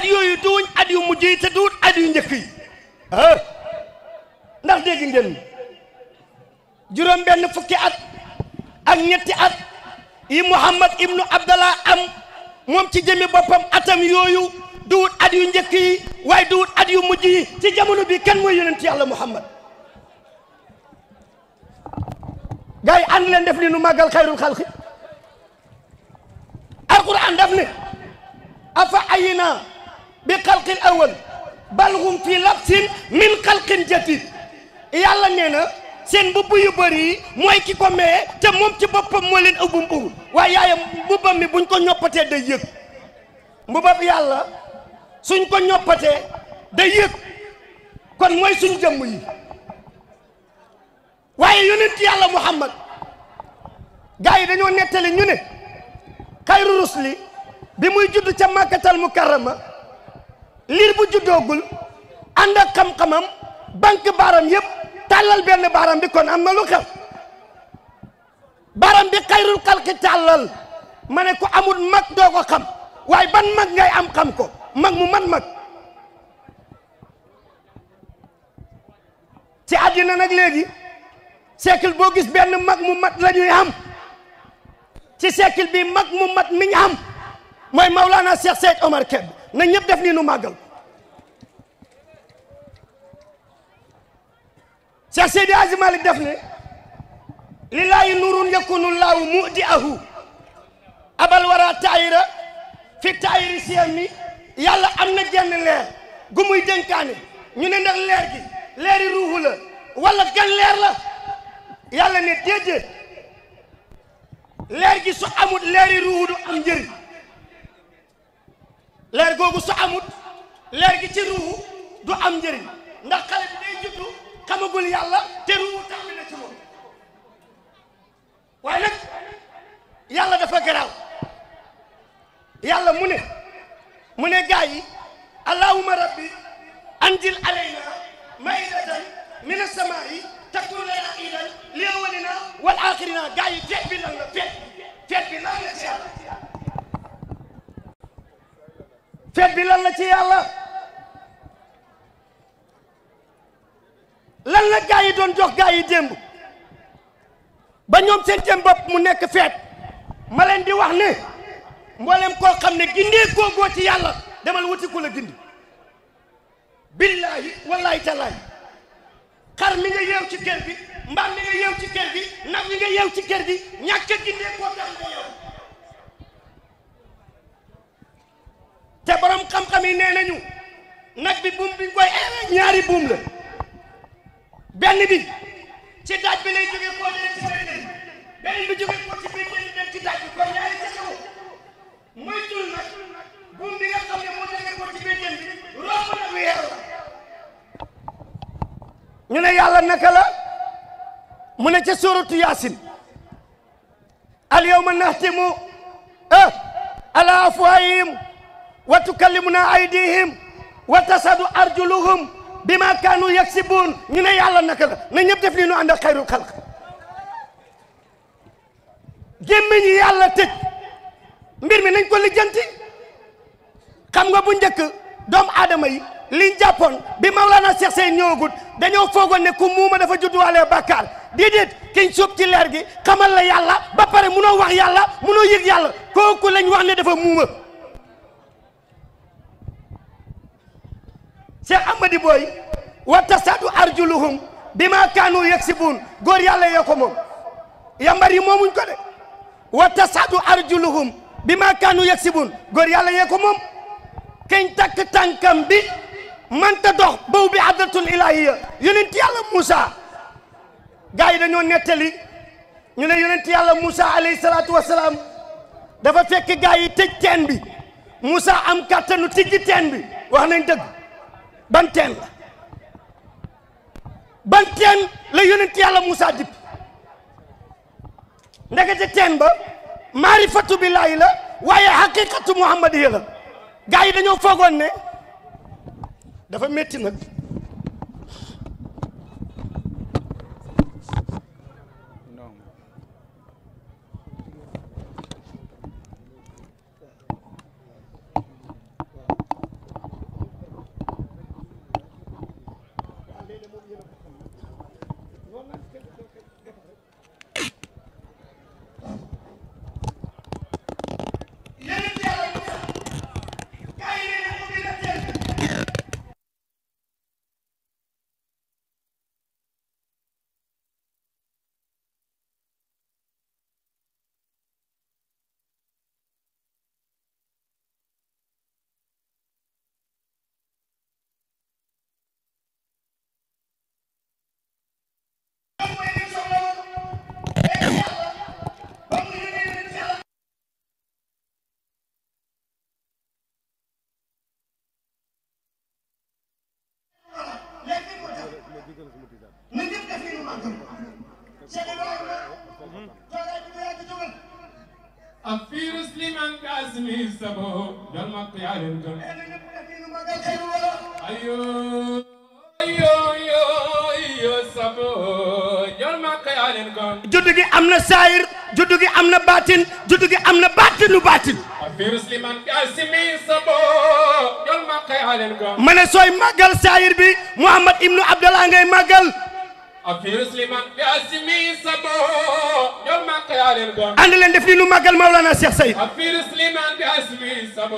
at yooyu duwuñ at yu mujj yi te duwut at yu njëkk yi ah ndax dégg juróom benn fukki at ak ñetti at yi Muhammad ibnu Abdallah am moom ci jëmi boppam atam yooyu duwut at yu njëkk yi waaye duwut at yu mujj yi ci jamono bi kan mooy yonent yàlla Muhammad gars yi ànd leen def li nu màggal xayrul xalqi alquran daf ne afa ayina bi xalqin awal balhum fi labsin min xalqin jadid yàlla nee na seen mbubb yu mooy ki ko maye te moom ci boppam moo leen waaye yaayam mbubbam mi buñ ko ñoppatee day yëg mbubbam yàlla suñ ko ñoppatee day yëg kon mooy suñ jëmm yi waaye yonent yàlla muhammad gaa yi ñoo nettali ñu ne xayru rusli bi muy judd ca màkkatal mukarrama liir bu juddoogul ànd ak xam-xamam banque baaram yëpp tàllal benn baaram bi kon am na lu xew baaram bi xayrul xalqi tàllal ma ne ko amul mag doo ko xam waaye ban mag ngay am xam ko mag mu man mag ci àddina nag léegi siècle boo gis benn mag mu mat la ñuy am ci siècle bi mag mu mat mi ñu am mooy Maulana Cheikh Seyd Omar Kébé na ñëpp def nii nu màggal Cheikh Seydi Hadji Malick def ne lillaahi nuurun yakunu laahu mudi ahu abal wara taayira fi taayiri siyam yàlla am na genn leer gu muy dénkaane ñu ne ndax leer gi leeri ruuxu la wala gan leer la yàlla ne déedéet leer su amut leeri ruuxu du am njëriñ leer googu su amut leer gi ci ruuhu du am njëriñ ndax xale bi day juddu yàlla te ruuhu tàmbi na ci moom waaye nag yàlla dafa garaaw yàlla mu ne mu ne gaa yi allahumma rabbi anzil alayna maidatan min as-samaa'i takuna iidan li awwalina wal aaxirina gaa yi bi lan la feet bi lan la teddi lan la ci yàlla lan la gaa yi doon jox gaa yi démb ba ñoom seen jëm bopp mu nekk feet ma leen di wax ne mboolem koo xam ne gindee koogoo ci yàlla demal wuti ku la gindi billaahi wallaahi tallaahi xar mi nga yeew ci kër gi mbaam mi nga yeew ci kër gi nag mi nga yeew ci kër gi ñàkk a gindee koo gam te borom xam-xam yi nee nañu bi buum bi ñu ñaari buum la benn bi ci daaj bi lay jógee koo dem ci daaj bi kon ñaari ci biir mu ne ca sóoratu yaasin al yawma nahtimu eh, ala afwaahihim wa tukallimuna aydihim wa tasadu arjuluhum bima kaanu yaksibuun ñu ne yàlla naka la na ñëpp def ni nu ànd ak yàlla tëj mbir mi nañ ko lijjanti xam nga bu njëkk doomu aadama yi liñ bi ma Mawlana Cheikh Sey ñëwagut dañoo foogoon ne ku muuma dafa judduwaalee bàkkaar déedéet kiñ sóob ci leer gi xamal la yàlla ba pare munoo wax yàlla munoo yëg yàlla kooku lañ wax ne dafa muuma Cheikh Amady Boy wa tasadu arjuluhum bi ma kaanu yaksibuun góor yàlla yoo ko moom yambar yi moomuñ ko de wa tasadu arjuluhum bi ma kaanu yaksibuun góor yàlla yee ko moom kañ takk tànkam bi manta dox baw bi adratul ilahiya yonent yàlla Moussa gars yi dañoo nettali ñu ne yonent yàlla musa alayhi salaatu wasalaam dafa fekk gars yi tëj teen bi Moussa am kàttanu tijji teen bi wax nañ dëgg ban teen la ban teen la yonent yàlla Moussa dipp ndekete teen ba maarifatu la waaye xaqiqatu muhammadiya la gars dañoo foogoon ne dafa métti nag اسمي سبو جل ما gi am na saayir juddu am na baatin juddu gi am na baatinu baatin ma ne sooy màggal saayir bi Mouhamad Ibnu Abdallah ngay màggal affaire Souleymane bi asimi sabo ñoom maa koy aaleel góor. ànd leen def ni nu màggal Maulana Cheikh Seyd. affaire Souleymane bi asimi sabo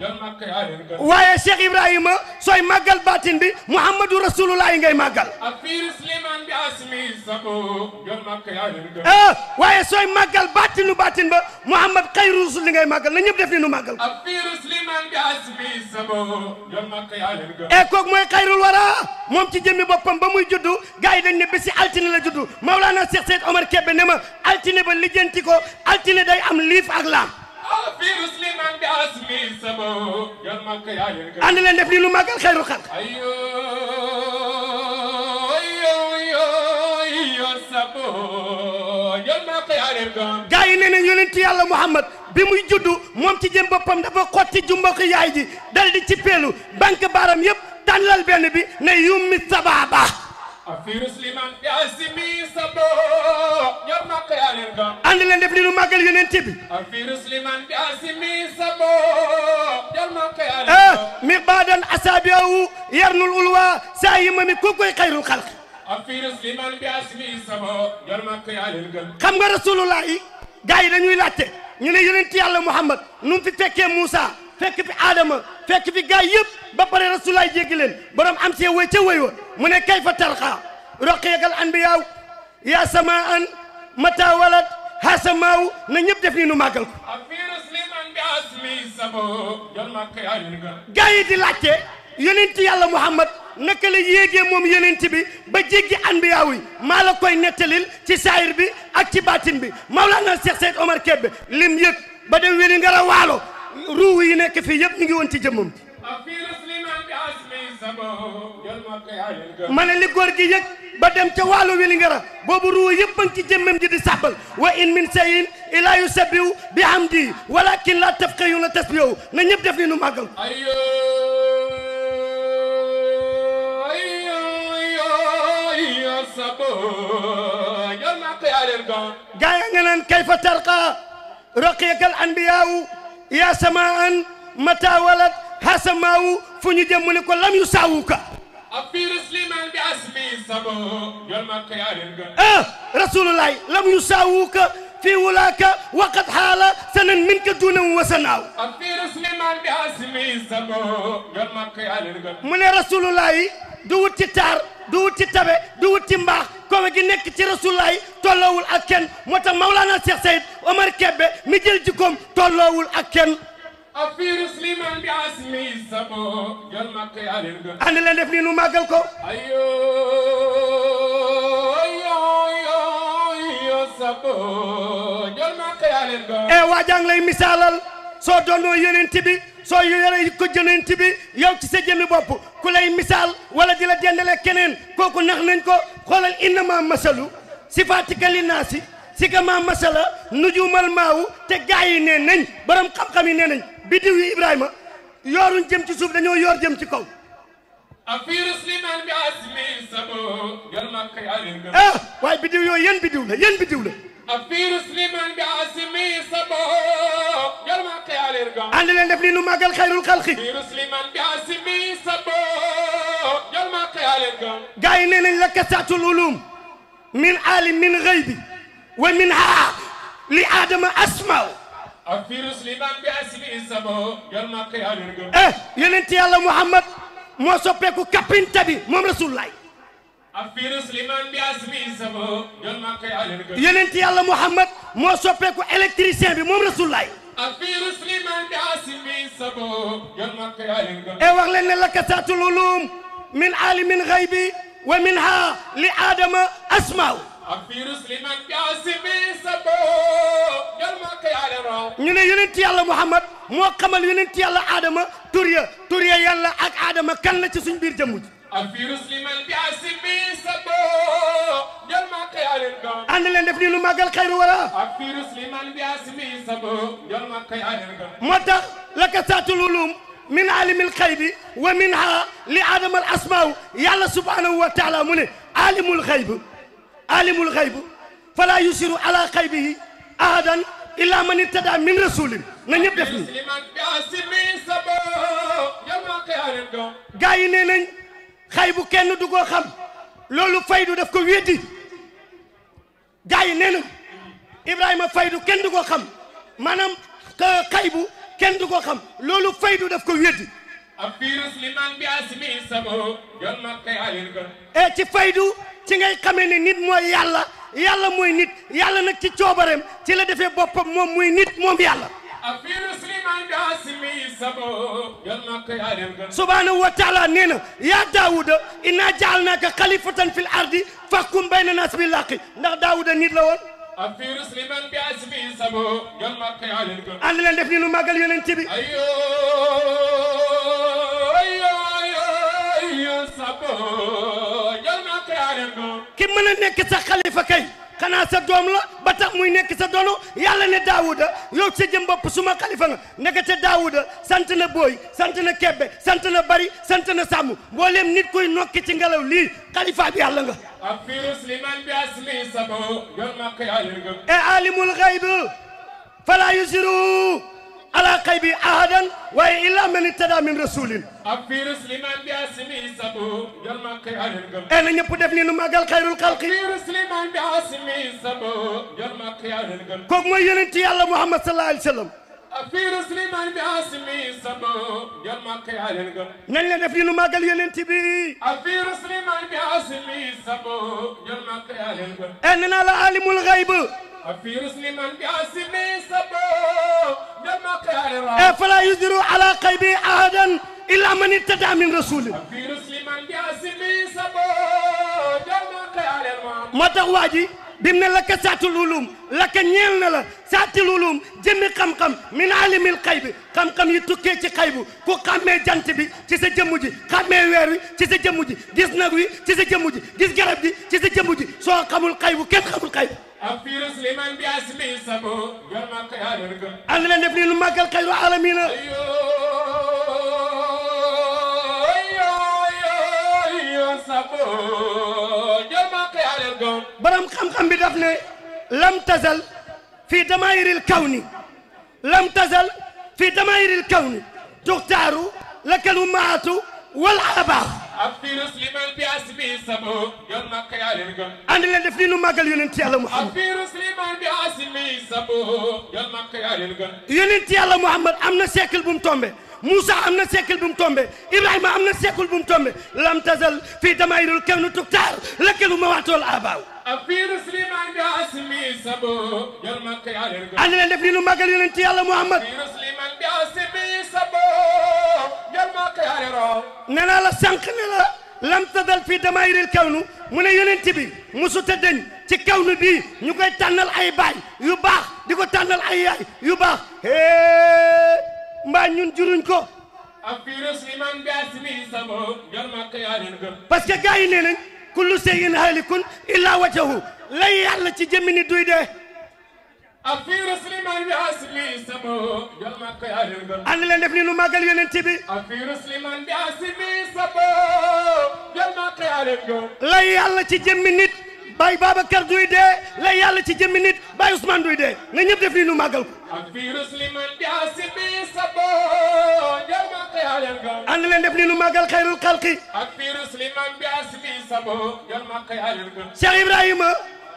ñoom maa koy aaleel góor. waaye Cheikh Ibrahima sooy màggal baatin bi Muhammadu Rasulullah ngay màggal. affaire Souleymane bi asimi sabo ñoom maa koy aaleel góor. ah waaye sooy màggal baatinu baatin ba Muhammad xayru rusul li ngay màggal na ñëpp def ni nu màggal. affaire Souleymane eh, mooy xayrul wara moom ci jëmmi boppam ba juddu gars dañ ne si altine la juddu Maulana Cheikh Seyd Omar Kébé ne ma altine ba lijjanti altine day am liif ak laam. ànd leen def lii lu màggal xayru xalq. gaa yi nee na yonent yàlla Muhammad bi muy juddu moom ci jëm boppam dafa xotti jumbok yaay ji dal di ci peelu banque baaram yëpp tànnal benn bi ne yummi sabaaba afiru sliman bi asimi sabo ñor màkk yaa leen gën ànd leen def li nu màggal yonent bi afiru sliman bi asimi sabo eh, mi baadan asabiyahu yarnul ulwa saa yi ma mi ku koy xayrul xalq afiru sliman bi asimi sabo ñor màkk yaa leen xam nga rasulullah yi gars yi dañuy laajte ñu ne yonent yàlla Muhammad nu mu fi fekkee Moussa fekk fi aadama fekk fi gaay yëpp ba pare rasulaay jéggi leen borom am see way ca way wa mu ne kayfa tarxaa roqiyakal anbiyaaw yaa sama mata walat hasamaaw na ñëpp def ni nu màggal ko gaay di laajte yonent yàlla muhammad naka la yéegee moom yonent bi ba jéggi anbiyaaw yi maa la koy nettalil ci saayir bi ak ci baatin bi mawlaana Cheikh Seyd Omar Kébbe lim yëg ba dem weli ngara waalo ruuw yi nekk fii yëpp ñu ngi woon ci jëmmam ma ne li góor gi yëg ba dem ca wàllu Wélingara boobu ruuw yëpp a ngi ci jëmmam ji di saxbal wa in min sayin ila yusabbihu bi hamdi walakin la tafqahuna tasbihu na ñëpp def ni nu màggal gaa ya nga naan kayfa tarqa raqiyaka al anbiyaawu يا سماء متى ولد حسماو فني جمونيكو لم يساوكا آه، رسول الله لم يساوكا في ولاك وقد حال سن منك دون وسناو من رسول الله دوتي تار du wut ci tabe du wut ci mbaax kowe gi nekk ci rasulullah tolloowul ak kenn moo tax Maulana Cheikh Sayid Omar Kebbe mi jël jikkoom tolloowul ak kenn أفير سليمان بعزمي السبو جل مقي على الجن أنا اللي نفني نو ماقلكو أيو soo yoree ko jënanti bi yow ci sa jëmmi bopp ku lay misaal wala di la dendalee keneen kooku nax nañ ko xoolal innama masalu sifaatika li naasi si kama masala nujumal maawu te gaa yi nee nañ borom xam-xam yi nee nañ biddiw Ibrahima yooruñ jëm ci suuf dañoo yoor jëm ci kaw. ah waaye biddiw yooyu yéen biddiw la yéen biddiw la. خير الخلق قايل لنا لك ساعه العلوم من عالم من غيبي ومنها لادم اسمع افيروس ليمان باسمي سبو يال ما قيال رجل اه يلنتي يالله محمد مو سوبيكو كابين تبي مو رسول الله yonent yàlla Muhammad moo soppeeku électricien bi moom rasulaay e wax leen ne lakasaatul ulum min aalimin xaybi wa minha li aadama asmaaw ñu ne yonent yàlla Muhammad moo xamal yonent yàlla aadama tur ya tur ya yàlla ak aadama kan la ci suñ biir jëmm الفيروس لمن أنا بيسبو جل أنا قيال القوم أنا لن أنا لما قال خير ورا الفيروس لمن بيعسب بيسبو أنا ما قيال أنا متى لك سات العلوم من عالم الغيب ومنها لعدم الأسماء يلا سبحانه وتعالى من عالم الغيب عالم أنا فلا يشير على غيبه أحدا إلا من اتدى من رسول نيب دفني gaay yi أنا nañ xay bu kenn du ko xam loolu faydu def ko weddi gars yi nee na Ibrahima faydu kenn du ko xam maanaam xay kenn du ko xam loolu faydu daf ko weddi abirus liman bi asmi samo jon makkayalil ko e ci faydu ci ngay xamee ne nit mooy yàlla yàlla mooy nit yàlla nag ci coobareem ci la defee boppam moom muy nit moom yàlla سبحانه وتعالى نينا يا داود إنا جعلناك خليفة في الأرض فكن بين الناس باللاقي نا داود نيد لون أفيرس لمن بأسمي سبو يلا قيال أنا لن أيوه أيوه أيوه أيوه سبو يلا قيال كم من أنك تخليفة كي xanaa sa doom la ba tax muy nekk sa dono yàlla ne daawuda yow sa jëm bopp suma xalifa nga ndekete daawuda sant na booy sant na kebbe sant na bari sant na sàmm mbooleem nit kuy nokki ci ngelaw lii xalifa bi yàlla nga ak firus liman bi asli sabo yoon ma xëy alir gëm e alimul xayb fala ala xaybi ahadan waaye illa man ittada min rasulin ak virus liman bi asmi sabo yal ma kay na ñëpp def ni nu màggal xayrul xalqi virus liman bi asmi sabo yal ma kay alil gëm kooku mooy yonent yàlla muhammad sallallahu alayhi wa sallam ak virus liman bi asmi sabo yal ma kay alil gëm nañ la def ni nu màggal yonent bi ak virus ee na naa la alimul xayb الفيروس لمن بأسمي سبو دمك فلا يجر على قيبي أحدا إلا من اتدع من رسوله الفيروس لمن بأسمي سبو دمك ما تغواجي bim ne laka saatul ulum laka ñeel na la saatul ulum jëmmi xam-xam min alimil xay bi xam-xam yi tukkee ci xay bu ku xàmmee jant ci sa jëmm ji xàmmee ci sa jëmm gis nag ci sa jëmm gis garab gi ci sa jëmm soo xamul xay bu kenn xamul أنا نبني المكة الخير العالمين أيوه، أيوه، أيوه، برام خم خم بدفني لم تزل في دمائر الكون لم تزل في دمائر الكون تختار لك الأمهات والعباخ afirus liman bi asmi sabo yoon makka yaa leen gën. ànd leen def nii nu màggal yonent yàlla Muhammad. afirus liman bi asmi sabo yoon makka yaa leen gën. Muhammad am na siècle bu mu tombé Moussa am na siècle bu mu tombé Ibrahima am na siècle bu mu tombé lam tazal fii damayrul kawni tuktaar lakkalu mawaatul abaaw. ànd leen def ni lu màggal yonent yàlla Muhammad nee naa la sànq ne la lam tadal fii damaayiril mu ne yonent bi musuta deñ ci kawnu bii ñu koy tànnal ay baay yu baax di ko tànnal ay yaay yu baax hee mbaa ñun juruñ ko parce que gars nañ كل شيء هالك الا وجهه لا يعلى شي جميني دويده افير سليمان بياسمي سمو يلما كيارين انا لا يعلى شي جميني باي بابا كردويده لا يعلى شي جميني باي عثمان دويده لا يعلى شي جميني باي عثمان دويده لا يعلى شي لا يعلى شي جميني باي عثمان دويده لا يعلى شي جميني باي لا يعلى شي لا يعلى شي لا يعلى شي لا يعلى شي لا يعلى شي ak virus li man di asibi sabo njëlma xiyaal yalgam ànd leen def ni nu màggal xayrul xalqi ak virus li man di asibi sabo njëlma xiyaal yalgam Cheikh Ibrahima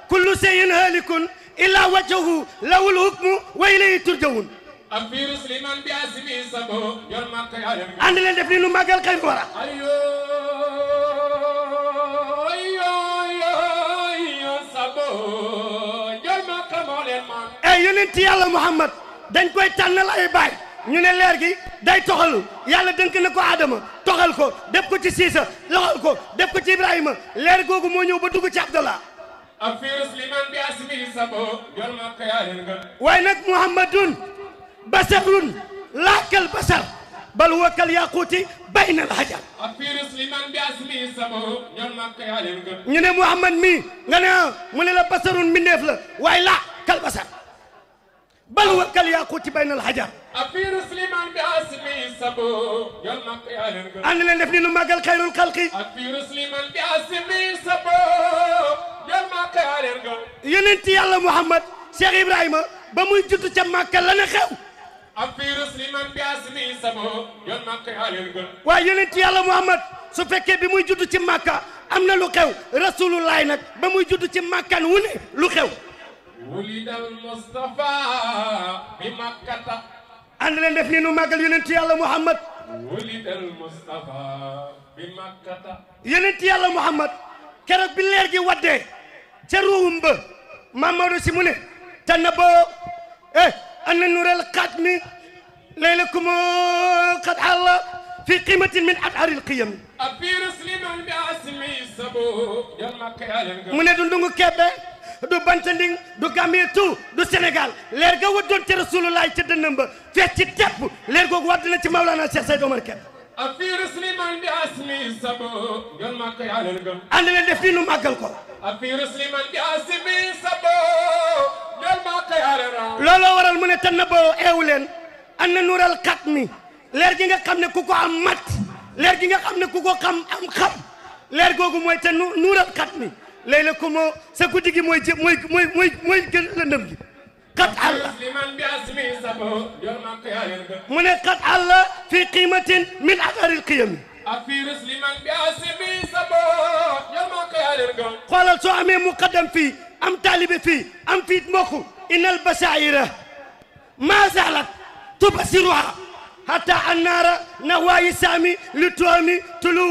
kullu seyin halikun illa wajhahu lawul hukmu wa ilayhi turjawun ak virus li man di asibi sabo njëlma xiyaal yalgam ànd leen def ni nu màggal xayrul wara ayo ayo ayo sabo ay eh, yonent yàlla muhammad dañ koy tànnal ay baay ñu ne leer gi day toxalu yàlla dënk na ko aadama toxal ko def ko ci siisa loxal ko def ko ci ibrahima leer googu moo ñëw ba dugg ci abdallah waaye nag muhammadun basarun laakal basar بل هو كالياقوت بين الحجر أفير سليمان بأسمي سمو نيون مكي عليك نيون محمد مي غنا من لا بصر من نفل وإلا كالبصر بل هو كالياقوت بين الحجر أفير سليمان بأسمي سمو نيون مكي عليك أنا لا نفني نماغل الخير الخلق أفير سليمان بأسمي سمو نيون يننتي يلا محمد شيخ إبراهيم بموي جوتو تشمك لنا waaye yonent yàlla Muhammad su fekkee bi muy judd ci Makka am na lu xew rasulullaay nag ba muy judd ci Makkan wu ne lu xew. wulidal Mustafa bi Makkata. ànd leen def ni nu màggal yonent yàlla Muhammad. wulidal Mustafa bi Makkata. yonent yàlla Muhammad keroog bi leer gi waddee ca ruum ba Mamadou mu ne te na boo أن النور القادم ليلكم قد حل في قيمة من أبحر القيم أبير سليمان بأسمي سبو يا مكيال من دون كبة دو بانتندين دو كاميتو دو سنغال ليرغا ودون تي رسول الله تي دنم في تي تيب ليرغو ودنا تي مولانا شيخ سيد عمر كبة أبير سليمان بأسمي سبو يا مكيال أنا لا دفينو ماغال كو أبير سليمان بأسمي سبو looloo waral mu ne te nëbboo eewu leen an na nuural xat mi leer gi nga xam ne ku ko am mat leer gi nga xam ne ku ko xam am xam leer googu mooy te nuural xat mi léeg la ko moo sa guddi gi mooy jë mooy mooy mooy mooy gën lëndëm gi xat àlla mu ne xat àlla fii qiimatin min ataril qiyami xoolal soo amee muqaddam fii أم طالب في أم في دمخو إن البشائر ما زالت تبصرها حتى النار نواي سامي لتوامي تلو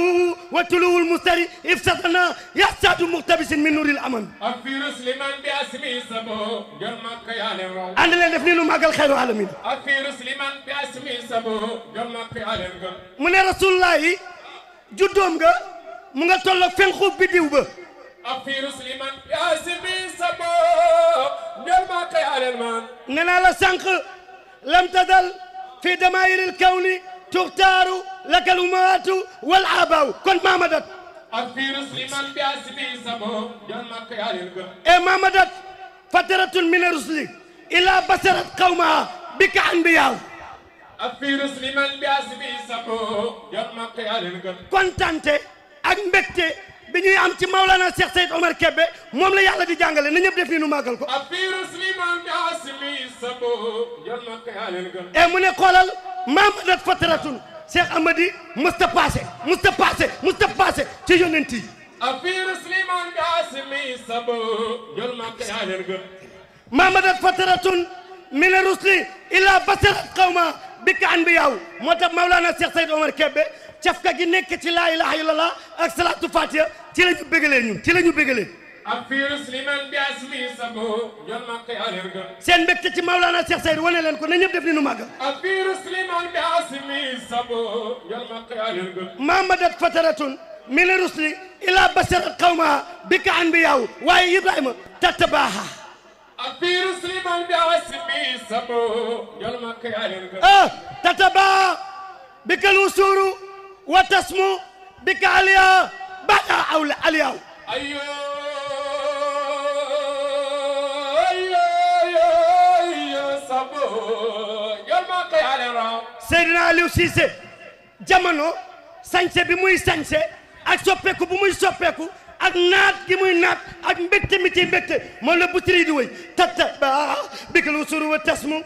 وتلو المستري افسدنا يا ساد مقتبس من نور الامن اكفر سليمان باسمي سبو غير ما كيالن انا اللي نفني له ماك الخير العالمين اكفر سليمان باسمي سبو غير ما كيالن من رسول الله جودومغا مغا تولو فين خوب بيديو با afiru sliman yaasimi sabo ndel ma kay alel تختار لك الأمهات والعباء كن ما مدد أفير سليمان بياسبي سبو يلما كيالي إيه ما فترة من الرسل إلى بصرت قومها بك أنبياء أفير سليمان بياسبي سبو يلما كيالي كنت أنت أنبكتي bi ñuy am ci Maulana Cheikh Seyd Omar Kebbe moom la yàlla di jàngale na ñëpp def ni nu màggal ko e mu ne xoolal maam adat fataratun Cheikh Amady musta passé musta passé musta passé ci yonent yi maam adat fataratun min rusli ila basarat qawma bikka an bi yaaw moo tax Maulana Cheikh Seyd Omar Kebbe cafka gi nekk ci laa la illallah ak salatu fatiha ci la ñu bëggalee ñun ci la ñu bëggalee afiirus liman bi asmi sabo ñol ma xiyaalir ga seen mbégte ci Maulana Cheikh Seydou wane leen ko na ñëpp def ni nu màggal afiirus liman bi asmi sabo ñol ma xiyaalir ga mamadat fataratun min rusli ila basarat qawma bika anbiyaw waaye Ibrahima tatabaaha afiirus liman bi asmi sabo ñol ma xiyaalir ga ah tatabaa bika lusuru wa bika aliya بدا اول اليوم ايوه ايوه ايوه صبو يوم ما قي على راو سيدنا علي وسيسي جمانو سانسي بي موي سانسي اك سوبيكو بو موي سوبيكو اك نات كي موي نات اك مبتي مبتي مبتي مو لا بوتري دوي تتا با بك الوسور والتسمو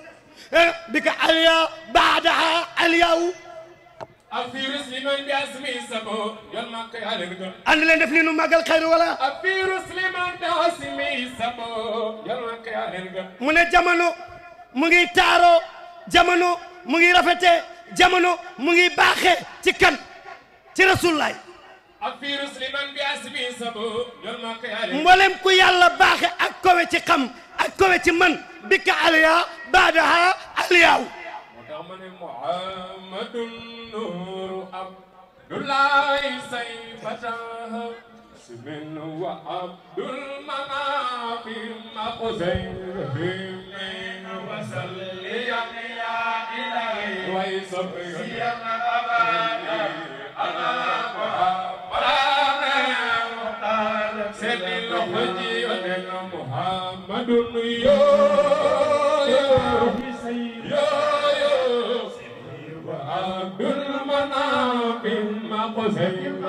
إيه، بك عليا بعدها اليوم afirus liman bi asmi samo nu màggal xayru wala. afirus mu ne jamono mu ngi taaro jamono mu ngi rafetee jamono mu ngi baaxee ci kan ci rasulullaay. afirus liman bi asmi samo mboolem ku yàlla baaxee ak kowe ci xam ak kowe ci man bi ka aliya baadaha aliyaaw. moo النور عبد الله سيفتاه سمن وعبد المناف مخزين همين وسلي يا إلهي ويصبر يا أبانا أنا محمد سيد الحجي محمد يا عبد المناف مقسم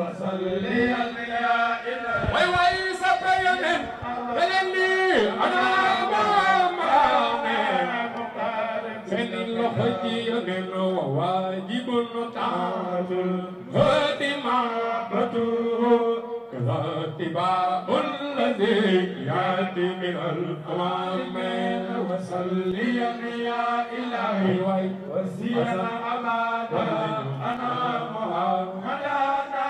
وصلي وي وي سبيني بلني انا سن الحجي واجب تعالى اتباع الذي يأتي من الأمام وصلي يا إلهي وسيرا أمانا أنا محمدانا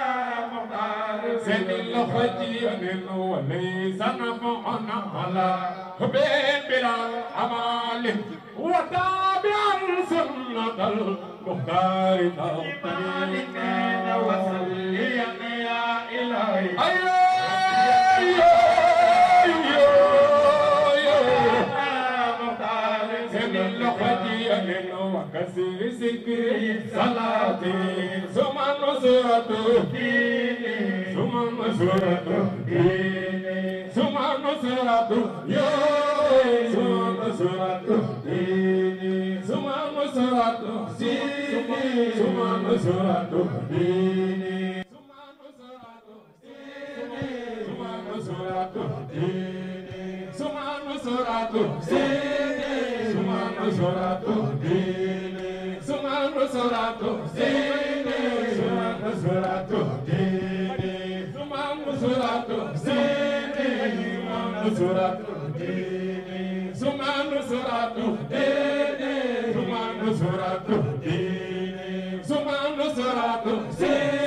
مختار سن الخجين وليس نفعنا على حبيب بلا أمال وتابع سنة المختار تغتني وصلي يا إلهي ذكري صلاتي ثم نصرة ديني ثم نصرة ديني ثم نصرة يومي ثم نصرة ديني ثم نصرة سيني ثم نصرة ديني ثم نصرة ديني ثم نصرة سيني ثم نصرة ديني Sumanu suratu dini Sumanu suratu dini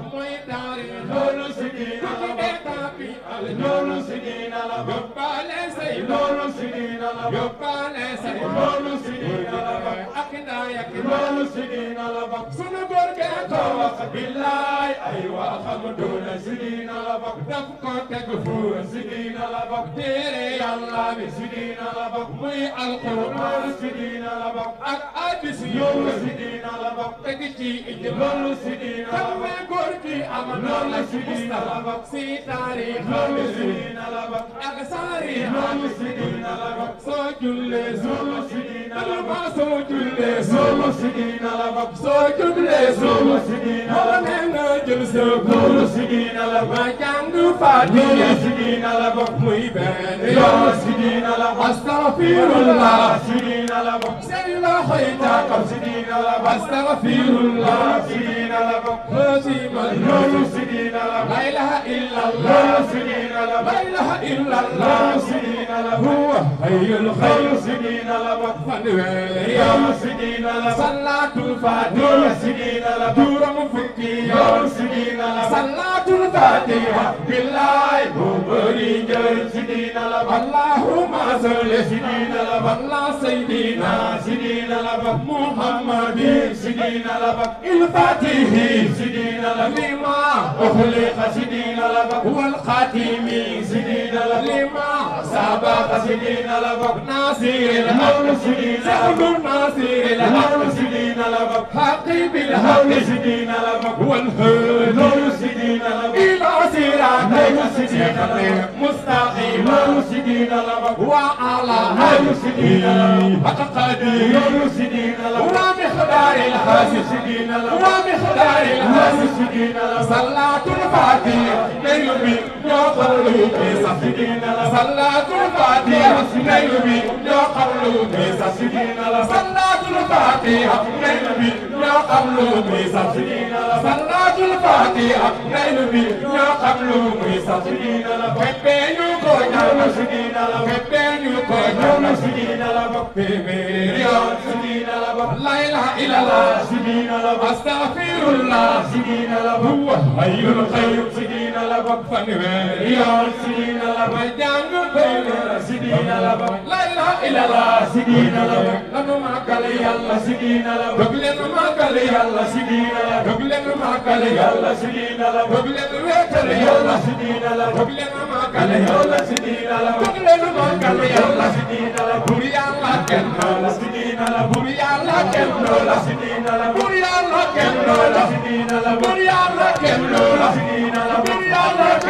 mooy daare loolu sigina la ku ci dee taapi ale loolu sigina la yóbbaale say loolu sigina la yóbbaale say loolu sigina la hidaaya ki loolu si diina la bokk sunu góor gee ko wax billaay ay waxam doona si diina la bokk daf ko teg fuur si diina la bokk téere yàlla bi si diina la bokk muy alquraan si diina la bokk ak hadiis yow si diina la bokk teg ci ijma loolu si diina la bokk tamit góor gi am loolu si diina la bokk si taarix loolu si diina la bokk ak saari loolu si diina la bokk soo jullee soo si diina la bokk soo jullee نور سكينة لبقصوك بليس نور سكينة لبقصوك جلسوك نور سكينة لبقان دفاتي نور سكينة لبقمي بني نور سكينة لبستغفير الله سكينة لبقسي لحيتا قب سكينة لبستغفير الله سكينة لبقمي بني نور سكينة لا إله إلا الله سكينة لا إله إلا الله سكينة هو حي الخير سكينة لبقفن ويلي يا سكينة سجين لا صلاة الفاتحة نور سجين لا دور مفكي بالله بوري جل سجين اللهم صل سجين لا الله سيدنا سجين لا محمد سجين لا الفاتح سجين لا لما أخلق سجين لا هو الخاتم لما ناصر نور سجين لا ناصر الهوس دين لبك حقي بالهوس دين لبك والهول نوس دين لبك إلى صراط مستقيم نوس دين لبك وعلى هوس دين لبك حق قدير نوس دين لبك ومقدار الهوس دين لبك ومقدار الهوس دين لبك صلاة الفاتحة نيوبي يا قلوبي صفدين لبك صلاة الفاتحة نيوبي يا قلوبي صفدين لبك صلاة صلاة الفاتحة نيل بي يا قبل ميسات صلاة الفاتحة نيل بي يا قبل ميسات بيبين يكو جام سدين بيبين يكو جام سدين بيبين يا سدين لا إله إلا الله سدين أستغفر الله سدين هو الحي القيوم سدين na la ba fanweer yoon sidiina la ba jàng fanweer sidiina la ba la ilaha illallah sidiina la ba lanu màggal yàlla sidiina la ba bëgg leen màggal yàlla sidiina la bëgg leen màggal yàlla sidiina la bëgg leen wéetal yàlla sidiina la bëgg leen màggal yàlla sidiina la bëgg leen màggal yàlla sidiina la bur yàlla kenn la sidiina la bur yàlla kenn la sidiina la bur yàlla kenn la sidiina la bur yàlla kenn la sidiina la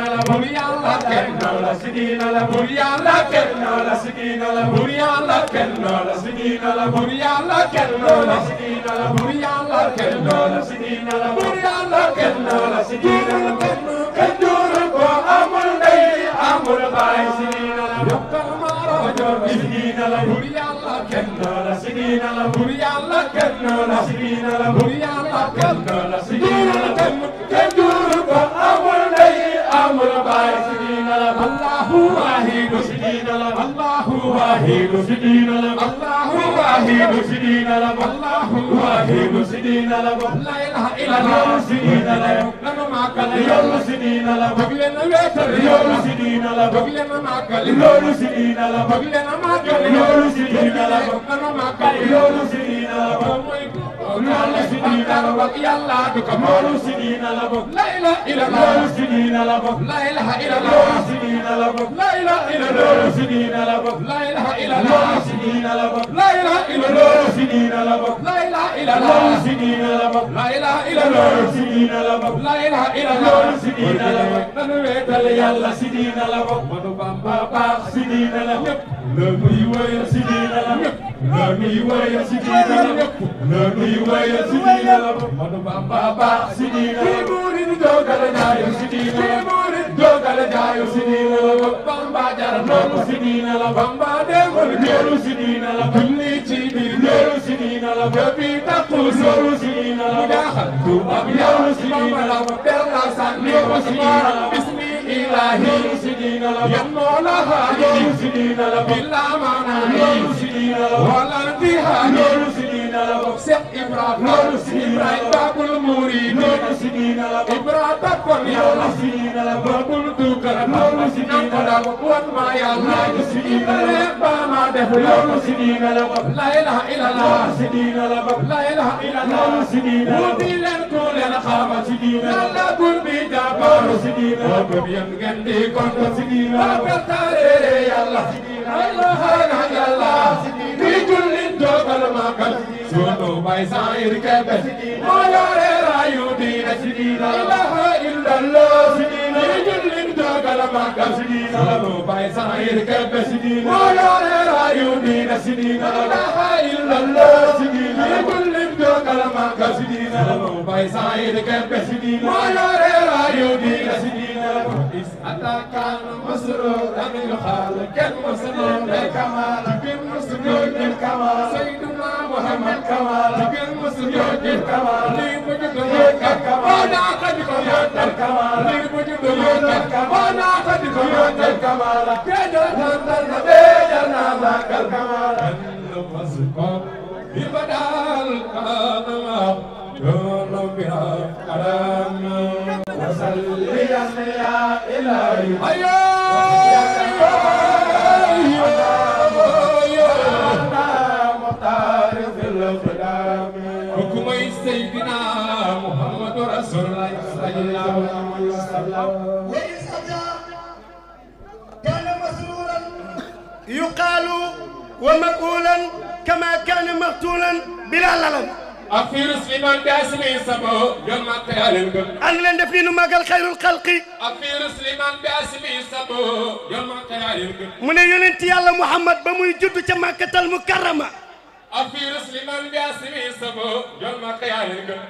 na la bur yàlla kenn noo la si diina la bur yàlla kenn noo la si diina la bur yàlla kenn noo la si diina la bur yàlla kenn noo la si diina la bur yàlla kenn noo la si diina la bur yàlla kenn noo la si diina la kenn juuru ko amul ndey amul baay si diina la yokkal maaro joor si diina la bur yàlla kenn noo la si diina la bur yàlla kenn noo la si diina la bur yàlla kenn noo la si diina la واحد سدين لب الله واحد سدين لب الله واحد سدين لب لا إله إلا الله سدين لب لنا معك اليوم سدين لب بقلنا بيتر اليوم سدين لب بقلنا معك اليوم سدين لب بقلنا معك اليوم سدين لب لنا معك اليوم سدين لب نور سنين لبك يلا بك نور سنين لبك لا اله الا الله نور سنين لبك لا اله الا الله نور سنين لبك لا اله الا الله نور سنين لبك لا loolu si diina la bokk. la ilaha illa loolu si diina la bokk. la ilaha illa loolu si diina la bokk. la ilaha illa loolu si diina la bokk. la ilaha illa loolu si diina la bokk. nanu weetal yàlla si diina la bokk. ba baax si diina la ñëpp la nuy woye si diina la ñëpp la nuy woye si diina la ñëpp la nuy woye si diina la Madou Bamba baax si diina la murid jogale jaayo si diina la murid jogale jaayo si diina la Bamba jar noonu si diina la Bamba deewul jëru si diina la buñ ni ci yoru siniin a la depuis taqus yoru siniin a la mudaaxal tuubam yoru siniin a la ma perla sànni ko siniin a la bismi ilaahi yoru siniin a la yannoo la haa yoru siniin a la billaa maanaa yoru siniin a la wala diha yoru siniin سنين لبب سيد إبراهيم نور سنين إبراهيم باب الموري نور سنين لبب إبراهيم تكون يولا سنين لبب الدوكر نور سنين لبب وان ما يالا نور سنين لبب ما دف نور سنين لبب لا إله إلا الله نور سنين لبب لا إله إلا الله نور سنين لبب ودي لن كون لن خام سنين لا كون بيجا بار سنين لبب يمكن دي كون سنين لبب تاري يالا سنين الله يالا سنين Gondo by Zaire Kebe Magare Rayu Dina Sidina Ilaha Illallah Sidina Yujulin Dagala Maka Sidina Gondo by Zaire Kebe Sidina Magare Rayu Dina Sidina Ilaha Illallah Sidina Yujulin Dagala Maka Sidina Gondo by Zaire Kebe Sidina Magare Rayu Dina Sidina أتاكان مسرور من خالق المسنون الكمال بن مسجود الكمال سيدنا محمد كمال بن مسجود الكمال لي مجد يوت الكمال وانا قدك يوت الكمال لي مجد يوت الكمال وانا قدك يوت الكمال كيدا تندر بيدنا ذاك الكمال الفسقم ببدال كان ما دون بها كلامي يقال ومقولا كما كان مقتولا بلا لغم ak fiiru sliman biasmi sabo ñoom màkk yaa leen gën ak leen def nii nu màggal xayrul xalqi ak fiiru sliman biasmi sabo mu ne yonent yàlla Muhammad ba muy judd ca màkkatal mukarrama ak fiiru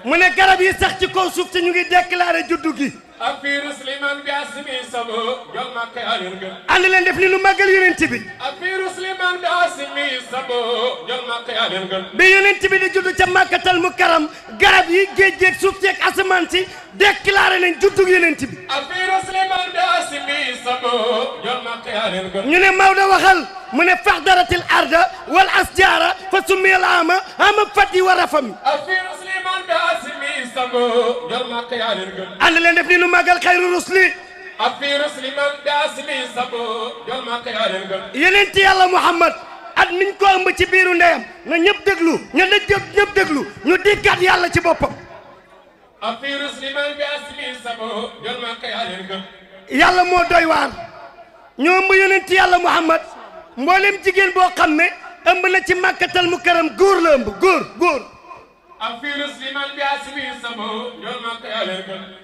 mu ne garab yi sax ci kaw suuf te ñu ngi déclaré juddu gi a fi rusliman bi asmi sabu jol ma kaalir ga a leen def li lu màggal yonent bi ak fi rusliman bi sabu jol ma kaalir ga bi yonent bi di judd ca màkkatal mu karam garab yi géej géej suuf ceeg asamaan si déclaré nañ juddug yonent bi ñu ne Maodo waxal mu ne faxdaratil arda wal asjaara fa summiyal ama ama fati wa rafami ànd leen def ni nu màggal xayru rusli yonent yàlla Muhammad at miñ ko ëmb ci biiru ndeyam na ñëpp déglu ña dëj ñëpp déglu ñu dikkaat yàlla ci boppam ma yàlla moo doy waar ñoo ëmb yonent yàlla Muhammad mboolem jigéen boo xam ne ëmb na ci màkkatal mu karam góor la ëmb góor góor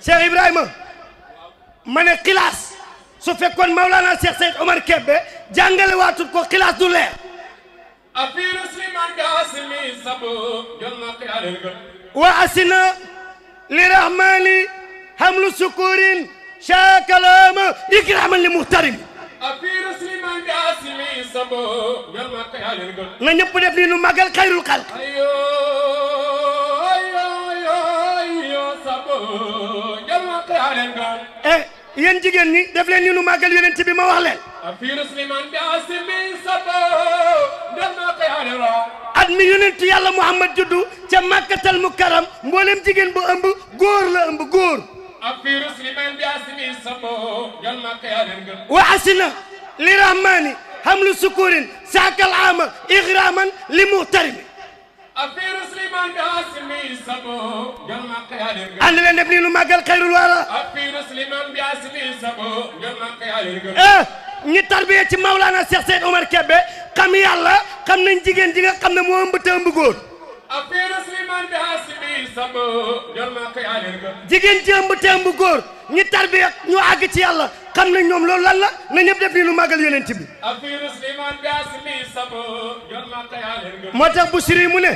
Cheikh Ibrahima ma ne xilaas su fekkoon Maulana Cheikh Seyd Omar Kébbe jàngale waatut ko xilaas du leer waa asina لرحمن حمل سكور شا كلام إكراما لمحترم na ñëpp def nii nu magal xayrul xalq eh yéen jigéen ñi def leen nii nu magal yonent bi ma wax امير سليمان باسم سبو دنا خيارا ادمي يونت يالا محمد جدو ca makkatal mu karam mboolem jigéen bu ëmb góor la ëmb góor امير سليمان باسم سبو دنا خيارا وحسنا لرحماني حمل سكور ساك العام اغراما لمغترم ànd leen def nii lu màggal xayrul eh, ñi tarbiya ci Mawlana Cheikh Seyd Omar Kébé xam yàlla xam nañ jigéen ji nga xam ne mu ëmb te ëmb góor affaire Slimane bi hasibi sabo jol ma ko yaleen ko jigéen jëmb temb góor ñi tarbiya ñu àgg ci yàlla xam nañ ñoom loolu lan la na jangan def nii lu màggal yonent bi affaire Slimane bi hasibi mu ne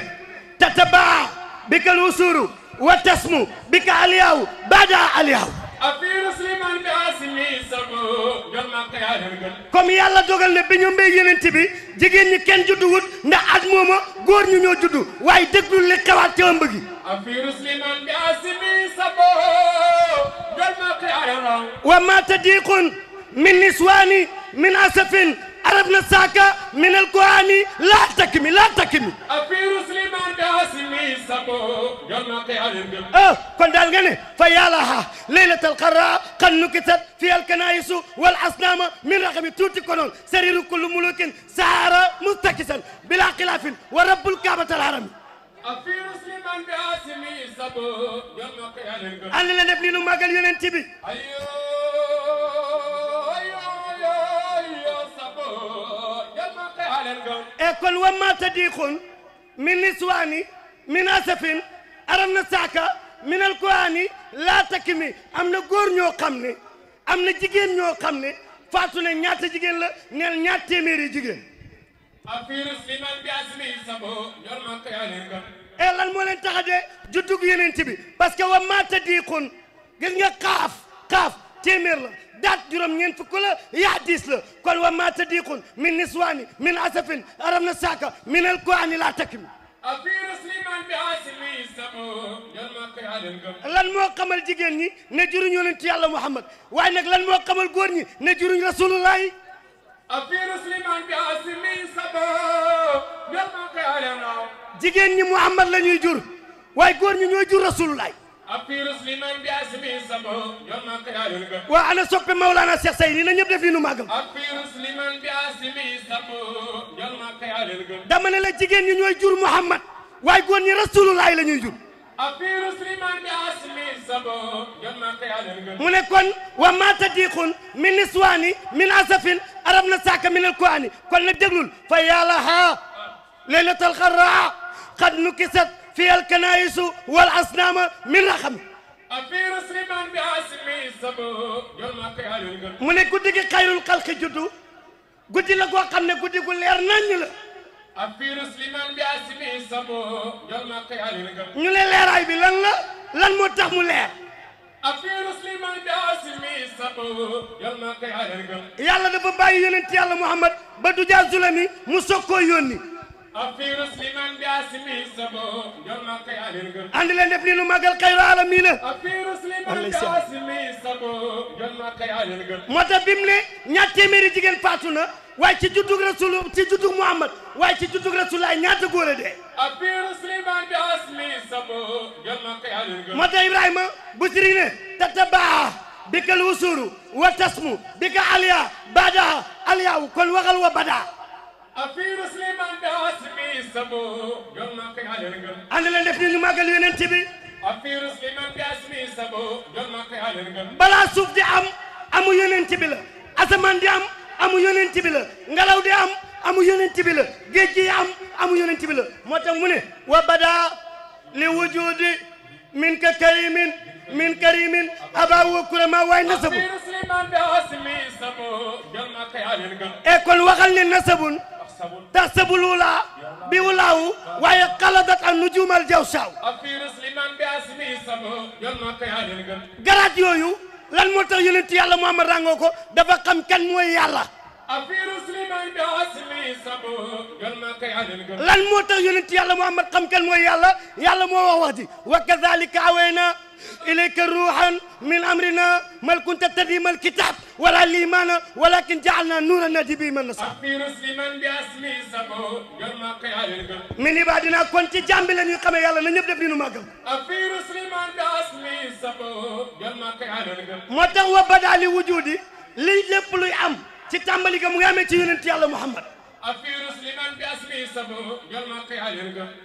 tatabaa bikal usuru wa tasmu bika aliyaw bada aliyaw afiru sliman bi asimi sago jon makka yaa yàlla dogal ne bi ñu mbéy yenent bi jigéen ñi kenn juddu wut ndax góor ñu ñoo juddu waaye déglu li xewaat ci gi afiru sliman bi asimi wa ma tadiqun min niswaani min asafin أربنا ساكا من القواني لا تكمي لا تكمي افيرو سليمان بأسلي سابو يوم قيام أه كون كن دالغني فيالها ليلة القراء قد نكتت في الكنائس والأصنام من رقم توتي كونون سرير كل ملوك سعر متكسا بلا خلاف ورب الكعبة الحرم افيرو سليمان بأسلي سابو يوم قيام أنا لنبني نماغل ينتبي أيوه أيوه أيوه, أيوه. école wa ma tadiixun min niswaani min asafin aram na saaka min alkuwaani laa takki mi am na góor ñoo xam ne am na jigéen ñoo xam ne faatu ne ñaata jigéen la neel ñaat téeméeri jigéen afirus eh, liman taxa de juddug yeneen ci bi parce que wa ma tadiixun gis nga xaaf xaaf تيمير لا دات جرم نين فكولا يا حديث لا كون وما تديقون من نسواني من اسفن ارمنا ساكا من الكواني لا تكمي افير سليمان بهاس لي سمو يلما كي على القم لان مو قمل جيجن ني نجرو ني يونت يالله محمد واي نك لان مو قمل غور ني نجرو ني رسول الله افير سليمان بهاس لي سمو يلما كي على القم جيجن ني محمد لا ني جور واي غور ني ني جور رسول الله waa ana soppe Maulana Cheikh Sey nii na ñëpp def lii nu màggal. dama ne la jigéen ñi ñooy jur Muhammad waaye góor ñi Rasulullah la ñuy jur. mu ne kon wa ma tadiqun min niswaani min asafin arab na saaka min alqurani kon na déglul fa yàlla ha laylatal xarraa qad nukisat في الكنائس والأصنام من رحم mu ne guddi xayrul xalqi juddu guddi goo xam ne guddi gu leer naññ la ñu ne leeraay bi lan la lan moo tax mu leer yàlla dafa bàyyi yonent yàlla Muhammad ba du jaa zulami mu soog yónni afirus liman bi def ni nu magal xayru alamina afirus liman moo tax bim ne ñaar jigéen faatu na waaye ci juddug rasul ci juddug muhammad waaye ci juddug rasulaay ñaata góor dee moo tax ibrahima bu siri ne tatabaa bikal wa tasmu bika aliya bada aliyaw kon waxal wa bada afiru Souleymane Daas bi sabo yoon maa koy xaalal bi afiru Souleymane Daas bi sabo yoon maa koy xaalal ngëm balaa suuf di am amu yonent bi la asamaan di am amu yonent bi la ngelaw di am amu yonent bi la géej gi am amu yonent bi la moo tax mu wa bada li wujudi min ka karimin min karimin aba wo kurama waay nasabu e kon waxal ne nasabun تحسب الأولى بولاو وهي قلدت النجوم الجوشاو garaat yooyu lan moo tax yonent yàlla Muhammad ràngoo ko dafa xam kan mooy yàlla lan moo tax yonent yàlla Muhammad xam kan mooy yàlla yàlla moo wax wax ji wa kadhalika awayna إليك روحا من أمرنا ما كنت تدري ما الكتاب ولا الإيمان ولكن جعلنا نورا نهدي به من نشاء من عبادنا كنت جنب لن يقام يلا na ñëpp def dinu màggal moo tax wa badaali wujudi li lépp luy am ci tàmbali ga mu ngi amee ci yonent yàlla Muhammad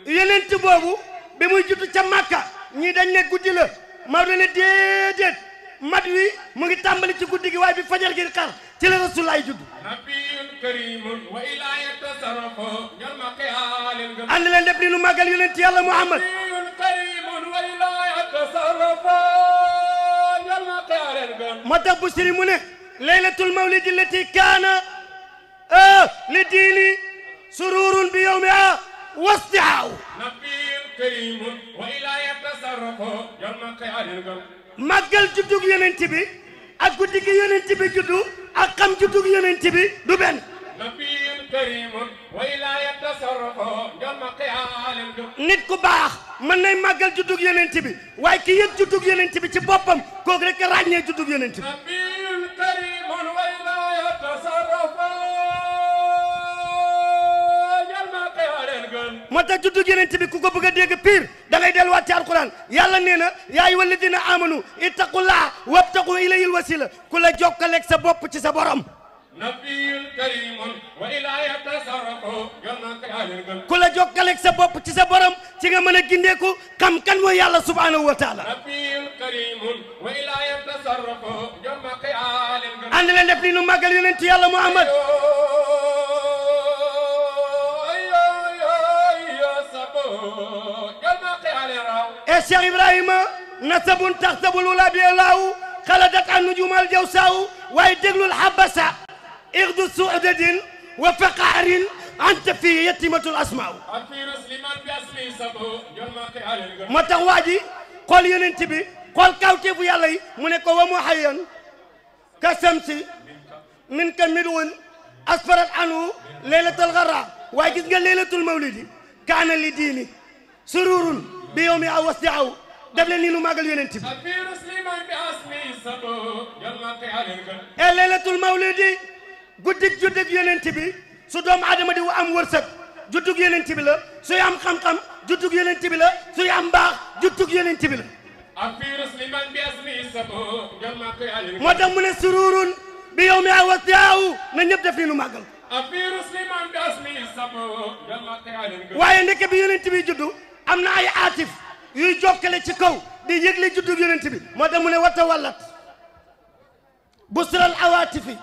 yonent boobu bi muy jutu ca Màkka ñii dañ ne guddi la Maodo ne déedéet mat wi mu ngi tàmbali ci guddi gi waaye bi fajar gi xar ci la rasulaay judd nabiyun karimun wa ilayata sarafo ñal ma xeyalen gëm ànd leen def ni lu Muhammad ma xeyalen gëm moo tax bu siri mu ne laylatul mawlidi lati kaana ah, li diini sururun bi yawmi واستعاو نبي كريم وإلى يتصرف يوم قيادة مجل جدوك يننتي بي أكودك يننتي بي جدو أقام جدوك يننتي بي دو بن نبي كريم وإلى يتصرف يوم قيادة نيت كو باخ من ناي ماغال جدوك يننتي بي واي كي ييب جدوك يننتي بي سي بوبام كوك ريك راغني جدوك يننتي بي نبي كريم وإلى يتصرف moo tax juddu yonent bi ku ko bëgg a dégg pire da ngay delluwaat ci alquran yàlla nee na yaa ayyuha alladina amanu ittaqullaha wabtaqu ilayhi alwasila ku la jokkaleeg sa bopp ci sa borom nabiyul karimun ku la jokkaleeg sa bopp ci sa borom ci nga mën a gindeeku xam kan mooy yàlla subhanahu wa taala nabiyul karimun wa ilaya tasarrafo ànd leen li nu màggal yonent yàlla Muhammad شيخ إبراهيم نسب تخسب الولاد الله خلدت عن نجوم الجوساء ويدقل الحبسة إغد سعدد وفقعر أنت في يتيمة الأسماء ما تواجي قول ينتبه قول كوكب يلي منك ومحيا كسمسي منك ملون أسفرت عنه ليلة الغراء ويجد ليلة المولد kaana li diini sururun bi yow mi aw wasdi aw def leen nii nu màggal yonent bi e leelatul mawlidi guddik juddik yonent bi su doom aadama di am wërsëg juddug yonent bi la suy am xam-xam juddug yonent bi la suy am mbaax juddug yonent bi la moo tax mu ne sururun bi yow mi aw na ñëpp def nii nu màggal waaye ndeke bi yonent bi juddu am na ay aatif yuy jokkale ci kaw di yëgle juddu yonent bi moo tax ne wata wallat busral awaatifi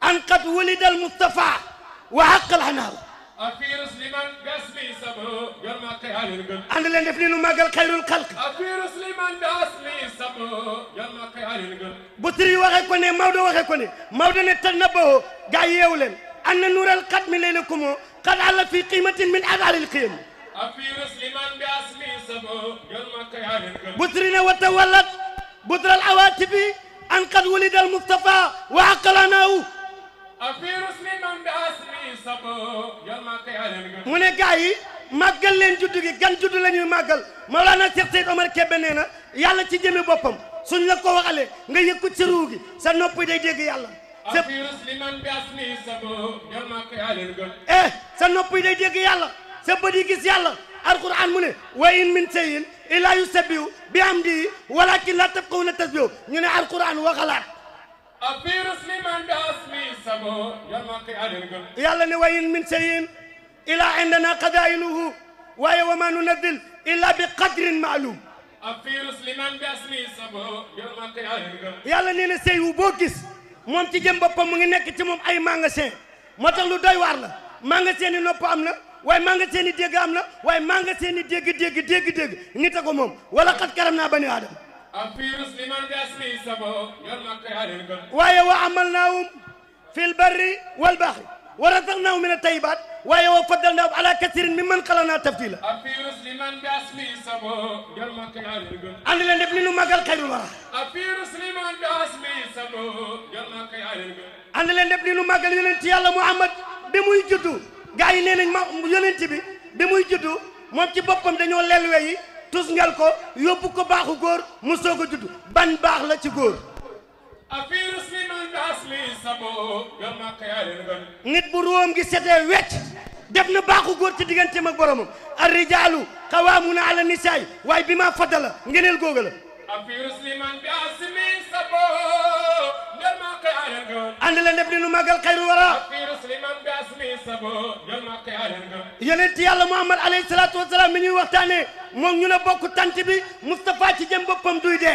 an qad walida al mustafa wa haqal anaaw أفيرس لمن باسمي سمو يرمى قيال القلب أنا اللي نفني ماقل خير الخلق أفيرس لمن باسمي سمو يرمى قيال القلب بطري وغيكوني مودو وغيكوني مودو نتنبه قاي يولن أن نور القدم ليلكم قد على في قيمة من أعلى القيم أفيرس لمن باسمي سمو يرمى قيال القلب بطرنا وتولد بطر العواتب أن قد ولد المصطفى وعقلناه mu ne gaa yi màggal leen juddu gi gan juddu la ñuy màggal Mawlana Cheikh Seyd Omar Kébé nee na yàlla ci jëme boppam suñ la ko waxalee nga yëkku ci ruu gi sa noppi day dégg yàlla eh sa noppi day dégg yàlla sa bët yi gis yàlla alquran mu ne wa in min shay'in illaa yusabbihu bi hamdihi walakin la tafqahuna tasbihu ñu ne alquran waxalaat yàlla ne wayin min sayin ila indana qadailuhu waaye wa ma nunazil illa bi qadrin maalum yàlla nee na sëy boo gis moom ci jëm boppam mu ngi nekk ci moom ay magasin moo tax lu doy waar la magasin yi nopp am na waaye magasin yi dégg am na waaye magasin yi dégg dégg dégg dégg nit a ko moom wala xat karam naa bani aadama وايا وعملناهم في البر والبحر ورزقناهم من الطيبات وايا وفضلناهم على كثير ممن خلنا تفضيلا افيروس لمن باسمي سبو يلا ما كيارين قل انا لنبني نو ما قال خير ورا افيروس لمن باسمي سبو يلا ما كيارين قل انا لنبني نو ما قال يونت يالله محمد بيموي جودو غاي نين ما يونت بي بيموي جودو موم سي بوبام tusngal ko yóbbu ko baaxu góor mu soog a judd ban baax la ci góor nit bu róom gi setee wecc def na baaxu góor ci digganteem ak boromam ar rijaalu na ala nisaay waaye bi maa faddala ngeneel googa أفير سليمان بأسمين سبو يلما قيالنغم أنا لا نبني نماغ الخير ورا أفير سليمان بأسمين سبو يلما قيالنغم ينتي يالا محمد عليه الصلاة والسلام من وقتاني مون نيو بوك تانتي بي مصطفى تي جيم بوبام دوي دي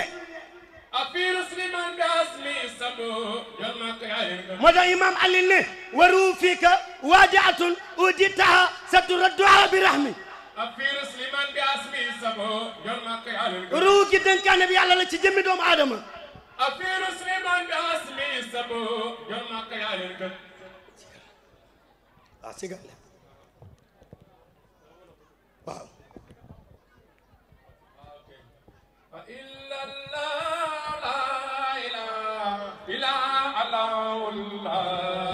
أفير سليمان بأسمين سبو يلما قيالنغم مدا إمام علي ني ورو فيك واجعة أوديتها سترد برحمي ruu gi dénkaane bi yàlla la ci jëmmi doomu aadama ah, waaw sigal waaw illallah la ilaha illa allah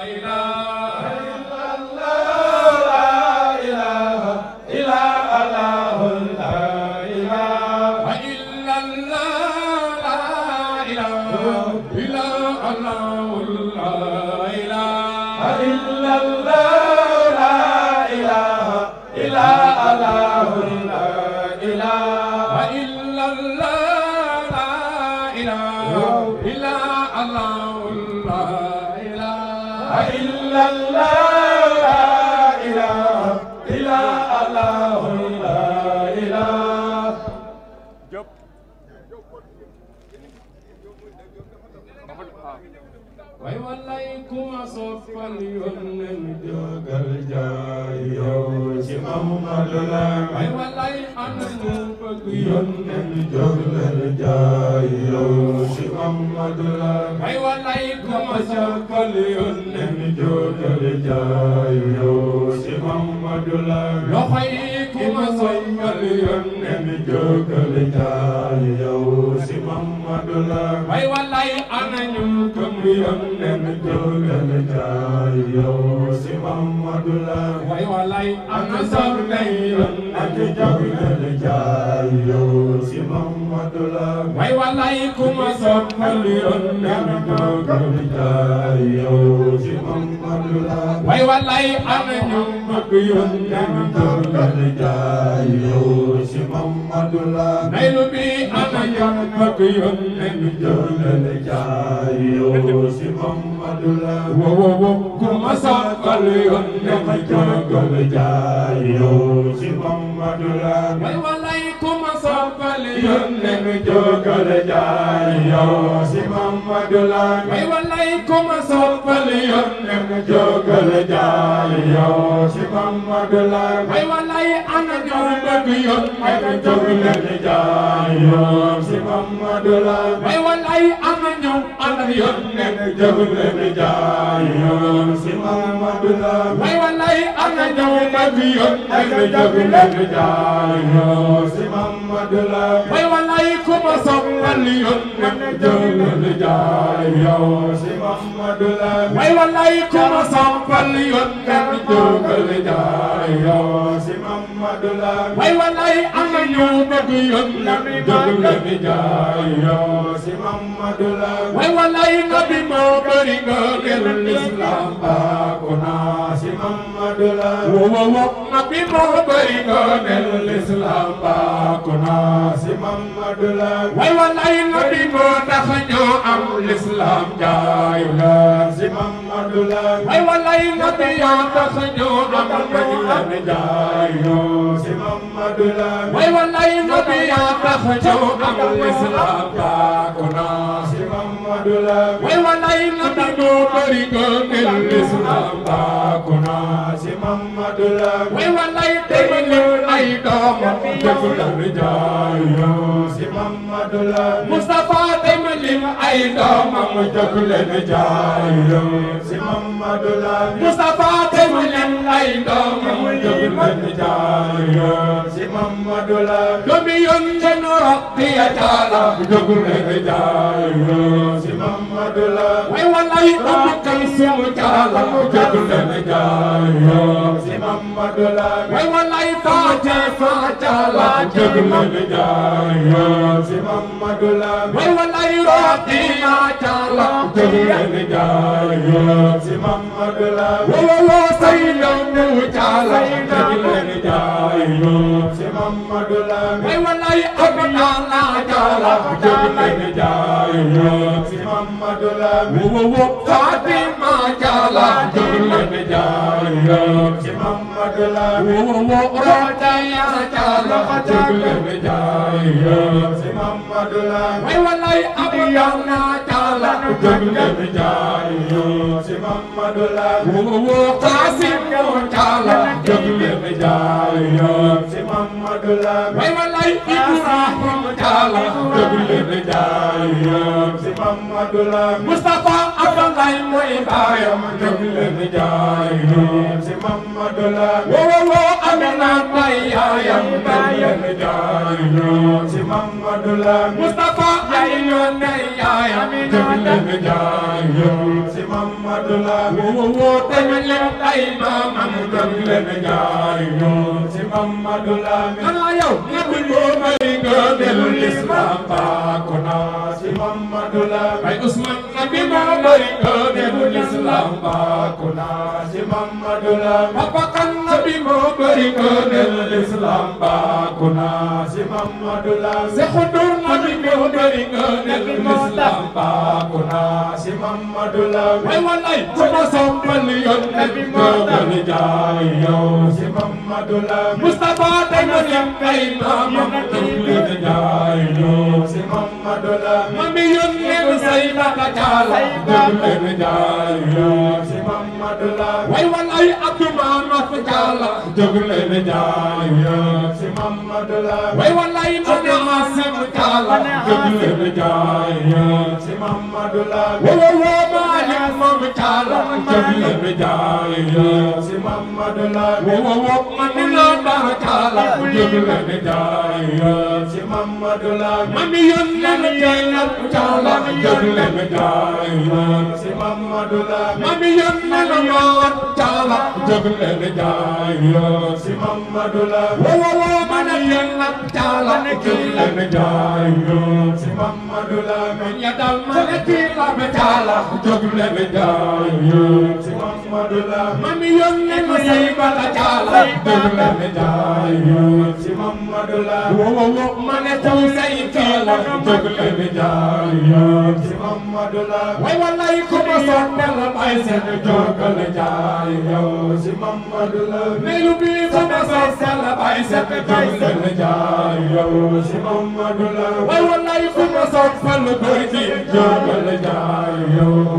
Abdullah way walay ana sabnay yon ak jabul jaa way wallaay ku ma soppal yonent ba yow ci Muhammadu la way wallaay ana ñu bëgg yonent ba yow ci Muhammadu la naylu bi ana ñu bëgg yonent ba yow ci Muhammadu la wo wo wo ku ma soppal yonent ba yow ci Muhammadu la yónneen jógal jaar yow si Mamadu Lamin ay walay ku ma soppal yónneen jógal jaar yow si Mamadu Lamin ay walay ana jordag yónneen jógal jaar yow si Mamadu Lamin ay walay ana ñoom ana yónneen jógal jaar yow si Mamadu Lamin ay walay ana jordag yónneen jógal jaar yow si Mamadu محمد لا مي ولايكم صلى اليمن جل جاي يا محمد لا مي ولايكم صلى اليمن جل جاي يا محمد way walay am na ñu bëgg yónni dëgg la mi jaayoo si Mamadu la way walay nabi moo bëri nga gëlu lislaam baaku naa si Mamadu la wowowo nabi moo bëri nga gëlu lislaam baaku naa si Mamadu la way walay nabi moo tax ñoo am lislaam jaayu la si Mamadu ay walay nabi yaa tax ñoo amal kañu lan jaayoo si Mamadu la ay walay nabi yaa tax ñoo amal lislaam taaku naa si Mamadu la ay walay nabi ñoo bëri gëngël lislaam taaku naa si Mamadu la ay walay tegale ay doomam def lan jaayoo si Mamadu la Mustafa ay doomam jóg leen jaayu si Mamadou Lamine Moustapha te mu leen ay doomam jóg leen jaayu si Mamadou Lamine doomi yonent rabbi ya taala jóg leen jaayu si Mamadou Lamine way walay am kan sumu taala jóg leen jaayu si Mamadou Lamine way walay faate faataala jóg leen jaayu si Mamadou Lamine way walay Fatima Thiam. jërëjëf jaajëf si Mamadou la. wowowoo Seydou Thiam. jërëjëf jaajëf si Mamadou la. ay walaay Abdoulaye Thiam. jërëjëf jaajëf si Mamadou la. wowowoo Fatima Thiam. jërëjëf jaajëf si Mamadou la. wowowoo Rodaya Thiam. jërëjëf jaajëf si Mamadou la. ay abdou na taala jogel jaar yo ci Mamadu la wo qasim ko taala jogel jaar yo ci Mamadu la way walay Ibrahim taala jogel jaar yo ci Mamadu la Mustafa Abdoulaye mooy baayam jogel jaar na tay yaayam benn jaar ñoo ci Mamadou la Moustapha ay ñoo nay yaayam benn jaar ñoo ci Mamadou la woo woo dañu leen ay maamam benn jaar ñoo ci Mamadou la xanaa yow nga ko may nga dellu lislaam baaku naa ci Mamadou la ay Ousmane nabi moo may nga dellu lislaam baaku naa ci Mamadou la بركان الإسلام باكنا محمد لا سخدر مدن بركان الإسلام باكنا محمد لا والله كما سمبل يون كان جاي يو محمد لا مصطفى دمر يمكي مام تولد جاي يو محمد لا مامي يون سيدا كجالا دمر جاي يو محمد لا والله أكما نفجالا yàlla jóg leen jaay si Mamadou la way wallahi ma ne ma sem kaala jóg leen jaay si Mamadou la way wallahi moom caala jëmle bi jaay si Mamadu Lamin wo wo man ni la dara caala jëmle bi jaay si Mamadu Lamin man yon na la caala caala jëmle bi jaay si Mamadu Lamin man yon na la yoon caala jëmle bi jaay si Mamadu Lamin wo wo man yon na caala jëmle bi jaay si Mamadu Lamin ya dal ma la caala jëmle bi Yo,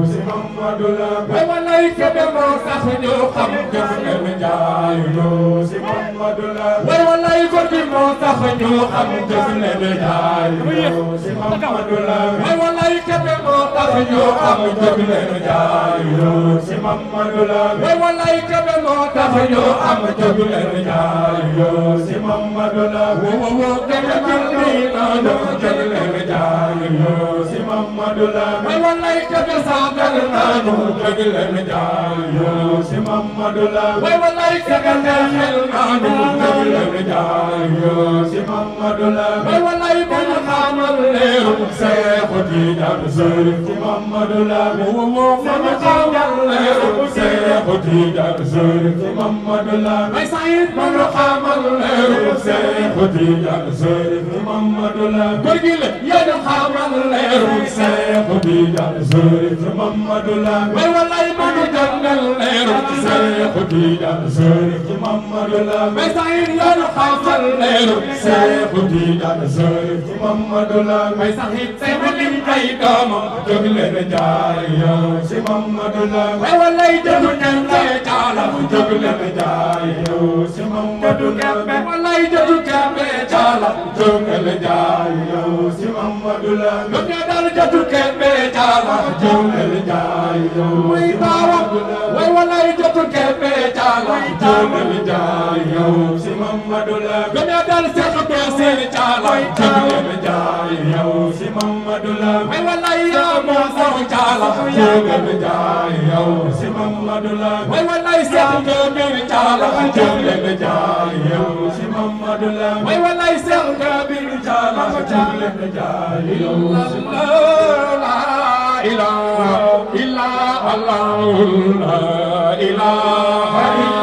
Simon. Ahmadu la way walay kebe moo tax ñu xam jëf ngeen jaay loo si Ahmadu la way walay góor gi moo tax ñu xam jëf ngeen jaay loo si Ahmadu la way walay kebe moo tax ñu xam jëf ngeen jaay loo si Ahmadu la way walay kebe moo tax ñu xam jëf ngeen jaay loo si Ahmadu la wo wo kebe man ni na do jëf ngeen jaay loo si Ahmadu la way walay kebe sa dal na daanu jóg leen jaal yoo si Mamadu la way wallaay sagal nga xel daanu jóg leen jaal yoo si Mamadu la way wallaay bu ñu xaamal leeru Seexu Tijaan Sëriñ si Mamadu la wo wo bu ñu xaamal leeru Seexu Tijaan Sëriñ si Mamadu la way sayit bu ñu xaamal leeru Seexu Tijaan Sëriñ si Mamadu la góor gi la yaa ñu xaamal leeru Seexu Tijaan Sëriñ si Mamadu way wallaay manu jàngal leeru seexu tiijaan sëriñ mamadu la way saxiir yoonu xawsal leeru seexu tiijaan sëriñ mamadu la way saxiir seexu lim ay doomam jóg leen jaay yow si mamadu la way e wallaay jënu ñembe caalam jóg leen jaay yow si mamadu la way wallaay jënu ñembe caalam e jóg leen jaay yow si mamadu la jatu kembe jala jawel jaay yow way bawa way walay jatu kembe jala jawel jaay yow si mamadou la gëna dal setu kese jala jawel jaay yow Mamadu la way walay sa mo saw caala jëgal jaay yow si Mamadu la way walay sa jëgal caala jëgal jaay yow si Mamadu la way walay sa jëgal caala jëgal jaay yow si la ilaha illa Allah la ilaha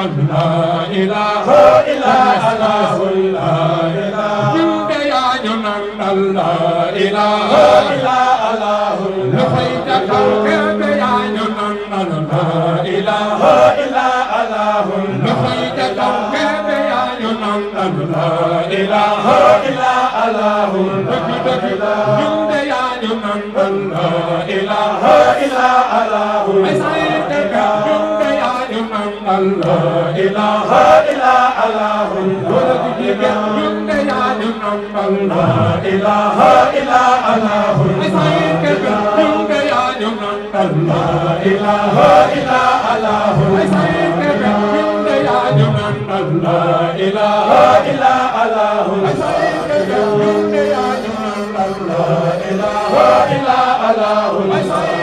لا إله إلا الله لا إله يا جنان لا إله إلا الله لفيتك القلب يا جنان لا إله إلا الله لفيتك القلب يا جنان لا إله إلا الله بكتك جند يا جنان لا إله إلا الله أسعدك جند لا إله إلا الله ملك جبنا لا إله إلا الله عسيك جنك يا جنان لا إله إلا الله عسيك جنك يا جنان لا إله إلا الله عسيك جنك يا جنان لا إله إلا الله عسيك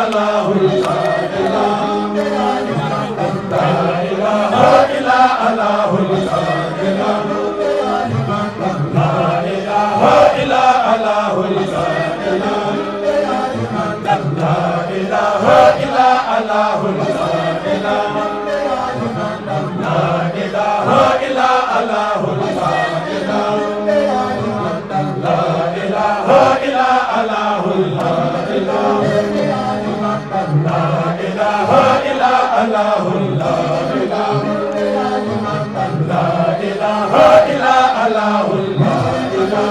الله لا إله إلا الله لا إله إلا الله لا إله لا إله إلا الله لا إله الا الله لا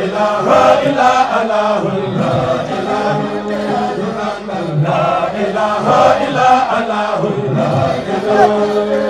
إله إلا الله لا إله إلا الله لا إله لا إله إلا الله لا إله الا الله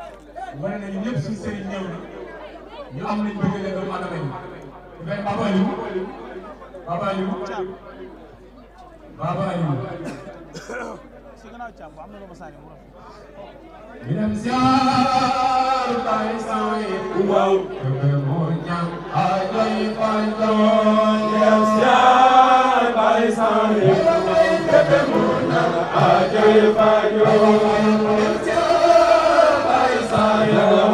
wane na ñun ñëpp suñu sëriñ ñëw na ñu am nañ bëgg leen doomu adama yi mais Baba Aliou Baba Aliou Baba Aliou mi dem siyaaru tayi sawi waaw kebe moo ñam ay doy fay doon mi dem siyaaru tayi sawi kebe moo ñam ay doy fay doon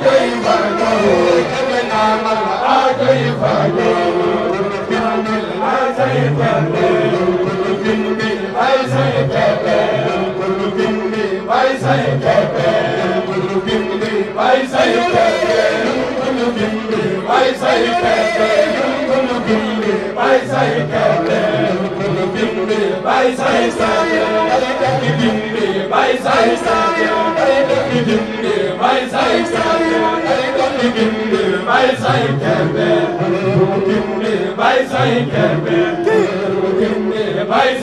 Hey, hey, hey, hey. bay say pexe ñu gën a bind bay say pexe ñu gën a bind bay say pexe ñu gën a bind bay say pexe day dëkk bind bay say pexe day dëkk bind bay say pexe day dëkk bind bay say pexe bind bay say pexe bind bay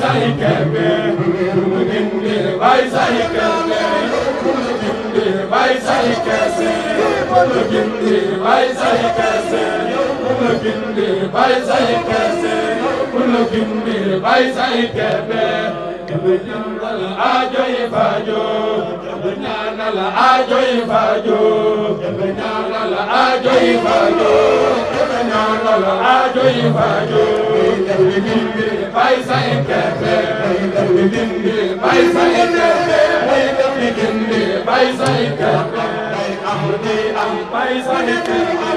say pexe bind bay say pexe bay say kese mun a gindi bay say kese mun a gindi bay say kese mun a gindi bay say kebe kebe ñaanal aajo yi faajo kebe ñaanal aajo yi faajo kebe ñaanal aajo yi faajo kebe ñaanal aajo yi faajo kebe gindi paisa enkebe bidindi paisa enkebe bidindi paisa enkebe amdi am paisa enkebe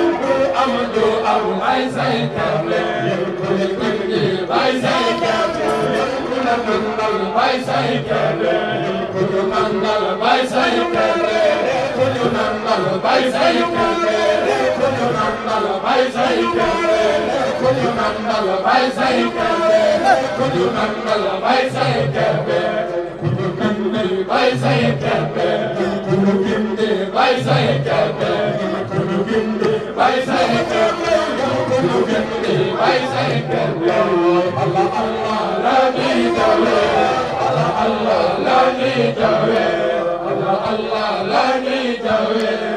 amdu am paisa enkebe bidindi paisa enkebe kunakundal paisa enkebe kunakundal paisa enkebe kunakundal paisa enkebe ñu nandal bay say pelle ku ñu nandal bay say pelle ku ñu nandal bay say pelle ku ñu gindi bay say pelle ku ñu gindi bay say pelle ku ñu gindi bay say pelle ku ñu gindi bay say pelle Allah Allah la ni dawe Allah Allah la ni dawe Allah Allah la ni dawe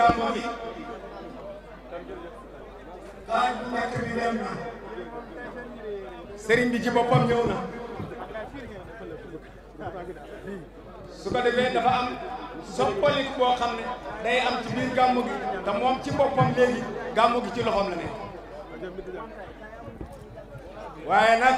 gàmmu bi xaaj bi ci boppam ñëw na su ko defee dafa am soppaliku boo xam ne day am ci biir gàmmu gi te ci boppam léegi gàmmu ci loxoom la nekk waaye nag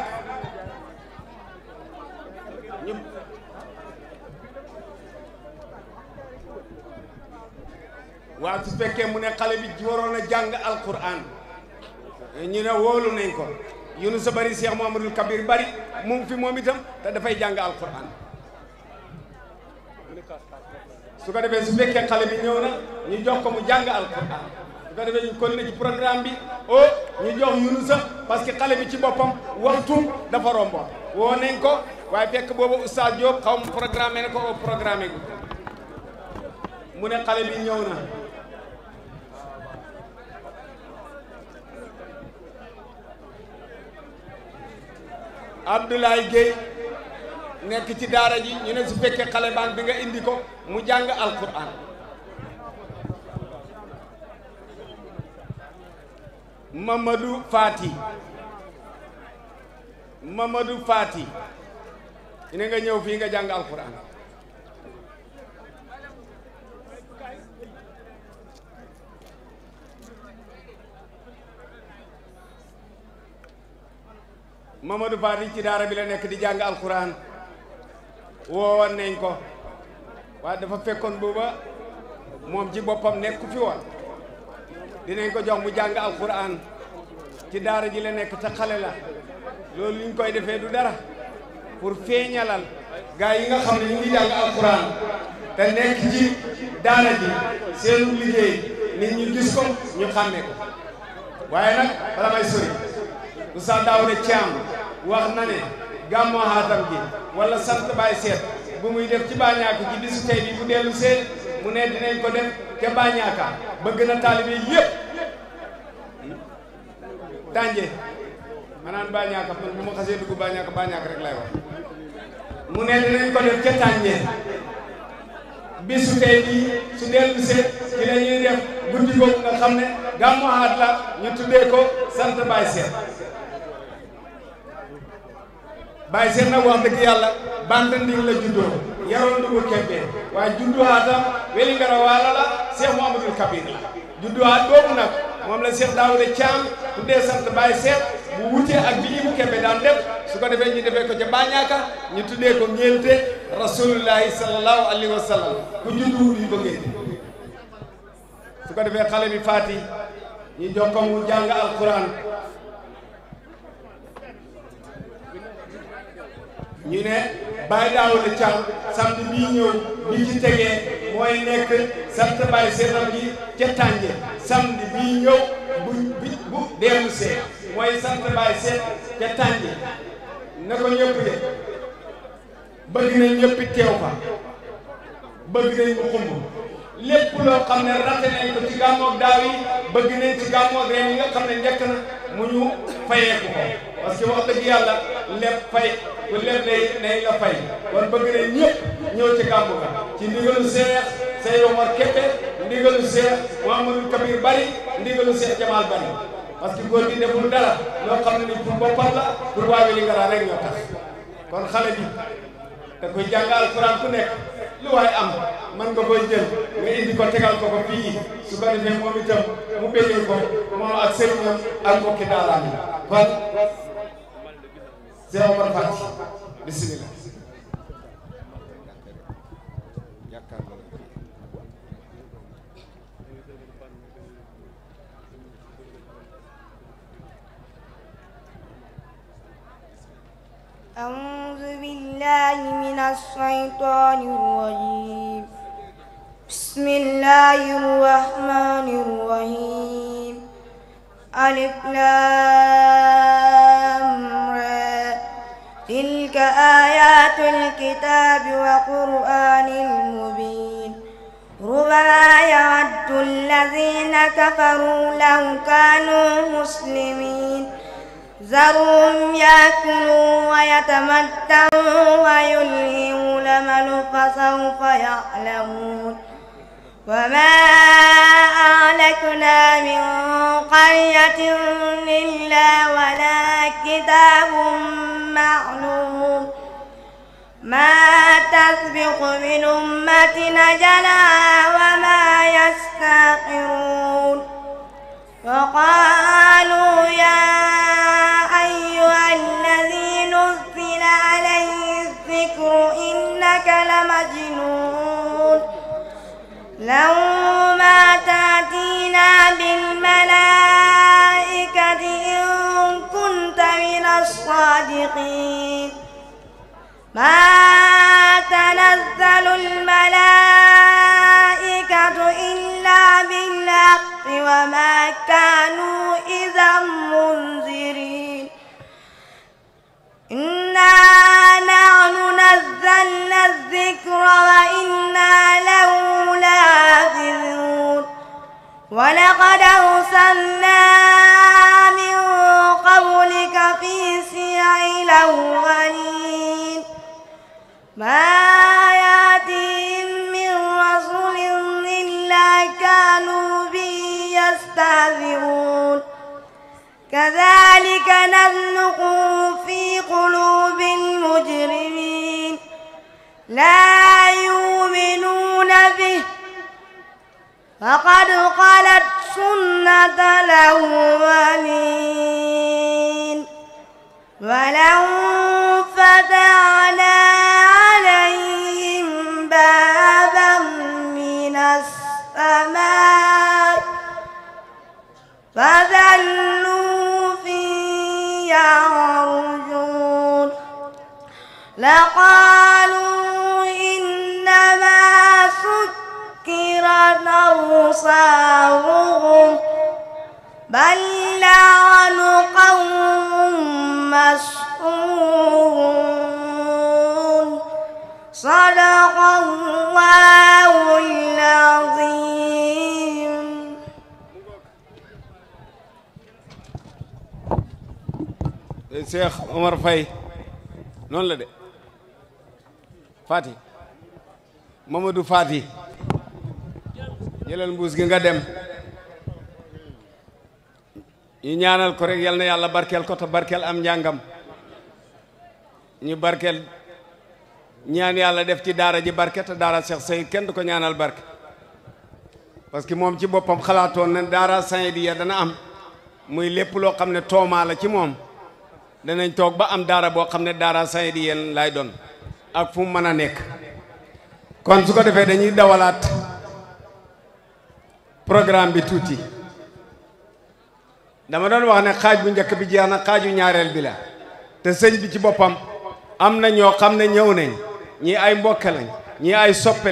waaw su fekkee mu ne xale bi ci waroon a jàng alquran ñu ne wóolu nañ ko yunu sa bëri Cheikh Mouhamadul Kabir bëri mu ngi fi moom itam te dafay jàng alquran su ko defee su fekkee xale bi ñëw na ñu jox ko mu jàng alquran su ko defee ñu continuer ci programme bi oh ñu jox yunu sa parce que xale bi ci boppam waxtu dafa rombo woo nañ ko waaye fekk boobu Oustaz Diop xaw ma programme ne ko o programme gu mu ne xale bi ñëw na Abdoulaye Gueye nekk ci daara ji ñu ne su fekkee xale bi nga indi ko mu jàng alquran Mamadou Fati Mamadou Fati ñu ne nga ñëw fii nga jàng alquran Mamadou Fati ci daara bi la nekk di jàng alxuraan woowoon nañ ko waaye dafa fekkoon booba moom ci boppam nekku fi woon dinañ ko jox mu jàng alxuraan ci daara ji la nekk te xale la loolu liñ koy defee du dara pour feeñalal gaa yi nga xam ne ñu ngi jàng alxuraan te nekk ci daara ji seen liggéey nit ñi gis ko ñu xàmme ko waaye nag bala may sori Oustaz Daouda Thiam wax na ne gàmmu xaatam gi wala sant baay seet bu muy def ci Bañaaka ci bisu tey bi bu dellu mu nee dinañ ko def ca Bañaaka bëgg na taalibe yépp tànje ma naan Bañaaka man bu xasee dugg Bañaaka Bañaaka rek lay wax mu ne dinañ ko def ca tànje bisu tey bi su dellu see ci la ñuy guddi boobu nga xam ne gàmmu la ñu tuddee ko baay seet bay seen nag wax dëgg yàlla bantanding la juddoo yaroon dugu kebbe waaye juddu haatam weli ngara waala la cheikh mouhamadoul kabir la juddu haat boobu nag moom la cheikh daawuda caam tuddee sant bay seet bu wutee ak bi ibu kebbe daan def su ko defee ñu defee ko ca bañaaka ñu tuddee ko ngénte rasulullahi sallallahu Alaihi Wasallam. sallam ku juddu wut ñu su ko defee xale bi mu alquran ñu ne a Daouda Thiam samedi bii ñëw bi ci tegee mooy nekk sant Baye Seydou bi ca Tànje samedi bii ñëw bu bu bu deemu see mooy sant Baye Seydou ca Tànje na ko ñëpp de bëgg nañ ñëpp teew fa bëgg nañ mu xumb. lépp loo xam ne raté nañ ko ci gàmmoog daaw yi bëgg nañ ci gàmmoog ren yi nga ne njëkk na mu ñu fayeeku ko parce que wax dëgg yàlla lépp fay ku lépp lay nañ la fay kon bëgg nañ ñëpp ñëw ci gàmmu ga ci ndigalu Seex Seydou Omar Keppe Kabir Bari ndigalu Seex Jamal Bari parce que góor gi deful dara loo xam ne ni pour boppam la pour waawe li nga laa rek ñoo kon xale bi te kuy jàng alxuraan ku nekk lu waay am man nga koy jël nga indi ko tegal ko ko fii su ko defee moom itam mu béggee ko moom ak sëriñam ak mbokki daaraam yi kon Cheikh Omar Fati bisimilah أعوذ بالله من الشيطان الرجيم بسم الله الرحمن الرحيم ألف تلك آيات الكتاب وقرآن مبين ربما يود الذين كفروا لو كانوا مسلمين ذرهم يأكلوا ويتمتعوا ويلهوا لمن فسوف يعلمون وما أهلكنا من قرية إلا ولا كتاب معلوم ما تسبق من أمة نجلا وما يستاقرون وقالوا يا أيها الذي نزل عليه الذكر إنك لمجنون لو ما تأتينا بالملائكة إن كنت من الصادقين ما تنزل الملائكة إلا بالحق وما كانوا إذا منذرين إنا نحن نزلنا الذكر وإنا له لحافظون ولقد أرسلنا من قبلك في سيع الأولين ما ياتيهم من رسول إلا كانوا به يستهزئون كذلك نسلكه في قلوب المجرمين لا يؤمنون به فقد خلت سنة الأولين ولو لقالوا إنما سكرت أبصارهم بل لعن قوم مسؤول صدق الله العظيم الشيخ عمر فاي نون لدي Fati Mamadou Fati jëlal mbuus gi nga dem ñu ñaanal ko rek yal na yàlla barkeel ko te barkeel am njàngam ñu barkeel ñaan yàlla def ci daara ji barke te daara Cheikh Sayid kenn du ko ñaanal barke parce que moom ci boppam xalaatoon na daara Sayidiyya dana am muy lépp loo xam ne toomaa la ci moom danañ toog ba am daara boo xam ne daara Sayidiyya lay doon ak fu mu mën a nekk kon su ko defee dañuy dawalaat programme bi tuuti dama doon wax ne xaaj bu njëkk bi jeex na xaaju ñaareel bila la te sëñ bi ci boppam am na ñoo xam ne ñëw nañ ñii ay mbokk lañ ñii ay soppe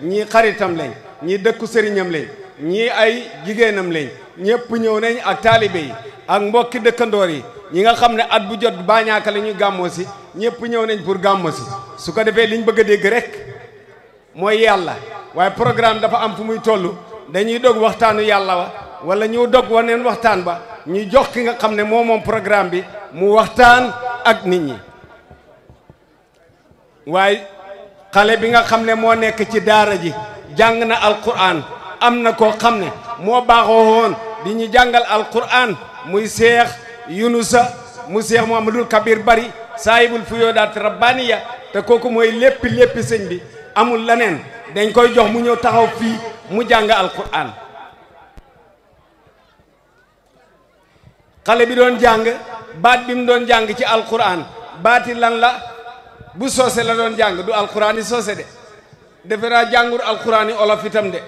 ñii xaritam lañ ñii dëkku sëriñam lañ ñii ay jigéenam lañ ñëpp ñëw nañ ak taalibe yi ak mbokki dëkkandoor yi ñi nga xam ne at bu jot baañaaka la ñuy gàmmoo si ñëpp ñëw nañ pour gàmmoo si su ko defee liñ bëgg a dégg rek mooy yàlla waaye programme dafa am fu muy toll dañuy dog waxtaanu yàlla wa wala ñu dog waneen waxtaan ba ñu jox ki nga xam ne moo moom programme bi mu waxtaan ak nit ñi waaye xale bi nga xam ne moo nekk ci daara ji jàng na alquran am na koo xam ne moo baaxoo woon di ñu jàngal alquran muy seex yunusa mu seex muhammadul kabir bari saahibul fuyoodaat rabbaniya te kooku mooy léppi léppi sëñ bi amul leneen dañ koy jox mu ñëw taxaw fii mu jàng alquran xale bi doon jàng baat bi mu doon jàng ci alquran baati lan la bu soose la doon jàng du alquran yi soose de defe naa jàngur alquran yi olof de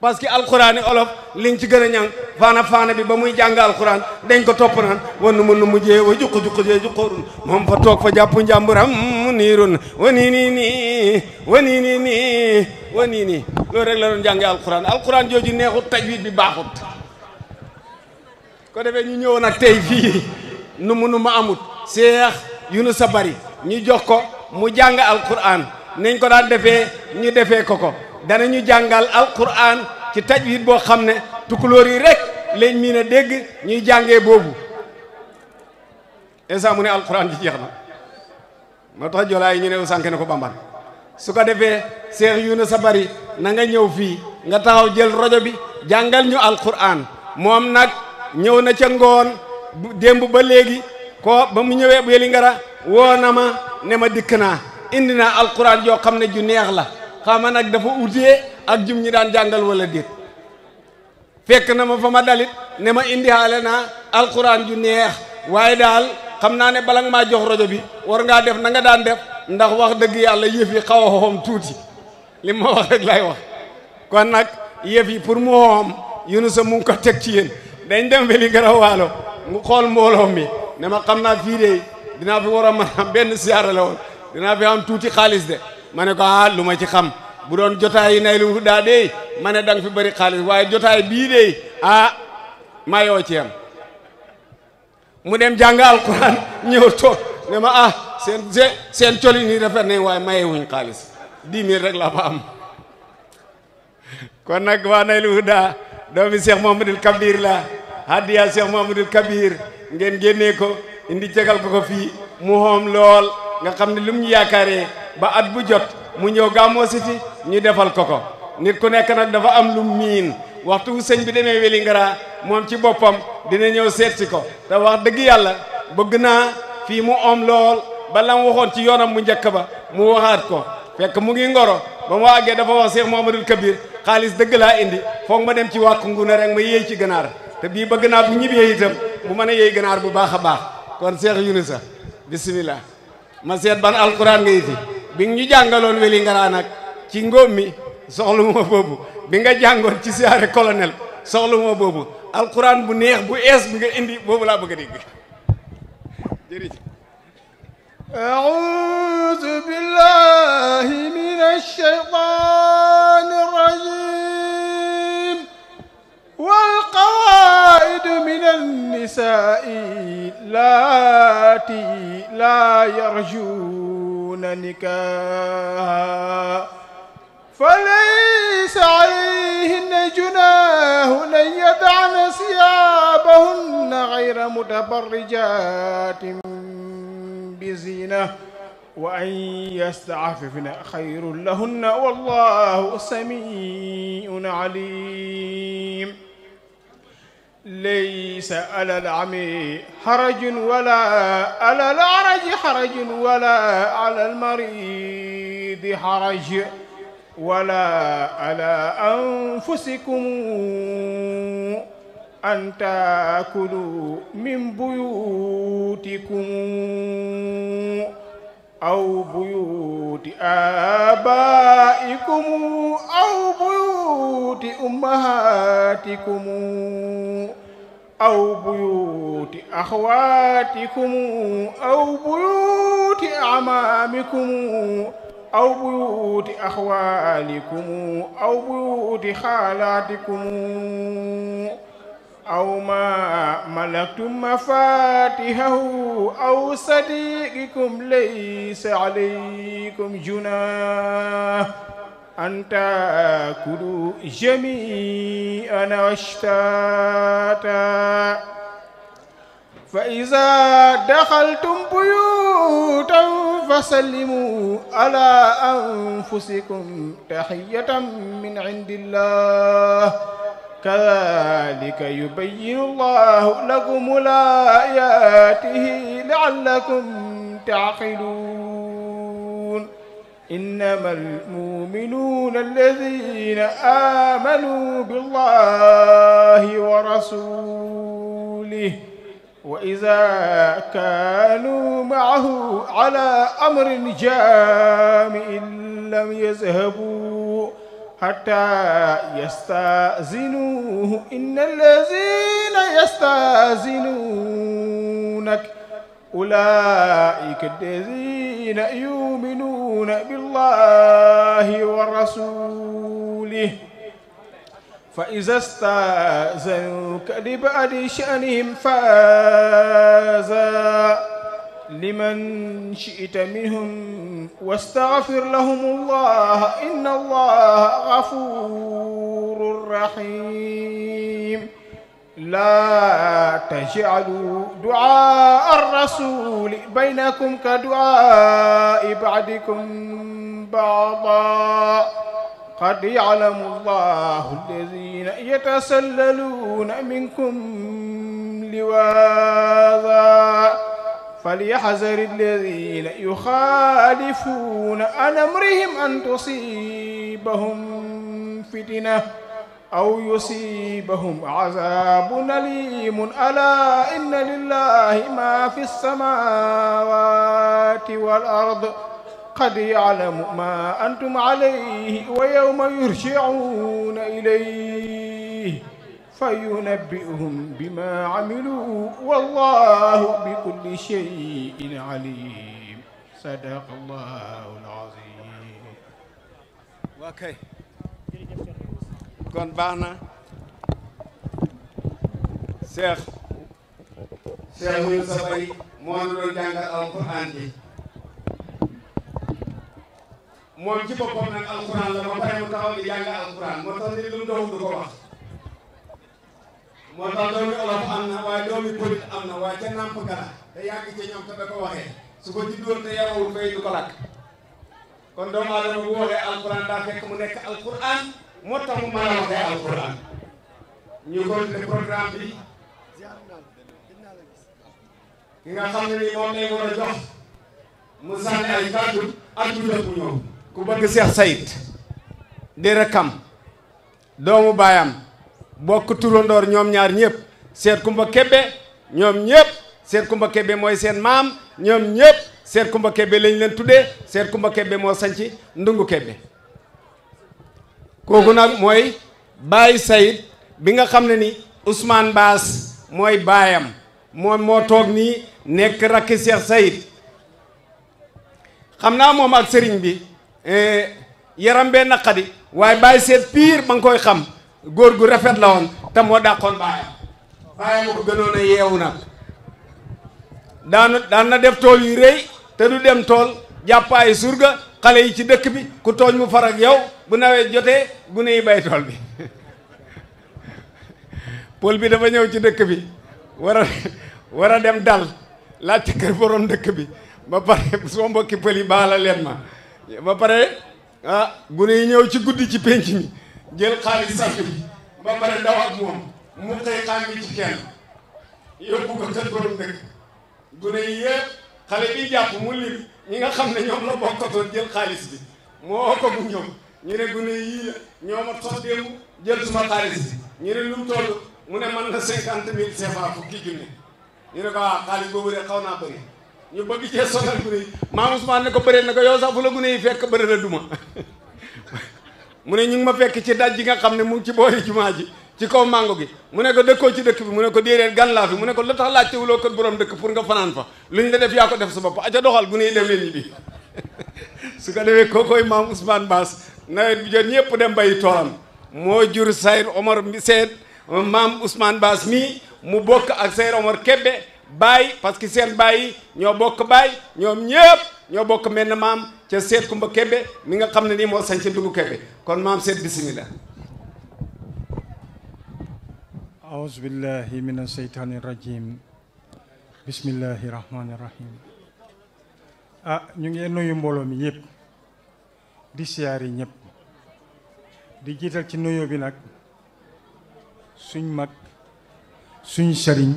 parce que alxuraani olof liñ ci gën a ñàng faana faana bi ba muy jàng alxuraan dañ ko topp naan wan mu nu mujjee wa juq juq jee juqoorun moom fa toog fa jàppu njàmburam mu niirun wa nii nii nii wa nii nii nii wa nii nii loolu rek la doon alxuraan alxuraan jooju neexut tajwid bi baaxut ko defee ñu ñëwoon ak tey fii nu mu nu ma amut seex yu nu sa bari ñu jox ko mu jàng alxuraan nañ ko daan defee ñu defee ko ko dana danañu jàngal alquran ci wiit boo xam ne tukulóor yi rek lañ mii a dégg ñuy jàngee boobu insa mu ne alquran ji jeex na moo tax jolaa yi ñu ne sànke ne ko bamban su ko defee seex yu na sa na nga ñëw fii nga taxaw jël rajo bi jàngal ñu alquran moom nag ñëw na ca ngoon démb ba léegi ko ba mu ñëwee Vélingara woo na ma ne ma dikk naa indi naa alquran yoo xam ne ju neex la xama nag dafa utee ak jum ñi daan jàngal wala déet fekk na ma fa ma dalit ne ma indi indihaale na alquran ju neex waaye daal xam naa ne bala maa jox rajo bi war ngaa def na nga daan def ndax wax dëgg yàlla yëf yi xaw a xoom tuuti li ma wax rek lay wax kon nag yëf yi pour mu xoom Yunusa mu ngi ko teg ci yéen dañ dem feli garawaalo mu xool mbooloo mi ne ma xam naa fii de dinaa fi war a mën am benn siyaara la woon dinaa fi am tuuti xaalis de ma ne ko ah lu ma ci xam bu doon jotaay yi nay lu daa dey ma ne danga fi bëri xaalis waay jotaay bii dey ah ma yoo ci am mu dem jàng alquran ñëw toog ne ma ah seen seen seen col yi nii rafet nañ waaye maye wuñ xaalis dix mille rek laa fa am kon nag waa nay lu daa doomi Cheikh Mouhamadoul Kabir la moo Cheikh Mouhamadoul Kabir ngeen génnee ko indi jegal ko ko fii mu xoom lool nga xam ne lu mu yaakaaree ba at bu jot mu ñëw gàmmoo si ñu defal ko ko nit ku nekk nag dafa am lu miin waxtu wu sëñ bi demee Wélingara moom ci boppam dina ñëw seet si ko te wax dëgg yàlla bëgg naa fii mu om lool ba la mu waxoon ci yoonam mu njëkk ba mu waxaat ko fekk mu ngi ngoro ba mu àggee dafa wax Cheikh Mouhamadul Kabir xaalis dëgg laa indi foog ma dem ci wàkku nguna rek ma yéey ci ganaar te bii bëgg naa bu ñibbee itam bu mën a yéey ganaar bu baax a baax kon Cheikh Yunusa bismillah ma seet ban alquran nga bi ñu jàngaloon weli ngaraa ci ngóom mi soxla ma boobu bi nga ci siyaare colonel soxla ma boobu alxuraan bu neex bu ees bi nga indi boobu laa bëgg a dégg jërëjëf أعوذ بالله من الشيطان الرجيم والقواعد من النساء اللاتي لا يرجون نكاها فليس عليهن جناه أن يدعن ثيابهن غير متبرجات بزينة وأن يستعففن خير لهن والله سميع عليم ليس على العمي حرج ولا على العرج حرج ولا على المريض حرج ولا على أنفسكم أن تأكلوا من بيوتكم أو بيوت آبائكم أو بيوت أمهاتكم أو بيوت أخواتكم أو بيوت أعمامكم أو بيوت أخوالكم أو بيوت خالاتكم أو ما ملكتم مفاتحه أو صديقكم ليس عليكم جناح أن تأكلوا جميعا أشتاتا فإذا دخلتم بيوتا فسلموا على أنفسكم تحية من عند الله كذلك يبين الله لكم لآياته لعلكم تعقلون إنما المؤمنون الذين آمنوا بالله ورسوله وإذا كانوا معه على أمر جامع لم يذهبوا حتى يستأذنوه إن الذين يستأذنونك أولئك الذين يؤمنون بالله ورسوله فإذا استأذنوك لبعد شأنهم فازا لمن شئت منهم واستغفر لهم الله إن الله غفور رحيم لا تجعلوا دعاء الرسول بينكم كدعاء بعدكم بعضا قد يعلم الله الذين يتسللون منكم لواذا فليحذر الذين يخالفون عن امرهم ان تصيبهم فتنه او يصيبهم عذاب اليم الا ان لله ما في السماوات والارض قد يعلم ما انتم عليه ويوم يرجعون اليه فينبئهم بما عملوا والله بكل شيء عليم صدق الله العظيم وكاي كون باخنا شيخ شيخ يوسفي مون دو جانغال القران دي moom ci boppam nag alxuraan la ba pare mu taxaw di القران alxuraan moo tax nit lu mu doon moo tax doomi olof am na waaye doomi pëlit am na ca nàmp gala te yàgg ci ñoom te ko waxee su ko te fay du ko kon alquran daa fekk mu alquran moo mu alquran ñu continuer programme bi ki nga xam ne nii lay war jox mu sànni ay ku bëgg Cheikh doomu bokk turandoor ñoom ñaar ñëpp seet kumba kebbe ñoom ñëpp seet kumba kebbe mooy seen maam ñoom ñëpp seet kumba kebbe lañ leen tuddee seet kumba kebbe moo sanci ndungu kebbe kooku nag mooy Baye Sayid bi nga xam ne ni usmaan Baas mooy baayam moom moo toog nii nekk rakki Cheikh Sayid xam naa moom ak sëriñ bi eh, yaram bee naqadi waaye Baye seet pire ba koy xam góor gu rafet la woon te moo dàqoon baayam baayam ko gënoon a yeewu nag daanu daan na def tool yu rëy te du dem tool jàpp ay surga xale yi ci dëkk bi ku tooñ mu far ak yow bu nawet jotee gune yi bay tool bi pël bi dafa ñëw ci dëkk bi war a dem dal laajte kër borom dëkk bi ba pare soo mbokki pël yi baala leen ma ba pare ah gune yi ñëw ci guddi ci pénc mi jël xaalis sàcc bi ba pare daw ak moom mu xëy xàmmi ci kenn yóbbu ko kër borom gune yi yëpp xale bi jàpp mu lim ñi nga xam ne ñoom la bokkatoon jël xaalis bi moo ko bu ñoom ñu ne gune yii ñoom a sos démb jël suma xaalis bi ñu ne lu mu mu ne man na cinquante mille CFA fukki junne ñu ne ko a ah, xaalis boobu de xaw naa bëri ñu bëgg cee sonal gune yi maam ne ko bëri na ko yow sax fu la gune yi fekk bëri la duma mu ne ñu ma fekk ci daj ji nga xam ne mu ngi ci boori ci kaw mango gi mu ne ko dëkkoo ci dëkk bi mu ne ko déedéet gan laa mu ne ko lu tax laajte wuloo kër borom dëkk pour fanaan fa luñ la def yaa ko def sa bopp aca doxal gu ne dem leen ñi bi su ko defee kookooy maam bi jot ñëpp dem bay toolam moo jur Sayr Omar mi maam Ousmane Baas mii mu bokk ak Sayr Omar Kebbe baay parce que seen baay ñoo bokk baay ñoom ñëpp ñoo bokk menn maam ca seet kumba kebe mi nga xam ne nii moo sañ ca dugg kebe kon maam seet bismillah أعوذ بالله من الشيطان الرجيم بسم الله الرحمن الرحيم ñu ngi nuyu mbooloo mi yëpp di siyaari ñëpp di jiital ci nuyoo bi nag suñ mag suñ sëriñ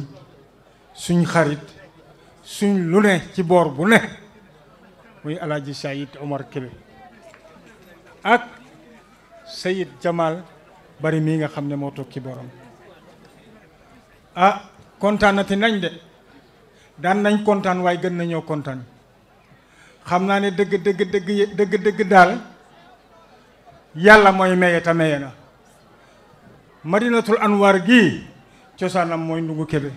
suñ xarit suñ lu ne ci boor bu ne muy alaaji Sayid Omar Kébé ak Sayid Jamal bari mii nga xam ne moo toog ci borom a ah, kontaanati nañ de daan nañ kontaan waaye gën nañoo kontaan xam naa ne dëgg dëgg dëgg dëgg dëgg daal yàlla mooy maye ta maye na madinatul anwar gii cosaanam mooy ndungu Kébé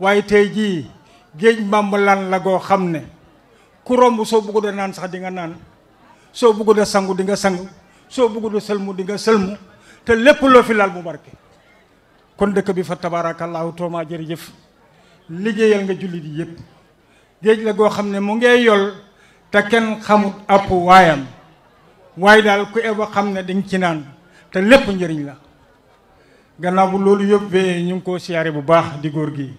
waaye tey jii géej Mbambalaan la goo xam ne ku romb soo bëggu da naan sax di nga naan soo bëggu da sangu di nga sangu soo bëggu da sëlmu di nga sëlmu te lépp loo fi laal mu barke kon dëkk bi fa tabaarakallaahu tooma jërëjëf liggéeyal nga jullit yi yëpp géej la goo xam ne mu ngee yol te kenn xamut app waayam waaye daal ku eba xam ne dañ ci naan te lépp njëriñ la gannaaw bu loolu yóbbee ñu ngi ko siyaare bu baax di góor gi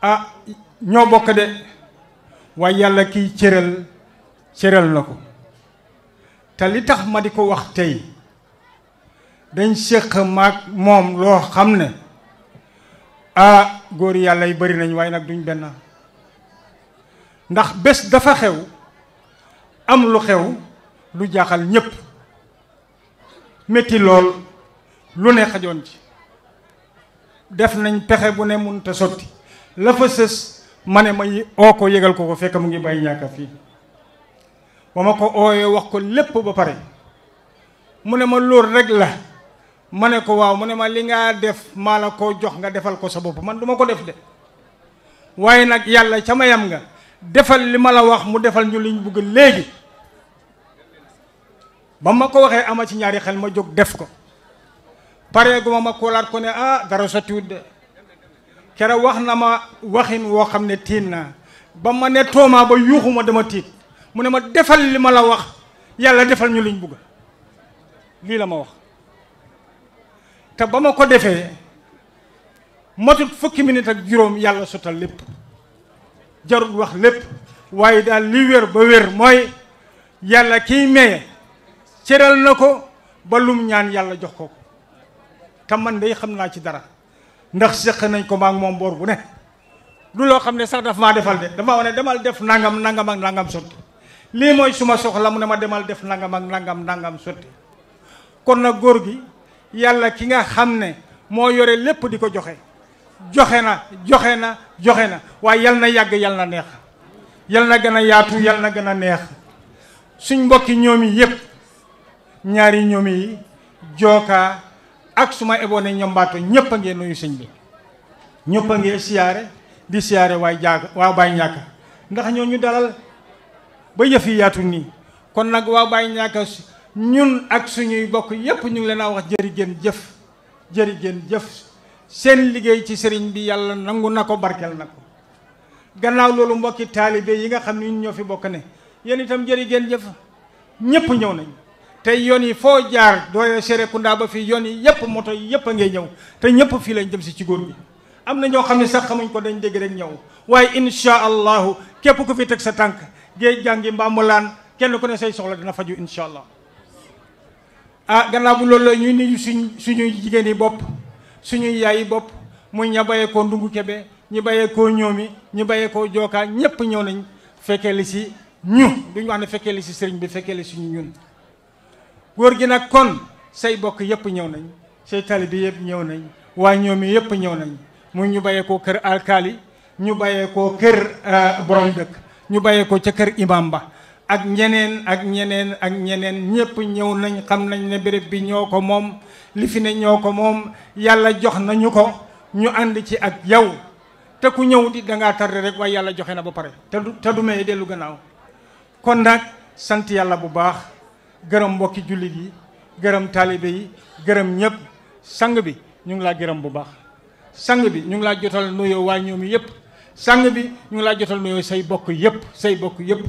ah ñoo bokk de waaye yàlla kiy cëral cëral na ko te li tax ma di ko wax tey dañ séq maag moom loo xam ne ah góor yàlla yi bari nañ waaye nag duñ benn ndax bés dafa xew am lu xew lu jaaxal ñépp metti lool lu ne xajoon ci def nañ pexe bu ne mun te sotti la fa sës ma ne ma oo ko yëgal ko ko fekk mu ngi bàyyi ñàkka fii ba ma ko ooyee wax ko lépp ba pare mu ne ma loolu rek la ma ne ko waaw mu ne ma li ngaa def maa la koo jox nga defal ko sa bopp man duma ko def de waaye nag yàlla ca mayam nga defal li ma la wax mu defal ñu liñ bëgg léegi ba ma ko waxee ama ci ñaari xel ma jóg def ko pare gu ma ma koolaat ko ne ah dara sa tiwut de kere wax na ma waxin woo xam ne tiit naa ba ma ne toomaa ba yuuxuma dama tiit mu ne ma defal li ma la wax yàlla defal ñu liñ bugg lii la ma wax te ba ma ko defee matut fukki minute ak juróom yàlla sottal lépp jarul wax lépp waaye daal li wér ba wér mooy yàlla kiy maye cëral na ko ba lum ñaan yàlla jox ko ko te man de xam naa ci dara ndax seq nañ ko maak moom boor bu ne lu loo xam ne sax daf maa defal de dama wane demal def nangam nangam ak nangam sotti lii mooy suma soxla mu ne ma demal def nangam ak nangam nangam sotti kon na góor gi yàlla ki nga xam ne moo yore lépp di ko joxe joxe na joxe na joxe na waaye yal na yàgg yal na neex yal na gën a yaatu yal na gën a neex suñ mbokki ñoomi yépp ñaari ñoom yi jooka ak su ma eboone ñombaato ñëpp a ngee nuyu sëñ bi ñëpp a ngee siyaare di siyaare waay jaaga waa Baay ñàkk ndax ñoo ñu dalal ba yëf yi yaatu nii kon nag waa Baay Ñàkka ñun ak suñuy bokk yëpp ñu ngi leen a wax jëri géen jëf jëri gën jëf seen liggéey ci sëriñ bi yàlla nangu na ko barkeel na ko gannaaw loolu mbokki taalibe yi nga xam ni ñoo fi bokk ne yéen itam jëri géen jëf ñëpp ñëw nañ te yoon yi foo jaar dooyee Serekunda ba fii yoon yi yëpp moto yi yëpp a ngay ñëw te ñëpp fii lañ dem si ci góor bi am na ñoo xam ne sax xamuñ ko dañ dégg rek ñëw waaye incha allahu képp ku fi teg sa tànk géej jàngi mbaamulaan kenn ku ne say soxla dina faju incha allah ah gannaaw bu loolu la ñuy nuyu suñ suñuy jigéen yi bopp suñuy yaayi bopp muy ña bayee koo ndungu kebe ñi bayee koo ñoomi ñi bayee koo jookaa ñëpp ñëw nañ fekkee li si ñu duñu wax ne fekkee li si sëriñ bi fekkee li si ñun góor gi nag kon say bokk yëpp ñëw nañ say bi yëpp ñëw nañ waa ñoom yëpp ñëw nañ mu ñu bayee ko kër alkaali ñu bàyyee ko kër euh, borom dëkk ñu bàyyee ko ca kër imam ba ak ñeneen ak ñeneen ak ñeneen ñëpp ñëw nañ xam nañ ne béréb bi ñoo ko moom li fi ne ñoo ko moom yàlla jox nañu ko ñu ànd ci ak yow te ku ñëw di da ngaa tardé rek waa yàlla joxe na ba pare te du te dellu gannaaw kon nag sant yàlla bu baax gërëm mbokki jullit yi gërëm taalibe yi gërëm ñëpp sang bi ñu ngi laa gërëm bu baax sang bi ñu ngi laa jotal nuyoo waa ñoom yëpp sang bi ñu ngi laa jotal nuyoo say bokk yëpp say bokk yëpp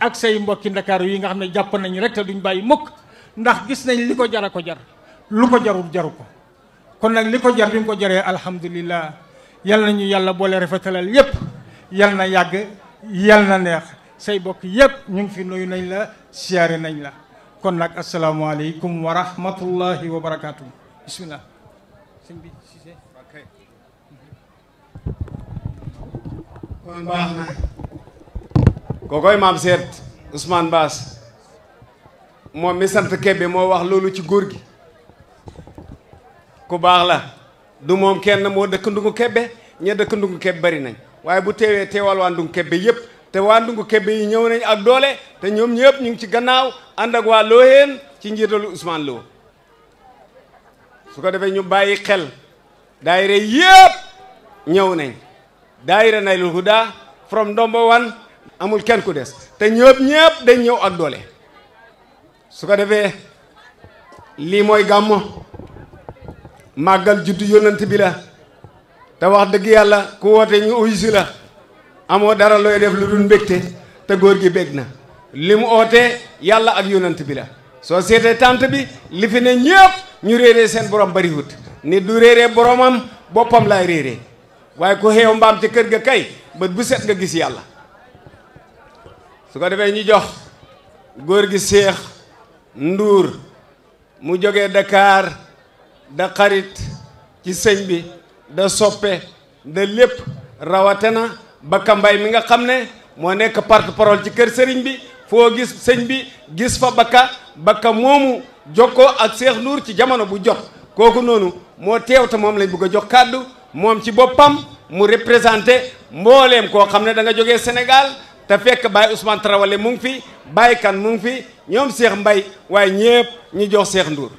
ak say mbokki ndakaaru yi nga xam ne jàpp nañ rek te duñ bàyyi mukk ndax gis nañ li ko jara ko jar lu ko jarul jaru ko kon nag li ko jar bi mu ko jaree alhamdulillah yal na ñu yàlla boole rafetalal yëpp yal na yàgg yal na neex say bokk yëpp ñu ngi fi nuyu nañ la siyaare nañ la kon nag asalaamaaleykum wa rahmatullahi wa barakaatu bismillah sëñ bi Cissé kon baax na maam seet Ousmane Baas moom mi sant kebbe moo wax loolu ci góor gi ku baax la du moom kenn moo dëkk ndungu kebbe ña dëkk ndungu kebbe bari nañ waaye bu teewee teewal waa ndungu kebbe yépp te waa Ndungu kebbe yi ñëw nañ ak doole te ñoom ñëpp ñu ngi ci gannaaw ànd ak waa Looheen ci njiitalu Ousmane Lo su ko defee ñu bàyyi xel daayira yëpp ñëw nañ daayira Naylul Huda from Ndombo wan amul kenn ku des te ñëpp ñëpp dañ ñëw ak doole su ko defee lii mooy gàmmo màggal juddu yónnant bi la te wax dëgg yàlla ku woote ñu uyu la amoo dara looy def lu dul mbégte te góor gi bég na li mu ootee yàlla ak yonant bi la soo seetee tànt bi li fi ne ñu réeree seen borom bariwut nit du réeree boromam boppam laay réeree waaye ku xeew mbaam ci kër ga kay bët bu set nga gis yàlla su ko defee ñu jox góor gi seex nduur mu jógee Dakar da xarit ci sëñ bi da soppe da lépp rawate na Bakka mbay mi nga xam ne moo nekk porte-parole ci kër sëriñ bi foo gis sëñ bi gis fa Bakka Bakka moomu jokkoo ak Cheikh nduur ci jamono bu jox kooku noonu moo teew te moom lañ bëgg a jox kàddu moom ci boppam mu représenté mbooleem koo xam ne danga nga jógee te fekk Baye Ousmane Traoré mu ngi fi Baye Kane mu ngi fi ñoom seex mbay waaye ñëpp ñu jox seex Ndour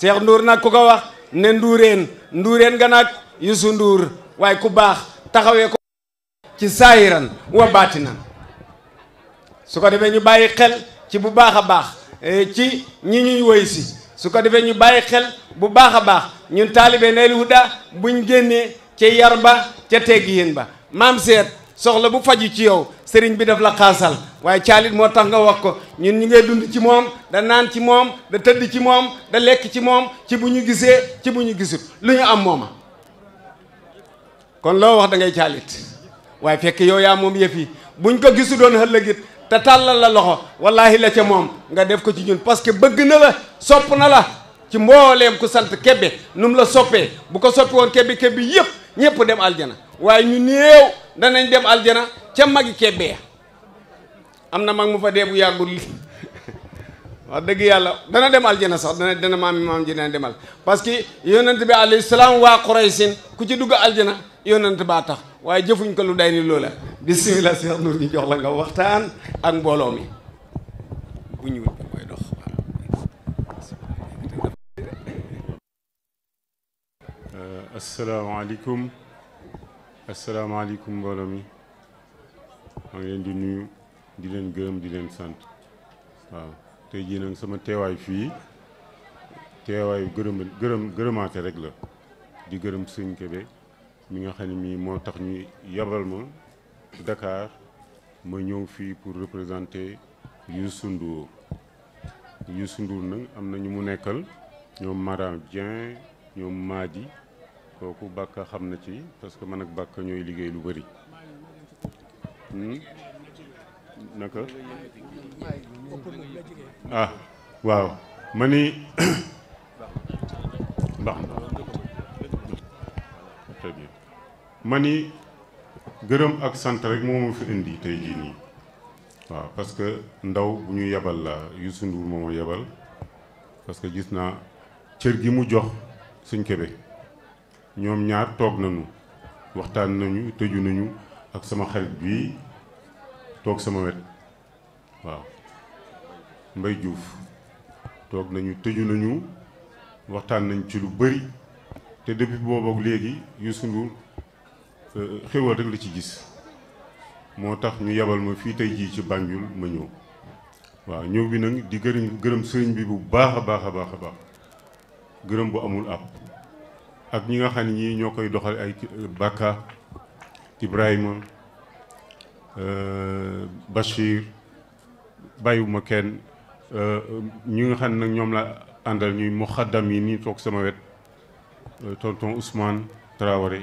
Cheikh Ndour nag ku ko wax ne nduureen nduureen nga nag Youssou Ndour waaye ku baax taxawee ko ci saayiran wa baatinan su ko defee ñu bàyyi xel ci bu baax a baax eh, ci ñi ñuy woy si su ko defee ñu bàyyi xel bu baax a baax ñun taalibe Nayl Huda buñ génnee ca yar ba ca teggi yéen ba maam seet soxla bu faju ci yow sëriñ bi daf la xaasal waaye caalit moo tax nga wax ko ñun ñu ngay dund ci moom da naan ci moom da tëdd ci moom da lekk ci moom ci bu ñu gisee ci bu ñu gisul lu ñu am mooma kon loo wax da ngay caalit waaye fekk yow yaa moom yëf yi buñ ko gisu doon xëllëgit te tàllal la loxo wallaahi la ca moom nga def ko ci ñun parce que bëgg na la sopp na la ci mbooleem ku sant kebbe nu mu la soppee bu ko soppi woon kebbe kebbe yëpp ñëpp dem aljana waaye ñu néew danañ dem aljana ca magi kebbe ya am na mag mu fa dee bu yàggul li wax dëgg yàlla dana dem aljana sax dana dana maam maam ji dana demal parce que yonent bi alayhi salaam waa Quraysin ku ci dugg aljana yonent baa tax waaye jëfuñ ko lu day ni loola bisimilah Cheikh Nour ñu jox la nga waxtaan ak mbooloo mi bu ñuul bi dox euh, asalaamaaleykum asalaamaaleykum mbooloo mi maa ngi leen di nuyu di leen gërëm di leen sant waaw jii nag sama teewaay fii teewaayu gërëm gërëm gërëmaate rek la di gërëm sëñ Kébé mi nga xam ne mii ñu yabal ma Dakar ma ñëw fii pour représenter Youssou Ndour Youssou Ndour nag am na ñu mu nekkal ñoom Maram Dieng Madi kooku Bakka xam ci parce que man ak Bakka ñooy liggéey lu bëri. Hmm? naka ah waaw ma ni baax ma ni gërëm ak sant rek moo ma fi indi tey jii nii waaw parce que ndaw bu ñu yebal la Youssou Ndour moo yebal parce que gis naa cër gi mu jox Sëñ Kébé ñoom ñaar toog nañu waxtaan nañu tëju nañu ak sama xarit bi toog sama wet waaw mbay juuf toog nañu tëju nañu waxtaan nañ ci lu bari te depuis boobu léegi Youssou Ndour xéwal rek la ci gis moo tax ñu yebal ma fii tey jii ci Banjul ma ñëw waaw ñëw bi nag di gërëm gërëm sëriñ bi bu baax a baax a baax a baax gërëm bu amul àpp ak ñi nga xam ne ñii ñoo koy doxal ay euh, Bakka Ibrahima euh, Bachir bàyyiwuma kenn euh, ñi nga xam ne nag ñoom la àndal ñuy muxaddam yi nii toog sama wet tonton Ousmane Traoré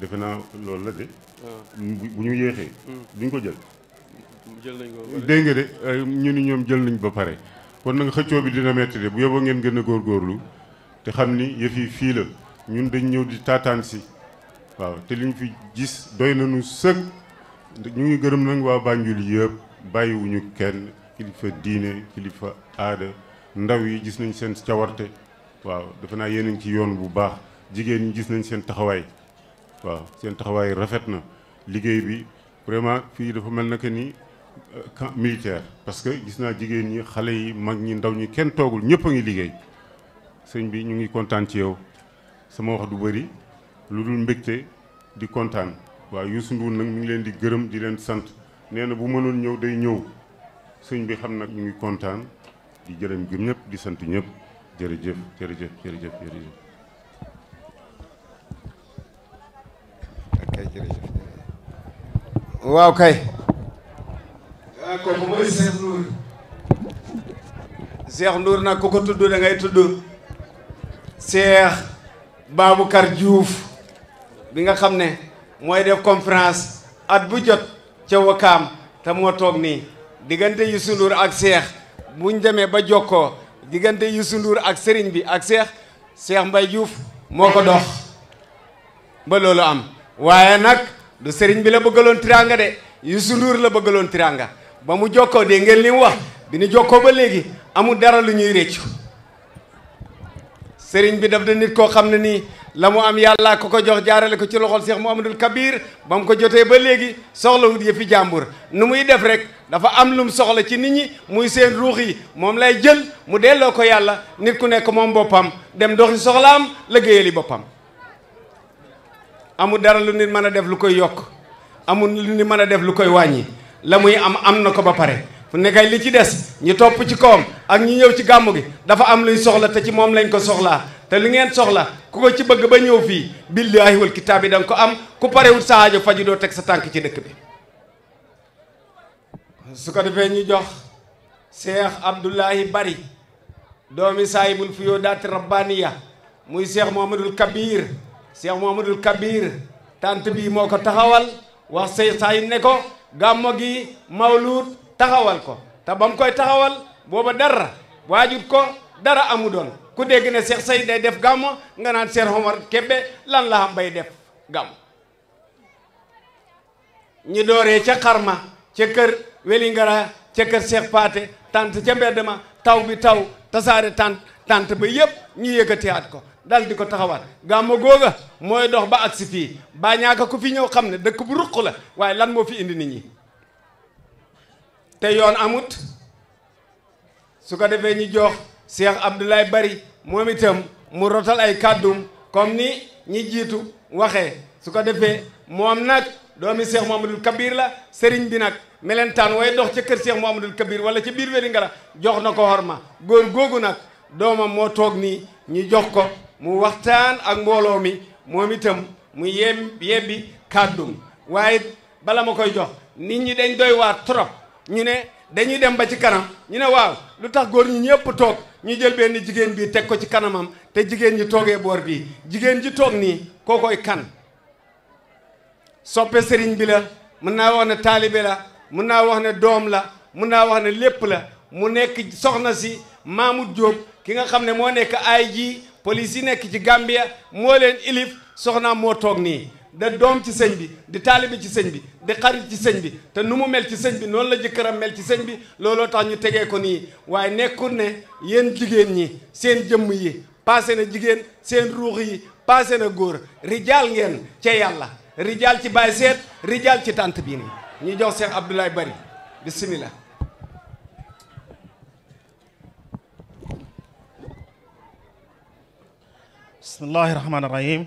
defe naa loolu na de. Ah. bu ñu yéexee. Hmm. duñ ko jël. jël nañ ko dégg nga de ñu ñoom jël nañ ba pare. kon nag xëccoo bi dina metti bu yóbboo ngeen gën a góorgóorlu te xam ni yëf yi fii la ñun dañ ñëw di taataan si waaw te liñ fi gis doy nañu sëg ñu ngi gërëm nag waa Banjul yëpp bàyyiwuñu kenn kilifa diine kilifa aada ndaw yi gis nañ seen cawarte waaw defe naa yéen a ngi ci yoon bu baax jigéen ñi gis nañ seen taxawaay. waaw seen taxawaay rafet na liggéey bi vraiment fii dafa mel na que ni euh, camp militaire. parce que gis naa jigéen ñi xale yi mag ñi ndaw ñi kenn toogul ñëpp a ngi liggéey sëñ bi ñu ngi kontaan ci yow sama wax du bëri lu dul mbégte di kontaan. waaw Youssou Ndour nag mu ngi leen di gërëm di leen sant nee na bu mënul ñëw day ñëw sëñ bi xam nag ñu ngi kontaan di jërëm gëm ñëpp di sant ñëpp jërëjëf jërëjëf jërëjëf jërëjëf. Wow, jërëjëf waaw kay waaw kooku mooy Cheikh Ndour Cheikh Ndour nag ku ko tudd da ngay tudd Cheikh Babacar Diouf bi nga xam ne def conférence at bu jot ca Wakaam te moo toog nii diggante Youssou Ndour ak Cheikh buñ demee ba jokkoo diggante Youssou ak bi ak Cheikh Cheikh Mbaye Diouf dox ba am waaye nag du sëriñ bi la bëggaloon tiranga de Youssou Ndour la bëggaloon tiranga ba mu jokkoo dégg ngeen li mu wax bi ñu jokkoo ba léegi amul dara lu ñuy réccu sëriñ bi daf da nit koo xam ne nii la mu am yàlla ko ko jox jaarale ko ci seex loxol Cheikh Mouhamadoul Kabir ba mu ko jotee ba léegi soxlawut yëfi jàmbur nu muy def rek dafa am lum soxla ci nit ñi muy seen ruux yi moom lay jël mu delloo ko yàlla nit ku nekk moom boppam dem doxi am liggéeyali boppam amul dara lu nit mën a def lu koy yokk amul lu nit mën a def lu koy wàññi la muy am am na ko ba pare fu ne li ci des ñi topp ci kawam ak ñu ñëw ci gàmmu gi dafa am luy soxla te ci moom lañ ko soxlaa te li ngeen soxla ku ko ci bëgg ba ñëw fii billaahi wal kitaab bi danga ko am ku parewut sa aajo doo teg sa tànk ci dëkk bi su ko defee ñu jox seex abdullahi bari doomi saayibul fuyoo daati rabbaaniya muy seex muhammadul kabir si Cheikh Mouhamadoul Kabir tànt bii moo ko taxawal wax say say ne ko gàmmo gi mawluud taxawal ko te ba koy taxawal booba dara waajut ko dara amu doon ku dégg ne Cheikh Say day def gàmmo nga naan Cheikh Omar Kébé lan la am bay def gàmmo ñu dooree ca xarma ca kër Welingara ca kër Cheikh Paate tant ca mbedd ma taw bi taw tasaare tànt tànt ba yëpp ñu yëkkatiwaat ko dal di ko taxawaat gàmmu googa mooy dox ba agsi fii baa ñaaka ku fi ñëw xam ne dëkk bu ruq la waaye lan moo fi indi nit ñi te yoon amut su ko defee ñu jox Cheikh Abdoulaye Bari moom itam mu rotal ay kàddum comme ni ñi jiitu waxee su ko defee moom nag doomi Cheikh Mouhamadoul Kabir la sëriñ bi nag melentaan way dox ca kër Cheikh Mouhamadoul Kabir wala ca biir wéri la jox na ko xorma góor googu nag doomam moo toog nii ñu jox ko mu waxtaan ak mbooloo mi moom itam mu yem yebbi kàddum waaye bala ma koy jox nit ñi dañ doy waar trop ñu ne dañuy dem ba ci kanam ñu ne waaw lu tax góor ñi ñëpp toog ñu jël benn jigéen bi teg ko ci kanamam te jigéen ñi toogee boor bii jigéen ji toog nii kookoy kan soppe sëriñ bila la mën naa wax ne taalibe la mën naa wax ne doom la mën naa wax ne lépp la mu nekk soxna si Mamoud Diop ki nga xam ne moo nekk ay jii police si nekk ci gàmbia moo leen ilif soxnaam moo toog nii da doom ci sëñ bi di taalibi ci sëñ bi di xarit ci sëñ bi te nu mu mel ci sëñ bi noonu la jëkkëram mel ci sëñ bi looloo tax ñu tegee nii waaye nekkul ne yéen jigéen ñi seen jëmm yi paase na jigéen seen ruux yi paase na góor rijaal ngeen ca yàlla rijaal ci baay seet rijaal ci tànt bi nii ñu jox Cheikh Abdoulaye Bari bisimilah. بسم الله الرحمن الرحيم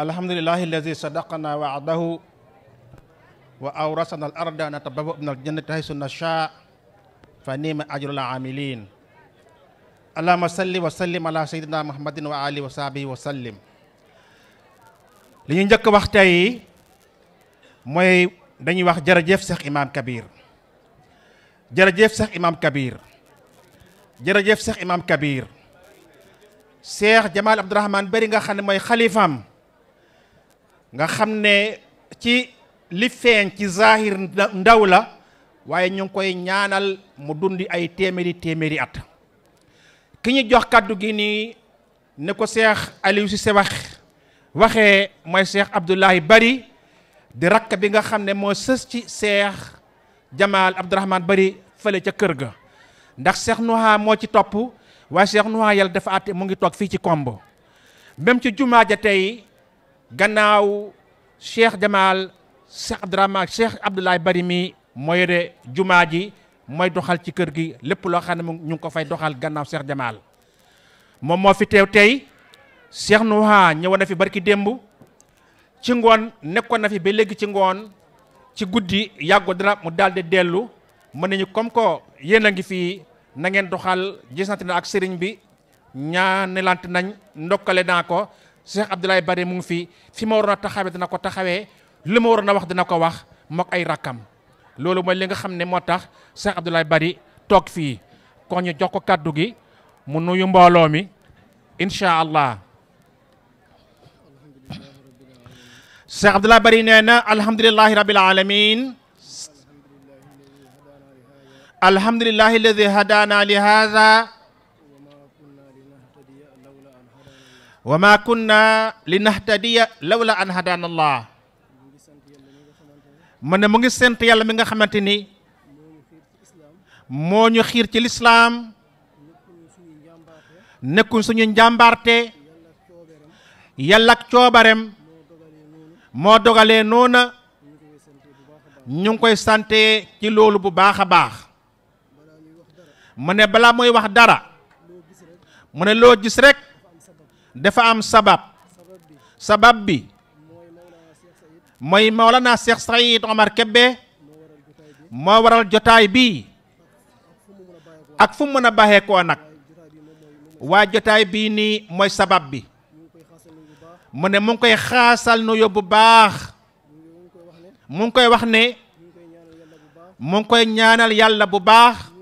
الحمد لله الذي صدقنا وعده وأورثنا الأرض نتبوأ من الجنة حيث نشاء فنيم أجر العاملين اللهم صل وسلم على سيدنا محمد وآله وصحبه وسلم لي ñu وقتي موي داني واخ dañuy شيخ امام كبير Imam شيخ امام كبير Imam شيخ امام كبير Imam Cheikh Jamal Abdourahmane bari nga xam ne mooy xalifaam nga xam ne ci li feeñ ci zahir ndaw la waaye ñu ngi koy ñaanal mu dundi ay téeméeri téeméeri at ki ñu jox kàddu gi nii ne ko Cheikh Aliou Cissé wax waxee mooy Cheikh Abdoulaye Bari di rakk bi nga xam ne moo sës ci Cheikh Jamal Abdourahmane Bari fële ca kër ga ndax Cheikh Nouha moo ci topp waaye Cheikh Noyel dafa àtte mu ngi toog fii ci Kombo même ci jumaa ja tey gannaaw Cheikh Jamal Cheikh Abdourahmane Cheikh Bari mii moo yore jumaa ji mooy doxal ci kër gi lépp loo xam ne ñu ngi ko fay doxal gannaaw seex Jamal moom moo fi teew tey Cheikh Nouha ñëwoon na fi barki démb ci ngoon nekkoon na fi ba léegi ci ngoon ci guddi yàggu dara mu daal di dellu mën nañu comme ko yéen ngi fii na ngeen doxal gisante na ak sëriñ bi ñaanelante nañ ndokkale naa ko Cheikh Abdoulaye Bari mu fi fi ma waroon a taxawee dina ko taxawe li ma waroon a wax dina ko wax mook ay rakkam loolu mooy li nga xam ne moo tax Cheikh Abdoulaye Bari toog fii kon jox ko kàddu gi mu nuyu mbooloo mi incha allah Cheikh Abdoulaye Bari nee na alhamdulilahi rabil alhamdulillahi alladi hadana li hada wa ma kunna li nahtadiya lawla an hadana allah mu ne mu ngi sant yàlla mi nga xamante ni moo ñu xiir ci lislaam nekkuñ suñu njàmbaarte yàlla ak coobarem moo dogalee noona ñu koy sante ci loolu bu baax baax mu ne balaa mooy wax dara mu ne loo gis rek dafa am sabab sabab bi mooy Mawlana Cheikh Sayid Omar Kébé moo waral jotaay bii ak fu mu mën a baaxee koo nag waa jotaay bii nii mooy sabab bi mu ne mu ngi koy xaasal nu yóbbu baax mu ngi koy wax ne mu ngi koy ñaanal yàlla bu baax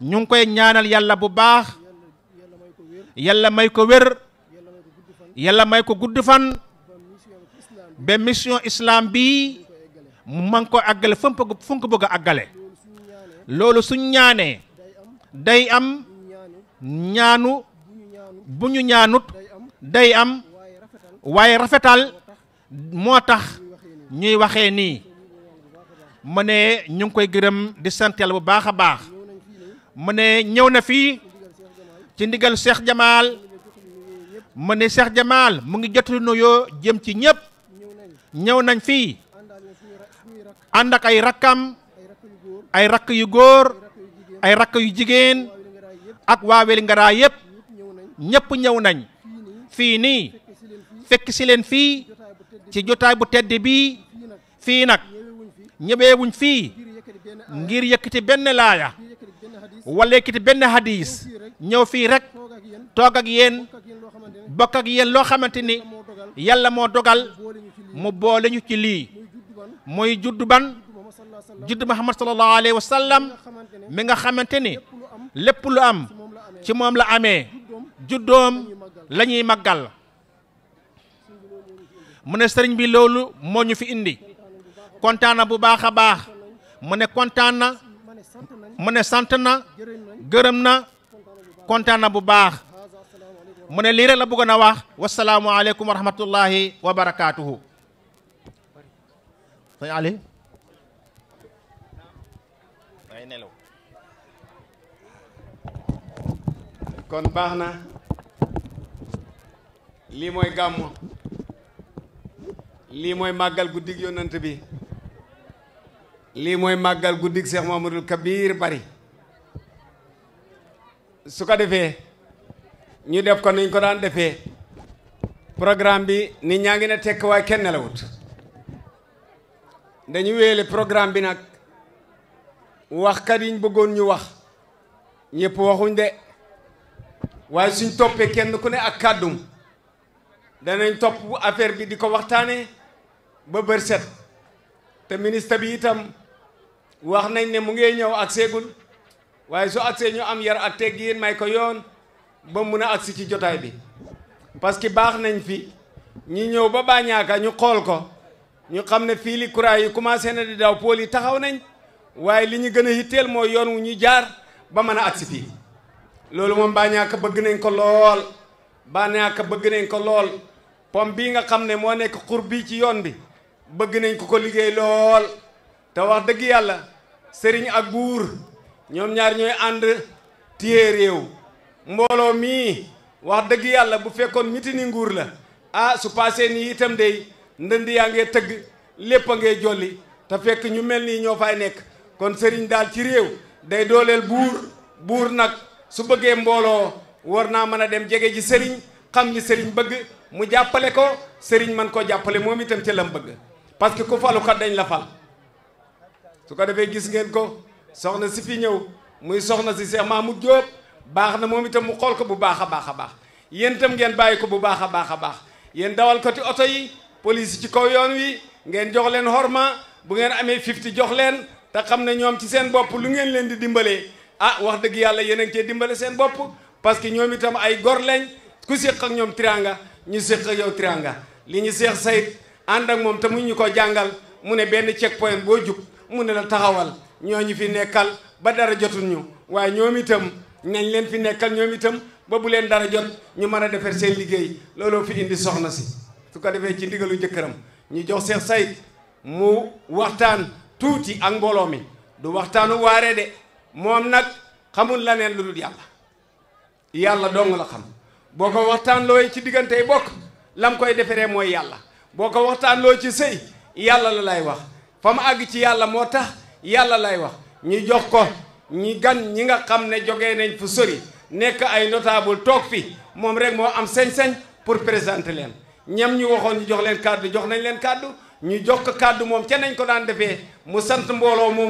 ñu ngi koy ñaanal yàlla bu baax yàlla may ko wér yàlla may ko gudd fan ba mission islam bi mu man ko àggale fu ko bëgg a àggale loolu suñ ñaanee day am ñaanu bu ñu ñaanut day am waaye rafetal moo tax ñuy waxee nii mu ne ñu ngi koy gërëm di sant yàlla bu baax a baax mu ne ñëw na fii ci ndigal Cheikh Jamaal mu ne Cheikh Jamaal mu ngi jotu nuyoo jëm ci ñëpp ñëw nañ fii ànd ak ay rakkam ay rakk yu góor ay rakk yu jigéen ak waa Wélingara yëpp ñëpp ñëw nañ fii nii fekk si leen fii ci jotaay bu tedd bii fii nag ñëweewuñ fii ngir yëkkati benn laaya wala kiti benn hadis ñëw fii rek toog ak yéen bokk ak yéen loo xamante ni yàlla moo dogal mu boole ñu ci lii muy judd ban judd Muhammad sallallahu alayhi wa sallam mi nga xamante ni lépp lu am ci moom la amee juddoom la ñuy màggal mu ne sëriñ bi loolu mooñu fi indi kontaan bu baax baax mu ne kontaan mu ne sant na gërëm na kontaan na bu baax mu ne lii rek la bëggoon a wax wasalaamu aleykum wa rahmatullahi wa barakaatuhu kon baax na lii mooy gàmmu lii mooy màggal guddig yonent bi lii mooy màggal guddik Cheikh Mamadou Kabir Bari su ko defee ñu def ko niñ ko daan defee programme bi nit ñaa ngi ne tekk waaye kenn la wut dañu wéele programme bi nag waxkat yiñ bëggoon ñu wax ñëpp waxuñ de waaye suñ toppee kenn ku ne ak kàddum danañ topp affaire bi di ko waxtaane ba bër set te ministre bi itam wax nañ ne mu ngi ñëw ak seegul waaye su agsee ñu am yar ak teggiin may ko yoon ba mun a agsi ci jotaay bi parce que baax nañ fi ñi ñëw ba Banyanka ñu xool ko ñu xam ne fii li courant yi commencé na di daw pool yi taxaw nañ waaye li ñu gën a yitteel mooy yoon wu ñu jaar ba mën a agsi fii loolu moom Banyanka bëgg nañ ko lool Banyanka bëgg nañ ko lool pom bii nga xam ne moo nekk xur bii ci yoon bi bëgg nañ ko ko liggéey lool te wax dëgg yàlla sëriñ ak buur ñoom ñaar ñooy ànd téye réew mbooloo mii wax dëgg yàlla bu fekkoon mitini nguur la ah su paasee nii itam day ndënd yaa ngee tëgg lépp a ngee jolli te fekk ñu mel nii ñoo fay nekk kon sëriñ daal ci réew day dooleel buur buur nag su bëggee mbooloo war naa mën a dem jege ji sëriñ xam li sëriñ bëgg mu jàppale ko sëriñ man koo jàppale moom itam ci lam bëgg parce que ku falu dañ la fal su ko defee gis ngeen ko soxna si fi ñëw muy soxna si Cheikh Mahmoud Diop baax na moom itam mu xool ko bu baax a baax a baax yéen itam ngeen bàyyi ko bu baax a baax a baax yéen dawal ko ci oto yi police ci kaw yoon wi ngeen jox leen xorma bu ngeen amee fifty jox leen te xam ne ñoom ci seen bopp lu ngeen leen di dimbalee ah wax dëgg yàlla yéen a cee dimbale seen bopp parce que ñoom itam ay gor lañ ku séq ak ñoom trianga ñu séq ak yow trianga li ñu seex sayit ànd ak moom te mu ñu ko jàngal mu ne benn check boo jub mu ne la taxawal ñoo ñooñu fi nekkal ba dara jotuñu waaye ñoom itam nañ leen fi nekkal ñoom itam ba bu leen dara jot ñu mën a defar seen liggéey looloo fi indi soxna si su ko defee ci ndigalu jëkkëram ñu jox Cheikh Saïd mu waxtaan tuuti ak mbooloo mi du waxtaanu waare de moom nag xamul la lu dul yàlla yàlla dong la xam boo ko waxtaan looy ci diggantey bokk lam koy deferee mooy yàlla boo ko waxtaan loo ci sëy yàlla la lay wax fa àgg ci yàlla moo tax yàlla lay wax ñi jox ko ñi gan ñi nga xam ne jógee nañ fu sori nekk ay notable toog fi moom rek moo am sañ-sañ pour présenter leen ñam ñu waxoon ñu jox leen kàddu jox nañ leen kàddu ñu jox ko kàddu moom ca nañ ko daan defee mu sant mbooloo mu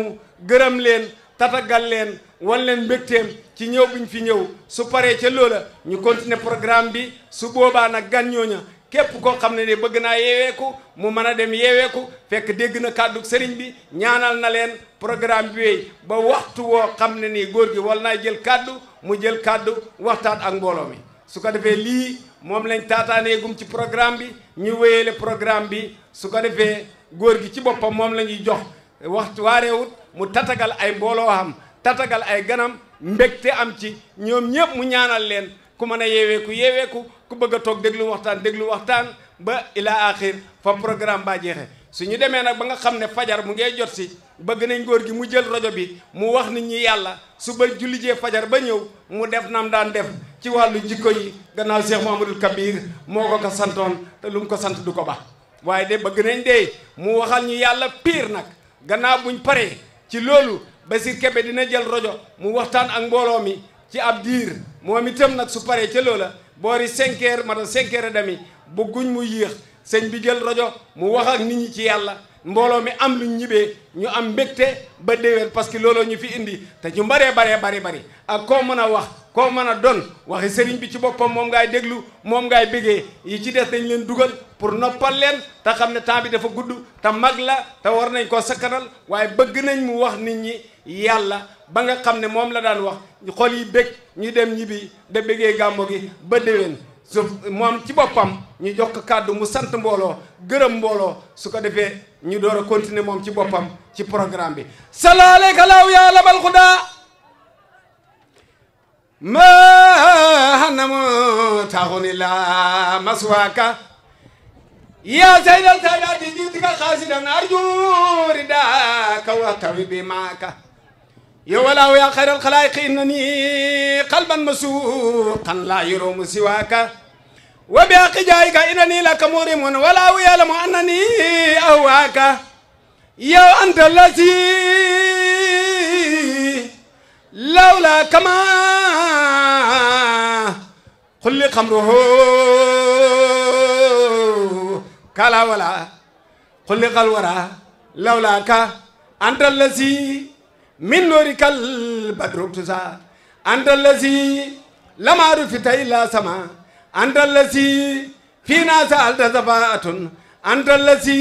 gërëm leen tatagal leen wan leen mbégteem ci ñëw bi fi ñëw su paree ca loola ñu continuer programme bi su boobaa nag gan ñooña képp koo xam ne ne bëgg naa yeeweeku mu mën a dem yeeweeku fekk dégg na kàddu sëriñ bi ñaanal na leen programme bi wéy ba waxtu woo xam ne nii góor gi wal naa jël kàddu mu jël kàddu waxtaat ak mbooloo mi su ko defee lii moom lañ taataanee gum ci programme bi ñu wéyale programme bi su ko defee góor gi ci boppam moom la ñuy jox waxtu waareewut mu tatagal ay mbooloo xam tatagal ay ganam mbégte am ci ñoom ñëpp mu ñaanal leen ku mën a yeeweeku yeeweeku ku bëgg tok toog déglu waxtaan déglu waxtaan ba ila akhir fa programme ba jéxé suñu démé nak ba nga xamné fajar mu ngey jot ci bëgg nañ goor gi mu jël radio bi mu wax nit ñi yalla su ba jé fajar ba ñëw mu def nam daan def ci walu jikko yi gannaaw Cheikh mamadou Kabir moko ko ko santoon te lu ko sant du ko ba waye dé bëgg nañ dé mu waxal ñi yalla pire nak gannaaw buñ paré ci lolu Basir Kebe dina jël rajo mu waxtaan ak mbolo mi ci abdir su paré ci lolu boori cinq heures maanaam cinq heures demi bëgguñ mu yéex sëñ bi jël rajo mu wax ak nit ñi ci yàlla mbooloo mi am lu ñibbee ñu am mbégte ba déwén parce que looloo ñu fi indi te ñu baree baree bari bari ak koo mën a wax koo mën a doon waxi sëriñ bi ci boppam moom ngay déglu moom ngay bëggee yi ci des dañ leen dugal pour noppal leen te xam ne temps bi dafa gudd te mag la te war nañ koo sakkanal waaye bëgg nañ mu wax nit ñi yàlla ba nga xam ne moom la daan wax xol yi bëgg ñu dem ñibbi da bëggee gàmmu gi ba déwén moom ci boppam ñu jox ko kàddu mu sant mbooloo gërëm mbooloo su ko defee ñu door a continuer moom ci boppam ci programme bi sala aleyka laaw yaa labal xudaa ma xannamu taxuni la maswaaka يا زين الكرادي جيتك خاسدا أرجو رداك وكبي معك يا ولا يا خير الخلائق إنني قلبا مسوقا لا يروم سواك وبحق جايك إنني لك مريم ولا يعلم أنني أهواك يا أنت الذي لولا كما قل خمره كلا ولا قل قل ورا لولاك أنت الذي min noorika badruktusa anta lasi lamaaru fitay la sama anta lasi fiina saalta safaatun anta lasi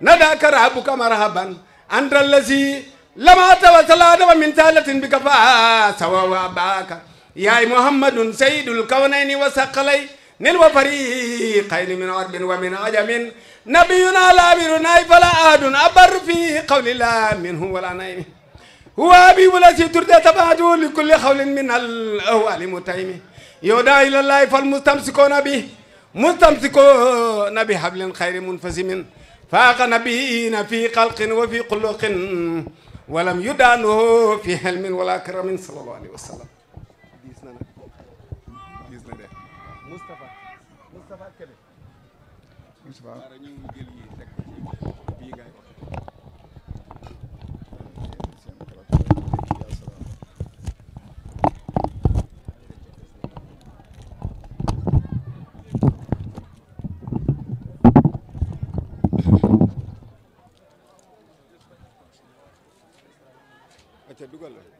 nadaka rabuka marhaban anta lasi lama tawa salatama min talatin bika fa sawa wa baaka yaay muhammadun sayyidul kawnayni wa saqalay nin wa fariqayni min arbin wa min ajamin nabiyuna labiru nay fala ahadun abar fi qawli la minhu wala naymi وابي والتي تردى تبعده لكل خول من الاهوال متيم يودا الى الله فالمستمسكون به مستمسكون بحبل خير منفسم فاق نبينا في قلق وفي قلق ولم يدانه في حلم ولا كرم صلى الله عليه وسلم مصطفى مصطفى كبير Gracias.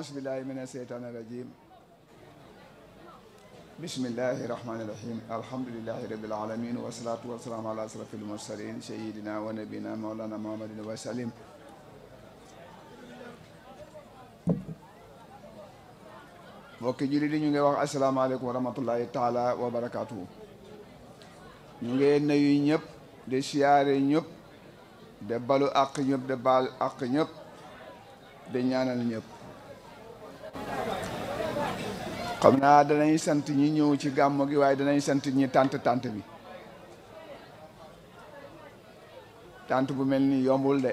أعوذ بالله من الشيطان الرجيم بسم الله الرحمن الرحيم الحمد لله رب العالمين والصلاة والسلام على أشرف المرسلين سيدنا ونبينا مولانا محمد وسلم mbokki jullit yi ñu ngi wax asalaamaaleykum wa rahmatullahi taala wa barakaatu ñu ngi nuyu ñëpp di siyaare ñëpp de balu àq ñëpp de baal àq ñëpp de ñaanal ñëpp xam naa danañ sant ñi ñëw ci gàmmu gi waaye danañ sant ñi tànt tànt bi tànt bu mel ni yombul de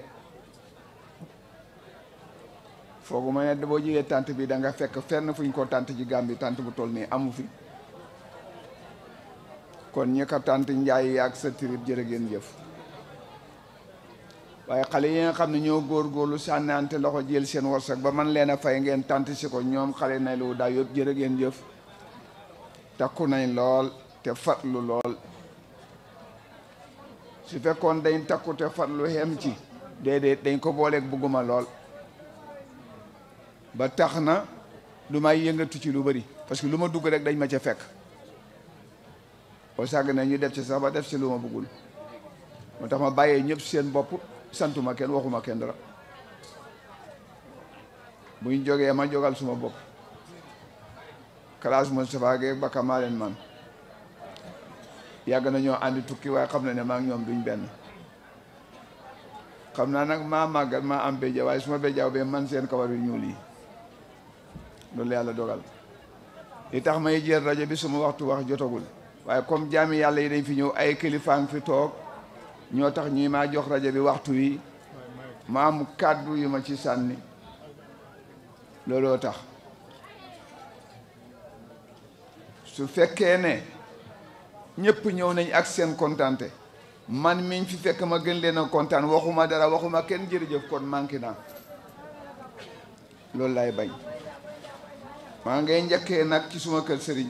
foogu ma ne boo jigee tànt bi danga fekk fenn fuñ ko tànt ji Gàmbi tànt bu tool nii amu fi kon ñi ko tànt njaay ak sa tirib jërë ngeen jëf waaye xale yi nga xam ne ñoo góorgóorlu sànnante loxo jël seen warsak ba man leen a fay ngeen tant si ko ñoom xale nay lu daa yëpp jërë ngeen jëf takku nañ lool te fat lu lool su fekkoon dañ takku te fatlu xem ci déedéet dañ ko booleek bugguma lool ba tax na lu may yëngatu ci lu bëri parce que lu ma dugg rek dañ ma ca fekk boo sàgg na ñu def ci sax ba def si lu ma buggul moo tax ma bàyyee ñëpp seen bopp ma ken waxuma ken dara buñ jógee ma jogal suma bop classe Moustapha Gueye bakka maa leen man yag na andi tukki way xamna na ne ma ak ñom duñ ben xamna nak ma magal ma am béjja waaye suma béjjaaw be man seen kawar yu ñuul yi loolu yalla dogal li tax may jël rajo bi suma waxtu wax jotagul waye comme jami yalla yi dañ fi ñew ay kilifaang fi tok ñoo tax ñuy maa jox rajo bi waxtu wi ma am kàddu yi ma ci sànni looloo tax su fekkee ne ñëpp ñëw nañ ak seen kontante man miñ fi fekk ma gën leen a kontaan waxuma dara waxuma kenn jërëjëf kon manqué naa loolu laay bañ maa ngay njëkkee nag ci suma kër sëriñ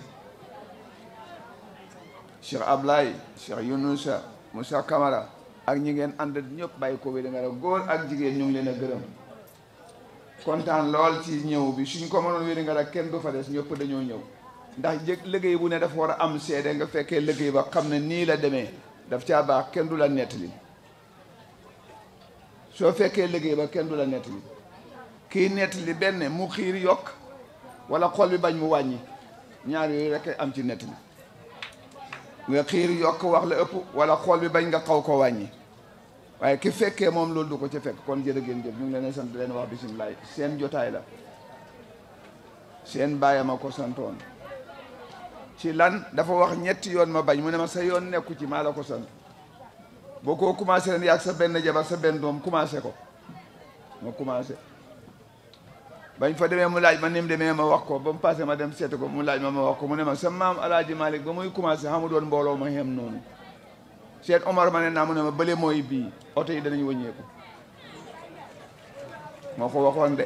Cheikh Ablaye Cheikh Yunusa Moussa kamara ak ñi ngeen ànd ñëpp bàyyi ko bi da a góor ak jigéen ñu ngi leen a gërëm kontaan lool ci ñëw bi suñ ko mënoon wéri nga a kenn du fa des ñëpp dañoo ñëw ndax jëg liggéey bu ne dafa war a am seede nga fekkee liggéey ba xam ne nii la demee daf caa baax kenn du la nettali soo fekkee liggéey ba kenn du la nettali kii nettali benn mu xiir yokk wala xol bi bañ mu wàññi ñaar yooyu rek am ci nettali nga xiir yokk wax la ëpp wala xool bi bañ nga xaw ko wàññi waaye ki fekkee moom loolu du ko ci fekk kon jërë ngeen jëf ñu ngi leen sant leen wax bisimilah seen jotaay la seen bàyyi ma ko santoon ci lan dafa wax ñetti yoon ma bañ mu ne ma sa yoon nekku ci maa la ko sant boo koo commencé leen yàgg sa benn jabar sa benn doom commencé ko ma commencé bañ fa demee mu laaj ma ni mu demee ma wax ko ba mu passé ma dem seeti ko mu laaj ma ma wax ko mu ne ma sa maam alaaji Malick ba muy commencé xamu doon mbooloo ma xem noonu Cheikh Omar ma ne naa mu ne ma bële mooy bii oto yi danañ wëññeeku moo ko waxoon de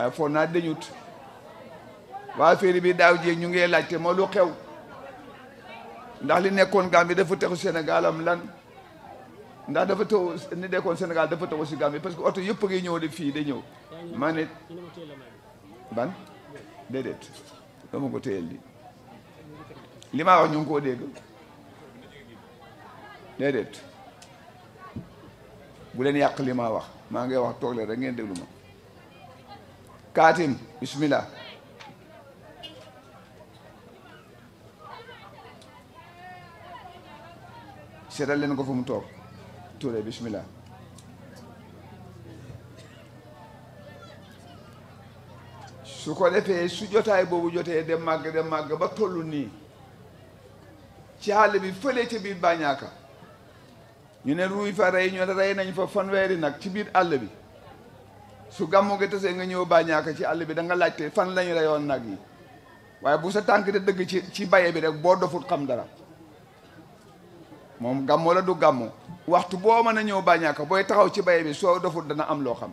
waaye foog naa dañut waa féeri bi daaw jéeg ñu ngi laajte ma lu xew ndax li nekkoon Gambie dafa texu Sénégal am lan ndax dafa taw ni dekkoon Sénégal dafa taw si Gambie parce que oto yëpp a ngi ñëw di fii day ñëw maa ne ban déedéet dama ko téyel di li maa wax ñu ngi koo dégg déedéet bu leen yàq li ma wax maa ngi wax toog leen rek ngeen déglu ma kaatim bismillah seetal leen ko fu mu toog Touré bismillah su ko defee su jotaay boobu jotee de màgg de màgg ba tollu nii ci àll bi fëlee ci biir Bandiaka ñu ne ruuy fa rey ñu ne rey nañ fa fanweeri nag ci biir àll bi su gàmmu gi tasee nga ñëw Bandiaka ci àll bi danga laajte fan lañu reyoon nag yi waaye bu sa tànk dëgg ci ci baye bi rek boo dofut xam dara moom gàmmu la du gàmmu waxtu boo mën a ñëw bàññaaka booy taxaw ci bay bi soo doful dana am loo xam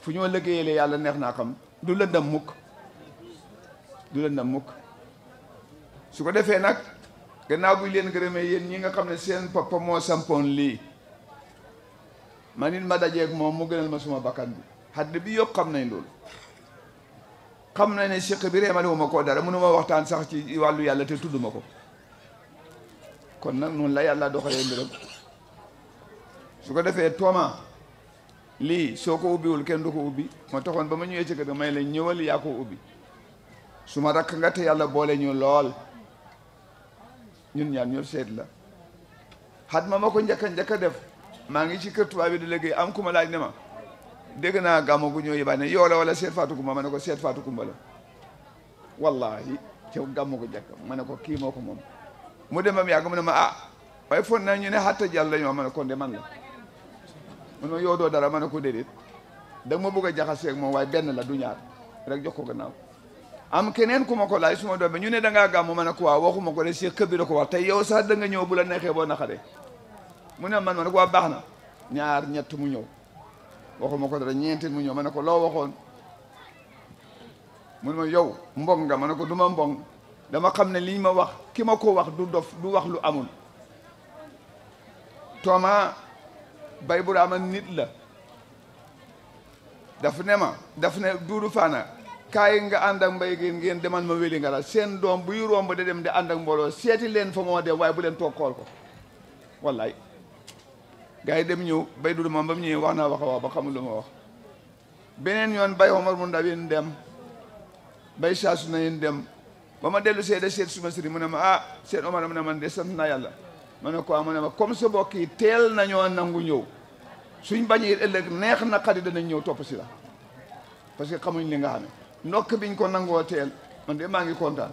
fu ñoo liggéeyalee yàlla neex naa xam du lëndam mukk du lëndam mukk su ko defee nag gannaaw buy leen gërëmee yéen ñi nga xam ne seen papa moo sampoon lii man it ma dajeeg moom mu gënal ma suma bakkan bi xadd bi yëpp xam nañ loolu xam na ne Cheikh bi reemale wu ma koo dara mënu ma waxtaan sax ci wàllu yàlla te tudd ma ko kon nag noonu la yàlla doxalee mbiram su ko defee tooma lii soo ko ubbiwul kenn du ko ubbi ma taxoon ba ma ñëwee ci kër may la ñëwal yaa ko ubbi su ma rakk nga te yàlla boole ñu lool ñun ñaar ñu seet la xat ma ma ko njëkka njëkka def maa ngi ci kër tubaab bi di liggéey am ku ma laaj ne ma dégg naa gàmmu gu ñëw yëbaat ne yow la wala seet Fatou Kumba ma ne ko seet Fatou Kumba la wallaahi ca gàmmu ko njëkk ma ne ko kiimoo ko moom mu dem ba mu yàgg mu ne ma ah waaye foog naa ñu ne jàll lañu ma ma de man la mu yow doo dara ma ne ko déedéet da ma bëgg a jaxaseeg moom waaye benn la du ñaar rek jox ko gannaaw am keneen ku ma ko laaj su ma doon ñu ne da ngaa gàmm ma ne ko waaw waxuma ko de Cheikh ko wax tey yow sax da ñëw bu la neexee boo naqaree mu man ma ne ko waa baax na ñaar ñett mu ñëw waxuma ko dara ñeenti mu ñëw ma ne ko loo waxoon mu ne ma yow mbong nga ma ne ko du ma mbong dama xam ne liñ ma wax ki ma ko wax du dof du wax lu amul Thomas Baye Burama nit la daf ne ma daf ne Duudu Fana kaay nga ànd ak mbay ngeen ngeen demal ma wéli nga la seen doom bu buy romb di dem di ànd ak mbooloo seeti leen fa moo dem waaye bu leen toog xool ko wallaay gars dem ñëw bay Duudu ma ba mu ñëwee wax naa wax a wax ba xamul lu ma wax beneen yoon bay Omar mu ndaw yéen dem bay saasu na yéen dem ba ma dellu see da seet suma sëriñ mu ne ma a ah, seet Omar mu ne man de sant naa yàlla ma ne ko ah, mu ne ma comme sa mbokk yi teel nañoo nangu ñëw suñ bañee ëllëg neex na xarit danañ ñëw topp si la parce que xamuñ li nga xam ne ndokk biñ ko nangoo teel man de maa ngi kontaan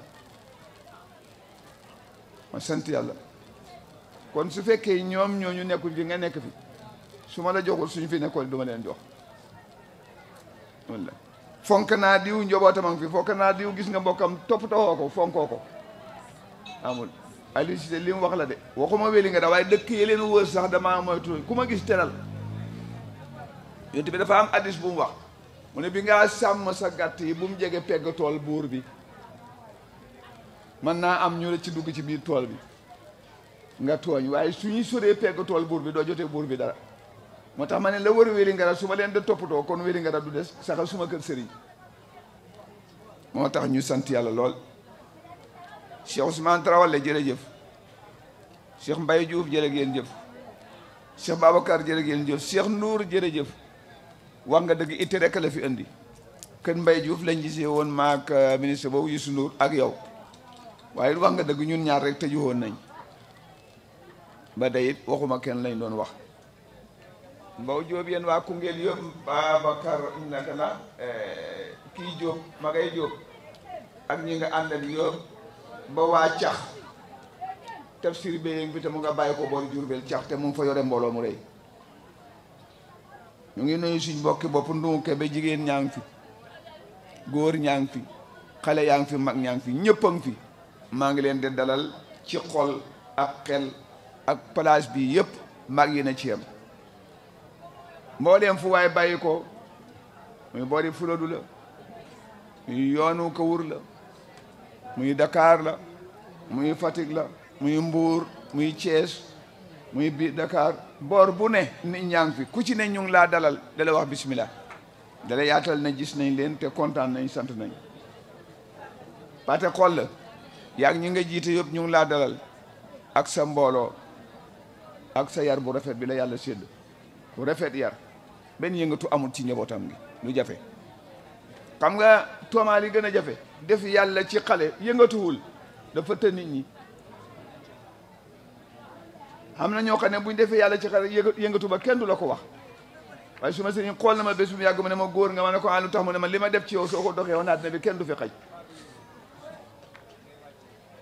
ma sant yàlla kon su fekkee ñoom ñoo ñu nekkul fi nga nekk fi su ma la joxul suñ fi nekkoon du ma leen jox walla fonk naa diw njobootamam fi fonk naa diw gis nga mbokkam toppatoo ko fonkoo ko amul Aliou Cissé li mu wax la de waxuma wéli nga da waaye dëkk yi leen wër sax damaa moytu ku ma gis teral yonte bi dafa am addis bu mu wax mu ne bi ngaa sàmm sa gàtt yi bu mu jege pegg tool buur bi mën naa am ñu ci dugg ci biir tool bi nga tooñ waaye su ñuy soree pegg tool buur bi doo jotee buur bi dara moo tax ma ne la wër wéli ngara su ma leen de toppatoo kon wéli ngara du des su ma kër sëriñ moo tax ñu sant yàlla lool Cheikh Ousmane Traoré jërëjëf Cheikh Mbaye Diouf jërë ngeen jëf Cheikh Babacar jërë ngeen jëf Cheikh Nour jërëjëf wax nga dëgg itti rekk la fi indi kër mbay Diouf lañ gisee woon maak euh, ministre boobu Youssou Nour ak yow waaye wax nga dëgg ñun ñaar rek tëju woon nañ ba tey it waxuma kenn lañ doon wax Mbaw Diop yéen waa Koungheul yëpp Babacar naka la eh, kii Diop Magay Diop ak ñi nga àndal yëpp ba waa cax tafsir bi yéen bi te mu nga bàyyi ko boori Diourbel cax te mu ngi fa yore mbooloo mu rëy ñu ngi nuyu suñ mbokki boppu Ndungu Kebe jigéen ñaa ngi fi góor ñaa fi xale yaa ngi fi mag ñaa fi ñëpp a fi maa ngi leen di dalal ci xol ak xel ak place bii yëpp mag yi na ci yam mbooleem fu waay bàyyi ko muy boori Fuladu la muy yoonu Kawur la muy dakaar la muy Fatick la muy Mbuur muy Thiès muy biir Dakar boor bu ne nit ñaa ngi fi ku ci ne ñu ngi laa dalal dala wax bismillah dala yaatal na gis nañ leen te kontaan nañ sant nañ pate xool la yaag nga jiite yëpp ñu ngi laa dalal ak sa mbooloo ak sa yar bu rafet bi la yàlla sédd bu rafet yar benn yëngatu amul ci njabootam gi lu jafe xam nga toomaa yi gën a jafe def yàlla ci xale yëngatuwul dafa të nit ñi xam na ñoo xam ne buñ defee yàlla ci xale yëngatu ba kenn du la ko wax waaye su ma sëriñ xool na ma bés bu yàgg ma ne ma góor nga ma ne ko ah lu tax mu ne ma li ma def ci yow soo ko doxee woon àddina bi kenn du fi xaj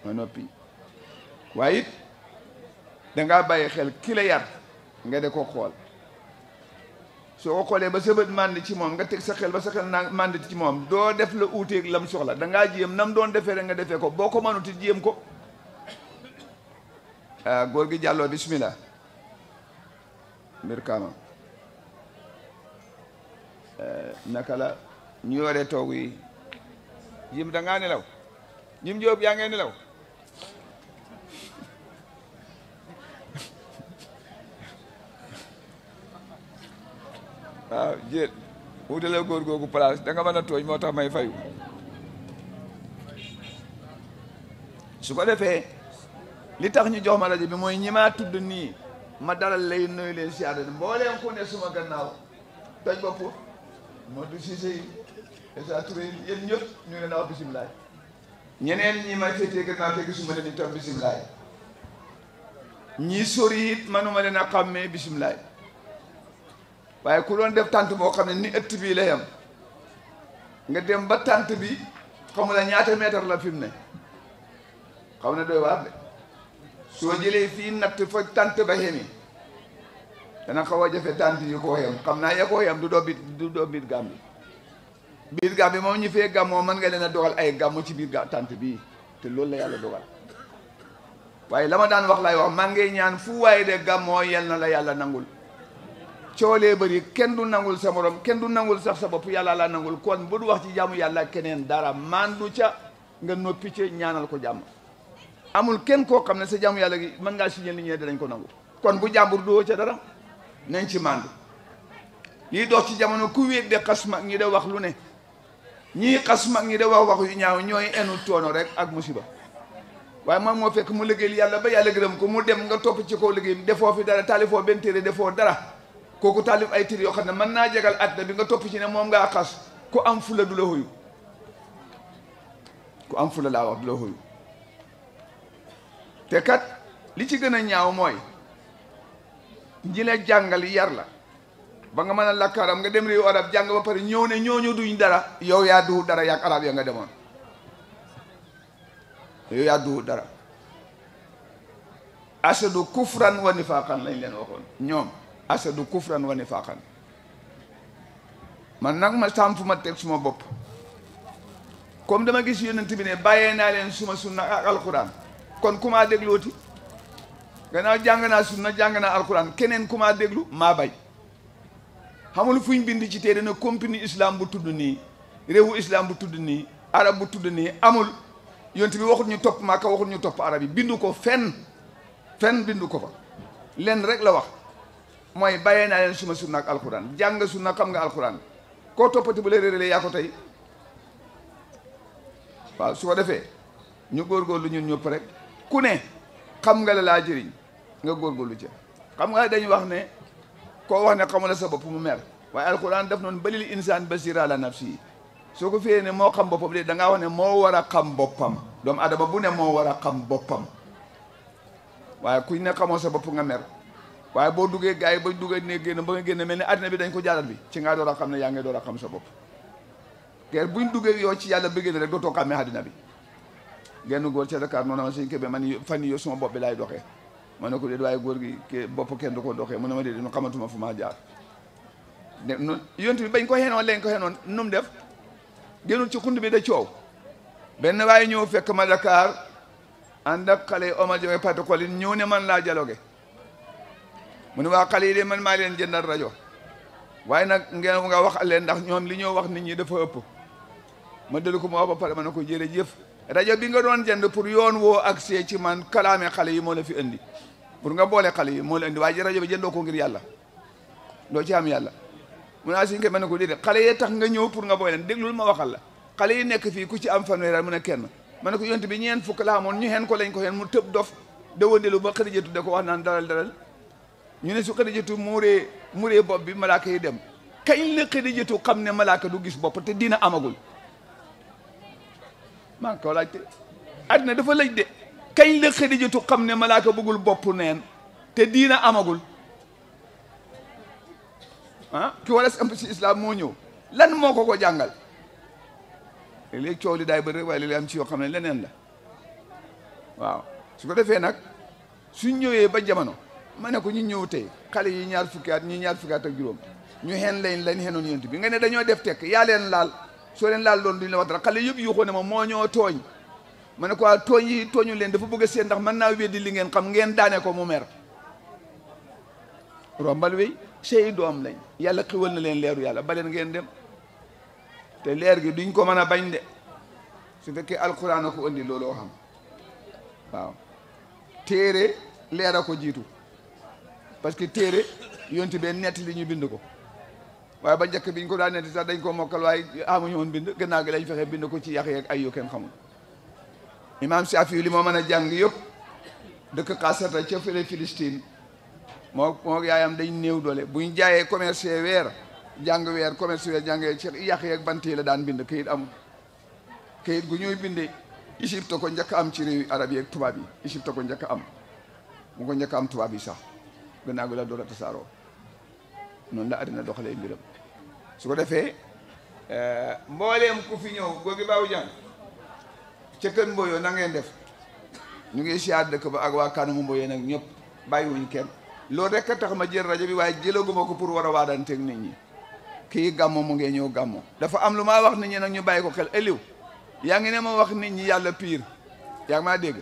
ma noppi waaye it dangaa bàyyi xel ki la yar nga de ko xool soo xoolee ba sa bët mànd ci moom nga teg sa xel ba sa xel naa mànd ci moom doo def la uuteeg lam soxla dangaa ngaa jéem nam doon defee rek nga defee ko boo ko mënut it jéem ko ah, góor gi jàlloo bismillah mbir kaama eh, naka la ñu yoree toog yi yim da ngaa nelaw yim jóob yaa ngee nelaw waaw ah, jéel wutale góor googu place da nga mën a tooñ moo tax may fayu su ko defee li tax ñu jox ma rajo bi mooy ñi maa tudd nii ma dalal lay nuyu leen si àdduna mbooleem ku ne suma gannaaw toj bopp moo du Cissé yi dèjà Touré yi yéen ñëpp ñu ne a wax bisimilaay ñeneen ñi ma féetee gannaaw te gisuma leen itam bisimilaay ñi sori it ma leen a xàmmee bisimilaay waye ku doon def tante boo xam ni ëtt bi la nga dem ba tante bi xamu la ñaata mètre la fimne mu xam ne doy waar de soo jëlee fii fa tante ba xemi dana ko a jafe tante yu ko yam xam ya ko yem du do bit du do bit gam bi biir gàm bi mo ñu gam mo man nga leena dogal ay gàmmu ci biir gam tante bi te loolu la yalla dogal waye lama daan wax lay wax maa ngay ñaan fu waye de mo yel na la yalla nangul coolee bëri kenn du nangul sa moroom kenn du nangul sax sa bopp yàllaa laa nangul kon bu du wax ci jaamu yàlla keneen dara maandu ca nga noppi ca ñaanal ko jàmm amul kenn koo xam ne sa jaamu yàlla gi mën ngaa signé li ñee dinañ ko nangu kon bu jàmbur doo ca dara nañ ci maandu lii dox ci jamono ku wéet de xas mag ñi de wax lu ne ñii xas mag ñi de wax wax yu ñaaw ñooy enu toono rek ak musiba waaye moom moo fekk mu liggéeyal yàlla ba yàlla gërëm ko mu dem nga topp ci kaw liggéeyam defoo fi dara taalifoo benn téere defoo dara kooku taalif ay tir yoo xam ne mën naa jegal at bi nga topp ci ne moom ngaa xas ku am fula du la hoyu ku am fula laa wax du la hoyu te kat li ci gën a ñaaw mooy ñi la jàngal yar la ba nga mën a làkk nga dem réewu arab jàng ba pare ñëw ne ñooñu duñ dara yow yaa duwu dara yaag arab ya nga demoon yow yaa duwu dara asadu kufran wa nifaqan lañ leen waxoon ñoom asadu kufran wa nifaqan man nag ma saam fu ma teg suma bopp comme dama gis yonent bi ne bàyyee naa leen suma sunna ak alquran kon ku maa déglooti gannaaw jàng naa sunna jàng naa alquran keneen ku maa déglu maa bay xamul fuñ bind ci téere na compagnie islam bu tudd nii réewu islam bu tudd nii arab bu tudd nii amul yonent bi waxut ñu topp maaka waxut ñu topp arab yi bindu ko fen fen bindu ko fa leen rek la wax mooy bàyyee naa leen suma sunna ak alxuraan jàng sunna xam nga alxuraan koo toppati bu la réerale yaa ko tey waaw su ko defee ñu góorgóorlu ñun ñëpp rek ku ne xam nga la laa jëriñ nga góorgóorlu ca xam nga dañuy wax ne koo wax ne xamula sa bopp mu mer waaye alxuraan daf noonu balil insaan basira ala nafsi soo ko fiyee ne moo xam boppam de da ngaa wax ne moo war a xam boppam doomu adama bu ne moo war a xam boppam waaye kuñ ne xamoo sa bopp nga mer waaye boo duggee gars yi ba duggee ne génn ba nga génn mel ni àddina bi dañ ko jaaral bi ci ngaa door a xam ne yaa ngi door a xam sa bopp bu buñ duggee yow ci yàlla bëggee rek dootoo xàmmee àddina bi genn góor ca Dakar noonu ma sëñ Kébé fan yi sama bopp bi laay doxee ma ne ko déet waaye góor gi ke bopp kenn du ko doxee mu ne ma déet ma xamatuma fu maa jaar noonu yontu bi bañ ko xenoon lañ ko xenoon nu mu def génnul ci xund bi da coow benn waaye ñëw fekk ma Dakar ànd ak xale Omar Joobe Patakoli ñëw ne man laa dialogué mu ne waa xale yi de man maa leen jëndal rajo waaye nag ngeen nga wax leen ndax ñoom li ñoo wax nit ñi dafa ëpp ma delu ko ma wax ba pare ma ne ko jëf rajo bi nga doon jënd pour yoon woo ak accès ci man kalaame xale yi moo la fi indi pour nga boole xale yi moo la indi waaye rajo bi jëndoo ko ngir yàlla doo ci am yàlla mun naa si nga mën ne ko déedéet xale yee tax nga ñëw pour nga boole leen déglul ma waxal la xale yi nekk fii ku ci am fanweer mu ne kenn a ne ko yonte bi ñeent fukk la amoon ñu xeen ko lañ ko xeen mu tëb dof de wëndelu ba xërijëtu de ko wax naan dalal dalal ñu ne su xadijatu muuree muuree bopp bi malaaka yi dem kañ la xadijatu xam ne malaaka du gis bopp te dina amagul maa ngi ko laajte àddina dafa lëj de kañ la xam ne malaaka bëggul bopp neen te diina amagul ah ki war a samp si islam moo ñëw lan moo ko ko jàngal léegi coow li daay bëri rek waaye léegi am ci yoo xam ne leneen la waaw su ko defee nag suñ ñëwee ba jamono ma ne ko ñu ñëw tey xale yi ñaar fukki at ñi ñaar fukki at ak juróom ñu xen lañ lañ xenoon yonent bi nga ne dañoo def tekk yaa leen laal soo leen laal loolu duñ la wax dara xale yëpp yuuxoo ne ma moo ñoo tooñ ma ne ko tooñ yi tooñu leen dafa bëgg a seen ndax mën naa weddi li ngeen xam ngeen daane ko mu mer sey doom lañ yàlla xiwal na leen leeru yàlla baleen ngeen dem te leer gi duñ ko mën a bañ de su fekkee alquran a ko indi looloo xam waaw téere leer a ko jiitu parce que téere yonti bee nett li ñu bind ko waaye ba njëkk bi ñu ko daa nett sax dañ ko mokkal waaye amuñu woon bind gannaaw gi lañ fexe bind ko ci yax yeek ay yu kenn xamul imaam Saafi li moo mën a jàng yëpp dëkk xasata ca fële moo moo yaayam dañ néew doole bu ñu jaayee commerce weer jàng weer commerce weer jàng ci yàq yeeg bant yi la daan bind kayit amul kayit gu ñuy binde Égypte ko njëkk am ci réew arab tubaab yi Égypte ko njëkk am ko njëkk am tubaab gannaaw gi la door a tasaaroo noonu la àddina doxalee mbiram su ko defee eh, mbooleem ku fi ñëw googi baawu jàng ca kër mboyoo na ngeen def ñu ngi siyaar dëkk ba ak waa kanamu mboyoo nag ñëpp bàyyiwuñ kenn loolu rek a tax ma jël rajo bi waaye jëlaguma ko pour war a waadanteeg nit ñi kii gàmmo mu ngee ñëw gàmmo dafa am lu maa wax nit ñi nag ñu bàyyi ko xel ëlliw yaa ngi ne ma wax nit ñi yàlla piir yaa ngi maa dégg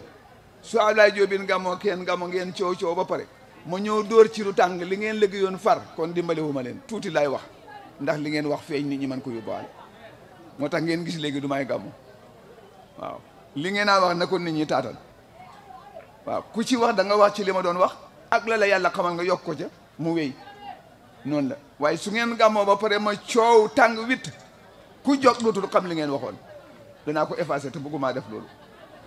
su Ablaye Diobine gàmmo kenn gàmmo ngeen coow coow ba pare ma ñëw dóor ci lu tàng li ngeen liggéeyoon far kon dimbaliwuma leen tuuti laay wax ndax li ngeen wax feeñ nit ñi man ko yóbbaale moo tax ngeen gis léegi du may gàmmu waaw li ngeenaa wax na ko nit ñi taatal waaw ku ci wax da nga wax ci li ma doon wax ak la la yàlla xamal nga yokk ko ca mu wéy noonu la waaye su ngeen gàmmoo ba pare ma coow tàng witt ku jog dootul xam li ngeen waxoon danaa ko effacé te bëgguma def loolu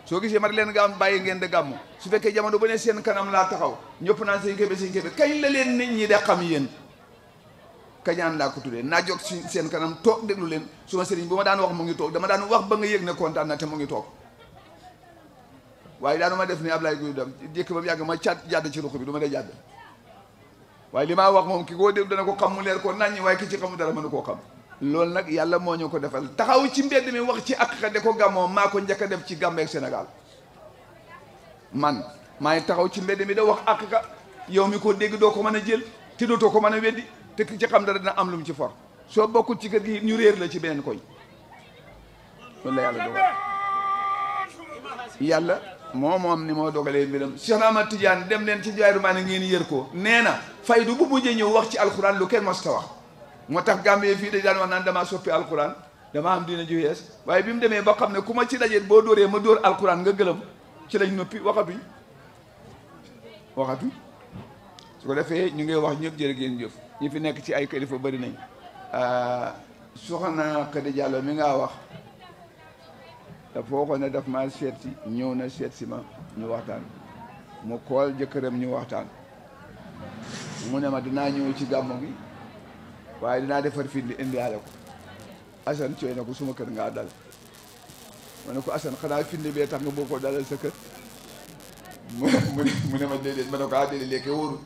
soo gisee ma di leen gàmm bàyyi ngeen di gàmm su fekkee jamono bu ne seen kanam laa taxaw ñëpp naan sëñ Kébé sëñ Kébé kañ la leen nit ñi de xam yéen kañaan laa ko tuddee naa jóg si seen kanam toog déglu leen suma sëriñ bu ma daan wax mu ngi toog dama daan wax ba nga yëg ne kontaan na te mu ngi toog waaye daanu ma def ni Ablaye Guèye dem jékki ba mu yàgg ma caat jàdd ci ruq bi du ma dee jàdd waaye li maa wax moom ki koo déglu dana ko xam mu leer ko naññi waaye ki ci xamu dara mënu koo xam loolu nag yàlla moo ñu ko defal taxaw ci mbedd mi wax ci ak de ko gàmmoo maa ko njëkk a def ci Gàmbi ak man maa ngi taxaw ci mbedd mi da wax ak yow mi ko dégg doo ko mën a jël te ko mën a weddi te ki ci xam dara dina am lu ci for soo bokkul ci kër gi ñu réer la ci beneen koñ loolu la yàlla dogal yàlla moo ni moo dogalee mbiram Cheikh Ahmad Tidiane dem leen ci jaayru maa ne ngeen yër ko nee na faydu bu mujjee ñëw wax ci alxuraan lu kenn mos ta wax moo tax Gambie fii dañ daan wax naan damaa soppi alquran damaa am diina ju yees waaye bi mu demee ba xam ne ku ma ci dajeet boo dóoree ma dóor alquran nga gëlëm ci lañ noppi waxatuñ waxatu su ko defee ñu ngi wax ñëpp jërë ngeen jëf ñi fi nekk ci ay kilifa bari nañ ah, soxna Khady Diallo mi ngaa wax dafa waxoon ne daf ma seet si ñëw na seet si ma ñu waxtaan mu kool jëkkëram ñu waxtaan mu ne ma dinaa ñëw ci gàmmu gi waaye dina defar fii indi aale ko Assane cooy na ko suma kër ngaa dal ma ne ko Assane xanaa finde bee tax nga boo ko dalal sa kër mu ne mu ne ma déedéet ma ne ko ah déedéet léegi wóorul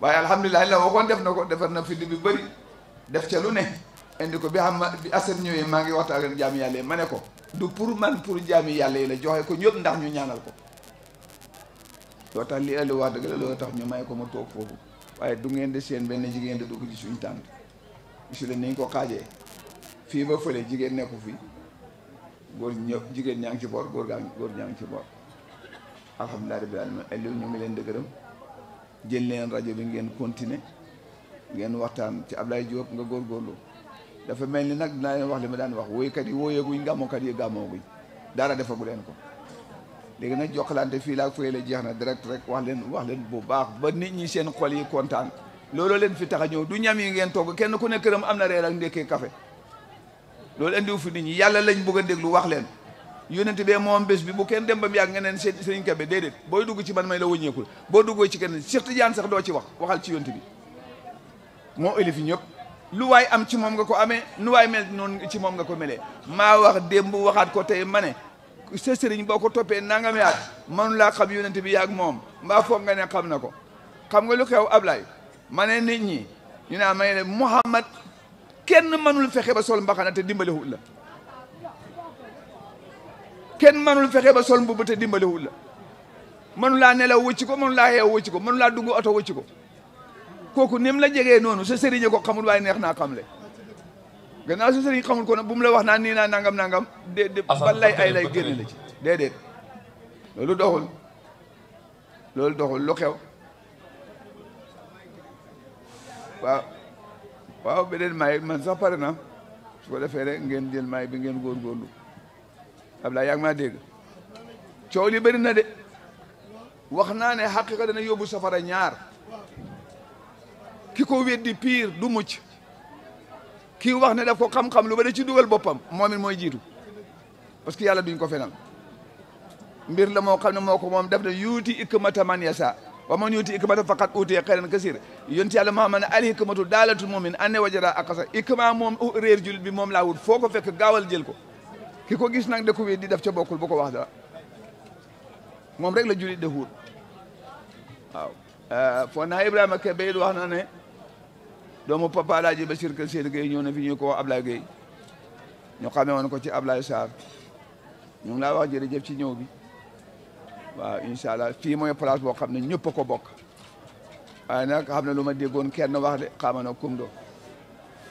waaye alhamdulilah la waxoon def na ko defar na finde bi bëri def ca lu ne indi ko bi xam bi Assane ñëwee maa ngi waxtaan ak jaami yàlla yi du pour man pour jaami yàlla yi la joxe ko ñëpp ndax ñu ñaanal ko loo tax li Aliou wax dëgg la loo tax ñu may ko ma toog foofu waaye du ngeen di seen benn jigéen di dugg ci suñu tànk gis leen nañ ko xaajee fii ba fële jigéen nekku fii góor ñë jigéen ñaa ngi ci boor góor gaa góor ñaa ngi ci boor alhamdulilah rabbil alamin Aliou ñu ngi leen di gërëm jël leen rajo bi ngeen continuer ngeen waxtaan ci Ablaye Diop nga góor góorgóorlu dafa mel ni nag dinaa leen wax li ma daan wax woykat yi wooyeeguñ gàmmokat yi gàmmooguñ dara defagu leen ko léegi nag jokkalante fii laa fëy la jeex na direct rek wax leen wax leen bu baax ba nit ñi seen xol yi kontaan. looloo leen fi tax a ñëw du ñam yi ngeen togg kenn ku ne këram am na reer ak ndekkee café loolu indiwu fi nit ñi yàlla lañ bëgg a déglu wax leen yónent bee moom bés bi bu kenn dem ba mu yàgg nga neen sëriñ Kebe déedéet booy dugg ci man may la wëññeekul boo duggoo ci kenn Cheikh Tidiane sax doo ci wax waxal ci yónent bi moo ëlif ñëpp lu waay am ci moom nga ko amee nu waay mel noonu ci moom nga ko melee maa wax démb waxaat ko tey ma ne sa sëriñ boo ko toppee nangam yaat laa xam yónent bi yàgg moom mbaa foog nga ne xam na ko xam nga lu xew Ablaye mané nit ñi ñu na ma muhammad kenn manul fexe ba sol mbaxana te dimbalé dimbaliwul la kenn manul fexe ba sol mbubb te dimbalé dimbaliwul la manul la nelaw wëcci ko manul mënulaa yeew wëcci ko manul mënulaa dugg oto wëcci ko koku nim la jegee nonu sa sëriñ ko xamul way neex naa xamle gëna sa sëriñ xamul ko na bu mu la wax na ni na nangam nangam de de ba lay ay lay gënal la ci dé lolu doxul lolu doxul lu xew waaw waaw beneen man sax na su ko defee rek ngeen jël maay bi ngeen góorgóorlu Abdoulaye yaa ngi maa dégg coow li bëri na de wax naa ne xaqiqa dana yóbbu safara ñaar ki ko weddi piir du mucc kii wax ne daf ko xam-xam lu ba da ci dugal boppam moo it mooy jiitu parce que yàlla duñ ko fenal mbir la moo xam ne moo ko moom daf ne yuuti ikk mataman yasa ومن يؤتي حكمة فقد أوتي خيرا كثيرا ينتي على من عليه الحكمة دالة المؤمن أن وجد أقصى حكمة موم رير جل بي موم لاود فوكو فك غاول جيل كو كيكو غيس نك دكو ويدي داف تي بوكول بوكو واخ دا موم رك لا جولي ده هود آه. واو آه. فونا ابراهيم كبيل واخنا نه doomu papa Alaaji Bachir Kër Seydi Gueye ñëw na نيو ñu ko Ablaye Gueye ñu xamee woon ko ci Ablaye Sarr ñu ngi laa wax jërëjëf ci ñëw bi waaw incha allah fii mooy place boo xam ne ñëpp a ko bokk waaye na xam ne lu ma déggoon kenn wax de xaama na kumdo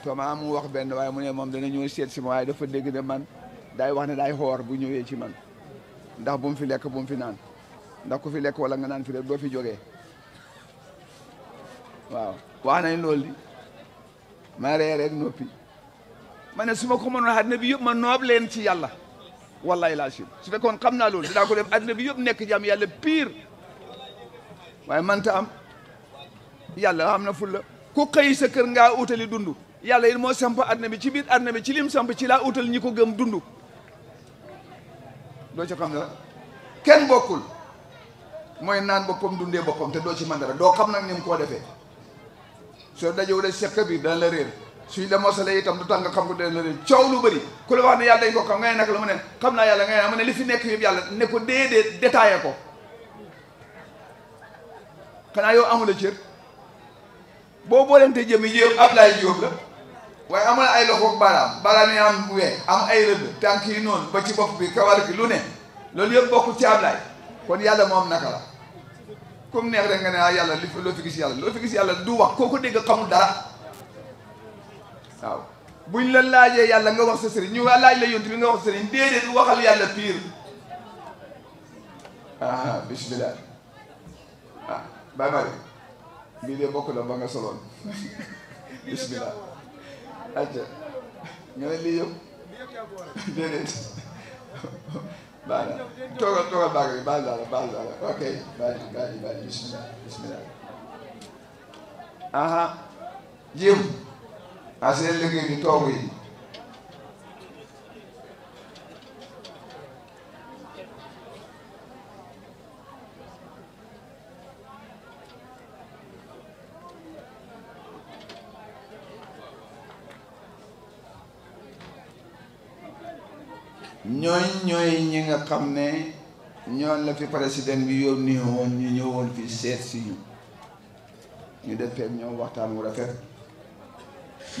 toma mu wax benn waaye mu ne moom dana ñëw seet si ma waaye dafa dégg ne man daay wax ne daay xoor bu ñëwee ci man ndax bu mu fi lekk bu mu fi naan ndax ku fi lekk wala nga naan fi rek doo fi jógee waaw wax nañ loolu di ma ree rek noppi ma ne su ma ko mënoon àddina bi yëpp ma noob leen ci yàlla wallahi laasim su fekkoon xam naa loolu dinaa ko def adduna bi yëpp nekk jam yàlla pire waaye manta am yàlla am na fulla ku xëy sa ngaa utali dund yàlla it moo samp adduna bi ci biir adduna bi ci lim samp ci laa utal ñi ko gëm dund doo ca xam dara kenn bokkul mooy naan boppam dundee boppam te doo ci man dara doo xam nag ni mu koo defee soo dajewul sekk bi da la réer suñ la mosale itam du tax nga xam ko dee lu bëri ku la wax ne yàlla dañ ko xam nga ne nag xam naa yàlla nga ne mu li fi nekk yëpp ne ko déedéet détaillé ko yow amula boo boolente jëmi yëpp Ablaye Diop la waaye amul ay loxo baaraam baaraam yi am wee am ay rëdd tànk yi noonu ba ci bopp bi kawar gi lu ne loolu bokk ci Ablaye kon yàlla moom naka la comme neex rek nga ne ah, yàlla li loo fi loo fi gis yàlla du wax koo dara waaw ñu la laajee yàlla nga wax sa sëriñ ñu laaj la yontu bi nga wax sa sëriñ déedéet waxal yàlla fiir ah bismillah ah Baye Malick bii de bokk la ba nga bismillah acca nga ne lii yëpp déedéet baax na toogal toogal baax bi baax daal baax daal ok baax ji bismillah bismillah aha jéem a seen liggéey bi toogu yi ñooy ñi nga xam ne ñoo la fi président bi yónni woon ñu ñëwoon fi seet si ñu ñu defee ñoo waxtaan wu rafet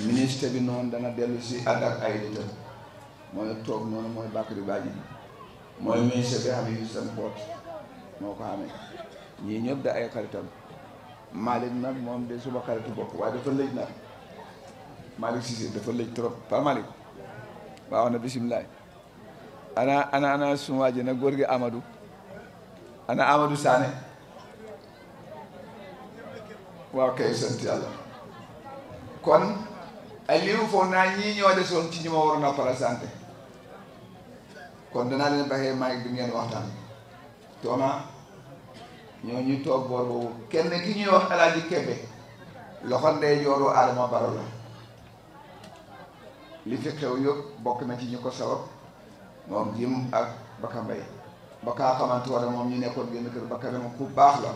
ministre bi noonu dana dellu si ànd ak ay nitam mooy toog noonu mooy Bakary Badji mooy ministre bi xam ne seen boot moo ko amee ñii ñëpp da ay xaritam Malick nag moom de suba xaritu bopp waaye dafa lëj nag Malick si dafa lëj trop pas Malick waaw na bisimilah ana ana ana suma ji nag góor gi amadu ana Amadou Sané waaw kay sant yàlla kon Aliou foog naa ñii ñoo desoon ci ñi ma waroon a présenté kon danaa leen baxee maay bi ngeen waxtaan toona ñoo ñu toog boor kenn ki ñuy wax Alaaji Kebe loxo ndey jooru Adama Baro la li fi xew yëpp bokk na ci ñu ko sabab moom jim ak Baka Mbaye Baka xamante moom ñu nekkoon génn kër bakka dama ku baax la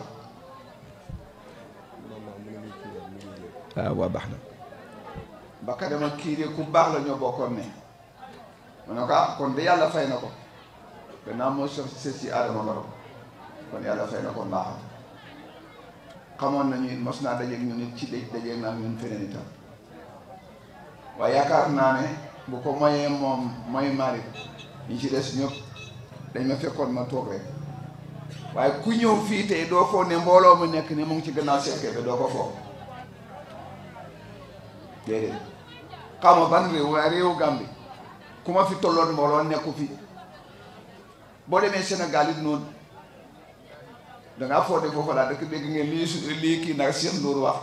ah, waaw waa baax na Mbacke dama kii de ku baax la ñoo bokkoon ne ma ne ah, kon de yàlla fay na ko gannaaw moo sof si si Adama Baro kon yàlla fay na ko mbaaxam xamoon nañu mos naa dajeeg ñu ci dajeeg naa ñun feneen yaakaar naa ne bu ko moyee moom mooy mari ñi ci des ñëpp dañ ma fekkoon ma toog rek waaye ku ñëw fii tey doo foog ne mbooloo mu nekk ni mu ngi ci gannaaw sekkee bi doo ko foo déedéet xaw ma ban réew waaye réewu Gambie ku ma fi tolloon mbooloo nekku fi boo demee Sénégal it danga da ngaa foote foofu laa dëkk dégg ngeen lii su kii nag seen Ndour wax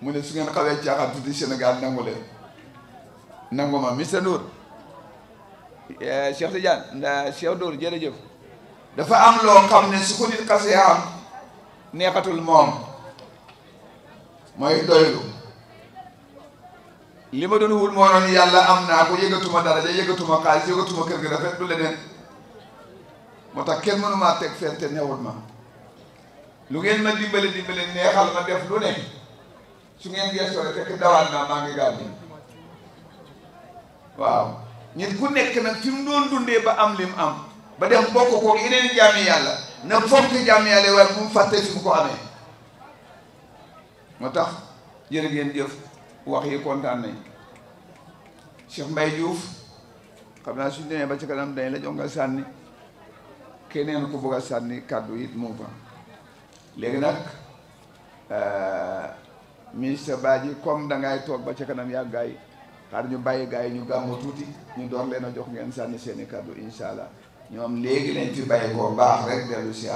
mu ne su ngeen xawee caaxaan tuuti Sénégal nangu leen nangu ma Mister Ndour eh, Cheikh Tidiane nda Cheikh Ndour jërëjëf dafa am loo xam ne su ko nit am neexatul moom mooy doylu li ma doon wul moo doon yàlla am naa ko yëgatuma daraja yëgatuma xaalis yëgatuma kër gi rafet du leneen moo tax kenn mënu maa teg fente newul ma lu ngeen ma dimbale dimbale neexal ma def lu ne su ngeen gestoo fekk dawaan naa maa ngi gaal bi waaw nit ku nekk nag fi mu doon dundee ba am lim am ba def bokk koog yeneen jaami yàlla na fonk jaami yàlla waaye bu mu fàtte fi mu ko amee moo tax jërë ngeen jëf wax yi kontaan nañ Cheikh Mbaye Diouf xam naa suñ demee ba ci kanam dañ la jox nga sànni keneen ku bëgg a sànni kàddu it moo fa léegi nag euh, ministre Badji comme dangay toog ba ca kanam yaa gaay xaar ñu bàyyi gaay yi ñu gàmmu tuuti ñu door leen a jox ngeen sànni seeni kàddu incha allah ñoom léegi lañ fi bàyyi koo baax rek dellu si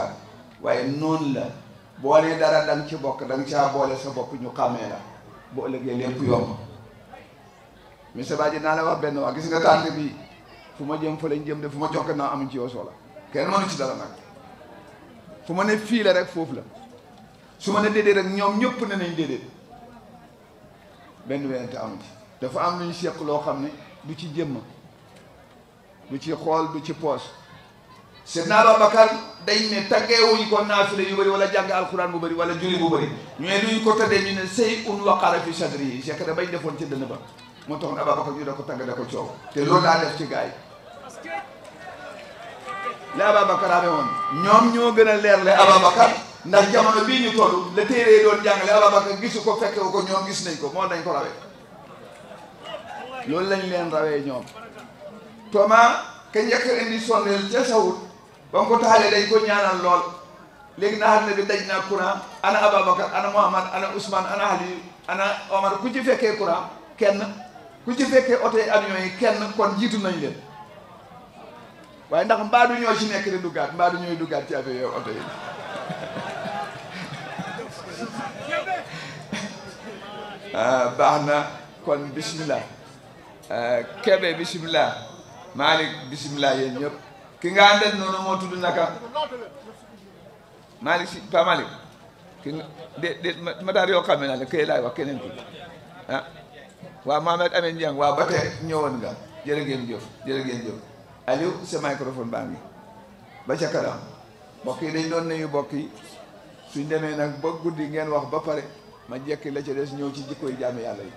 waaye noonu la boo nee dara danga ci bokk danga caa boole sa bopp ñu xàmmee la bu ëllëgee lépp yomb monsieur Badji naa la wax benn wax gis nga tànt bii fu ma jëm fa lañ jëm de fu ma jox gannaaw amuñ ci yow soxla kenn mënu ci dara nag fu ma ne fii la rek foofu la su ma ne déedéet rek ñoom ñëpp ne nañ déedéet benn wenente amu ci dafa am lu ñu seq loo xam ne du ci jëmm du ci xool du ci poos Seydina Ababacar dañ ne taggeewuñ ko naafile yu bëri wala jàng alquran bu bëri wala julli bu bëri ñu ne nuñ ko tëddee ñu ne sëy un waqara fi sadri yi que bañ defoon ci dënn ba moo taxoon Ababacar ñu da ko tagg da ko coow te loolu laa def ci gars yi li Ababacar amee ñoom ñoo gën a leer le Ababacar ndax jamono bii ñu toll la téere doon jàngale Ababacar gisu ko fekkewu ko ñoom gis nañ ko moo dañ ko rawee loolu lañ leen rawee ñoo Thomas ka ba mu ko ko ñaanal lool léegi na xam ne bi daj naa courant ana Ababacar ana Mouhamad ana Ousmane ana Ali ana Omar ku ci fekkee courant kenn ku ci fekkee oto yi avion yi kenn kon jiitu nañ leen waaye ndax mbaa du ñoo ci nekk di duggaat du ñooy duggaat ci avion yooyu oto yi ah, baax na kon bismillah ah, Kébé bismillah Malick bismillah yéen ñëpp ki nga àndal noonu moo tudd naka Malick si Pa Malick ki nga yoo xam ne naa la këy laay wax keneen ki ah, waa Mohamed Amine Ndiang waa ba tey ñëwoon nga jërë ngeen jëf jërë ngeen jëf Aliou microphone baa ngi ba ca kanam mbokk yi dañ doon nañu mbokk yi suñ demee nag ba guddi ngeen wax ba pare ma jekki la ca si ñëw ci jikkoy jàmm yàlla yi.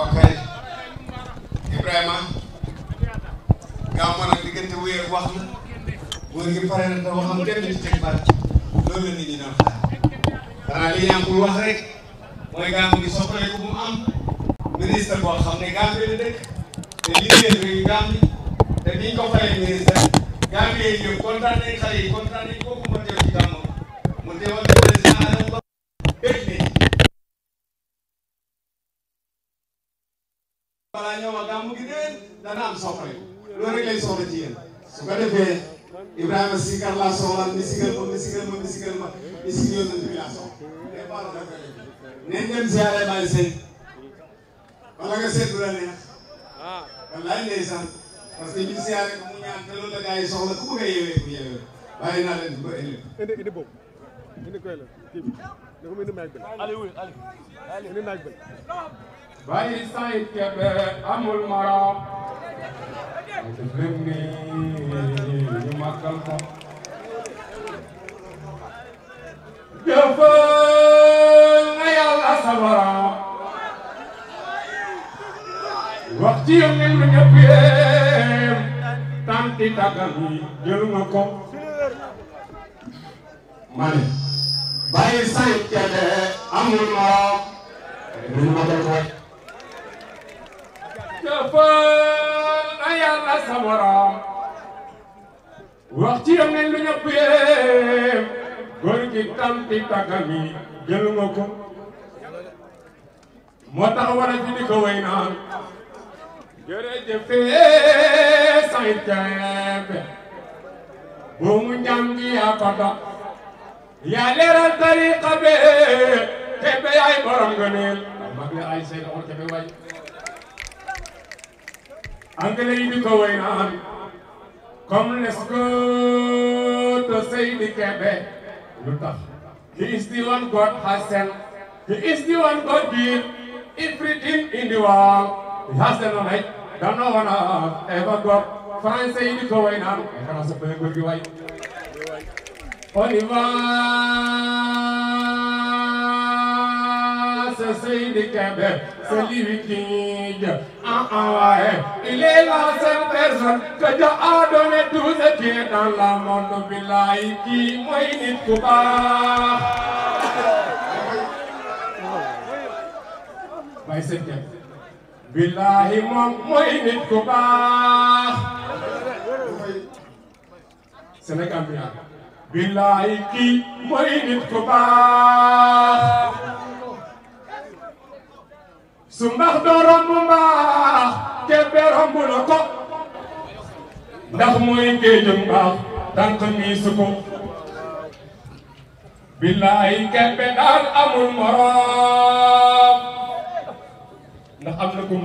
ok Ibrahima. gaaw ma nag diggante wéyee wax na góor gi pare na te waxam kenn ci teg baat loolu la nit ñi doon xaar xanaa li ñaam wax rek mooy gàmm gi soppale ko bu mu am ministre boo xam ne gàmm bi la dëkk te liggéey bi gàmm bi te biñ ko falee ministre gàmm yi ñëw kontaan nañ xale yi kontaan nañ kooku ma teew ci gàmm mu teewal président Adama Ba bég nañ balaa ñëw a gàmm gi déwén dana am soppale loolu rek lay soxla ci yéen su ko defee Ibrahima sikar laa soxla ni sikar ma ni sikar ma ni sikar ma ni sikar yonent bi laa soxla day baal da ko def neen dem ziare Baye Seye wala nga seetlu la neex wallaay ndeysaan parce que ñu ziare ko mu ñaan te loolu la gars yi soxla ku bëgg a yeewee ku yeewee bàyyi naa leen ba ëllëg indi boobu indi koy la kii bi da ko indi naaj bi indi naaj bi bay Saïd Kébé amul morom te réew mi ñu màggal ko jëfal na yàlla sa borom wax ci yow mi ngi ñëpp yéem tanti tàggal yi jël nga ko ma ne bay Saïd Kébé amul morom te ñu màggal ko ca yàlla sa borom wax ci yeneen lu ñëpp yéem góor gi tamti tàggal mi jëlu nga moo tax war a naan jërëjëfee say jeebe boo mu ñam gi yaa ko yaa leeral tariqa bi te be yaay borom nga neel mag ne ay say doxal te be anglais di ko way he is the one God has sent he is the one God give everything in the world he has the knowledge not know one have ever got français di ko way naan xanaa sa bëgg way سيدك بسليك آه إلى لا سنتر كجا آدم توزكي نالا من بلايكي مين كبا باي سيدك بالله مم مين كبا Sénégal bi billahi kii mooy nit ku baax su mbax doo romb mbaax kebbe romb na ko ndax mooy géejëm mbaax tànk miisu ko billaay kebbe daal amul moroom ndax am na kum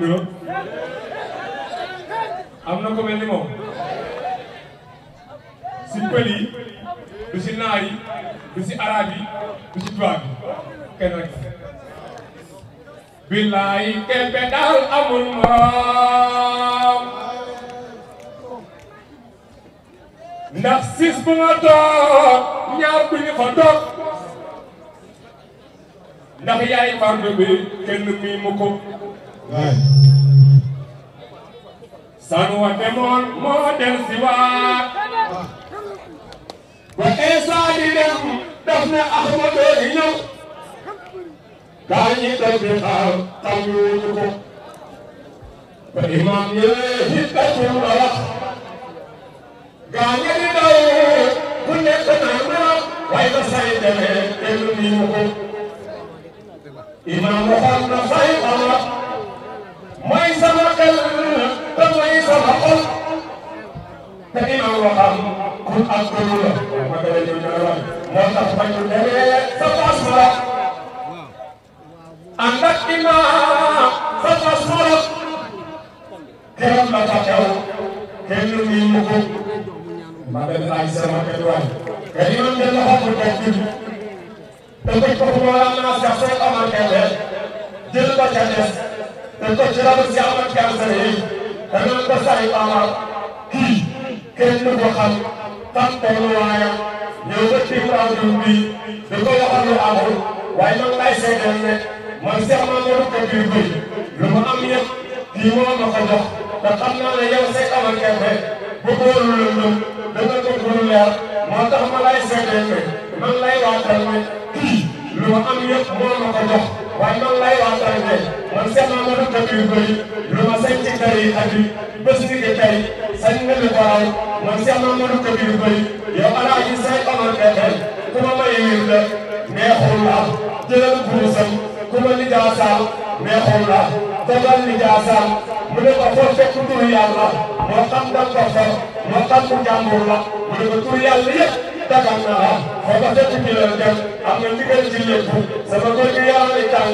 na ko si pël yi du si naar yi du billaay kembe daal amul morom ndax sis bu nga toog ñaar bu ñu fa toog ndax yaay fard bi kenn mii mu ko san wa demoon moo del si waat ba Isaa di dem daf ne Ahmadu ñëw kaa ñi dal bi xaar xam yooyu ko ba imaam yëlee hittatu la wax gaa ñi di daw ku nekk naa na waaye ba say demee dellu nii ko imaam waxoon na say xama mooy sama xel te mooy sama xol te imaam waxam kun ak dëgg la ma gën a jëm moo tax bañu demee sa paas la ànd ak imaam ba fas wolof keroog la fa teew kenn muy mu ko ma dem naa sama kër waay te li ma mel la xamul ko jëm te ko ko ko wala naa sax soo amal kebe jël ba ca des te ko ci rabu si amal kebe yi te noonu ko say amal kii kenn du ko xam tam tolluwaayam ñëw ba ci rajo bi di ko waxal lu amul waaye man lay seedeel ne man sax ma ne ko kër gi lu ma am yëpp kii moo ma ko jox te xam naa ne yow say amal gerte bu boolu lëndëm danga tënk lu leer moo tax ma lay seetee ne man lay waatal ne kii lu ma am yëpp moo ma ko jox waaye man lay waatal ne man sax ma ne ko kër gi lu ma sañ ci kër yi at yi bés ni ki tey sañ nga lu ko raw man sax ma ne ko kër gi yow alaaji say amal gerte ku ma may yëngal neexul la jëlal buusam kuma lijaasaam neexoon la dogal lijaasaam mu ne ko foo fekk tur yàlla moo xam dam ko fa moo xam mu jàmbur la mu ne ko tur yàlla yëpp dagal na la foo ko fekk ci loolu dem am na ndigal ci lépp sama góor gi yàlla di tàng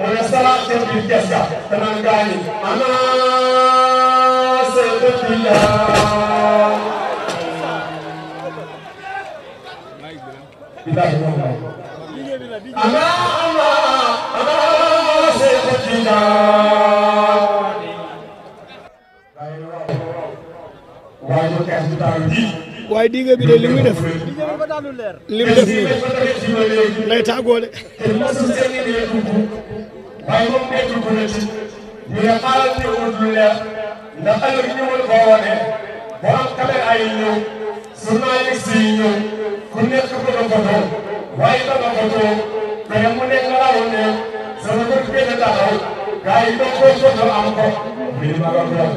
mu ne salaat seen biir ges ga danaan gaañi ana seetatillaa Ana Allah waaye diiga bi de li muy def li mu def lay tàggoo de. waaye moom day dugg na ci ñu ne xaaral ñu woon lu leer ndax ëllëg ñëwul koo wane bu am caméra yi ñëw journaliste yi ñëw ku nekk ku la ko waaye dama ko mu nekk laa woon ne dama def benn taxaw gars yi doon ko am ko mi ma doon doon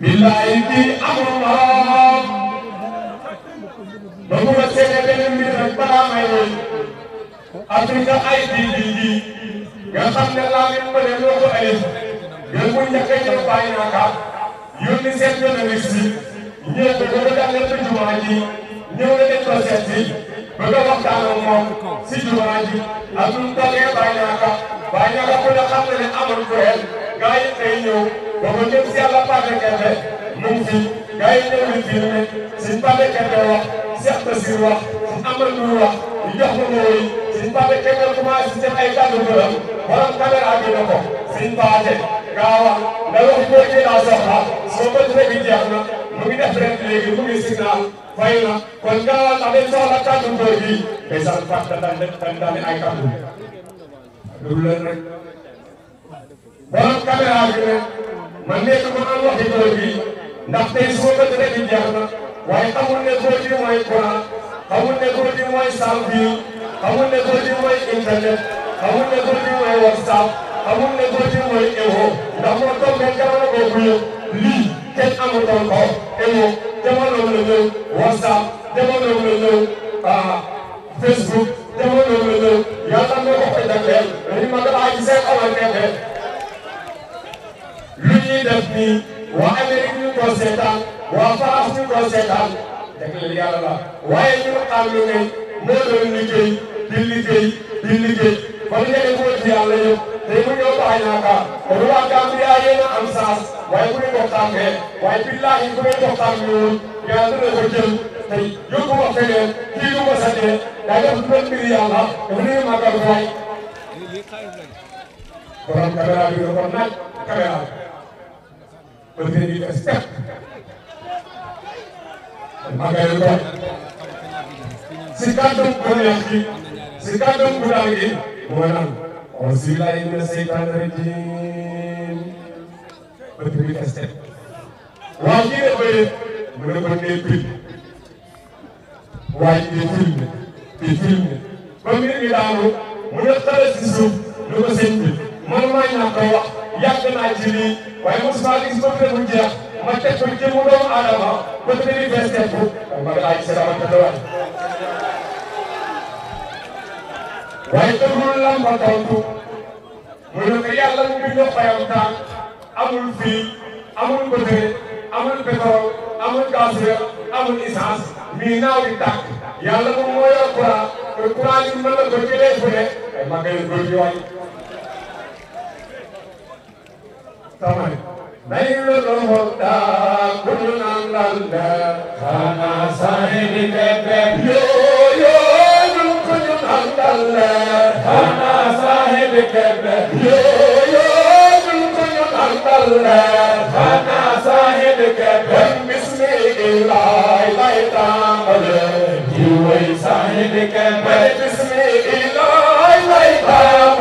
billahi bi amuloo ba mu ma seede benn mbir rek balaa may woon Afrique ay di di di nga xam ne laa leen loo ko alif yow bu njëkk a ñëw bàyyi naa ka yónni seen journaliste yi ñëw ba ba ba jàngal ko jumaa ji ñëw na def ko seet si bëgg a waxtaan ak moom si jumaa ji ak lu ko bàyyi naa ko ku ne xam na ne amul si yàlla Pape Kébé mu ngi fi gaa yi ñëw di filmé suñ Pape Kébé wax Cheikh Basir wax suñ Amadou wax ñu jox ko mooy suñ Pape Kébé commencé def ay kàddu gërëm borom caméra gaawa nga wax booy laa soxla soo ko defee jeex na mu ngi def ren léegi mu ngi signal fay na kon gaawa ndax dañ soxla kàddu góor gi mais sax fàtte daan dañ daan ay kàddu dul leen rek borom caméra bi ne man nekk ma am waxi góor gi ndax tey soo ko defee jeex na waaye xamul ne góor gi mooy courant xamul ne góor gi mooy saal bi xamul ne góor gi mooy internet xamul ne góor gi mooy whatsapp amun ne ko ti mo e ho da mo to me ko ku li ke amu to ko e ho no no no whatsapp de mo no no no ah facebook de mo no no no ya ta mo ko da ke eh, ni ma da ai se ko ma ke ke eh. lu ni def ni wa amerique ni ko setan wa france ni ko setan dëgg yàlla la waaye ñu xam ne moo doon liggéey di liggéey di liggéey famille ko ci yàlla yëpp baay naa ka kon waa Gambia yéen a am saas waaye bu ñu dox tànkee waaye billahi bu ñu dox tànk ñoom yàlla dana ko jël te ne kii du ko sànnee daa ne màggal fay borom caméra bi nga kon nag caméra bi si kàddu bu neex si kàddu bu daal mooy lan auzu billaahi mina seytaani rajiim bët bi fees teg waaw kii ne bëyit mu ne ko nee film waaye di film di film ba mbir mi daanu mu ne tëral si suuf lu ko sëñ bi man maa ñàkk koy wax yàgg naa ci lii waaye mosu maa gis ba mu jeex ma teg ko jëmu doomu aadama ma laaj si waaye dëgg lu làmba tontu mu ne ko yàlla mu bindoo xoyantaan amul fii amul bëtëre amul pétrole amul gasoil amul essence mii naaw di tàkk yàlla moom moo yor courant te courant bi mën na ko jëlee fu ne ay magasin góor yi waay. sama ne. nañu la doon xool daal bu الله أنا صاحب كبه يوم القيم عند لا يتعمل يوي صاحب كبه بسمي الله الحمد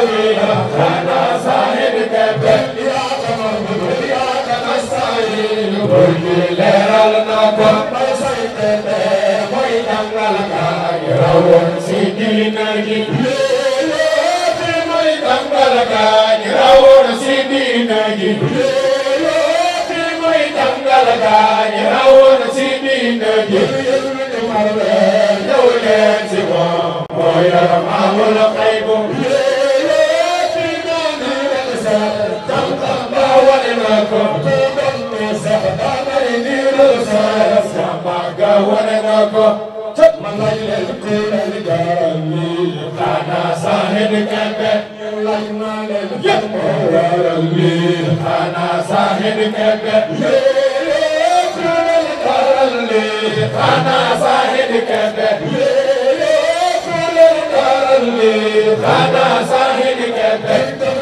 لله góor gi leeral na ko bay saytete mooy jàngal kaa ñu rawoon si diina ji léeloote mooy jàngal kaa ñu rawoon si diina ji léeloote mooy jàngal kaa ñu rawoon si diina ji ñëw leen si moom mooy yaram amul xaybu léeloote ñaan leen sa jàngal ba wane na ko lu sees ya màgga wane na ko cëpp ma lay leen tiiral garam yi xanaa saaxid kembe lay ma leen yëpp waral yi xanaa saaxid kembe lii tiiral garam yi xanaa saaxid kembe lii tiiral garam yi xanaa saaxid kembe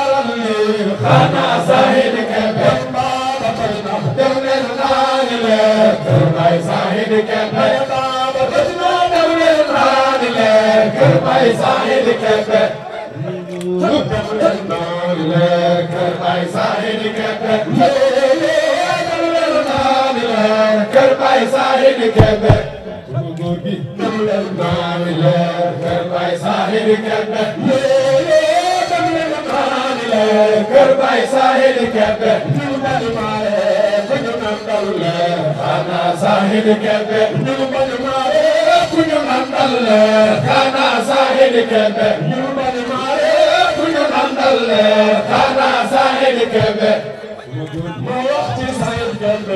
Kër Baye Sahel Kébé kër bay sahil kebe ñu bañ maare ku ñu nandal le xana sahil kebe ñu bañ maare ku ñu nandal le xana sahil kebe ñu bañ maare ku ñu nandal le xana sahil kebe ma wax ci sahil kebe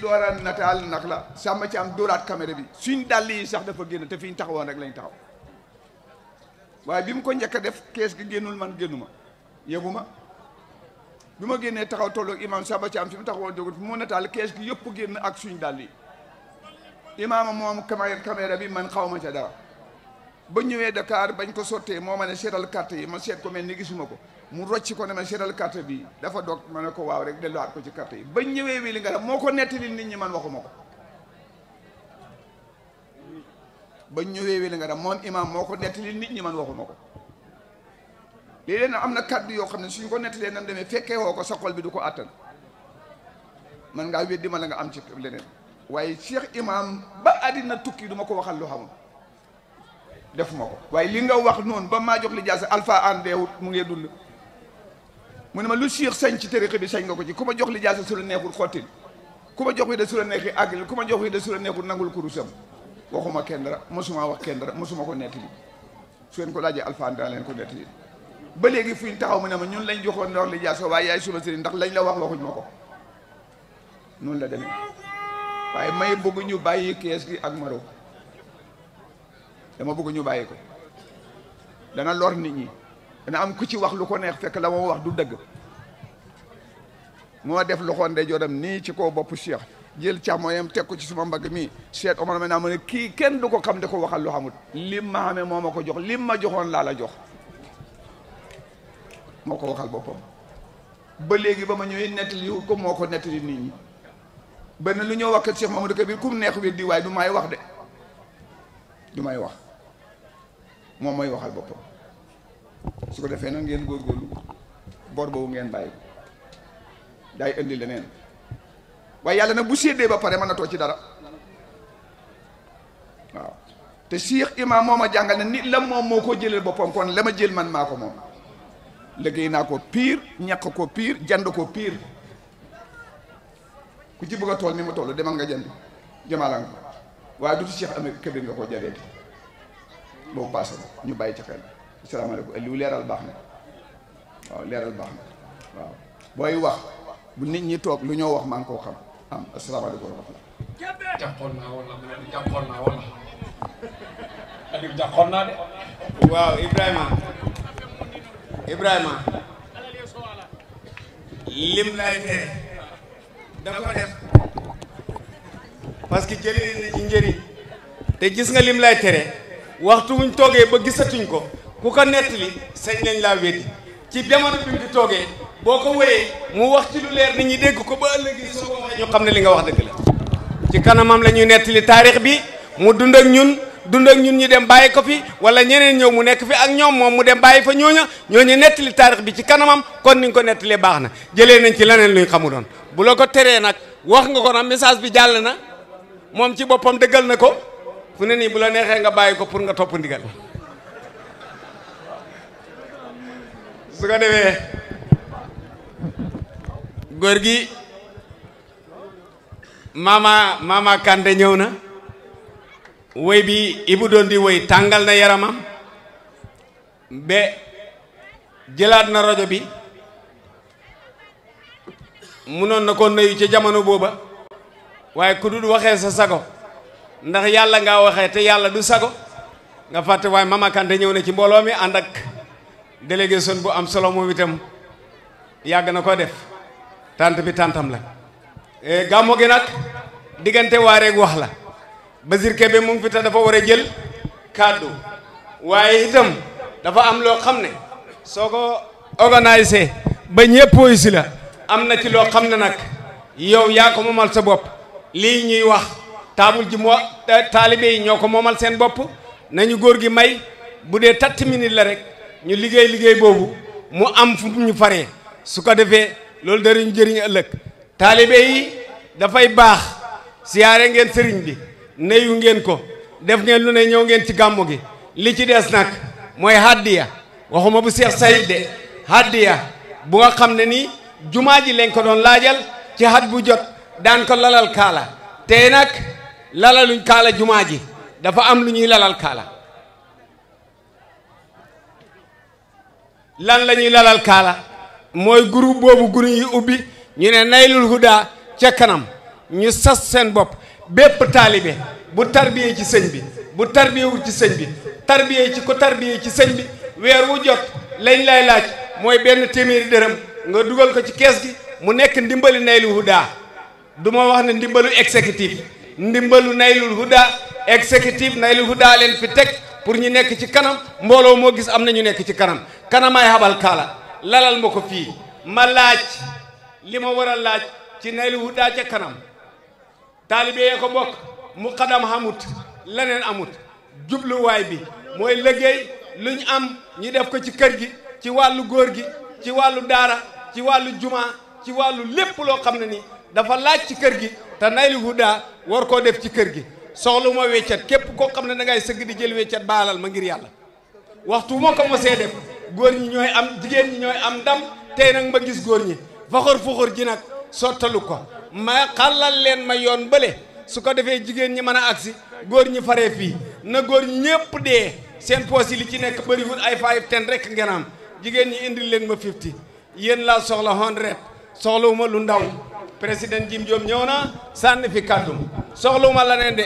door a nataal nag la sàmm ci am dóoraat caméra bi suñ dàll yi sax dafa génn te fi ñu taxawoon rek lañ taxaw waaye bi mu ko njëkk def kees gi génnul man génnu ma yëgu ma bi ma génnee taxaw tolloog imaam sàmm ci am fi mu taxawoon jógut fi mu nataal kees gi yëpp génn ak suñ dàll yi imaam moom caméra bi man xaw ma ca dara ba ñëwee Dakar bañ ko sottee moo ma ne seetal carte yi ma seet ko mel ni gisuma ko mu rocc ko ne ma séral carte bi dafa doog ma ne ko waaw rek delluwaat ko ci carte yi ba ñëwee wi li nga moo ko nettali nit ñi man waxuma ko ba ñëwee wi li nga moom imam moo ko nettali nit ñi man waxuma ko léeg-léeg am na kàddu yoo xam ne suñ ko nettalee nan demee fekkee woo ko sa xol bi du ko àttan man ngaa weddi ma la nga am ci leneen waaye cheikh imam ba àddina tukki duma ko waxal lu xamul defuma ko waaye li nga wax noonu ba maa jox li jaase alpha an deewut mu ngi dund mu ne ma lu Cheikh sañ ci tariqa bi sañ nga ko ci ku ma jox li jaasa su la neexul xottil ku ma jox wi da su la neexi àggil ku ma jox wi da su la neexul nangul kurusam waxuma kenn dara mosuma wax kenn dara mosuma ko nettali su ngeen ko laajee alfaan dana leen ko nettali ba léegi fu ñu taxaw mu ne ma ñun lañ joxoon wax li jaasa waaye yaay suma sëriñ ndax lañ la wax waxuñ ma ko noonu la demee waaye may bëgg ñu bàyyi kees gi ak maro dama bëgg ñu bàyyi ko dana lor nit ñi dana am ku ci wax lu ko neex fekk la ma wax du dëgg moo def loxo ndeyjooram nii ci kaw boppu Cheikh jël càmmoñam teg ko ci suma mbagg mi Cheikh Omar ma naa ma ne kii kenn du ko xam de ko waxal lu xamut lim ma xamee moo ma ko jox lim ma joxoon laa la jox moo ko waxal boppam ba léegi ba ma ñëwee nettali ko moo ko nettali nit ñi benn lu ñoo wax kat Cheikh Mamadou Kabir kum neex weddi waaye du may wax de du may wax moom mooy waxal boppam su ko defee nag ngeen góorgóorlu bor boobu ngeen bàyyi daay indi leneen waaye yàlla na bu séddee ba pare mën na too ci dara waaw te Cheikh Imam moo ma jàngal na nit la moom moo ko jëlal boppam kon la ma jël man maa ko moom liggéey naa ko piir ñàkk ko piir jand ko piir ku ci bëgg tool ni ma toll demal nga jënd jëmaalan ko waaye dutu Cheikh Ahmed Kabir nga ko jëlee boobu paase ñu bàyyi ci xel. asalaamaaleykum lu leeral baax na waaw leeral baax na waaw booy wax bu nit ñi toog lu ñoo wax maa ngi koo xam am asalaamaaleykum wa waaw Ibrahima Ibrahima lim lay tere da ko def parce que jëlee njëriñ te gis nga lim lay tere waxtu wuñ toogee ba gisatuñ ko. ku ko nettali sañ nañ laa weddi ci jamono bi di toogee boo ko wéyee mu wax ci lu leer nit ñi dégg ko ba ëllëg soo ko waxee ñu xam ne li nga wax dëgg la ci kanamam la ñuy nettali taarix bi mu dund ñun dund ak ñun ñu dem bàyyi ko fi wala ñeneen ñëw mu nekk fi ak ñoom moom mu dem bàyyi fa ñooña ñooñu nettili taarix bi ci kanamam kon niñ ko nettalee baax na jëlee nañ ci leneen luñ xamu doon bu la ko teree nag wax nga ko nag message bi jàll na moom ci boppam dëggal na ko fu ne bu la neexee nga bàyyi ko pour nga topp ndigal su ko defee góor gi mama mama ñëw na woy bi Ibou doon di woy tàngal na yaramam ba jëlaat na rajo bi munoon na ko nuyu ci jamono booba waaye ku dul waxee sa sago ndax yàlla ngaa waxee te yàlla du sago nga fàtte waaye mama ñëw na ci mbooloo mi ànd ak délégation bu am solo moom itam yàgg na ko def tànt bi tàntam la e, gàmmoo gi nag diggante waareeg wax la Basir Kébé mu ngi fi te dafa war a jël kàddu waaye itam dafa am loo xam ne soo ko organisé ba ñëpp si la am na ci loo xam ne nag yow yaa ko moomal sa bopp lii ñuy wax taabul ji moo eh, taalibe yi ñoo ko moomal seen bopp nañu góor gi may bu dee tatti minute la rek ñu liggéey liggéey boobu mu am fu ñu faree su ko defee loolu dariñu jëriñ ëllëg taalibe dafay baax siyaare ngeen sëriñ bi neyu ngeen ko def ngeen lu ne ñëw ngeen ci gàmmu gi li ci des nag mooy hàddiya waxuma bu Seex Sayid de hàddiya bu nga xam ne nii jumaa ji lañ ko doon laajal ci had bu jot daan ko lalal kaala tey nag lalaluñ kaala jumaa ji dafa am lu ñuy lalal kaala lan la ñuy lalal kaala mooy groupe boobu guni yi ubbi ñu ne naylul huda ca kanam ñu sas seen bopp bépp taalibe bu tarbiyee ci sëñ bi bu tarbiyewul ci sëñ bi tarbiyee ci ko tarbiyee ci sëñ bi weer wu jot lañ lay laaj mooy benn téeméeri dërëm nga dugal ko ci kees gi mu nekk ndimbali naylul huda du ma wax ne ndimbalu exécutif ndimbalu naylul huda exécutif naylul huda leen fi teg pour ñu nekk ci kanam mbooloo moo gis am na ñu nekk ci kanam kanamaay xabal kaala lalal ma ko fii ma laaj li ma war a laaj ci naylu hudaa ca kanam taalibe ko bokk mu xadam xamut leneen amut jubluwaay bi mooy liggéey lu am ñu def ko ci kër gi ci wàllu góor gi ci wàllu daara ci wàllu jumaa ci wàllu lépp loo xam ne ni dafa laaj ci kër gi te naylu hudaa war koo def ci kër gi soxlu ma weccat képp koo xam ne da sëgg di jël weccat baalal ma ngir yàlla waxtu bu ma ko mosee góor ñi ñooy am jigéen ñi ñooy am ndam tey nag ma gis góor ñi faxor faxor ji nag sottalu ko ma xàllal leen ma yoon bële su ko defee jigéen ñi mën a si góor ñi faree fii na góor ñi ñëpp dee seen poos yi li ci nekk bëriwul ay five ten rek ngeen jigéen ñi indi leen ma fifty yéen laa soxla hundred soxlawuma lu ndaw président Jim Diom ñëw na sànni fi kàddum soxlawuma la neen de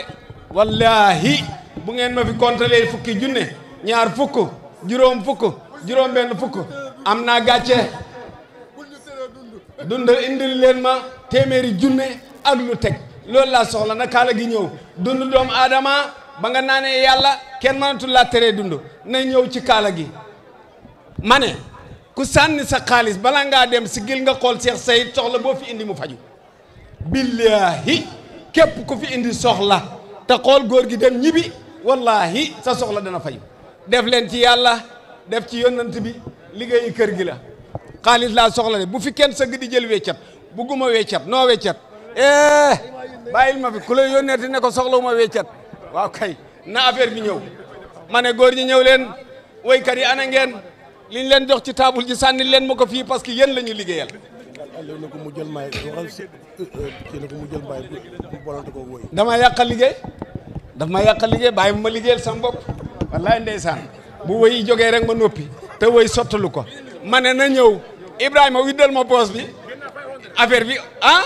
wallaahi bu ngeen ma fi contrôler fukki junne ñaar fukk juróom fukk juróom benn fukk am naa gàcce dund indil leen ma téeméeri junne ak lu teg loolu laa soxla na kaala gi ñëw dund doomu aadama ba nga naanee yàlla kenn mënatul laa tere dund na ñëw ci kaala gi ma ne ku sànni sa xaalis balaa ngaa dem si gil nga xool seex Sayid soxla boo fi indi mu faju billaahi képp ku fi indi soxla te xool góor gi dem ñibi wallaahi sa soxla dana faju def leen ci yàlla def ci yonant bi liggéeyi kër gi la xaalis laa soxla de bu fi kenn sëgg di jël weccat bugguma weccat noo weccat eh bàyyil ma fi ku la yónneeti ne ko soxlawuma weccat waaw kay na affaire bi ñëw ma ne góor ñi ñëw leen woykat yi ana ngeen li leen jox ci taabul ji sànni leen ma ko fii parce que yéen la ñu liggéeyal. ko mu jël maay mu jël maay bu ko wóoy. dama yàq liggéey daf ma yàq liggéey bàyyi ma liggéeyal sama bopp wallaay ndeysaan bu wéy yi jógee rek ma noppi te wéy sottalu ko ma ne na ñëw Ibrahima widdal ma poos bi affaire bi ah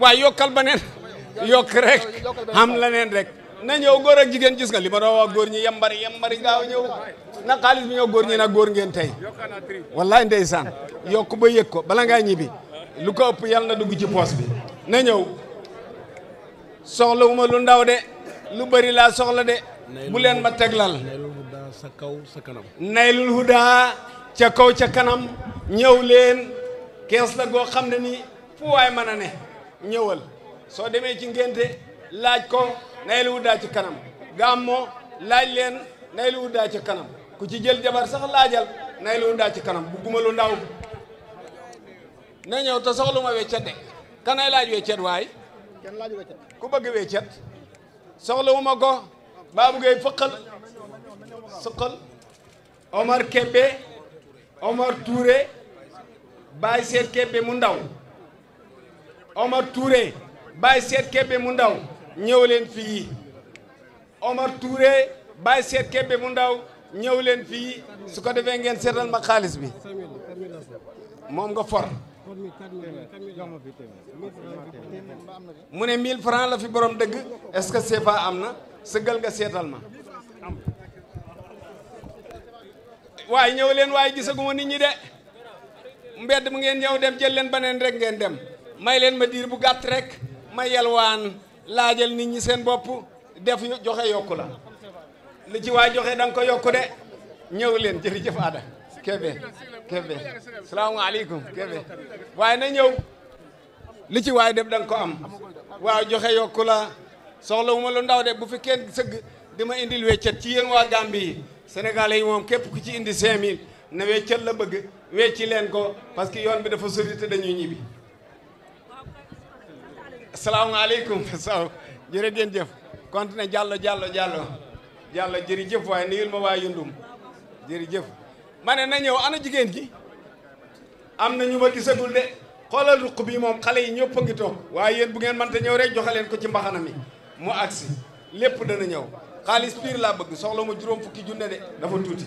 waaye yokkal ba neen yokk rek am la rek. na ñëw góor ak jigéen gis nga li ma doon wax góor ñi yambari yambari gaaw ñëw na xaalis bi ñëw góor ñi nag góor ngeen tey wallaay ndeysaan yokk ba yëg ko bala ngaa ñibbi lu ko ëpp yàlla na dugg ci poos bi na ñëw soxlawuma lu ndaw de lu bëri laa soxla de bu leen ma teglal sa kaw sa kanam naylul hudaa ca kaw ca kanam ñëw leen kees la goo xam ne ni fu waay mën a ne ñëwal soo demee ci ngénte laaj ko Nayli Wouda ci kanam gàmmo laaj leen Nayli Wouda ci kanam ku ci jël jabar sax laajal Nayli Wouda ci kanam bugguma lu ndaw na ñëw te soxluma weccet de kanay laaj weccet waay ku bëgg weccet soxlawuma ko baa buggee fëqal sëqal Omar Kébé Omar Touré Baye Seet Kébé mu ndaw Omar Touré Baye Seet Kébé mu ndaw ñëw leen fii Omar Touré Baye Seet Kébé mu ndaw ñëw leen fii su ko defee ngeen seetal ma xaalis bi moom nga for mu ne 1000 francs la fi borom dëgg est-ce que CFA am na sëggal nga seetal ma waaye ñëw leen waaye gisaguma ni ñi de mbedd mu ngeen ñëw dem jël leen beneen rekk ngeen dem may leen ma diir bu gàtt rek ma yelwaan laajal nit ñi seen bopp def joxe yokku la li ci waay joxe da nga ko yokku de ñëw leen jërëjëf Ada Kébé Kébé salaamaaleykum Kébé waaye na ñëw li ci waay def danga ko am waaw joxe yokku la soxla wu ma lu ndaw de bu fi kenn sëgg dima indil weccet ci yéen waa Gambie yi Sénégalais yi moom képp ku ci indi 5000 na weccet la bëgg wecci leen ko parce que yoon bi dafa sori te dañuy ñibbi. salaamaaleykum Sow jërë ngeen jëf continué Diallo Diallo Diallo Diallo jërëjëf waaye nuyul ma waa Yundum jërëjëf ma ne na ñëw ana jigéen ji am na ñu ma gisagul de xoolal ruq bi moom xale yi ñëpp ngi toog waaye yéen bu ngeen ñëw rek joxe leen ko ci mbaxana mi mu agsi lépp dana ñëw xaalis piir laa bëgg soxla ma juróom fukki junne de dafa tuuti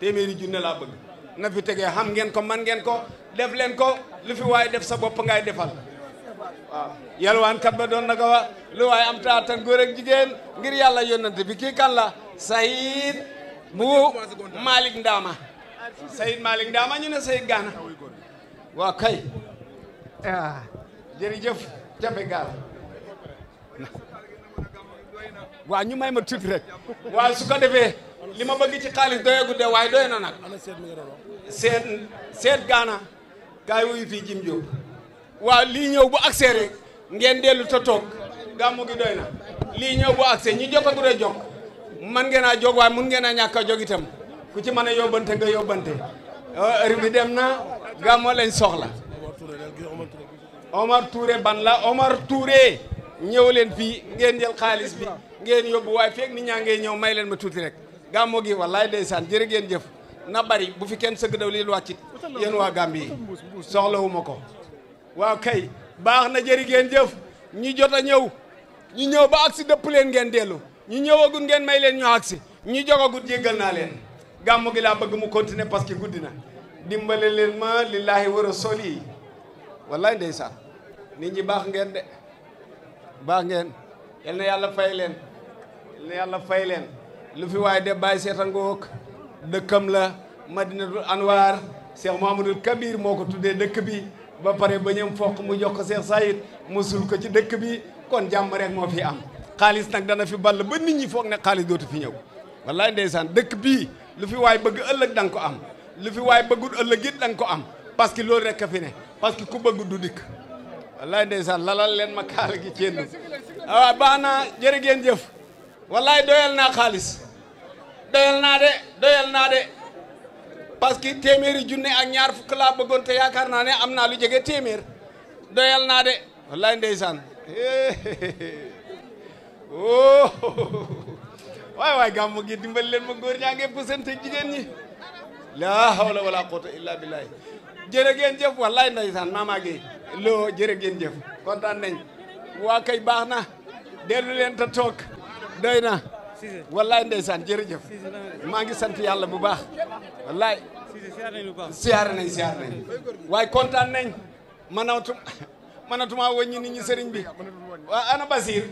téeméeri junne laa bëgg na fi tegee xam ngeen ko man ngeen ko def leen ko lu fi waaye def sa bopp ngaay defal waaw yalwaankat ba doon na ko lu waaye am taatan góor jigéen ngir yàlla yónnante bi kii kan la Sayid bu Malick Ndama Sayid Malick Ndama ñu ne Sayid Gana waaw kay ah jërëjëf jafe ñu ma tuuti rek waaw su ko defee li ma bëgg ci xaalis doyagu de waaye doy na nag seet seet Gana kaay wuyu fii Jim Diop wa li ñew bu accès rek ngeen delu ta tok gamu gi doyna na ñew bu accès ñi jokkatu rek jokk man ngeen a jog waaye mun ngeen a ñàkk jog itam ku ci mën yobante nga yobante euh, heure bi dem na lañ soxla Omar Touré ban la Omar Touré ñew leen fi ngeen jël xaaliss bi ngeen yóbbu waaye feeg nit ñaa ñew may leen ma tuti rek gàmmu gi wallaay ndeysaan jere ngeen jëf na bari bu fi kenn seug daw yeen wa gambi soxla wu mako waaw kay baax na jëri ngeen jëf ñu jot a ñëw ñu ñëw ba agsi dëpp leen ngeen dellu ñu ñëwagul ngeen may leen ñu agsi ñu jogagul jéggal naa leen gàmmu gi laa bëgg mu continuer parce que guddi na dimbale leen ma lillaahi wa rasool walla wallaay ndeysaan nit ñi baax ngeen de baax ngeen yal na yàlla fay leen yal na yàlla fay leen lu fi waaye de bàyyi seeta ngoog dëkkam la madinatul anwaar Cheikh Mouhamadoul Kabir moo ko tuddee dëkk bi ba pare ba ñëm foq mu jox ko Cheikh Saïd mu sul ko dëkk bi kon jàmm rek moo fi am xaalis nag dana fi ball ba nit ñi foog ne xaalis dootu fi ñëw wallaay ndeysaan dëkk bii lu fi waay bëgg ëllëg dan ko am lu fi waay bëggul ëllëg it da nga ko am parce que loolu rek fi ne parce que ku bëgg du dikk wallaay ndeysaan lalal leen ma kaala gi ceen waaw ah, baax naa jërë ngeen jëf wallaay doyal naa xaalis doyal naa de doyal naa de parce que téeméeri junne ak ñaar fukk laa bëggoon te ne am naa lu jege téeméer doyal naa de wallaay ndeysaan oh waay waay gi dimbali leen ma góor ñaa ngeen ko ñi hawla wala quwwata illa billah jere ngeen jëf wallaay ndeysaan maama gi lo jere ngeen jëf kontaan nañ waa kay baax na leen te wallaay ndeysaan jërëjëf maa ngi sant yàlla bu baax wallaay siyaare nañ siyaare nañ waaye kontaan nañ manatu manatuma wàññi nit ñi sëriñ bi waa ana Basir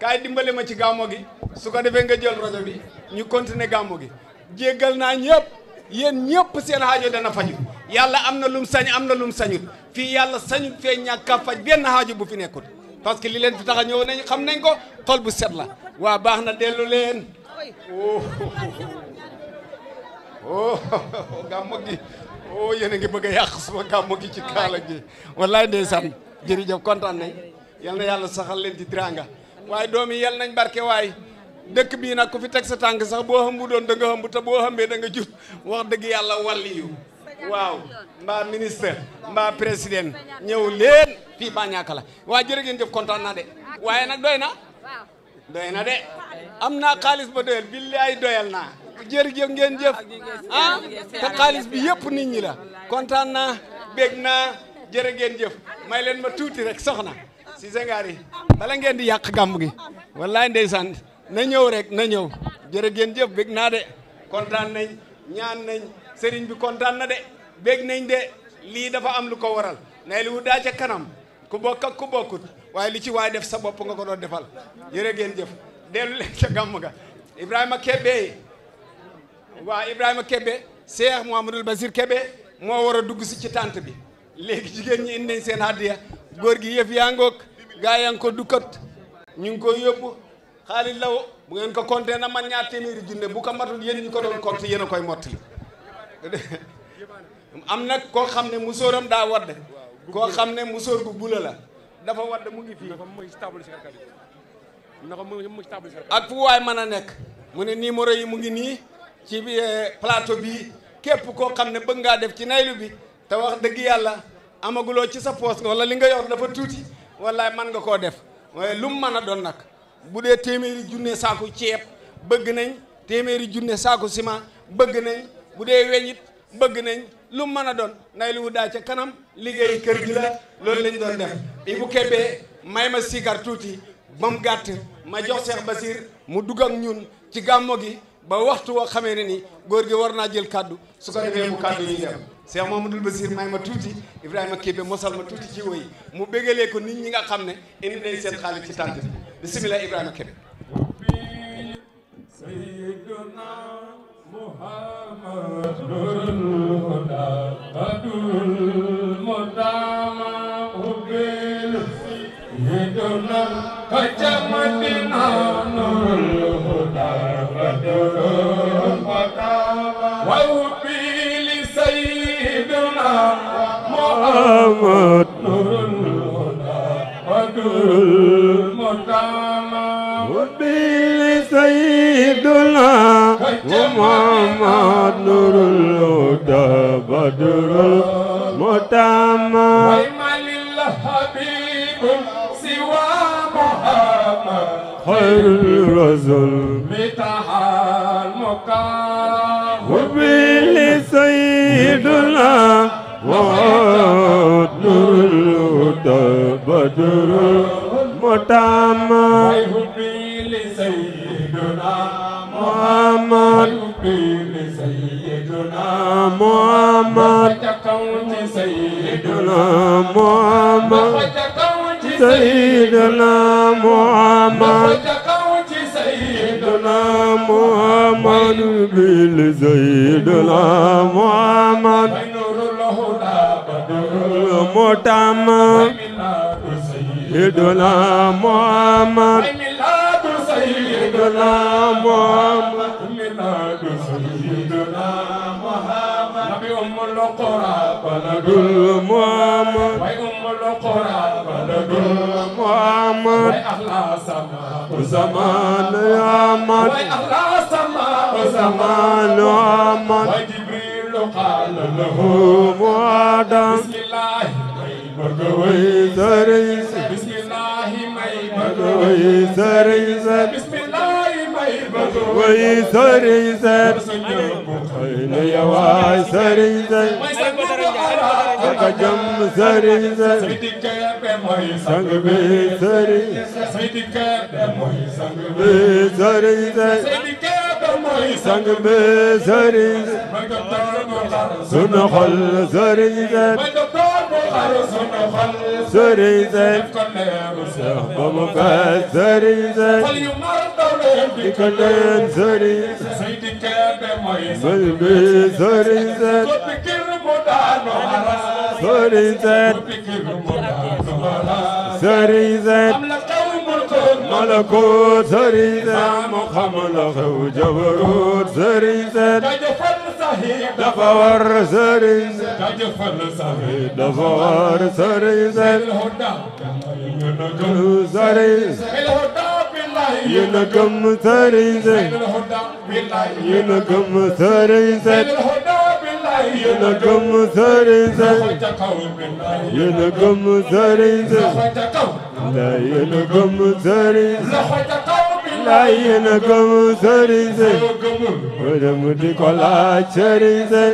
kaay dimbale ma ci gàmmo gi su ko defee nga jël rajo bi ñu continuer gàmmo gi jéggal naa ñëpp yéen ñëpp seen aajo dana faju yàlla am na lum sañ am na lum sañut fii yàlla sañut fee ñàkk a faj benn aajo bu fi nekkut parce que li leen fi tax ñëw nañ xam nañ ko xol bu set la wa baxna delu len oh oh gàmmu gi oh yene iya ngi bëgg yaq yàq suma gàmmu gi ci kala gi wallahi ndeysaan jërëjëf kontaan nañ yal yalla yàlla saxal len ci tranga way doom yi nañ barke way dekk bi nak ku fi tek sa tànk sax boo xambu doon da nga xambu ta bo xambee da nga jut wax deug yalla walli yu waaw mbaa ministre mbaa président ñëw leen fii la waa jërë ngeen jëf kontaan de waye nak doyna doy na de am naa xaalis ba doyal ay doyal naa jërëjëf ngeen jëf ah te xaalis bi yëpp nit ñi la kontaan naa bég naa jërë ngeen jëf may leen ma tuuti rek soxna si sengaar yi bala ngeen di yàq gàmm gi wallaay ndeysaan na ñëw rek na ñëw jërë ngeen jëf bég naa de kontaan nañ ñaan nañ sëriñ bi kontaan na de bég nañ de lii dafa am lu ko waral nay li wu daa ca kanam ku bokk ak ku bokkut waaye li ci waay def sa bopp nga ko doon defal jërë ngeen jëf dellu leen ca gàmm ga Ibrahima Kébé waa Ibrahima Kébé Cheikh Mouhamadoul Basir Kébé moo war a dugg si ci tànt bi léegi jigéen ñi indi nañ seen hàddiya góor gi yëf yaa ngoog gaa yaa ngi ko dukkat ñu ngi ko yóbbu law bu ngeen ko compté na man ñaar téeméeri junne bu ko matul yéen ko doon compté yéen a koy mottali am nag koo xam ne musóoram daa wadd koo xam ne musóor gu bula la dafa wadd mu ngi fii ak fu waay mën a nekk mu ne numéro yi mu ngi nii ci bi eh, plateau bi képp koo xam ne bëgg ngaa def ci naylu bi te wax dëgg yàlla amaguloo ci sa poos wala li nga yor dafa tuuti wallaay man nga koo def waaye lu mu mën a doon nag bu dee téeméeri junne saaku ceeb bëgg nañ téeméeri junne saaku sima bëgg nañ bu dee weñit bëgg nañ lu mën a doon nay lu daa ca kanam liggéey kër gi la loolu lañ doon def Ibou Kébé may ma sikar tuuti ba mu gàtt ma jox seex Basir mu dugg ñun ci gàmmo gi ba waxtu woo xamee ne ni góor gi war naa jël kàddu su ko defee mu kàddu ñuy dem Cheikh Mamadou Basir may ma tuuti Ibrahima Kébé mosal ma tuuti ci woy mu bégalee ko nit ñi nga xam ne indi nañ seen xaalis ci tànt bi bisimilah Ibrahima Kébé Sayyiduna ومحمد نور الهدى بدر المتامى وما للحبيب سوى محمد خير الرسل متاح المقام وبه سيدنا وعد نور الهدى بدر المتامى وبه سيدنا محمد قيل سيدنا محمد سيدنا محمد سيدنا محمد سيدنا محمد قيل سيدنا محمد متعمد سيدنا محمد سيدنا محمد ميلاد سيدنا محمد نبي أم القرى بلد محمد وي أم القرى بلد محمد وي أهل سماء وزمان يا من وي أهل سماء وزمان يا من وي جبريل قال له مؤادا بسم الله بسم الله بسم الله way sëriñ seet ne sang bi sëriñ seet sang bi sëriñ sang be sëriñ sunu xol sëriñ Seck sëriñ ba mu kat sëriñ Seck di ko malakut sëriñ sa mu xam la xew jabarut sëriñ sa tajëfal sahi dafa war sëriñ sa tajëfal sahi dafa war sëriñ sa yéen a gëm sëriñ sëy yéen a gëm sëriñ sëy yéen a gëm sëriñ sëy yéen a gëm sëriñ sëy yéen a gëm sëriñ sëy laay yéen a gëm sëriñ sëy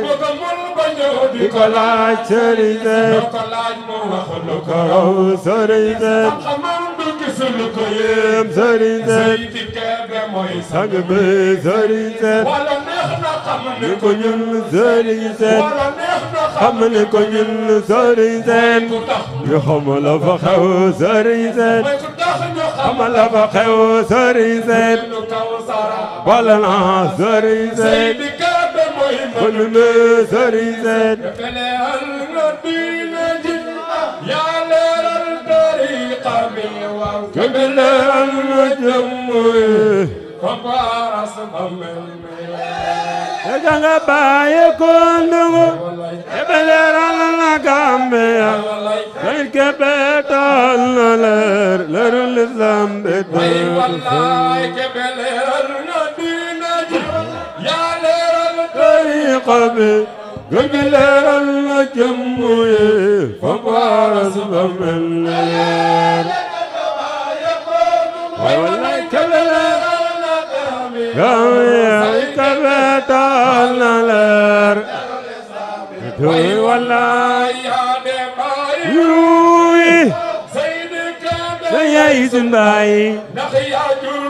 di ko laaj sëriñ de ko laaj mo wax lu ko raw sëriñ de xam-xamam du gis lu ko yéem sëriñ de sëriñ Kebe mooy sang bi sëriñ de wala neex na xam ni ko ñun sëriñ de wala neex na xam ni ko ñun sëriñ de ñu xam la fa xew sëriñ de xam la fa xew sëriñ de wala na sëriñ de والمثري زين يا النبي نجمع يا ليل الطريق بالواو قبل النجم كبار اسمه من Danga baye kundungu ebele rana gambeya Elke betal ler ler zambe Ay wallahi kebele rana قبل قبل لا الجموي فبارز بمن لير ولا كلا قامي كبت على لير توي ولا يوي سيد باي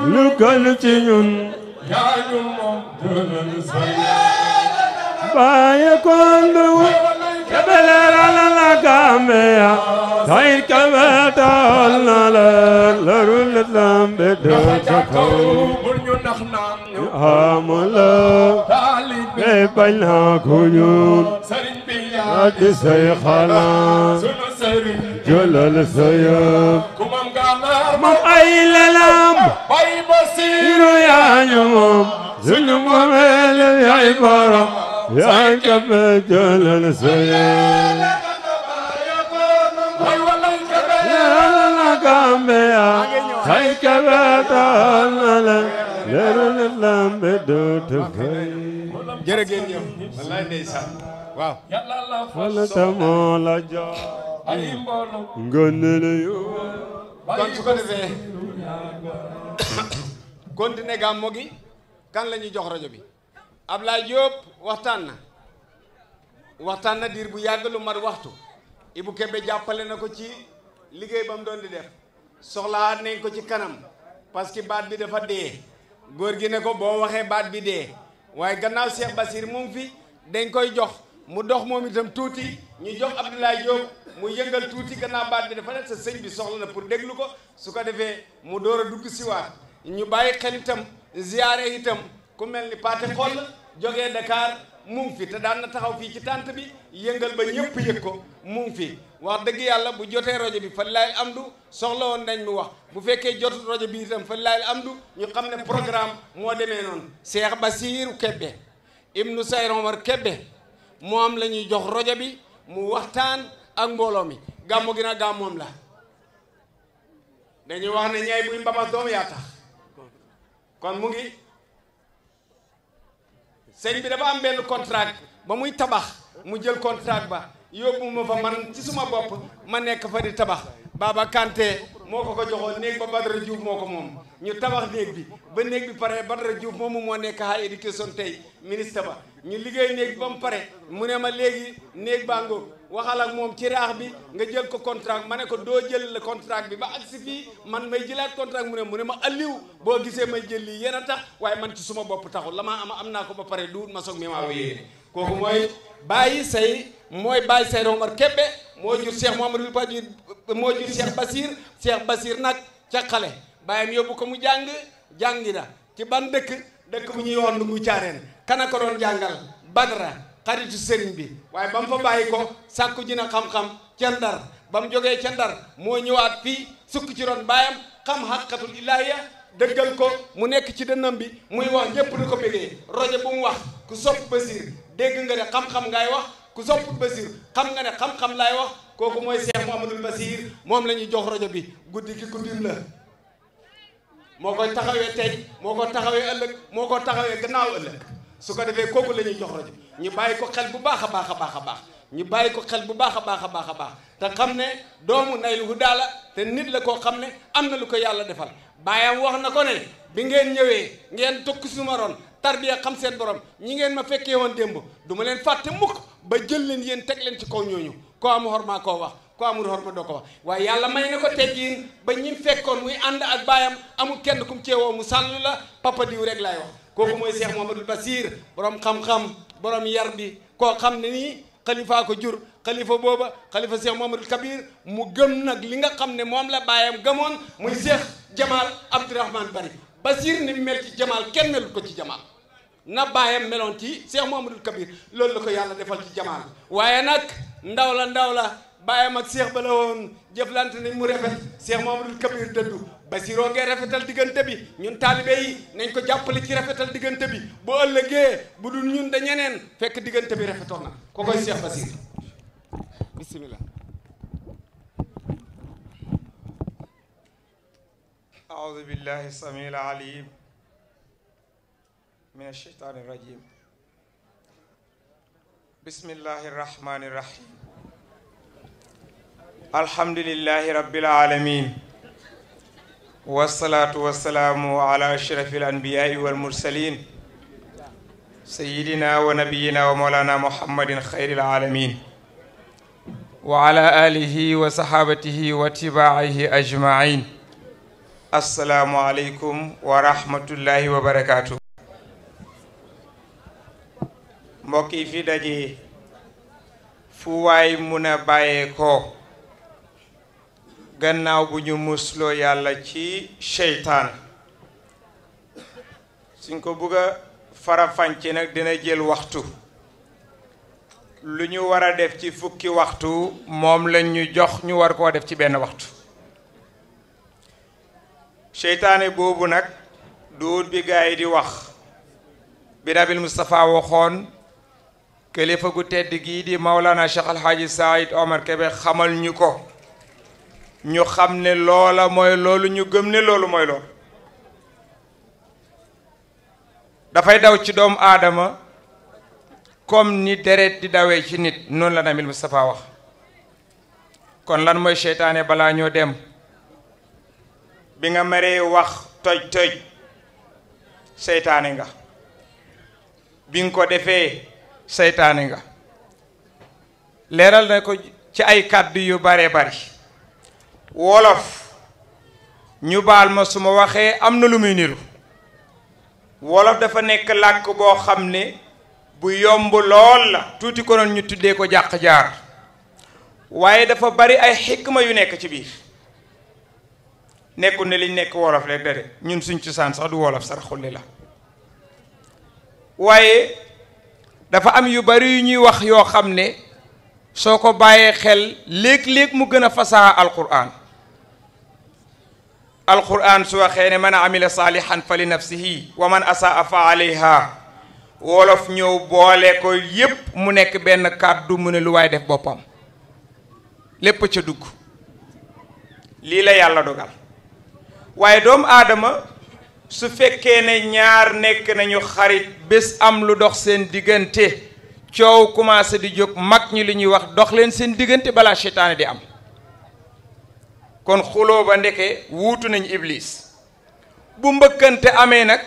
لو كنت يون يا يوم دون سيد باي كندو جبل رانا لا كامبيا تاين كما تولنا لرول لام بدو تكو بنيو نخنا آملا تالي سرين بيا تسي خلا جلال سيا كمام غالار مام أي للام باي بصير يا نمام زنو ممل يا عبارة يا كفجل سيا خي كبتا لنا لرن لم بدو تفاي جرجين والله نيسان واو يلا الله فلت مولا جو اي مبولو غنليو kon su ko defee continuer gàmmo gi kan la ñuy jox rajo bi ab Ablaye Diop waxtaan na waxtaan na diir bu yàgg lu mat waxtu Ibou Kébé jàppale na ko ci liggéey ba mu doon di def soxlawaat nañ ko ci kanam parce que baat bi dafa dee góor gi ne ko boo waxee baat bi dee waaye gannaaw Cheikh Basir mu ngi fi dañ koy jox mu dox moom itam tuuti ñu jox Abdoulaye Diop mu yëngal tuuti gannaaw baat bi dafa def sa sëñ bi soxla na pour déglu ko su ko defee mu door a si waat ñu bàyyi xel itam ziyaare itam. ku mel ni Pathé Xoll jógee Dakar mu ngi fi te daan na taxaw fii ci tànt bi yëngal ba ñëpp yëg ko mu ngi fi wax dëgg yàlla bu jotee rajo bi fan am amdu soxla woon nañ mu wax bu fekkee jot rajo bi itam fan laay amdu ñu xam ne programme moo demee noonu ba Basirou Kébé Ibnu Sayr Omar Kébé moom la ñuy jox rajo bi mu waxtaan ak mbooloo mi gàmmu gi nag gàmmoom la dañuy wax ne ñaay buy mbabas doom yaa tax kon mu ngi sëriñ bi dafa am benn contrat ba muy tabax mu jël contrat ba yóbbu ma fa man ci suma bopp ma nekk fa di tabax Baba Kanté moo ko ko joxoon néeg ba Badara Diouf moo ko moom ñu tabax néeg bi ba néeg bi pare Badara Diouf moomu moo nekk higher education tey ministre ba ñu liggéey néeg bi ba mu pare mu ne ma léegi néeg baa ngoog waxal ak moom ci raax bi nga jël ko contract ma ne ko doo jël le contrat bi ba agsi fii man may jëlaat contrat mu ne mu ne ma alliw boo gisee may jël li yéen a tax waaye man ci suma bopp taxul la maa am am naa ko ba pare duut ma soog mi maa yéene kooku mooy bàyyi say mooy bàyyi say Omar Kébé moo jur Cheikh Mouhamadou Fadil moo jur Cheikh Basir Cheikh Basir nag ca xale bàyyam yóbbu ko mu jàng jàngi na ci ban dëkk dëkk bu ñuy wax ndu ngu caareen kana ko doon jàngal Badra xaritu sëriñ bi waaye ba mu fa bàyyi ko sàkku ji na xam-xam ca ba mu jógee ca moo ñëwaat fii sukk ci ron baayam xam xàqatul ilaahiya dëggal ko mu nekk ci dënnam bi muy wax ñépp di ko bégee rojo bu mu wax ku sopp Basiir dégg nga ne xam-xam ngay wax ku sopp Basiir xam nga ne xam-xam laay wax kooku mooy Cheikh Mouhamadul Basiir moom la ñuy jox rojo bi guddi ki guddim la moo koy taxawee tey moo ko taxawee ëllëg moo ko taxawee gannaaw ëllëg su ko defee kooku la ñuy jox rajo bàyyi ko xel bu baax a baax a baax a baax ñu bàyyi ko xel bu baax a baax a baax a baax te xam ne doomu nay Nayloul Houda la te nit la koo xam ne am na lu ko yàlla defal baayam wax na ko ne bi ngeen ñëwee ngeen tokk suma ron tarbiya xam seen borom ñi ngeen ma fekkee woon démb du ma leen fàtte mukk ba jël leen yéen teg leen ci kaw ñooñu ko am xormaa koo wax ko amul xorma doo ko wax waaye yàlla may na ko teggiin ba ñi fekkoon muy ànd ak baayam amul kenn kum ceewoo mu sàll la papa diw rek laay kooku mooy Cheikh Mouhamadul Basir borom xam-xam borom yar bi koo xam ne nii xalifaa ko jur xalifa booba xalifa Cheikh Mouhamadul Kabir mu gëm nag li nga xam ne moom la baayam gëmoon muy Cheikh Jamal Abdourahman Bari Basir ni mel ci Jamal kenn melul ko ci Jamal na baayam meloon ci Cheikh Mouhamadul Kabir loolu la ko yàlla defal ci Jamal waaye nag ndaw la ndaw la baayam ak Cheikh ba la woon jëflante nañ mu rafet Cheikh Mouhamadul Kabir dëddu Basiroo ngee rafetal diggante bi ñun taalibe yi nañ ko jàppale ci rafetal diggante bi bu ëllëgee bu dul ñun da ñeneen fekk diggante bi rafetoon na ko koy Cheikh Basir bismillah أعوذ بالله السميع العليم من الشيطان الرجيم بسم الله الرحمن الرحيم الحمد لله رب العالمين والصلاة والسلام على أشرف الأنبياء والمرسلين سيدنا ونبينا ومولانا محمد خير العالمين وعلى آله وصحابته واتباعه أجمعين السلام عليكم ورحمة الله وبركاته موكي في دجي daje منا بايكو gannaaw bu ñu musloo yàlla ci seytaan suñ ko bugg a farafànce nag dina jël waxtu lu ñu war a def ci fukki waxtu moom lañ ñu jox ñu war koo def ci benn waxtu seytaane boobu nag duut bi gaa di wax bi nabil Moustapha waxoon kilifa gu tedd gii di Maulana Cheikh Alhaaji Saïd Omar Kébé xamal ñu ko ñu xam ne loola mooy loolu ñu gëm ne loolu mooy loolu dafay daw ci doomu aadama comme ni deret di dawee ci nit noonu la Nabil Moustapha wax kon lan mooy seytaane balaa ñoo dem bi nga meree wax toj toj seytaane nga bi nga ko defee seytaane nga leeral na ko ci ay kàddu yu bare bari wolof ñu baal ma su ma waxee am na lu muy niru wolof dafa nekk làkk boo xam ne bu yomb lool la tuuti ko noonu ñu tuddee ko jàq jaar waaye dafa bari ay xikma yu nekk ci biir nekkul ne liñ nekk wolof rek de ñun suñ cosaan sax du wolof saraxulli la waaye dafa am yu bari yu ñuy wax yoo xam ne soo ko bàyyee xel léeg-léeg mu gën a fasaa alquran alquran su waxee ne a amila saalihan fa li nafsihi wa man asaa fa wolof ñëw boole ko yépp mu nekk benn kàddu mu ne lu waay def boppam lépp ca dugg lii la yàlla dogal waaye doomu aadama su fekkee ne ñaar nekk nañu xarit bés am lu dox seen diggante coow commencé di jóg mag ñi li ñuy wax dox leen seen diggante balaa seytaane di am kon xuloo ba ndeke wuutu nañu iblis bu mbëkkante amee nag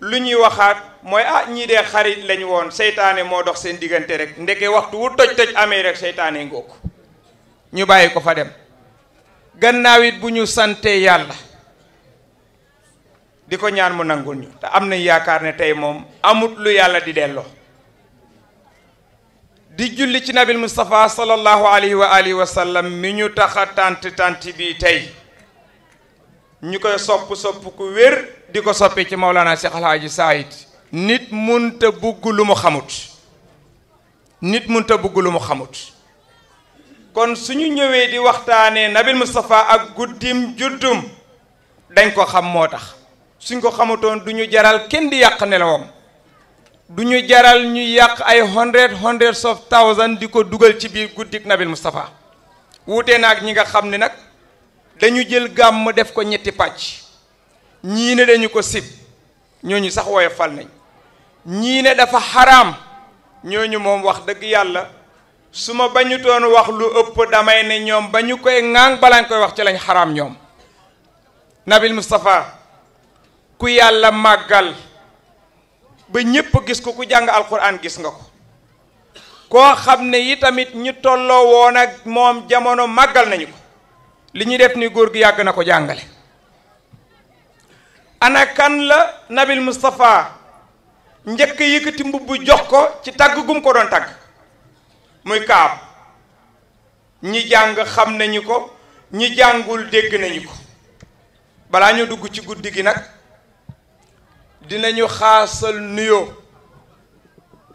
lu ñuy waxaat mooy ah ñii dee xarit lañ woon seytaane moo dox seen diggante rek ndeke waxtu wu toj toj amee rek seytaane ngóog ñu bàyyi ko fa dem gannaawit bu ñu santee yàlla di ko ñaan mu nangul te am nañ yaakaar ne tey moom amut lu yàlla di delloo di julli ci nabil mustafa sallallahu alayhi wa alihi wa sallam mi ñu taxa tant bi tay ñukoy sop sop ku wér diko soppé ci Maulana Cheikh El Hadji Saïd nit munta bugg lu mu xamut nit munta bugg lu mu xamut kon suñu ñëwé di waxtané nabil mustafa ak guddim juddum dañ ko xam motax suñ ko xamutoon duñu jaral kenn di yàq nelawam du ñu jaral ñu yàq ay hundred hundred of thousand di ko dugal ci biir guddik Nabil Moustapha wuute naag ñi nga xam ni nag dañu jël gàmm def ko ñetti pàcc ñii ne dañu ko sib ñu sax woy woyofal nañ ñii ne dafa xaraam ñooñu moom wax dëgg yàlla su ma bañu doon wax lu ëpp damay ne ñoom ba ñu koy ŋaang balaa koy wax ci lañ xaraam ñoom Nabil Moustapha ku yàlla màggal ba ñépp gis ko ku jàng alxuraan gis nga ko koo xam ne yi tamit ñu tolloo woon ak moom jamono màggal nañu ko li ñuy def ni góor gi yàgg na ko jàngale ana kan la nabil Moustapha njëkk yëkkati mbubb bu jox ko ci tàgg gum ko doon tàgg muy kaab ñi jàng xam nañu ko ñi jàngul dégg nañu ko balaa ñoo dugg ci guddi gi nag dinañu xaasal nuyo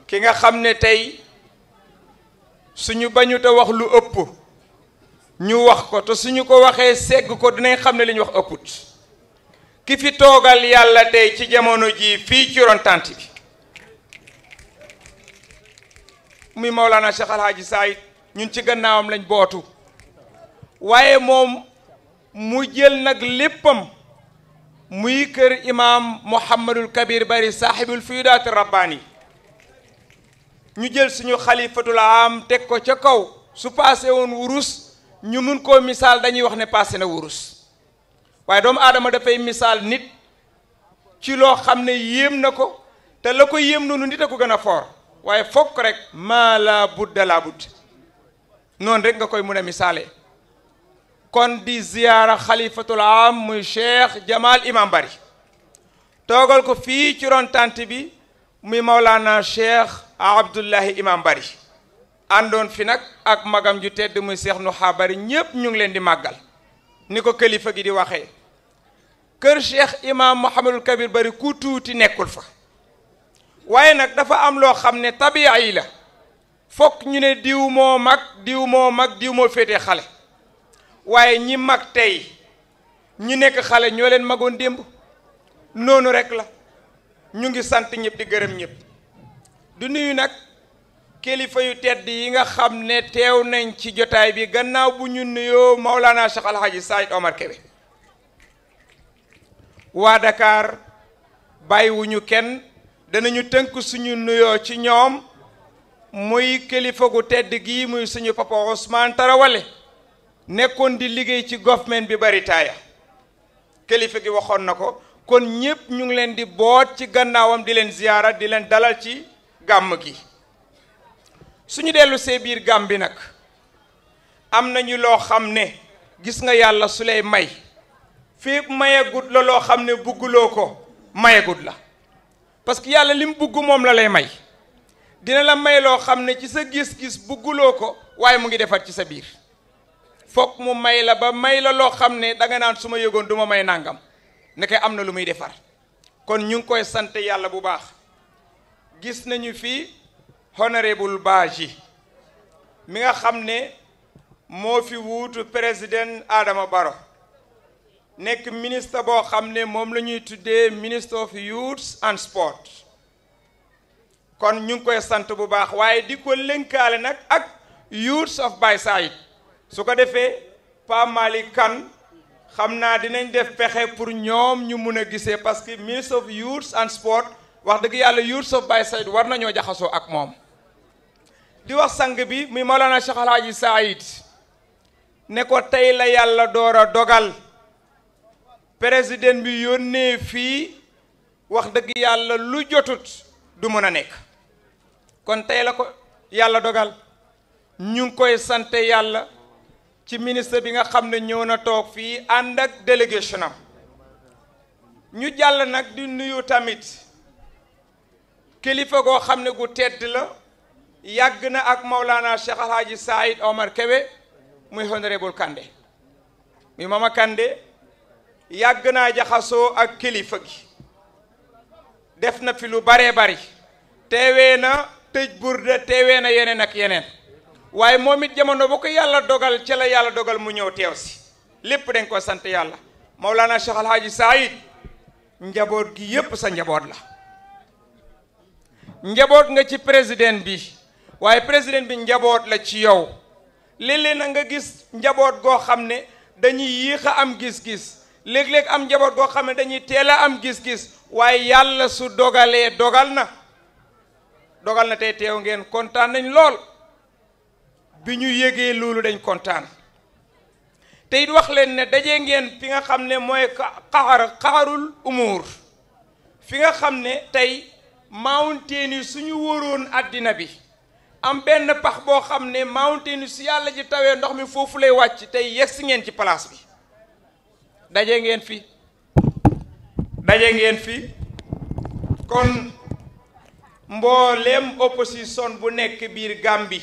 ki nga xam ne tey suñu bañu te wax lu ëpp ñu wax ko te suñu ko waxee segg ko dinañ xam ne li ñu wax ëpput ki fi toogal yàlla tey ci jamono ji fii ci ron tant bi muy Maolana Cheikh Al Hadji Saïd ñun ci gannaawam lañ bootu waaye moom mu jël nag léppam muy kër imaam Mouhamadul Kabir Bari saaxibul fiidaati rabbaani ñu jël suñu xalifatul am teg ko ca kaw su paase woon wurus ñu mun koo misaal dañuy wax ne paase na wurus waaye doomu aadama dafay misaal nit ci loo xam ne yéem na ko te la ko yéem noonu nit a ko gën a foor waaye fokk rek maa laa budda laa budd noonu rek nga koy mun a misaale kon di ziyara khalifatul am muy cheikh Jamal Imam Bari togal ko fi ci ron tante bi muy Mawlana cheikh abdullah Imam Bari andon fi nak ak magam ju tedd muy seex nu xaabari ñépp ñu ngi len di magal niko khalifa gi di waxe keur cheikh imam Mouhamadul Kabir Bari ku tuti nekul fa waye nak dafa am lo xamne tabi'i la fokk ñu ne diw mo mag diw mo mag diw mo fete xale waaye ñi mag tey ñi nekk xale ñoo leen magoon démb noonu rekk la ñu ngi sant ñëpp di gërëm ñëpp du nuyu nag kilifa yu tedd yi nga xam ne teew nañ ci jotaay bi gannaaw bu ñu nuyoo Maulana Cheikh Al Hadji Saïd Omar Kébé waa Dakar bàyyiwuñu kenn danañu tënk suñu nuyoo ci ñoom muy kilifa gu tedd gii muy suñu papa Ousmane Tarawale nekkoon di liggéey ci government bi bari taaya kilifa gi waxoon na ko kon ñépp ñu ngi leen di boot ci gannaawam di leen ziyaara di leen dalal ci gàmm gi suñu dellu see biir gàmm bi nag am nañu loo xam ne gis nga yàlla su lay may fii mayagut la loo xam ne bugguloo ko mayagut la parce que yàlla li mu bugg moom la lay may dina la may loo xam ne ci sa gis-gis bugguloo ko waaye mu ngi defar ci sa biir foog mu may la ba may la loo xam ne danga naan su ma yëgoon du ma may nangam ndeke am na lu muy defar kon ñu ngi koy sant yàlla bu baax gis nañu fii honorable Badji mi nga xam ne moo fi wuutu président aadama Barrow nekk ministre boo xam ne moom la ñuy tuddee ministre of youth and sport kon ñu ngi koy sant bu baax waaye di ko lënkaale nag ak youths of Bayside su ko defee pamali Malick xam naa dinañ def pexe pour ñoom ñu mun a gisee parce que ministre of youth and sport wax dëgg yàlla youth of Bayside war nañoo jaxasoo ak moom di wax sang bi mala na Cheikh Alhaji Saïd ne ko tey la yàlla doora a dogal président bi yónnee fii wax dëgg yàlla lu jotut du mën a nekk kon tey la ko yàlla dogal ñu ngi koy sante yàlla ci ministre bi nga xam ne ñëw na toog fii ànd ak délégation ñu jàll nag di nuyu tamit kilifa goo xam ne gu tedd la yàgg na ak Maulana Cheikh El Hadji Omar Kébé muy honorable Kandé muy Mama Kandé yàgg naa jaxasoo ak kilifa gi def na fi lu baree bari teewee na tëj burde teewee na yeneen ak yeneen waye momit jamono bu ko yalla dogal ci la yalla dogal mu ñew tew si lepp dañ ko sante yalla maulana Cheikh Alhaji said njabot gi yep sa njabot la njabot nga ci president bi waye president bi njabot la ci yow lele na nga gis njabot go xamne dañuy yéex am gis-gis leg leg am njabot go xamne ne dañuy tela am gis-gis waye yalla su dogalee dogal na dogal na te tew ngeen lol nañ lol bi ñu yégee loolu dañ kontaan te it wax leen ne daje ngeen fi nga xam ne mooy xaxar xaxarul umuur fi nga xam ne tey mountain yi suñu wóoroon àddina bi am benn pax boo xam ne mountain yi su yàlla ji tawee ndox mi foofu lay wàcc tey yegsi ngeen ci place bi daje ngeen fi daje ngeen fi kon mbooleem opposition bu nekk biir bi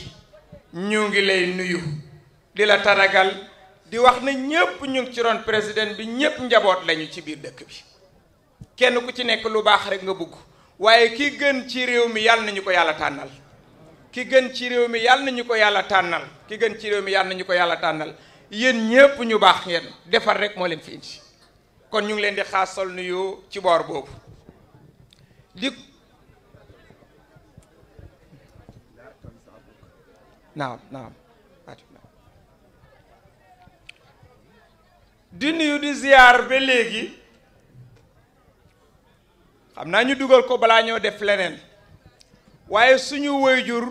ñu ngi lay nuyu di la taragal di wax ne ñépp ñu ngi ci ron président bi ñépp njaboot lañu ci biir dëkk bi kenn ku ci nekk lu baax rek nga bugg waaye ki gën ci réew mi yàlla nañu ko yàlla tànnal ki gën ci réew mi yàlla nañu ko yàlla tànnal ki gën ci mi yàlla nañu ko yàlla tànnal yéen ñépp ñu baax ngeen defar rek moo leen fi indi kon ñu ngi leen di xaasal nuyu ci boor boobu naam naam di nuyu di ziyaar ba léegi xam naa ñu dugal ko balaa ñoo def leneen waaye suñu waajur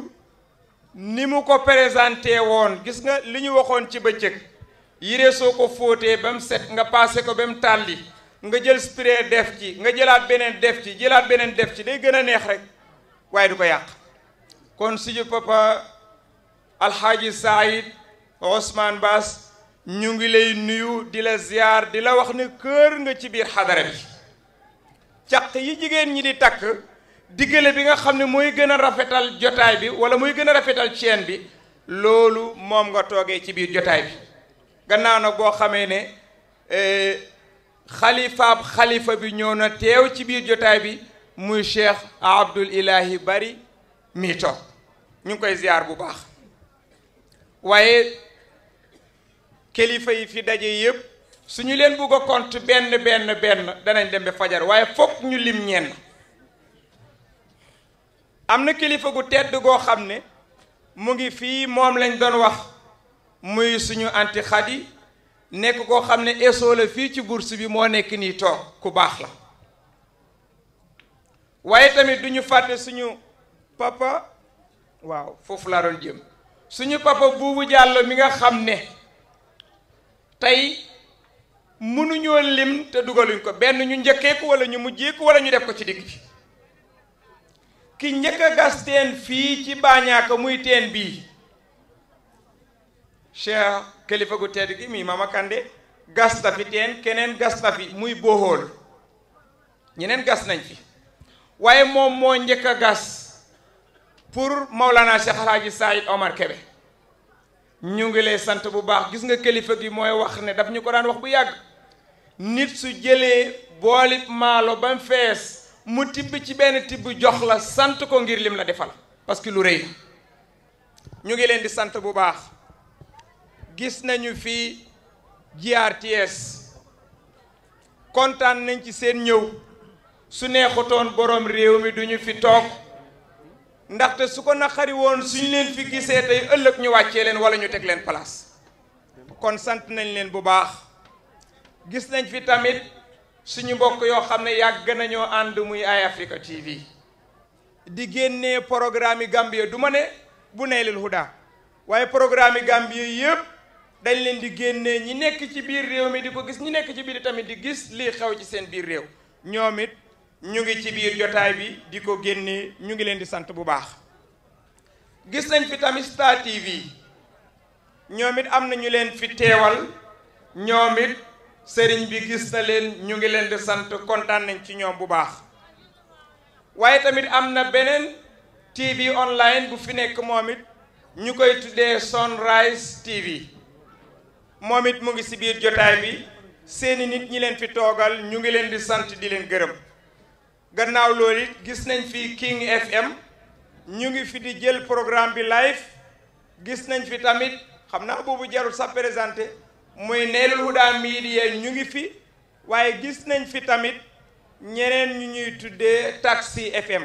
ni mu ko présenté woon gis nga li ñu waxoon ci bëccëg yére soo ko fóotee ba mu set nga paase ko ba mu tàlli nga jël spray def ci nga jëlaat beneen def ci jëlaat beneen def ci day gën a neex rek waaye du ko yàq kon suñu papa الحاج Saïd عثمان باس ñu لي نيو ديلا زيار ديلا واخني di nga ci bir hadara bi caq yi jigen ñi di tak digele bi nga xamne moy gëna rafetal jotay bi wala moy gëna rafetal ceen bi lolu mom nga toge ci bir jotay bi gannaaw nag boo xamee ne ab khalifa bi ñono teew ci bir jotay bi muy cheikh abdul ilahi bari mito ñu koy ziar bu baax waaye kilifa yi fi daje yépp su ñu leen bugg a compte benn benn benn danañ dem ba fajar waaye fook ñu lim ñenn am na kilifa gu tedd goo xam ne mu ngi fii moom lañ doon wax muy suñu anti xadi nekk goo xam ne esoo la fii ci bourse bi moo nekk nii toog ku baax la waaye tamit duñu fàtte suñu papa waaw foofu laa doon jëm suñu papa buubu jàllo mi nga xam ne tey mënuñoo lim te dugaluñ ko benn ñu njëkkee ko wala ñu mujjee ko ñu def ko ci digg bi ki njëkk a gas teen fii ci baañaaka muy teen bii cheikh kilifa gu tedd gi muy Mama Kande gas na teen keneen gas na muy boxool ñeneen gas nañ ci waaye moom moo njëkk gas pour Maulana Cheikh Alhaji Saïd Omar Kebe ñu ngi lay sant bu baax gis nga kilifa gi mooy wax ne daf ñu ko daan wax bu yàgg nit su jëlee boolib maalo ba mu fees mu tibb ci benn tibb jox la sant ko ngir lim la defal parce que lu rëy ñu ngi leen di sant bu baax gis nañu fi fii GRTS kontaan nañ ci seen ñëw su neexutoon borom réew mi duñu fi toog ndaxte su ko naqari woon suñ leen fi gisee tey ëllëg ñu wàccee leen wala ñu teg leen place kon sant nañ leen bu baax gis nañ fi tamit suñu mbokk yoo xam ne yàgg nañoo ànd muy Eye Africa TV di génnee programme yi Gambie du ma ne bu neylil huda waaye programme gàmbi Gambie yëpp dañ leen di génnee ñi nekk ci biir réew mi di ko gis ñi nekk ci biir tamit di gis lii xew ci seen biir réew ñoom it ñu ngi ci biir jotaay bi di ko génne ñu ngi leen di sant bu baax gis nañ fi tamit Star TV ñoom it am na ñu leen fi teewal ñoom sëriñ bi gis na leen ñu ngi leen di sant kontaan ci ñoom bu baax waaye tamit am na beneen TV online bu fi nekk moom it ñu koy tuddee Sunrise TV moom it mu ngi ci biir jotaay bi seeni nit ñi leen fi toogal ñu ngi leen di sant di leen gërëm gannaaw loolu it gis nañ fi King FM ñu ngi fi di jël programme bi live gis nañ fi tamit xam naa boobu jarul sa présenté muy Neelul Huda Media ñu ngi fi waaye gis nañ fi tamit ñeneen ñu ñuy tuddee Taxi FM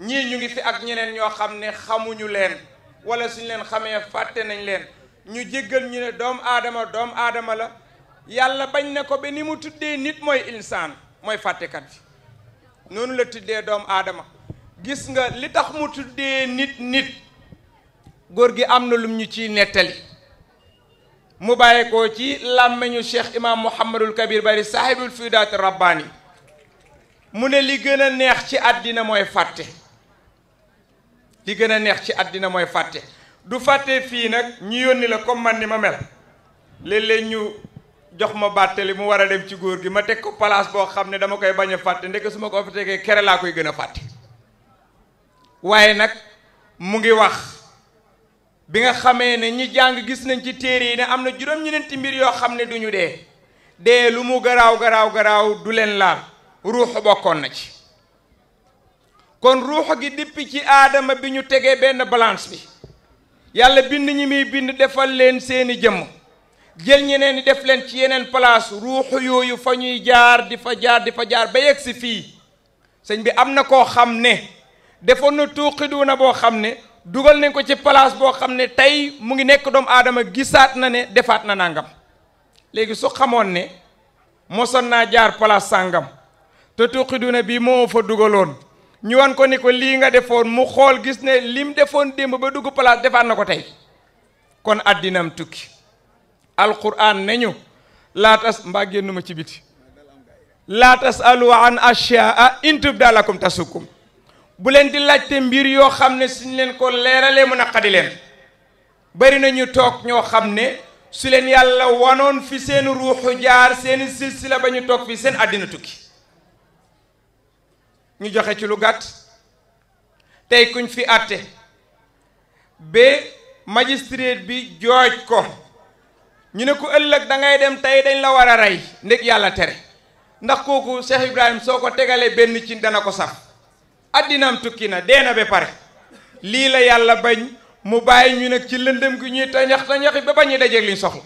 ñii ñu ngi fi ak ñeneen ñoo xam ne xamuñu leen wala suñu leen xamee fàtte nañ leen ñu jéggal ñu ne doomu aadama doomu aadama la yàlla bañ na ko be ni mu tuddee nit mooy insaan mooy fàttekat bi noonu la tuddee doom aadama gis nga li tax mu tuddee nit nit góor gi am na lu ñu ciy nettali mu bàyyi ko ci làmmiñu cheikh imam mouhamadul kabir bari sahibul fidaati rabbaani mu ne li gën a neex ci àddina mooy fàtte li gën a neex ci àddina mooy fàtte du fàtte fii nag ñu yónni la comme man ma mel léeg ñu jox ma bàttali mu war a dem ci góor gi ma teg ko palaas boo xam ne dama koy bañ a fàtte ndeke su ma ko fa tegee kere laa koy gën a fàtte waaye nag mu ngi wax bi nga xamee ne ñi jàng gis nañ ci téere yi ne am na juróom-ñeenti mbir yoo xam ne duñu dee dee lu mu garaaw garaaw garaaw du leen laal ruuxu bokkoon na ci kon ruuxu gi dippi ci aadama bi ñu tegee benn balance bi yàlla bind ñi muy bind defal leen seeni jëmm jël ñeneen ñi def leen ci yeneen place ruuxu yooyu fa ñuy jaar di fa jaar di fa jaar ba yegg si fii sëñ bi am na koo xam ne defoon na tuuqiduuna boo xam ne dugal nañ ko ci place boo xam ne tey mu ngi nekk doomu aadama gisaat na ne defaat na nangam léegi su xamoon ne moson naa jaar place sàngam te tuuqiduuna bii moo fa dugaloon ñu wan ko ni ko lii nga defoon mu xool gis ne lim defoon démb ba dugg place defaat na ko tey kon addinam tukki alquran ne ñu laatas mbaa génnu ma ci biti laa tasalu an asyaa in tubda lakum tasukum bu leen di laajte mbir yoo xam ne suñ leen ko leeralee mu naqadi leen bari na ñu toog ñoo xam ne su leen yàlla wanoon fi seen ruuxu jaar seen silsila ba ñu toog fi seen àddina tukki ñu joxe ci lu gàtt tey kuñ fi atte ba magistrat bi jooj ko ñu ne ko ëllëg dangay dem tey dañ la war a rey ndég yàlla tere ndax kooku Cheikh Ibrahim soo ko tegalee benn ci dana ko saf addinaam tukki na dee na ba pare lii la yàlla bañ mu bàyyi ñu nag ci lëndëm gi ñuy tañax tañaxi ba bañ a dajeeg liñ soxla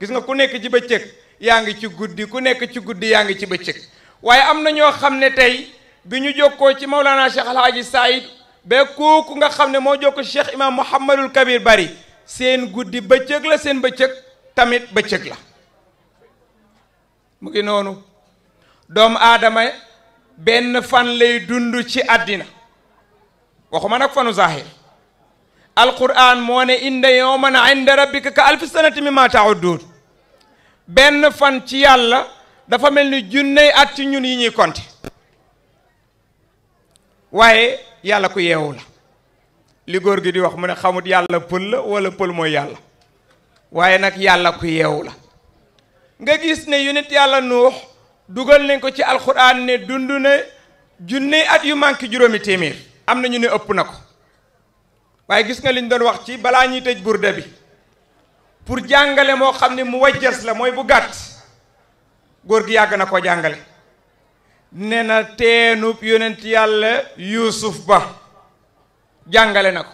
gis nga ku nekk ci bëccëg yaa ngi ci guddi ku nekk ci guddi yaa ngi ci bëccëg waaye am na ñoo xam ne tey bi ñu jóg koo ci Maulana Cheikh Alhaji Saïd ba kooku nga xam ne moo jokkoo ci Cheikh Imam Mouhamadul Kabir Bari seen guddi bëccëg la seen bëccëg. tamit bëccëg la mu ngi noonu doomu aadama benn fan lay dund ci àddina waxuma nag fanu zahir alquran moo ne inda yawman inda rabbika ka alfi sanati mimma ta'uddun benn fan ci yàlla dafa mel ni junney at ci ñun yi ñuy compter waaye yàlla ku yeewu la li gi di wax mu ne xamut yàlla pël la wala pël mooy yàlla waaye nag yàlla ku yeewu la nga gis ne yonent yàlla nuux dugal nañ ko ci alxuraan ne dund na junne at yu manqué juróomi téeméer am na ñu ne ëpp na ko waaye gis nga liñ doon wax ci balaa ñuy tëj burda bi pour jàngale moo xam ne mu wajjas la mooy bu gàtt góor gi yàgg na ko jàngale ne na teenub yonent yàlla yuusuf ba jàngale na ko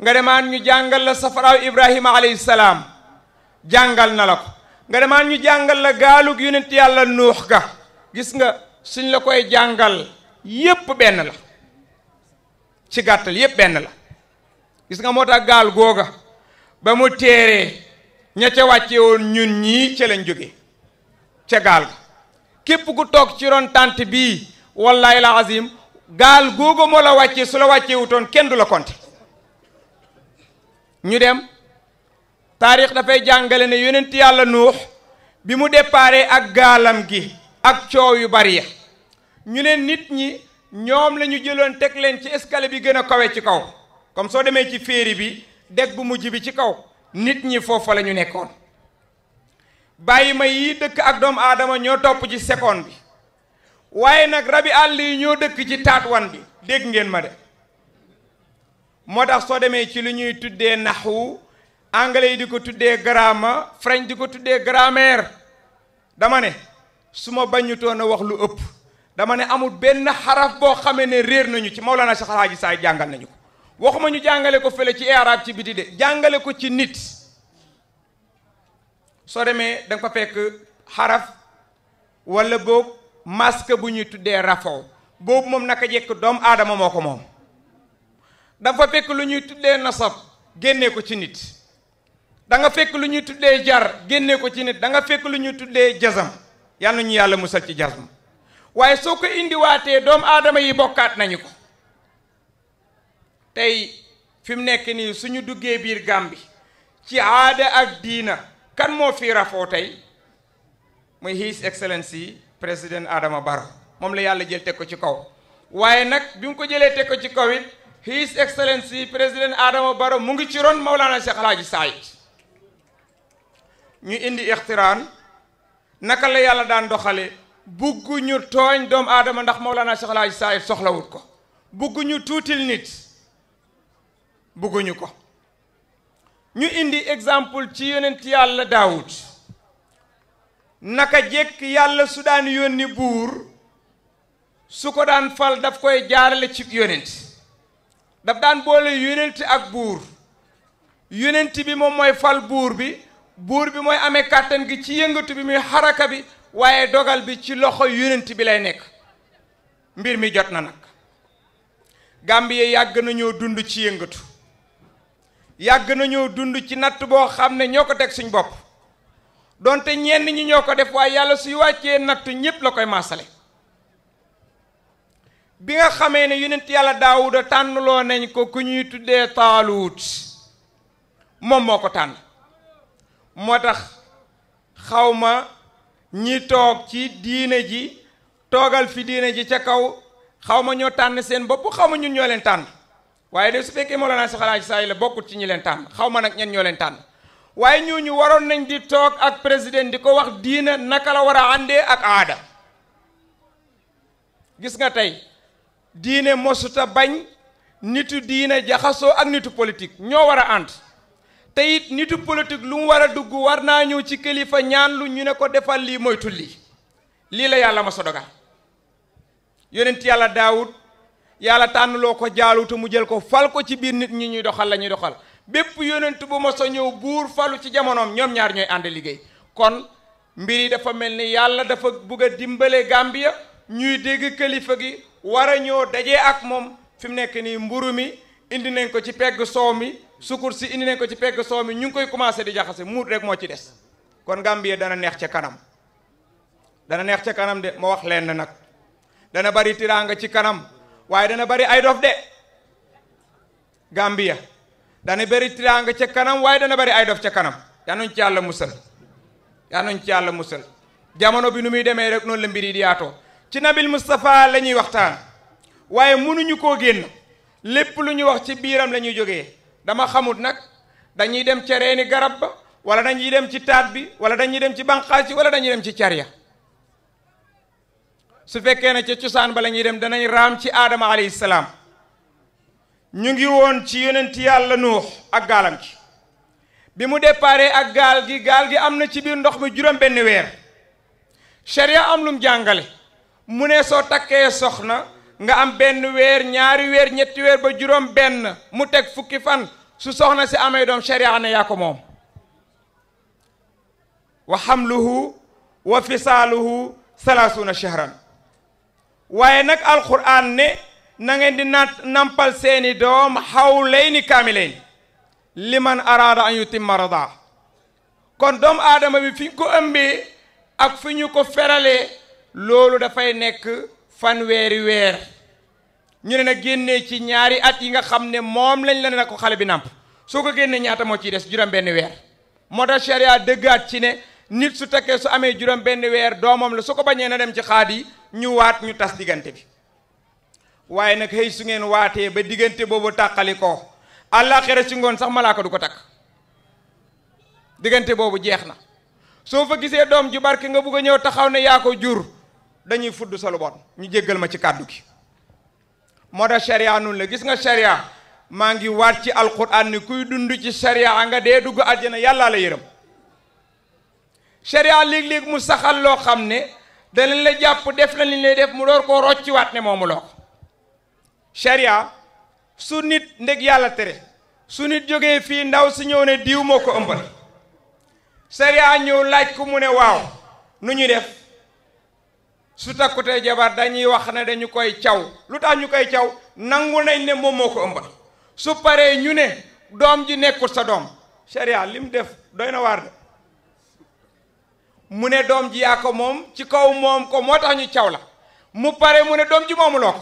nga demaat ñu jàngal la safaraaw ibrahima alayhi salaam jàngal na la ko nga demaat ñu jàngal la gaalug yonent yàlla nuux ga gis nga suñ la koy jàngal yépp benn la ci gàttal yépp benn la gis nga moo tax gaal googa ba mu teeree ña ca wàcce woon ñun ñii ca lañ jóge ca gaal ga képp ku toog ci ron tànt bii wallahi la azim gaal googa moo la wàcce su la wàcce wutoon kenn du la konte ñu dem taarix dafay jàngale ne yonent yàlla nuux bi mu déparé ak gaalam gi ak coow yu bari ya ñu ne nit ñi ñoom lañu jëloon teg leen ci escalier bi gën a kawe ci kaw comme soo demee ci féeri bi deg bu mujj bi ci kaw nit ñi foofa la ñu nekkoon bàyyi ma yi dëkk ak doomu aadama ñoo topp ci seconde bi waaye nag rabi àll yi ñoo dëkk ci taat bi dégg ngeen ma de moo tax soo demee ci lu ñuy tuddee naxwu anglais yi di ko tuddee grammar french di ko tuddee grammaire dama ne su ma bañutoon a wax lu ëpp dama ne amul benn xaraf boo xamee ne réer nañu ci Mawlana Cheikh Alhaji saa jàngal nañu ko waxuma ñu jàngale ko fële ci arab ci biti de jàngale ko ci nit soo demee da nga fa fekk xaraf wala boobu masque bu ñuy tuddee rafoo boobu moom naka jekk doomu aadama moo ko moom da fa fekk lu ñuy tuddee nasab génnee ko ci nit da nga fekk lu ñuy tuddee jar génne ko ci nit da nga fekk lu ñuy tuddee jasam yal na ñu yàlla musal ci jasam waaye soo ko indi indiwaatee doomu aadama yi bokkaat nañu ko tey fi mu nekk nii suñu duggee biir Gàmbi ci aada ak diina kan moo fi rafoo tey muy His Excellency président Adama Barrow moom la yàlla jël teg ko ci kaw waaye nag bi ko jëlee teg ko ci kaw it His Excellency président Adama Barrow mu ngi ci ron Maulana Cheikh Alhaji Saïd ñu indi ixtiraan naka la yàlla daan doxale bugguñu tooñ doomu aadama ndax Mawlana Cheikh El Hadj Saïd soxlawut ko bugguñu tuutil nit bugguñu ko ñu indi exemple ci yonent yàlla Daawud naka jekk yàlla su daan yónni buur su ko daan fal daf koy jaarale ci yonent daf daan boole yonent ak buur yonent bi moom mooy fal buur bi buur bi mooy amee kàttan gi ci yëngatu bi muy xaraka bi waaye dogal bi ci loxo yonent bi lay nekk mbir mi jot na nag yi yàgg nañoo dund ci yëngatu yàgg nañoo dund ci natt boo xam ne ñoo ko teg suñu bopp doonte ñenn ñi ñoo ko def waaye yàlla suy wàccee natt ñépp la koy maasale bi nga xamee ne yonent yàlla daawuda tànnloo nañ ko ku ñuy tudde taaluut moom moo ko tànn moo tax xawma ñi toog ci diine ji toogal fi diine ji ca kaw xawma ñoo tànn seen bopp xawma ñun ñoo leen tànn waaye de su fekkee Mawlana Cheikh Alhaji Sall la bokkut ci ñi leen tànn xawma nag ñen ñoo leen tànn waaye ñu waroon nañ di toog ak président di ko wax diina naka la war a àndee ak aada gis nga tey diine mosuta bañ nitu diine jaxasoo ak nitu politique ñoo war a ànd te it nitu politique lu mu war a dugg war naa ñëw ci kilifa ñaan lu ñu ne ko defal lii moytu lii lii la yàlla ma sa dogal yonent yàlla daawut yàlla tànnloo ko jaaluta mu jël ko fal ko ci biir nit ñi ñuy doxal lañuy doxal bépp yonent bu ma ñëw buur falu ci jamonoom ñoom ñaar ñooy ànd liggéey kon mbir yi dafa mel ni yàlla dafa bugg a dimbale Gambia ñuy dégg kilifa gi war a ñëw dajee ak moom fi mu nekk nii mburu mi indi nañ ko ci pegg soow mi sukur si indi nañ ko ci pegg soomi ñu koy commencé di jaxase muut rek mo ci dess kon Gambie dana neex ci kanam dana neex ci kanam de mo wax len nak dana bari tiranga ci kanam waye dana bari ay dof de Gambia dana bari tiranga ci kanam waye dana bari ay dof ci kanam ya nuñ ci yalla musal ya nuñ ci yalla musal jamono bi numuy muy rek non la mbiri di yaatoo ci nabil mustafa lañuy waxtaan waye mënuñu ko genn lepp luñu wax ci biram lañuy ñuy dama xamut nag dañuy dem ca reeni garab ba wala dañuy dem ci taat bi wala dañuy dem ci banqaas yi wala dañuy dem ci cariya su fekkee na ca cosaan ba la dem danañ raam ci aadama alayhi salaam ñu ngi woon ci yonent yàlla nuux ak gaalam gi bi mu déparé ak gaal gi gaal gi am na ci biir ndox mi juróom benn weer sharia am lum jàngale mu ne soo takkee soxna nga am benn weer ñaari weer ñetti weer ba juróom benn mu teg fukki fan su soxna si amee doom sharia ne moom wa xamluhu wa fisaaluhu salaasuuna shahran waaye nag alquran ne na di naat nampal seeni doom xawlayni kaamilayn liman araada an yutimma rada kon doomu aadama bi fi ñu ko ëmbee ak fi ñu ko feralee loolu dafay nekk fanweeri weer ñu ne na génnee ci ñaari at yi nga xam ne moom lañ la ne na ko xale bi nàmp soo ko génnee ñaata moo ciy des juróom-benn weer moo tax sharia dëggaat ci ne nit su takkee su amee juróom-benn weer doomam la su ko bañee na dem ci xaad yi ñu waat ñu tas diggante bi waaye nag xëy su ngeen waatee ba diggante boobu tàqali ko àllaaxira ci ngoon sax malaaka du ko takk diggante boobu jeex na soo fa gisee doom ju barke nga bugg a ñëw taxaw ne yaa ko jur dañuy fudd sa lu ñu jéggal ma ci kàddu gi moo tax sharia nun la gis nga sharia maa ngi waat ci alquran ni kuy dund ci sharia nga dee dugg àjjana yàllaa yërëm sharia léeg-léeg mu saxal loo xam ne danañ la jàpp def la liñ lay def mu door koo rocciwaat ne moomu loo ko su nit ndeg yàlla tere su nit jógee fii ndaw si ñëw ne diw moo ko ëmbal sharia ñëw laaj ko mu ne waaw nu ñu def su takkutee jabar dañuy wax ne dañu koy caw lu tax ñu koy caw nangu nañ ne moom moo su paree ñu ne doom ji nekkul sa doom sharia li mu def doy na waar de mu ne doom ji yaa moom ci kaw moom ko moo tax ñu caw la mu pare mu ne doom ji moomu loo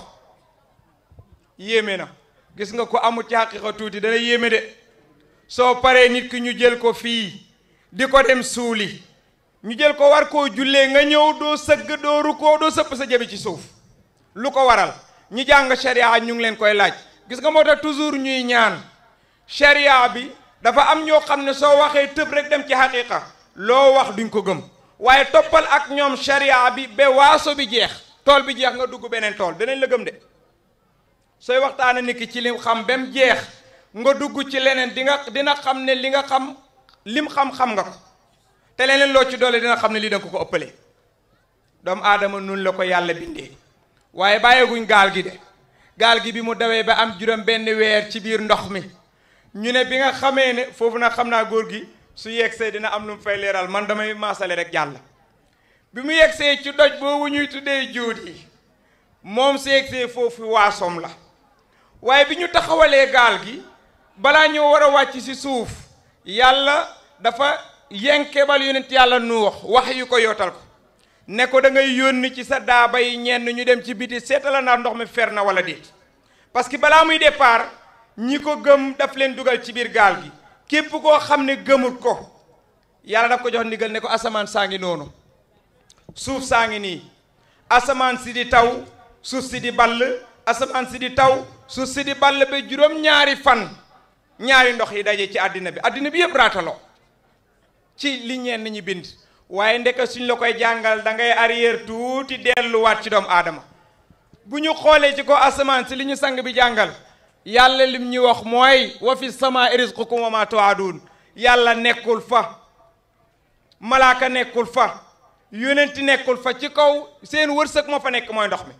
yéeme na gis nga ko amul ci xaqiqa tuuti dana yéeme de soo paree nit ki ñu jël ko fii di ko dem suuli ñu jël ko war koo jullee nga ñëw doo sëgg doo rukkoo doo sëpp sa jabi ci suuf lu ko waral ñi jàng sharia ñu ngi leen koy laaj gis nga moo tax toujours ñuy ñaan sharia bi dafa am ñoo xam ne soo waxee tëb rek dem ci xaqiqa loo wax duñ ko gëm waaye toppal ak ñoom sharia bi ba waaso bi jeex tool bi jeex nga dugg beneen tool danañ la gëm de sooy waxtaana nit ki ci li xam ba jeex nga dugg ci leneen di nga dina xam ne li nga xam lim xam-xam nga ko te leneen loo ci doole dina xam ne lii danga ko ko ëppale doomu aadama nun la ko yàlla bindee waaye bàyyeeguñ gaal gi de gaal gi bi mu dawee ba am juróom benn weer ci biir ndox mi ñu ne bi nga xamee ne foofu nag xam naa góor gi su yegsee dina am lu mu fay leeral man damay maasale rek jàll bi mu yegsee ci doj boobu ñuy tuddee juut yi moom su yegsee foofu waasoom la waaye bi ñu taxawalee gaal gi balaa ñu war a wàcc ci suuf yàlla dafa yenkebal yonent yàlla nu wax wax yu ko yootal ko ne ko da ngay yónni ci sa daaba yi ñenn ñu dem ci biti seetala ndax ndox mi fer na wala déet parce que balaa muy départ ñi ko gëm daf leen dugal ci biir gaal gi képp koo xam ne gëmul ko yàlla daf ko jox ndigal ne ko asamaan saa ngi noonu suuf saa ngi nii asamaan si di taw suuf si di ball asamaan si di taw suuf si di ball ba juróom ñaari fan ñaari ndox yi daje ci àddina bi àddina bi yëpp raataloo ci li ñenn ñi bind waaye ndeka suñ la koy jàngal dangay ngay arrière tuuti delluwaat ci doom aadama bu ñu xoolee ci ko asamaan si li ñu sang bi jàngal yàlla lim ñuy wax mooy wafi sama rizqukum wa ma yàlla nekkul fa malaaka nekkul fa yonenti nekkul fa ci kaw seen wërsëg ma fa nekk mooy ndox mi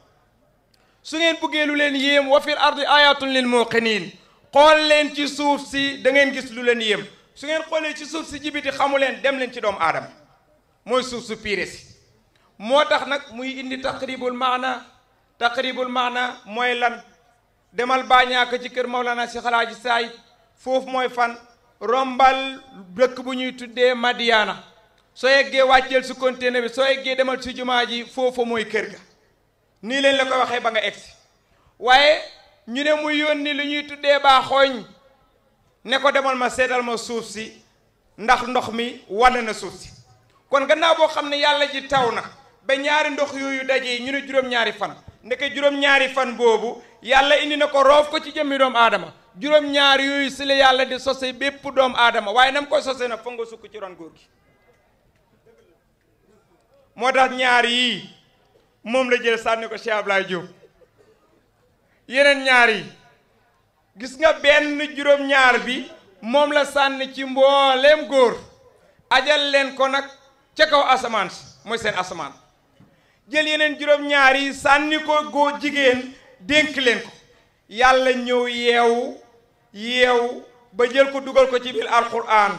su ngeen bëggee lu leen yéem wa fil ardi ayatun lil muqinin xool leen ci suuf si da ngeen gis lu leen yéem su ngeen xoolee ci suuf si jibiti xamu leen dem leen ci doom aadama mooy suuf su piire si moo tax nag muy indi taqribul maana taqribul maana mooy lan demal baañaaka ci kër Mawlana si xalaaji saay foofu mooy fan rombal dëkk bu ñuy tuddee Madiana soo yeggee wàcceel su conteneur bi soo yeggee demal si jumaa ji foofu mooy kër ga nii leen la waxee ba nga egsi waaye ñu ne mu yónni lu ñuy tuddee baa xooñ ne ko demal ma seetal ma suuf si ndax ndox mi wane na suuf si kon gannaaw boo xam ne yàlla ji taw na ba ñaari ndox yooyu daje ñu ne juróom-ñaari fan ndeke juróom-ñaari fan boobu yàlla indi na ko roof ko ci jëmmi doomu aadama juróom-ñaar yooyu si la yàlla di sose bépp doomu aadama waaye nam koy sose na fa nga sukk ci ron góor gi moo tax ñaar yii moom la jël sànni ko Cheikh Ablaye Diop yeneen ñaar gis nga benn juróom-ñaar bi moom la sànni ci mbooleem góor ajal leen ko nag ca kaw asamaan si mooy asamaan jël yeneen juróom-ñaar yi sànni ko góor jigéen dénk leen ko yàlla ñëw yeewu yeewu ba jël ko dugal ko ci biir na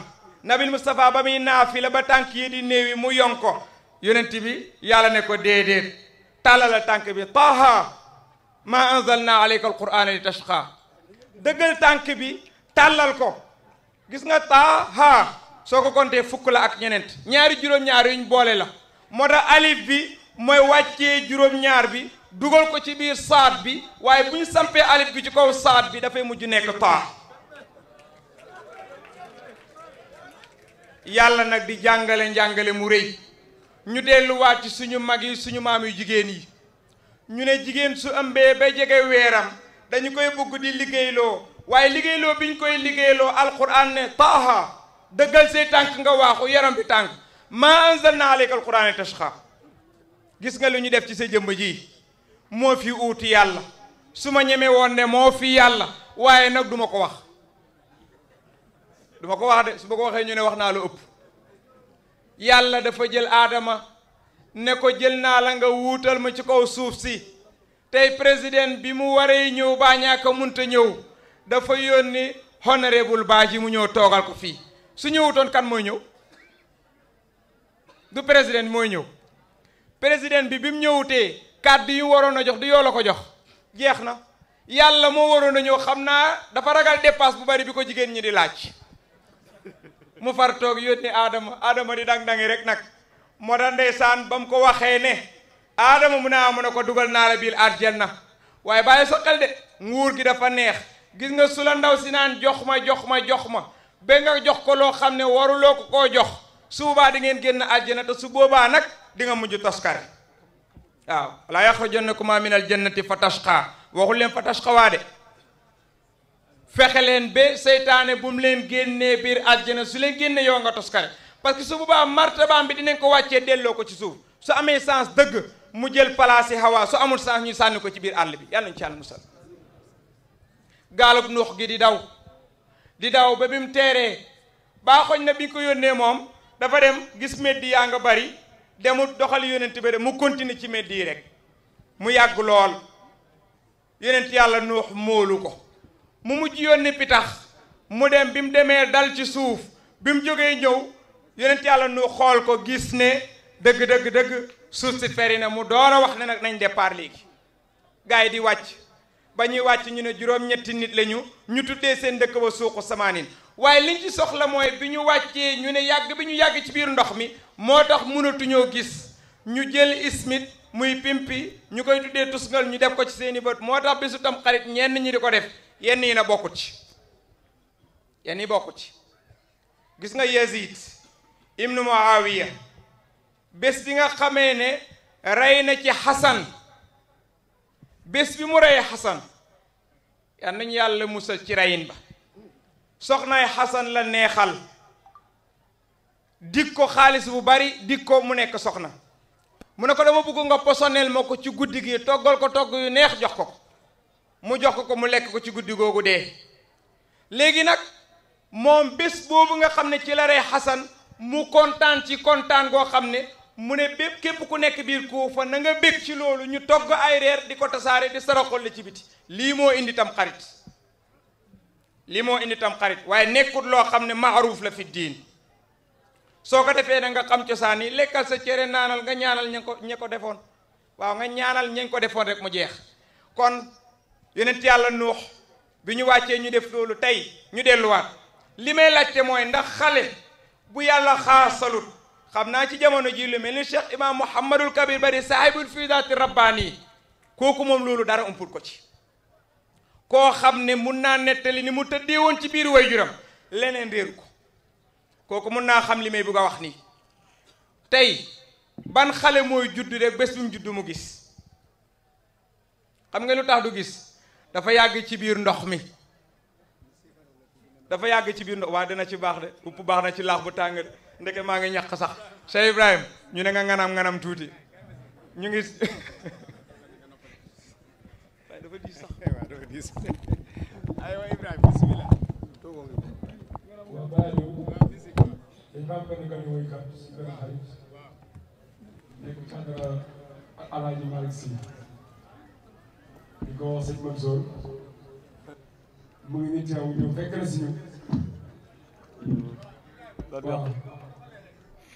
nabil Moustapha ba muy naafila ba tànk yi di néewi mu yonko ko yonent bi yàlla ne ko déedéet tàllal tànk bi taaha ma anzalna alayka alqurana li tashqa dëggal tànk bi tàllal ko gis nga taa haa soo ko kontee fukk la ak ñeneent ñaari juróom-ñaar yuñ boole la moo tax alif bi mooy wàccee juróom-ñaar bi dugal ko ci biir saat bi waaye bu ñu sampee alif bi ci kaw saat bi dafay mujj nekk taa yàlla nag di jàngale jàngale mu réy ñu delluwaat ci suñu mag suñu maam jigéen yi ñu ne jigéen su ëmbee ba jege dañu koy bugg di liggéeyloo waaye liggéeyloo bi ñu koy liggéeyloo alquran ne taaha dëggal say tànk nga waaxu yaram bi tànk maa anzalna aleyka alquraan tashqa gis nga lu ñu def ci sa jëmb ji moo fi uuti yàlla su ma ñeme woon ne moo fi yàlla waaye nag duma ko wax duma ko wax de su ma ko waxee ñu ne wax naa lu ëpp yàlla dafa jël aadama ne ko jël naa la nga wuutal ma ci kaw suuf si tay president bi mu waree ñëw baa ñàkk a munta ñëw dafa yónni honorable Badji mu ko su kan mooy ñëw du president mooy ñëw président bi bi mu ñëwutee kàddu yu dafaragal depas jox du yoo mufarto ko jox Adam na yàlla moo waroon a dafa ragal dépasse bu bari bi ko ñi di mu far Adama Adama di dang dangi rek ko ne aadama mu ne ah ne ko dugal naa la biir aljanna waaye bàyyi sa xel de nguur gi dafa neex gis nga su ndaw si naan jox ma jox ma jox ma ba nga jox ko loo xam ne waruloo ko koo jox su boobaa di ngeen génn aljanna te su boobaa nag di nga mujj toskare waaw laa yaxrajannakumaa min aljannati fa tashqaa waxul leen fa tashqawaa de fexe leen ba seytaane bu leen génnee biir aljana su leen génne yow nga toskare parce que su boobaa martabaam bi dinañ ko wàccee delloo ko ci suuf su amee sens dëgg mu jël palaasi Hawa su amul sax ñu sànni ko ci biir àll bi yàlla ñu ci àll musal gaalug nuux gi di daw di daw ba bi mu teeree baa xoñ na bi ñu ko yónnee moom dafa dem gis meddi yaa nga bari demul doxal yonent bi de mu continuer ci meddi yi rek mu yàgg lool yonent yàlla nuux móolu ko mu mujj yónni pitax mu dem bi mu demee dal ci suuf bi mu jógee ñëw yonent yàlla nuux xool ko gis ne dëgg dëgg dëgg suuf si feri na mu door a wax na nag nañ départ léegi gars yi di wàcc ba ñuy wàcc ñu ne juróom-ñetti nit la ñu ñu tuddee seen dëkk ba sama samaanin waaye liñ ci soxla mooy bi ñu wàccee ñu ne yàgg bi ñu yàgg ci biir ndox mi moo tax mënatuñoo gis ñu jël ismit muy pimpi ñu koy tuddee tusngal ñu def ko ci seen seeni bët moo tax bisu tam xarit ñenn ñi di ko def yenn yi na bokku ci yenn yi bokku ci gis nga Yazid ibnu Muawiya bés bi nga xamee ne rey na ci xasan bés bi mu rey xasan yan nañu yàlla musal ci reyin ba soxnaay xasan la neexal dig ko xaalis bu bari dig ko mu nekk soxna mu ne ko dama bëgg nga posoneel ma ko ci guddi gi toggal ko togg yu neex jox ko ko mu jox ko ko mu lekk ko ci guddi googu dee léegi nag moom bés boobu nga xam ne ci la rey xasan mu kontaan ci kontaan goo xam ne mu ne bépp képp ku nekk biir Kuufa na nga bég ci loolu ñu togg ay reer di ko tasaare di saraxol la ci biti lii moo indi tam xarit lii moo indi tam xarit waaye nekkut loo xam ne maaruuf la fi soo ko defee na nga xam cosaan yi lekkal sa cere naanal nga ñaanal ña ko ña ko defoon waaw nga ñaanal ña ko defoon rek mu jeex kon yonent yàlla nuux bi ñu wàccee ñu def loolu tey ñu delluwaat li may laajte mooy ndax xale bu yàlla xaasalut xam naa ci jamono jii lu mel ni Cheikh Imam Mouhamadul Kabir Bari saahibul fidaati rabbaani kooku moom loolu dara pour ko ci koo xam ne mun naa nettali ni mu tëddee woon ci biir waajuram leneen réeru ko kooku mun naa xam li may bëgg a wax nii tey ban xale mooy judd rek bés bu mu judd mu gis xam nga lu tax du gis dafa yàgg ci biir ndox mi dafa yàgg ci biir ndox waa dina ci baax de upp baax na ci laax bu tàng ndeke maa ngi ñàq sax Cheikh Ibrahim ñu ne nga nganam nganam tuuti ñu ngi waaye Ibrahim bismillah dañ fa benn ngi ni teew fekk na si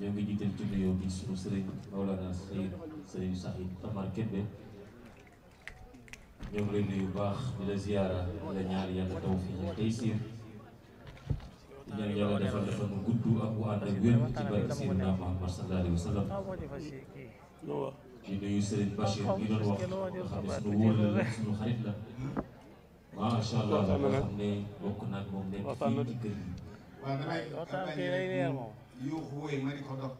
ñoo ngi jiital ci nuyoo bi suñu sëriñ Mawlana Sayyid sëriñ Saxid Tamar Kébé ñoo ngi lay nuyu bu baax di la ziyaara di la ñaan yàlla taw fii ñu tey siir di ñaan yàlla defal defal mu gudd ak bu ànd ak wér ci barke Seydina Muhammad sallallahu alayhi wa sallam di nuyu sëriñ Bachir mi doon wax nga xam ne suñu wóor la suñu xarit la macha allah nga xam ne bokk naag moom nekk fii ci kër gi yuuxu woy ma di ko dog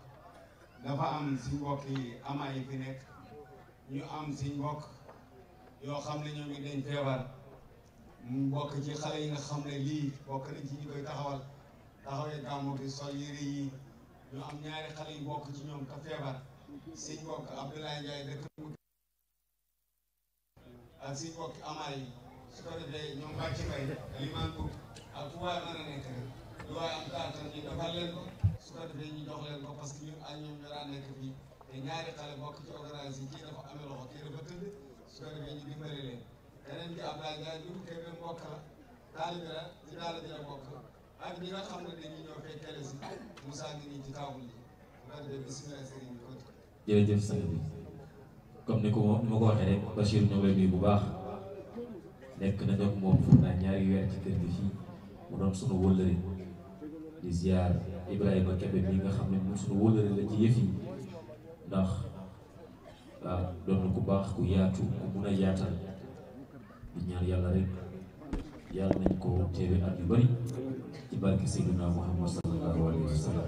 dafa am si mbokk yi ama yi fi nekk ñu am si mbokk yoo xam ne ñoom ngi dañ feebar mu bokk ci xale yi nga xam ne lii bokk nañ ci ñi koy taxawal taxawee gàmmu gi sol yére yi ñu am ñaari xale yu bokk ci ñoom te feebar si mbokk Abdoulaye Ndiaye dëkk ak si mbokk ama su ko defee ñoom bàcc fay limaan bub ak fu waay mën a nekk rek lu am kàttan ñu defal leen su ko defee ñu jox leen ko parce que ñun ak ñoom ñoo daan nekk fii te ñaari xale bokk ci organisé kii dafa amee loxo kii dafa tëdd su ko defee ñu dimbale leen keneen ki Abdoulaye Ndiaye ñu kër benn mbokk la taalibe la ci daal bi la bokk ak ñi nga xam ne dañuy ñëw fekkale si Moussa ngi nii ci table yi su ko defee bisimilah sëriñ bi continué. jërëjëf sang bi comme ni ko ni ma ko waxee rek Bachir ñoo lay nuyu bu baax nekk na ñoom moom foog naa ñaari weer ci kër gi fii mu doon sunu wëllëri di ziar. إبراهيم كابي ميغا خامل موسو وولر التي يفي ناخ دون نكو باخ كو ياتو كو مونا ياتان بنيار يالا ريك يالا نكو تيوي أبي بري تبارك سيدنا محمد صلى الله عليه وسلم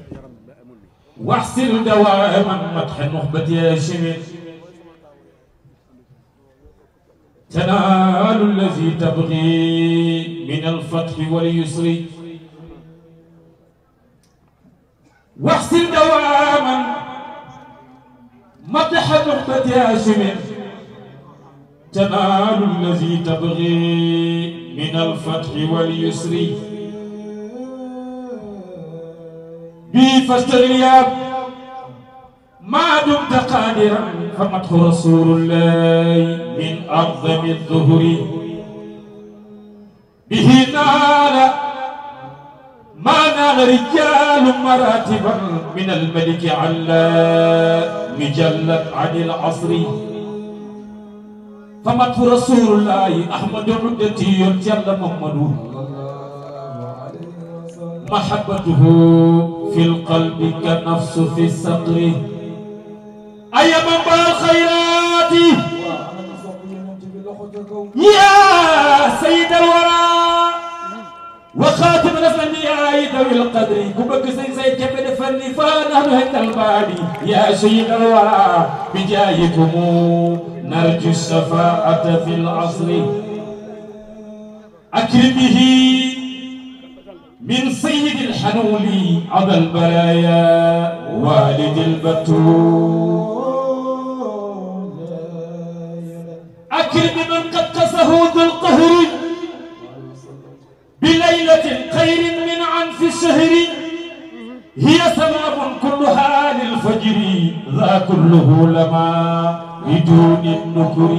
واحسن دوائما مدح محبت يا شمي تنال الذي تبغي من الفتح واليسر واحسن دواما مدح نقطة هاشم تنال الذي تبغي من الفتح واليسر بي فاشتغل يا ما دمت قادرا فمدح رسول الله من أعظم الظهر به نال مانا رجال مراتبا من الملك على مجلد عن العصر فمت رسول الله أحمد عدتي جل محمد محبته في القلب كنفس في الصدر أي من الخيرات يا سيد الورى وخاتم رسل يا ذوي القدر كبك زي زي كبد فني فنحن عند البادي يا سيد الورى بجايكم نرجو الشفاعة في العصر أكرمه من سيد الحنول عبد البرايا والد البتول أكرم بليلة خير من عنف الشهر هي سلام كلها للفجر ذا كله لما بدون النكر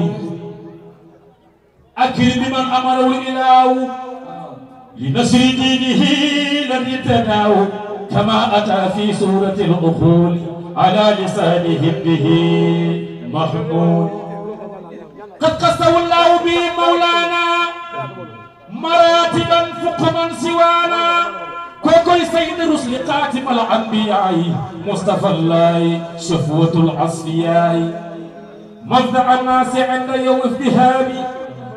أكرم من أمره الإله لنشر دينه لن يتناو كما أتى في سورة الأخول على لسانه به محمود قد قصه الله به مولانا مراتبا فوق من سوانا كوكو سيد رسل قاتم الأنبياء مصطفى الله شفوة العصفياء مفدع الناس عند يوم افتهامي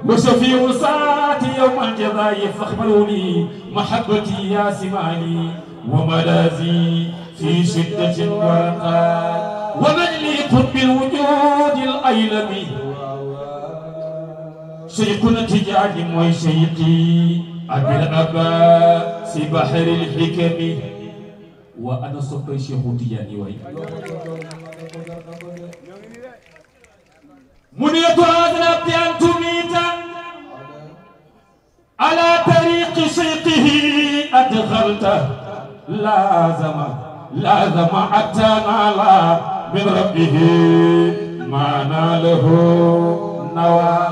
وشفيع ساعة يوم الجزاء فاقبلوني محبتي يا سماني وملاذي في شدة ورقاء ومن لي بالوجود الأيلمي سيكون تجعل موي شيقي أبي الأبا في بحر الحكم وأنا صبي شيخ تجاني وي مني هذا العبد أن تميت على طريق شيقه أدخلته لازم لازم حتى نال من ربه ما ناله نوى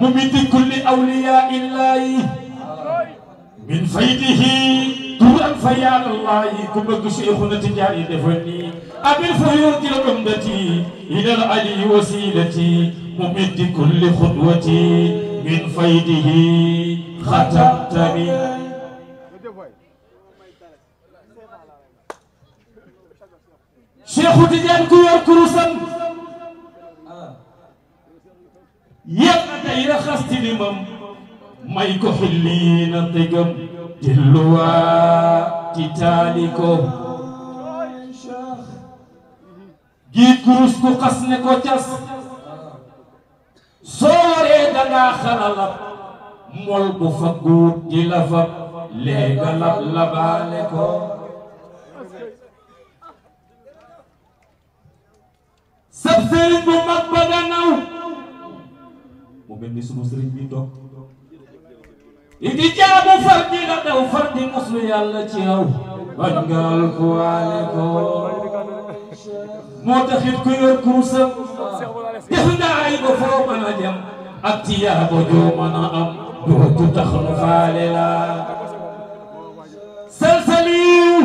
مميت كل أولياء الله من فيده دورا فيا الله كما كشيخنا تجاري دفني أبي الفيوض لقمدتي إلى العلي وسيلتي ممد كل خطوتي من فيده من شيخ تجاري كيور كروسا yàlla day raxas tilimam may ko xilliina tegam delluwaa ci taali ko gii kurus ku xas ne ko cas soo waree dangaa xalalab bu fa guut di la fab léega lab labaale mag ba ومني سنو سرين بي دو إدي جاب فردي لده فردي مصر يالله جاو بنغال فواليكو موتخيط كيور كروسم دخل داعي بفرو من أجم أكتيا بجو من أم دوت تخلف عليلا سلسليو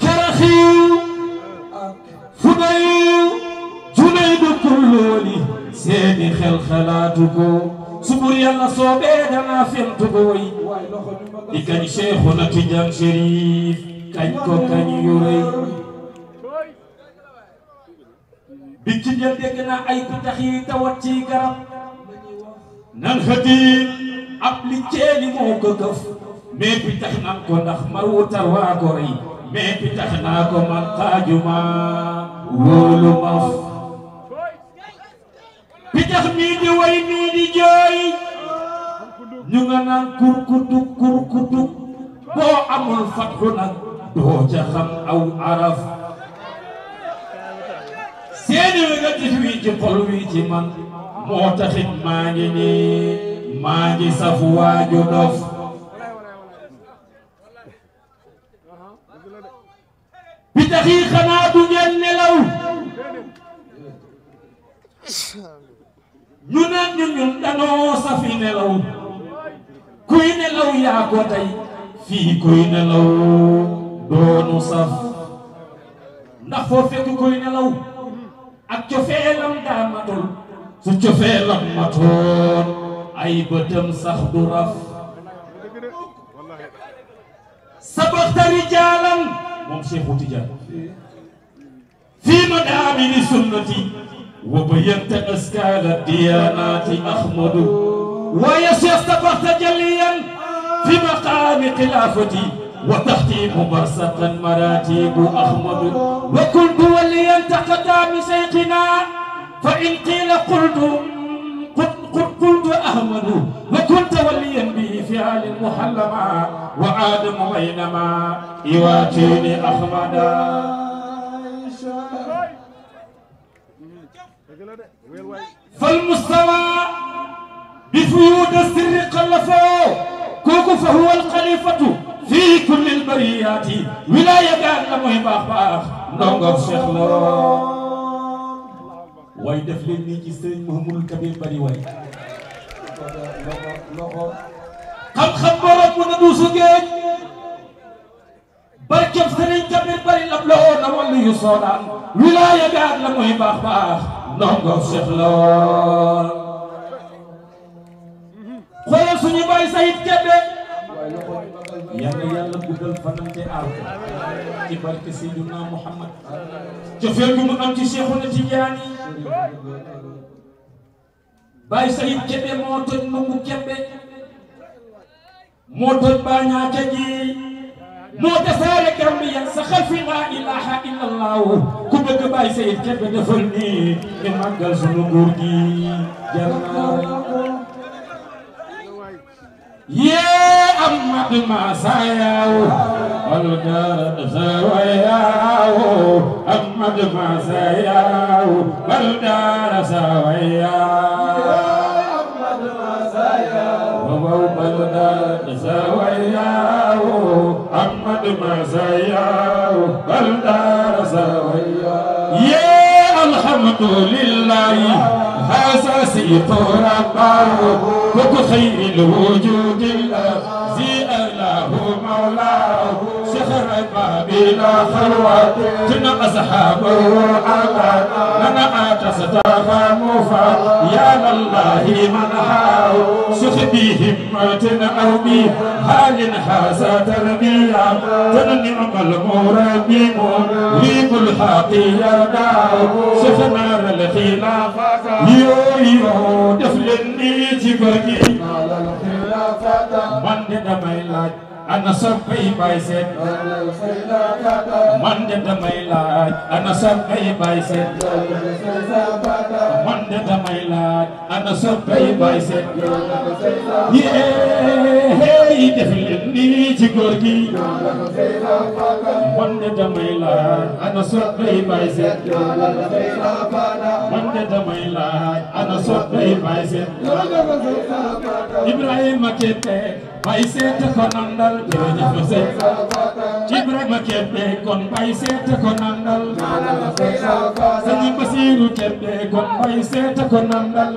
كرخيو فبايو جنيد كل وليه seeni xel xalaatu ko su bur yàlla soobee danaa fentu ko way di kañ Seexuna kañ ko kañ yu bi ci jël dégg naa ay pitax yi tawat nan xëtiin ab li ceeli moo ko këf mais pitax nan ko ndax mar waa ko rëy mais pitax naa ko man xaajuma wóolu maf di tax mii di way mii di jooy kurkutuk kurkutuk boo amul fatxu nag doo ca xam aw araf seeni négatif wi ci xol wi ci man moo taxit maa ngi nii maa ngi saf waaju dof bi taxi xanaa du ngeen nelaw ñu ne ñun ñun danoo safi nelaw kuy nelaw yaa ko tey fii kuy nelaw doonu saf ndax foo fekk kuy nelaw ak cofeelam daa matul su cofeelam matoon ay bëtam sax du raf sabaxtari jaalan moom Seexu Tijaan fii ma daamini sunnati وبينت أسكال الديانات أحمد ويسير تجليا في مقام خلافتي وتختيم مرسقا مراتب أحمد وكنت وليا تقدى بسيقنا فإن قيل قلت قلت أحمد وكنت وليا به محلما وآدم بينما يواتيني أحمدا فالمستوى بفيود السر قلفه كوكو فهو الخليفة في كل البريات ولاية قال نعم، مهم أخبار نوقف شيخ واي داف لي ني كي الكبير بري واي خم خم بارك ونا دوسو گيج كبير بري لبلو نوال يوسو دان ولايه گاد لا موي nongo Cheikh lool xoolal suñu baay Sayid Kebe yal na yàlla guddal fanam te aar ko ci barke Seydina Muhammad cofeel bu mu am ci Cheikhuna Tidiane baay Sayid Kebe moo toj nangu Kebe moo toj baa ñaata ji moo tasaare Gambia saxal fi laa ilaaha illallah ku bëgg Baay Seydi Kébé defal nii di màggal sunu nguur gi jar naa yee Ahmad Massayaw balgar sawayaw Ahmad Massayaw balgar فوق الناس سوياه أحمد ما سياه بل دار سوياه يا الحمد لله هذا سيط رباه كل خير الوجود الذي أله مولاه سخر بابي لا خلوة جن أصحابه أغانا تستغفر مفا يا لله من هاو سخ بهمة أو بهال هذا تربية تنعم المربي ريب الحق يا داو سخ نار الخلافة يو يو دفلني جبكي من دمي لاج ana soppay bay seet man de damay laaj ana soppay bay seet man de damay laaj ana soppay bay seet yéey def leen nii ci góor gi man de damay laaj ana soppay bay seet man de damay laaj ana soppay bay seet Ibrahima Kepe bay seet ko nandal jërëjëf sëñ Ibrahima Kébé kon bay seet ko nandal sëñ Basiru Kébé kon bay seet ko nandal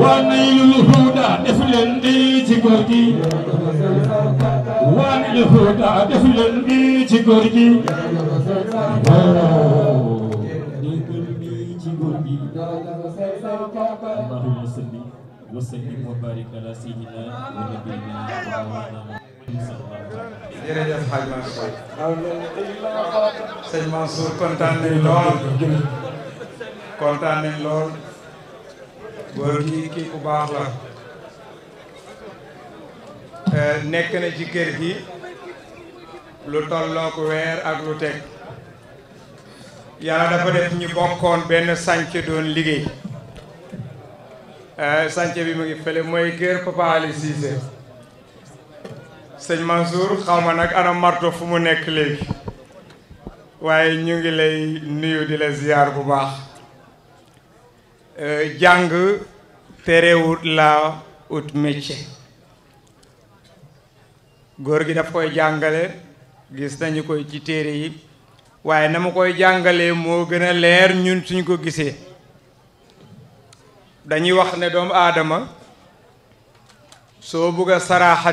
waa naylul huda def leen di ci góor gi waa naylul huda def leen di ci góor gi waaw def leen di ci góor gi وسلم وبارك على سيدنا ونبينا ومولانا lool kontaan lool góor gi kii ku baax la euh, nekk na ci kër gi lu tollook weer ak lu teg yàlla dafa def ñu bokkoon benn sanc doon liggéey Eh, sànce bi mu ngi fële mooy kër Papa Ali Cissé sëñ Mansour xaw nag ana marto fu mu nekk léegi waaye ñu ngi lay nuyu di la ziar bu baax eh, jàng terewut la ut métier góor gi daf koy jàngale gis nañu koy ci téere yi waaye na ma koy jàngalee moo gën a leer ñun suñ ko gisee dañuy wax ne doomu aadama soo bëgg a saraaxa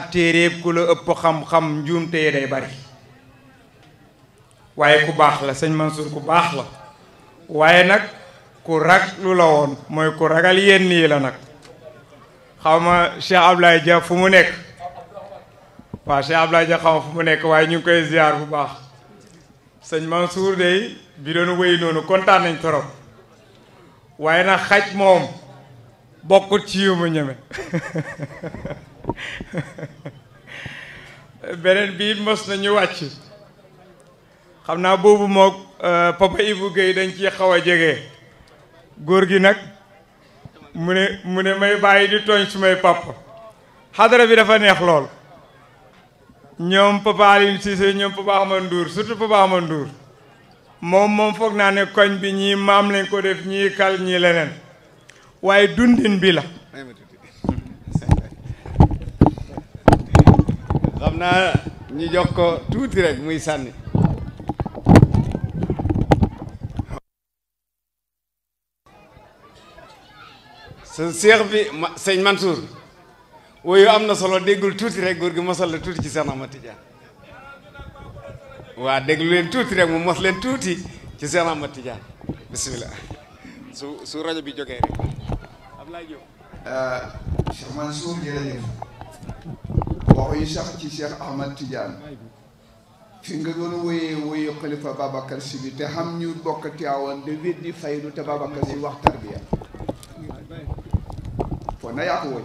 ku la ëpp xam-xam njuumte yi day bari waaye ku baax la sëñ Mansour ku baax la waaye nag ku raglu la woon mooy ku ragal yenn yi la nag xaw ma Cheikh Ablaye Dia fu mu nekk waaw Cheikh Ablaye fu mu nekk waaye ñu ngi koy ziar bu baax sëñ Mansour day bi doon wéy kontaan nañ torop waaye nag xaj moom bokkut ci yu ma ñeme beneen bi it mos nañu wàcc xam naa boobu mook euh, papa Ibou Guèye dañ ci xaw a jege góor gi nag mu ne mu ne may bàyyi di tooñ may papa xadara bi dafa neex lool ñoom papa Alioune Cissé ñoom papa Amane Ndour surtout papa Amane moom moom foog naa ne koñ bi ñii maam lañ ko def ñii kal ñii leneen waaye dundin bi la xam naa ñu jox ko tuuti rek muy sànni sa seex bi sëñ Mansour woyu am na solo déggul tuuti rek góor gi mosal la tuuti ci Seex Ahmad Tijaan waa déglu leen tuuti rek mu mos leen tuuti ci Seex Ahmad Tijaan bismillah su su rajo bi jógee rek Ablaye Diop. Euh, Cheikh Mansour jërëjëf sax ci Cheikh Ahmad Tidiane fi nga doon wooyee wooyee xalifa Babacar Sy bi te xam ñu bokk Tiwaawan de weddi faydu te Babacar Sy wax tarbiya fo na yaa ko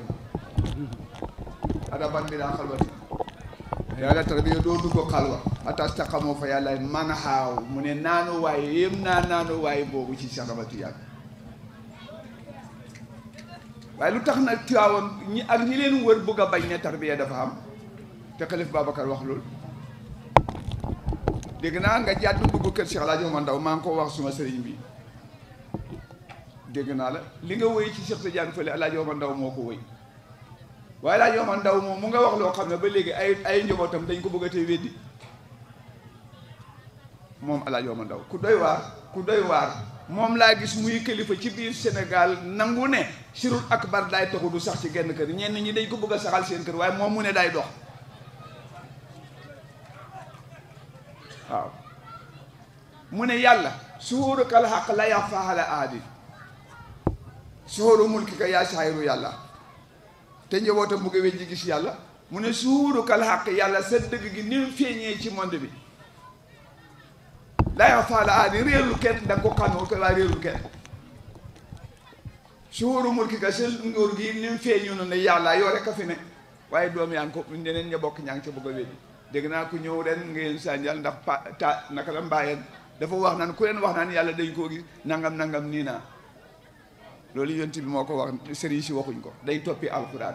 bi daa xalwati yàlla tarbiya doo dugg xalwa atastaqamoo fa yàlla man mu ne naanu waaye yéem naa naanu waaye boobu ci Cheikh Ahmad Tidiane waaye lu tax nag Tiwaawan ñi ak ñi leen wër bugg a bañ ne tarbiya dafa am te xalif Babacar wax loolu dégg naa nga jàdd dugg kër Cheikh El Hadj maa ngi ko wax suma sëriñ bi dégg naa la li nga woy ci Cheikh Tidiane fële El Hadj Omar Ndao moo ko woy waaye moom mu nga wax loo xam ne ba léegi ay ay njabootam dañ ko bëgg a tey weddi moom El Hadj Omar Ndao ku doy waar ku doy waar moom laa gis muy kilifa ci biir senegal nangu ne. sirul akbar daay taxu du sax ci genn kër ñenn ñi dañ ko bëgg a saxal seen kër waaye moom mu ne day dox waaw mu ne yàlla suhóoru kal xaq la yax faaxala aadi suhóoru mulki yaa saayiru yàlla te njabootam mu ngi wej ji yàlla mu ne suhóoru kal xaq yàlla sa dëgg ni mu feeñee ci monde bi la yax faaxala aadi réerul kenn da nga ko xamul ko waaye réerul kenn suhuru mulkika seen nguur gi ni mu feeñu ne yàlla yoo rek a fi ne waaye doom yaa ngi ko ñeneen ña bokk ñaa ngi ca bëgg a weddi dégg naa ku ñëw ren ngeen sànjal ndax pa ta naka la mbaayeen dafa wax naan ku leen wax naan yàlla dañ koo gis nangam nangam nii naa loolu yonent bi moo ko wax sëriñ si waxuñ ko day toppi alxuraan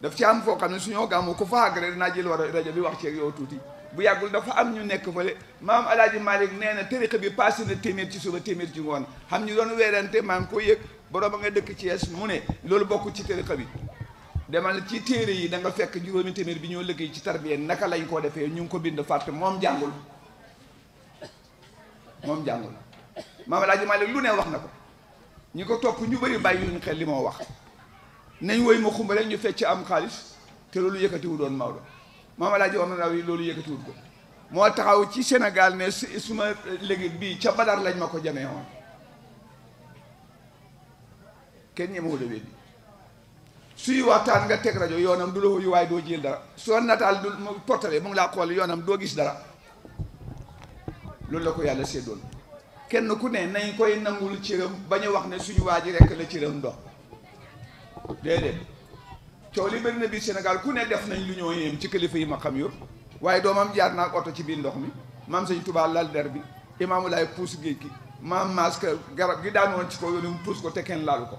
daf ci am foo xam ne suñoo gàmmu ko fa àgg rek naa jël war rajo bi wax ci yow tuuti bu yàggul dafa am ñu nekk fële maam El Hadj Malick nee na tariqa bi passé na téeméer ci suba téeméer ci ngoon xam ñu doon weerante maa ngi ko yëg. borom a nga dëkk Thiès mu ne loolu bokk ci tariqa bi demal ci téere yi da nga fekk juróomi téeméer bi ñoo liggéey ci tarbiya naka lañ koo defee ñu ngi ko bind fàtte moom jàngul moom jàngul maam Alaaji lu ne wax na ko ñi ko topp ñu bëri bàyyi ñu xel li moo wax nañ woy ma xumba rek ñu fecc am xaalis te loolu yëkkatiwu doon Maodo maam Alaaji Omar yi loolu yëkkatiwul ko moo taxaw ci Sénégal ne suma euh, léegi bii ca Badar lañ ma ko jamee woon kenn ñemewu la weddi suy waxtaan nga teg rajo yoonam du la wuyu waaye doo jël dara soo nataal du portale mu ngi laa xool yoonam doo gis dara loolu la ko yàlla séddoon kenn ku ne nañ koy nangul cëram bañ wax ne suñu waa ji rekk la cëram dox déedéet coow li bëri na biir Sénégal ku ne def nañ lu ñoo yem ci kilifa yi ma xam yëpp waaye doomam jaar naa oto ci biir ndox mi maam sëñ Tuubaa lal der bi imaamulaay puus géej gi maam maas garab gi daan woon ci ko yoonu puus ko te kenn laalu ko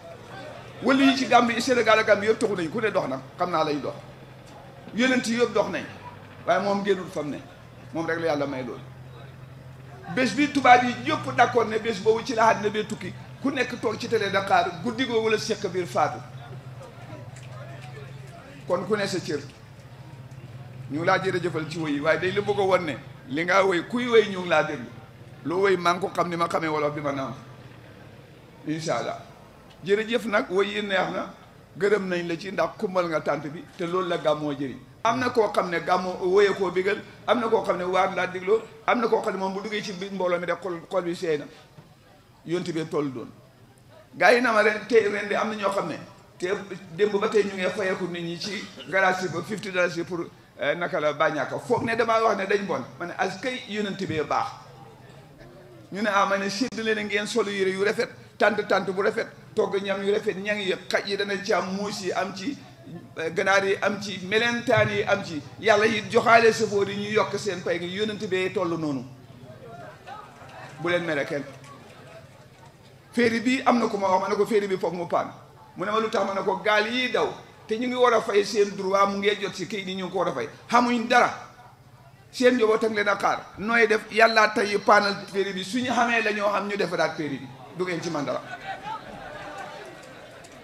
wala yi ci Gàmbi Sénégal ak Gàmbi yëpp taxu nañ ku ne dox na xam naa lay dox yonent yëpp dox nañ waaye moom génnul fam ne moom rek la yàlla may loolu bés bi tubaab yi yëpp d'accord ne bés boobu ci la àddina bee tukki ku nekk toog ci télé Dakar guddi googu la sekk biir faatu kon ku ne sa cër ñu laa jërëjëfal ci woy yi waaye day la bëgg won ne li nga woy kuy woy ñu ngi laa déglu loo woy maa xam ni ma xamee wolof bi ma naan incha allah jërëjëf nag way yi neex na gërëm nañ la ci ndax kumbal nga tànt bi te loolu la gàmmoo jëriñ am na koo xam ne gàmmoo wóye koo bigal am na koo xam ne waar laa digloo am na koo xam ne moom bu duggee ci biir mbooloo mi rek xol xol bi seey na yonti bee toll doon gars yi na ma ren te ren de am na ñoo xam ne te démb ba tey ñu ngee fayeeku nit ñi ci garage ba fifty dollars pour eh, naka la bàññaaka foog ne damaa wax ne dañ bon ma ne as kay yonent bee baax ñu ne ah ma ne séddale na ngeen yére yu rafet tant tant bu rafet togg ñam yu rafet ña ngi xaj yi dana ci am muus yi am ci eh, ganaar yi am ci melentaan yi am ci yàlla yi joxaale sëfoor yi ñu yokk seen pay gi yónnante bee toll noonu bu leen mere kenn féeri bi am na ko ma wax ma ne ko féeri bi foofu mu paan mu ne ma lu tax ma ne ko gaal yii daw te ñu ngi war a fay seen droit mu ngee jot ci kii ni ñu ngi ko war a fay xamuñ dara seen njaboot ak leen a xaar nooy def yàllaa tey paanal féeri bi suñu xamee la ñoo xam ñu defaraat féeri ci man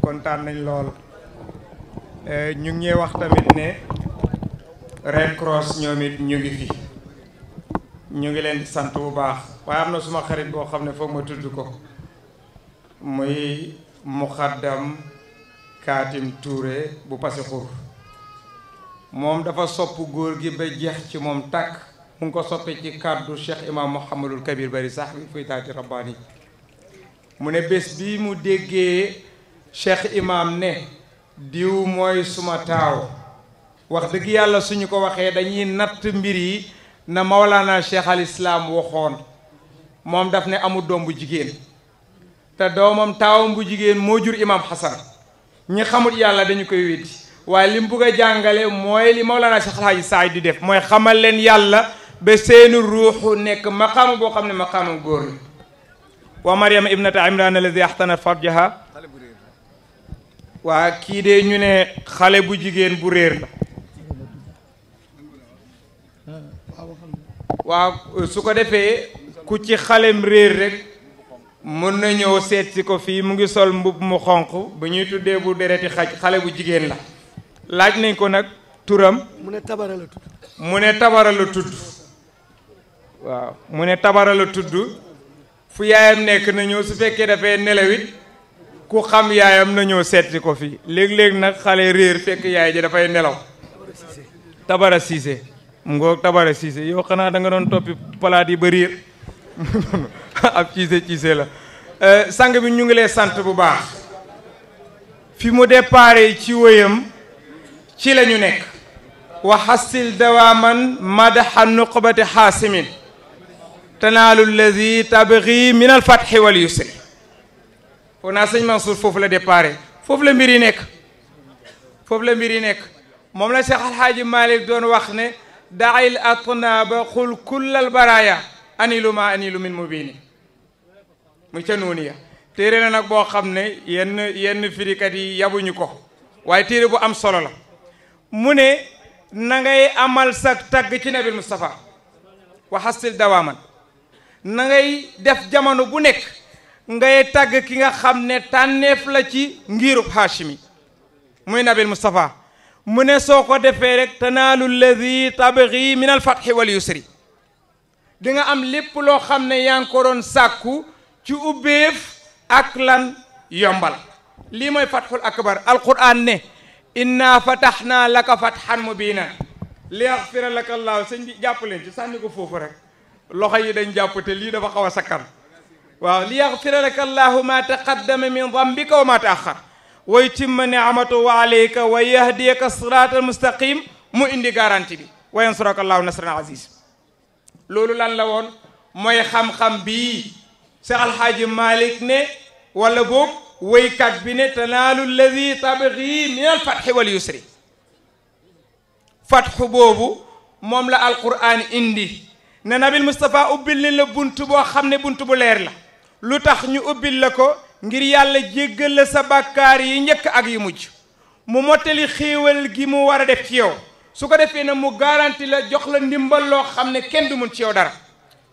kontaan nañ lool eh, ñu ngi wax tamit ne Red Cross ñoom it ñu ngi fi ñu ngi leen sant bu baax waaye am na suma xarit boo xam ne foog ma tudd ko muy muxaddam kaatim Touré bu pase xur moom dafa sopp góor gi ba jeex ci moom tàkk mu ngi ko soppee ci kàddu Cheikh Imam Mouhamadul Kabir Bari sax bi fuy taati rabbaani mu ne bés bi mu déggee cheikh imam ne diw moy suma taaw wax dëgg yàlla suñu ko waxee dañuy natt mbir na mawlaana cheikh al islam waxoon mom daf ne amul doom bu jigéen te doomam taawam bu jigéen jur imam Hassan ñi xamul yàlla dañu koy weddi waaye li mu bugg a jàngale mooy li mawlaana cheikh alhaji saay di def mooy xamal leen yàlla ba seeni ruuxu nekk maqaama boo xam ne góor wa mariama ibnata imran alladi axtana farjaha waa kii de ñu ne xale bu jigéen bu réer la waaw su ko defee ku ci xalem réer rek mën na ñëw seet si ko fii mu ngi sol mbubb mu xonq bu ñuy tuddee bu dereti xaj xale bu jigéen la laaj nañ ko nag turam mu ne tabara la tudd mu ne tabara la tudd ne tabara la fu yaayam nekk na ñëw su fekkee dafay nelawit ku xam yaayam na ñëw seet ko fi leg leg nak xale réer fekk yaay ji da fay nelaw tabara siise ngok tabara siise yo xana da nga don topi palaat yi ba réer ab ciise ciise la euh sang bi ñu ngi lay sante bu baax fi mu déparé ci wéyam ci lañu nek nekk wa xasil dawaaman madaxa nuqbat xaasimin tanaalu lazi tabri min alfatxi wal yusri foog naa sëñ Mansour foofu la déparé foofu la mbir yi nekk foofu la mbir yi nekk moom la Cheikh Alhaaji Malick doon wax ne daayil atnaaba xul kullal baraaya anilu ma anilu min mubini mu ca noonu ya téere la nag boo xam ne yenn yenn firikat yi yabuñu ko waaye téere bu am solo la mu ne na ngay amal sa tagg ci nabil Moustapha waxasil dawaaman na ngay def jamono bu nekk ngay tag ki nga xamne tanef la ci ngirub hashimi muy nabil mustafa mune soko defé rek tanaalu ladhi tabghi min al fath wal yusri di nga am lépp lo xamne yang ko doon sàkku ci ubbeef ak lan yombal li moy fathul akbar al qur'an ne inna fatahna laka fathan mubina li yaxfira laka allah sëñ bi jàpp ci sànni ko fofu rek loxay yi dañ jàpp te lii dafa xawa sakkar وليغفر لك الله ما تقدم من ذنبك وما تأخر ويتم نعمته عليك ويهديك الصراط المستقيم مو اندي غارانتي بي وينصرك الله نصرا عزيز لولو لان لون موي خام خام بي شيخ الحاج مالك ني ولا بوك وي بي ني تنال الذي تبغي من الفتح واليسري فتح بوبو موم لا القران اندي نبي المصطفى اوبل لي بونتو بو لير لا lu tax ñu ubbil la ko ngir yàlla jéggal la sa bàkkaar yi njëkk ak yu mujj mu mottali xéewal gi mu war a def ci yow su ko defee na mu garanti la jox la ndimbal loo xam ne kenn du mun ci yow dara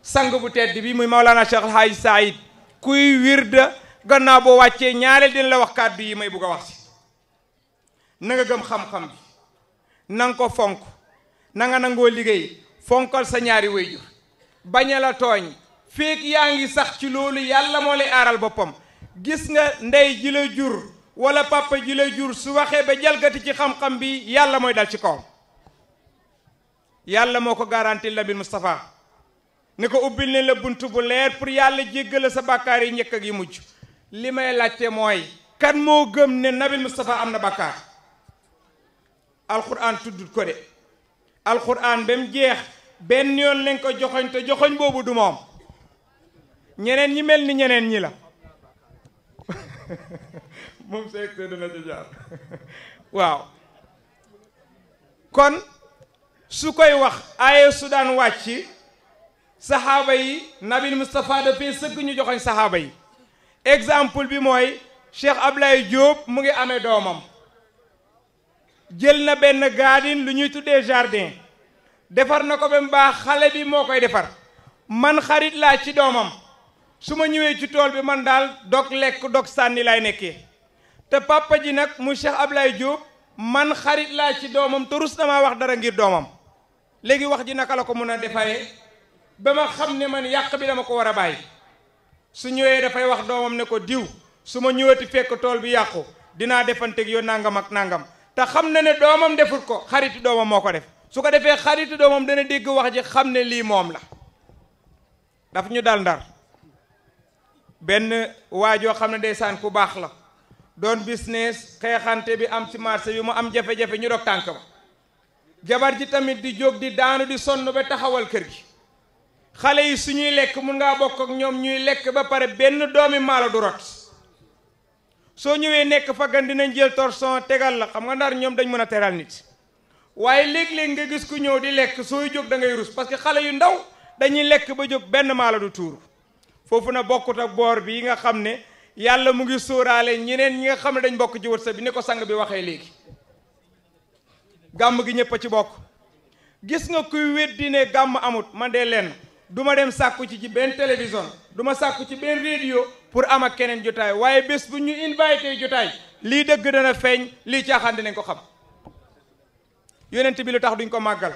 sang bu tedd bi muy Maolana Cheikh El Hadj kuy kuy da gannaaw boo wàccee ñaareel dina la wax kàddu yi may bugg a wax si na nga gëm xam-xam bi na ko fonk nanga nangoo liggéey fonkal sa ñaari wayjur bañ a la tooñ féeg yaa ngi sax ci loolu yàlla moo lay aaral boppam gis nga ndey jila jur wala papa jila jur su waxee ba jalgati ci xam-xam bi yàlla mooy dal ci kawam yàlla moo ko garanti Nabi Moustapha ne ko ubbil ne la bunt bu leer pour yàlla jéggale sa bàkkaar yi njëkk ak yi mujj li may laajte mooy kan moo gëm ne Nabi Moustapha am na bàkkaar alxuraan tuddut ko de alxuraan ba mu jeex benn yoon lañ ko joxoñ te joxoñ boobu du moom ñeneen ñi mel ni ñeneen ñi la moom secteur dina ci jaar waaw kon su koy wax aaye su daan wàcc saxaaba yi nabil Moustapha dafay sëgg ñu joxoñ saxaaba yi exemple bi mooy Cheikh Ablaye Diop mu ngi amee doomam jël na benn gaadin lu ñuy tuddee jardin defar na ko ba mu baax xale bi moo koy defar man xarit laa ci doomam suma ñëwé ci tool bi man dal dok lek dok sanni lay nekké té papa ji nak mu Cheikh Ablaye Diop man xarit la ci domam te rus dama wax dara ngir domam légui wax ji nak la ko mëna défayé bama xamné ma man yaq bi dama ko wara bay su ñëwé da fay wax domam né ko diw suma ñëwati fekk tool bi dina défanté ak yo nangam ak nangam té xamné né ne défur ko xarit domam moko def su ko défé xarit domam dana dégg wax ji xamné li mom la daf ñu dal ndar benn waajoo xam ne ndeysaan ku baax la doon business xeexante bi am ci marché bi mu am jafe-jafe ñu dog tànk ba jabar ji tamit di jóg di daanu di sonn ba taxawal kër gi xale yi su ñuy lekk mën ngaa bokk ak ñoom ñuy lekk ba pare benn doomi maalo du rot soo ñëwee nekk faggan dinañ jël torsion tegal la xam nga ndar ñoom dañ mën a teral nit waaye léeg-léeg nga gis ku ñëw di lekk sooy jóg da ngay rus parce que xale yu ndaw dañuy lekk ba jóg benn maalo du tuuru foofu na bokkut ak boor bi nga xam ne yàlla mu ngi sóoraale ñeneen ñi nga xam ne dañ bokk ci wërsëg bi ni ko sang bi waxee léegi gàmm gi ñëpp a ci bokk gis nga kuy weddi ne gàmm amut man de lenn duma dem sàkku ci ci benn télévision du ma sàkku ci benn rédio pour am keneen jotaay waaye bés bu ñu invité jotaay lii dëgg dana feeñ lii caaxaan dinañ ko xam yonent bi lu tax duñ ko màggal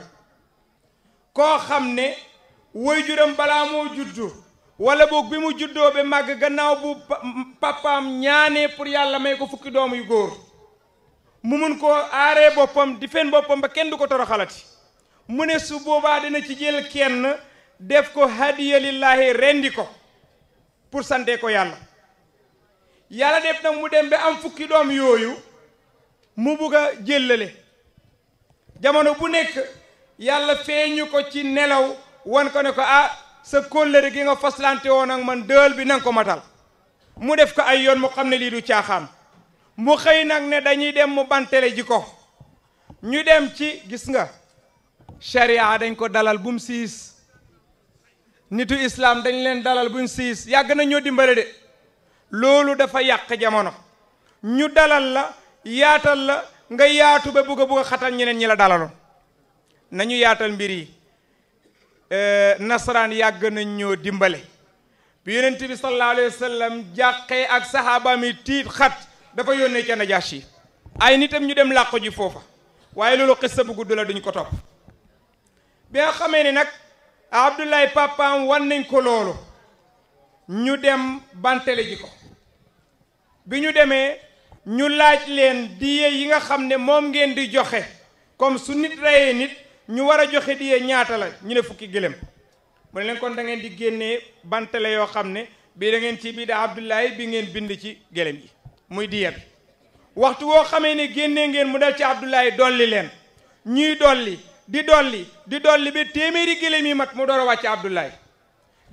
koo xam ne waajuram balaa moo juddu wala boog bi mu juddoo ba màgg gannaaw bu papaam ñaanee pour yàlla may ko fukki doom yu góor mu mun koo aaree boppam di fen boppam ba kenn du ko toroxalati mu ne su boobaa dina ci jël kenn def ko hadiya lillahi rendi ko pour sante ko yàlla yàlla def nag mu dem ba am fukki doom yooyu mu bugg a jëllale jamono bu nekk yàlla feeñu ko ci nelaw wan ko ne ko ah sa kóllëre gi nga faslante woon man dël bi nanga ko matal mu def ko ay yoon mu xam ne lii du caaxaan mu xëy nag ne dañuy dem mu bantele ji ko ñu dem ci gis nga sharia dañ ko dalal bum siis nitu islam dañ leen dalal buñ siis yàgg na ñoo dimbale de loolu dafa yàq jamono ñu dalal la yaatal la nga yaatu ba bugg a xatal ñeneen ñi la dalaloon nañu yaatal mbir yi Eh, nasaraan yàgg nañ ñoo dimbale bi yonent bi sallallahu alayhi wa jàqee ak saxaabaam yi tiit xat dafa yónnee ca yi ay nitam ñu dem làqu ji foofa waaye loolu xissa bu gudd la duñ ko topp bi nga xamee ni nag Abdoulaye papaam wan nañ ko loolu ñu dem bantale ji ko bi ñu demee ñu laaj leen diye yi nga xam ne moom ngeen di joxe comme su nit reyee nit ñu war a joxe diye ñaata la ñu ne fukki gëlëm mu ne leen kon dangeen di génnee bantale yoo xam ne bii da ngeen ci bii da Abdoulaye bi ngeen bind ci gëlëm yi muy diye bi waxtu woo xamee ne génne ngeen mu dal ci Abdoulaye dolli leen ñuy dolli di dolli di dolli ba téeméeri gëlëm yi mag mu door a wàcc Abdoulaye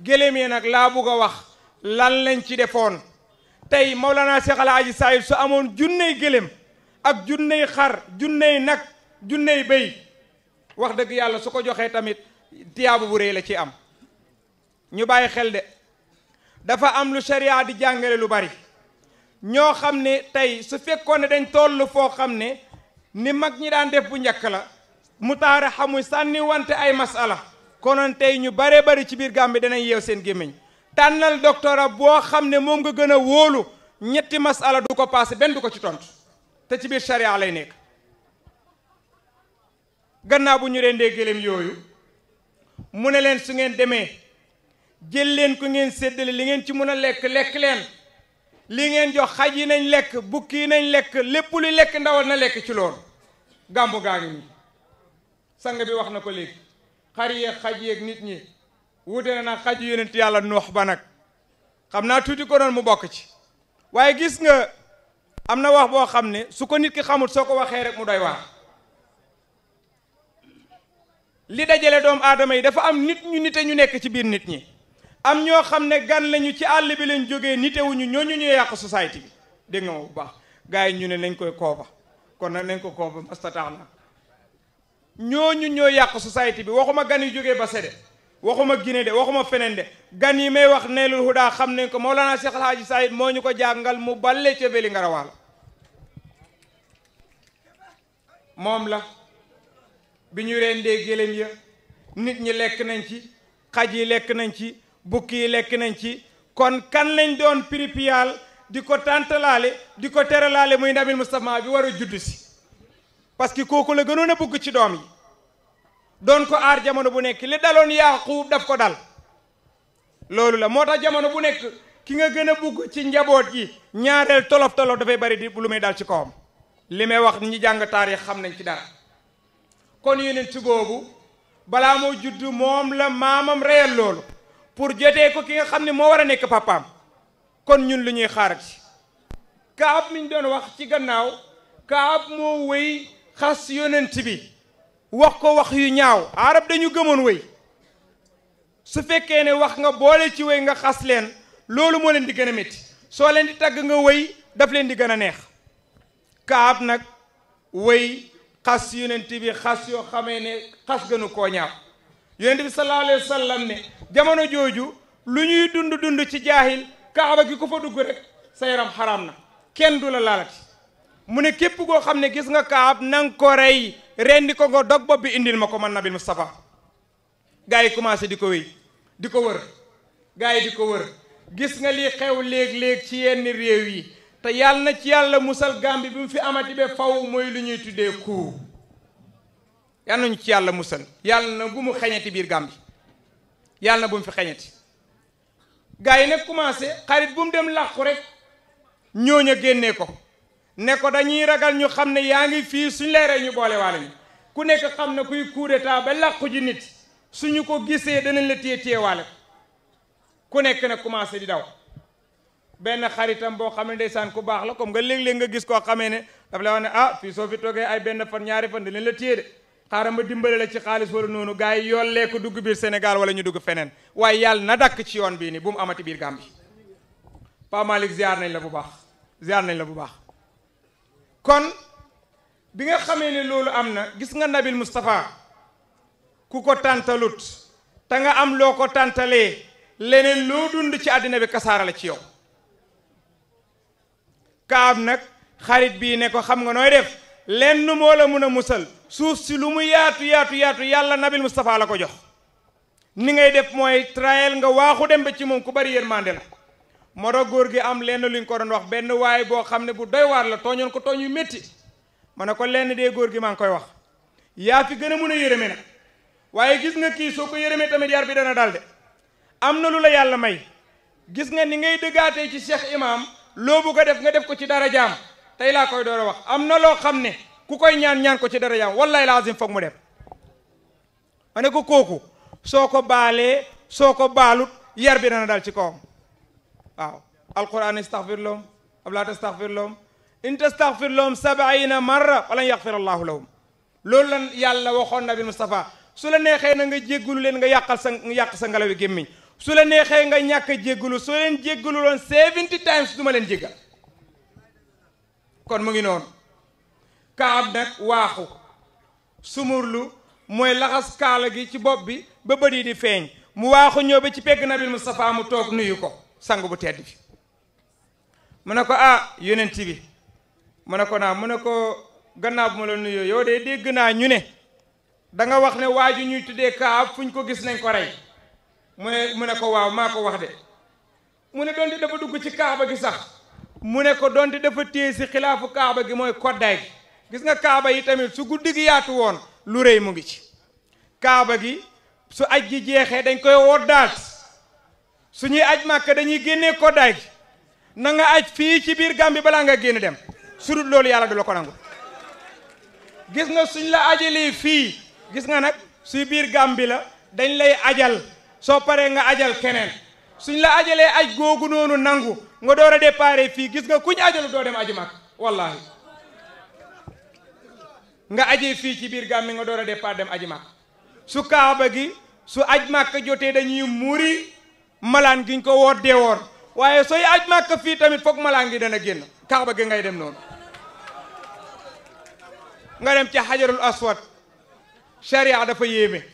gëlëm yi nag laa bugg a wax lan lañ ci defoon tey Maulana Cheikh El Hadji Sahir su amoon junney gëlëm ak junney xar junney nag junney béy wax dëgg yàlla su ko joxee tamit tiyaabu bu réy la ci am ñu bàyyi xel de dafa am lu sharia di jàngale lu bari ñoo xam ne tey su fekkoon ne dañ toll foo xam ne ni mag ñi daan def bu njëkk la mu taara xamuy sànni wante ay masala konoon tey ñu baree bari ci biir Gàmbi danañ yeew seen gémmiñ tànnal doctorat boo xam ne moom nga gën a wóolu ñetti masala du ko passé benn du ko ci tontu te ci biir sharia lay nekk gannaaw bu ñu rendee gëléem yooyu mu ne leen su ngeen demee jël leen ku ngeen séddale li ngeen ci mën a lekk lekk leen li ngeen jox xaj yi nañ lekk bukki yi nañ lekk lépp lu lekk ndawal na lekk ci loolu gàmbu gaa ngi nii sang bi wax na ko léegi xar yeeg xaj yeeg nit ñi wuute na nag xaj yonent yàlla wax ba nag xam naa tuuti ko noonu mu bokk ci waaye gis nga am na wax boo xam ne su ko nit ki xamul soo ko waxee rek mu doy waar li dajale doomu aadama yi dafa am nit ñu nit ñu nekk ci biir nit ñi am ñoo xam ne gan lañu ci àll bi lañ jógee nitewuñu ñooñu ñuy yàq société bi dégg nga ma bu baax gars yi ñu ne nañ koy kooba kon nag nañ ko kooba masta tax na ñooñu ñooy yàq société bi waxuma gan yu jógee ba sede waxuma gine de waxuma feneen de gan yi may wax neelul daa xam nañ ko Mawlana Cheikh El Hadji Saïd moo ñu ko jàngal mu balle cobeli ngarawaal moom la bi ñu rendee gélém ya nit ñi lekk nañ ci xaj yi lekk nañ ci bukki yi lekk nañ ci kon kan lañ doon piripiyaal di ko tàntalaale di ko teralaale muy nabil Mustafa bi war a judd si parce que kooku la gënoon a bëgg ci doom yi doon ko aar jamono bu nekk li daloon Yaaqub daf ko dal loolu la moo tax jamono bu nekk ki nga gën a bëgg ci njaboot yi ñaareel tolof tolof dafay bari di lu muy dal ci kawam li may wax ñi jàng taarix xam nañ ci dara kon yonent boobu balaa moo judd moom la maamam reyal loolu pour jotee ko ki nga xam ni moo war a nekk papaam kon ñun lu ñuy xaarat ci kaab mi ñu doon wax ci gannaaw kaab moo wéy xas yonent bi wax ko wax yu ñaaw arab dañu gëmoon wéy su fekkee ne wax nga boole ci wéy nga xas leen loolu moo leen di gën a métti soo leen di tagg nga wéy daf leen di gën a neex kaab nag wéy xas yonent bi xas yoo xamee ne xas gënu koo ñaaw yonent bi sallallahu alayhi wa sallam ne jamono jooju lu ñuy dund dund ci jaahil kaaba gi ku fa dugg rek sa yaram na kenn du la laalati mu ne képp koo xam ne gis nga kaab nang ko rey rendi ko nga dog bopp bi indil ma ko man nabil Mustafa gars yi commencé di ko wéy di ko wër gars yi di ko wër gis nga lii xew léeg-léeg ci yenn réew yi te yàlla na ci yàlla musal Gàmbi bi mu fi amati ba faw mooy lu ñuy tuddee coup yàlla nañu ci yàlla musal yàlla na bu mu xeñati biir Gàmbi yàlla na bu mu fi xeñati gars yi nag commencé xarit bu mu dem làqu rek ñooñu génnee ko ne dañuy ragal ñu xam ne yaa ngi fii suñ leeree ñu boole waale ñu ku nekk xam ne kuy coup d'état ba làqu ji nit ñu ko gisee danañ la téye téyewaale ko ku nekk na commencé di daw benn xaritam boo xam ne ndeysaan ku baax la comme nga léeg-léeg nga gis koo xamee ne daf lay wax ne ah, soo fi toogee benn fan ñaari fan dinañ la téye de xaaral ma dimbale la ci xaalis wala noonu gars yi yollee ko dugg biir Sénégal wala ñu dugg feneen waaye yàlla na dakk ci yoon bii ni bu mu amati biir Gàmbi Pa Malick nañ la bu baax ziar nañ la bu baax kon bi nga xamee ne loolu am na gis nga Nabil Moustapha ku ko tàntalut te nga am loo ko tàntalee leneen loo dund ci àddina bi kasaara la ci yow kaab nag xarit bii ne ko xam nga nooy def lenn moo la mun a musal suuf si lu mu yaatu yaatu yaatu yàlla nabil Moustapha la ko jox ni ngay def moo trayel nga waaxu dem ba ci moom ku bari yërmande la moo tax góor gi am lenn luñ ko doon wax benn waaye boo xam ne bu doy waar la tooñoon ko tooñ yu métti ma ne ko lenn dee góor gi maa ngi koy wax yaa fi gën a mun a yërëme nag waaye gis nga kii soo ko yërëmee tamit yar bi dana dal am na lu la yàlla may gis nga loobu bugg def nga def ko ci dara jaam tey laa koy door a wax am na loo xam ne ku koy ñaan ñaan ko ci dara jaam wallahi laazim foog mu dem ma ne ko kooku soo ko baalee soo ko baalut yarbi na dana dal ci kawam waaw alquran istaghfir lahum aw laa tastaghfir lahum in tastaghfir lahum sabaina marra walan yaghfir allahu lahum loolu la yàlla waxoon nabi Mustafa su la neexee na nga jéggalu leen nga yàqal sa yàq sa ngelaw gémmiñ su la neexee nga ñàkk a soo leen jéggalu loon seventy times du ma leen jéggal kon mu ngi noonu kaab nag waaxu sumurlu mooy laxas kaala gi ci bopp bi ba bët yi di feeñ mu waaxu ñëw ba ci pegg nabil Moustapha mu toog nuyu ko sang bu tedd bi mu ne ko ah yonent bi mu ne ko naa mu ne ko gannaaw bu ma la nuyoo yow de dégg naa ñu ne danga wax ne waa ju ñuy tuddee kaab fu ñu ko gis nañ ko rey mu ne mu ne ko waaw maa ko wax de mu ne donte dafa dugg ci kaaba gi sax mu ne ko donte dafa téye si xilaafu kaaba gi mooy koddaay gi gis nga kaaba yi tamit su guddi gi yaatu woon lu rëy mu ngi ci kaaba gi su aj gi jeexee dañ koy woddaat su ñuy aj màkk dañuy génnee koddaay gi na nga aj fii ci biir Gàmbi balaa nga génn dem su dul loolu yàlla du la ko nangu gis nga suñ la ajalee fii gis nga nag suy biir Gàmbi la dañ lay ajal so pare nga adjal kenen suñ la adjalé aj gogu nonu nangu nga doora déparé fi gis nga kuñ ajalu do dem aji mag wallahi nga adjé fi ci bir gàmmi nga doora dem aji su kaaba gi su aj màkk dañuy muri malan giñ ko wor dé wor waye sooy aj màkk fii tamit fokk malan gi dana genn kaaba gi ngay dem non nga dem ci hajarul aswad sharia dafa yéeme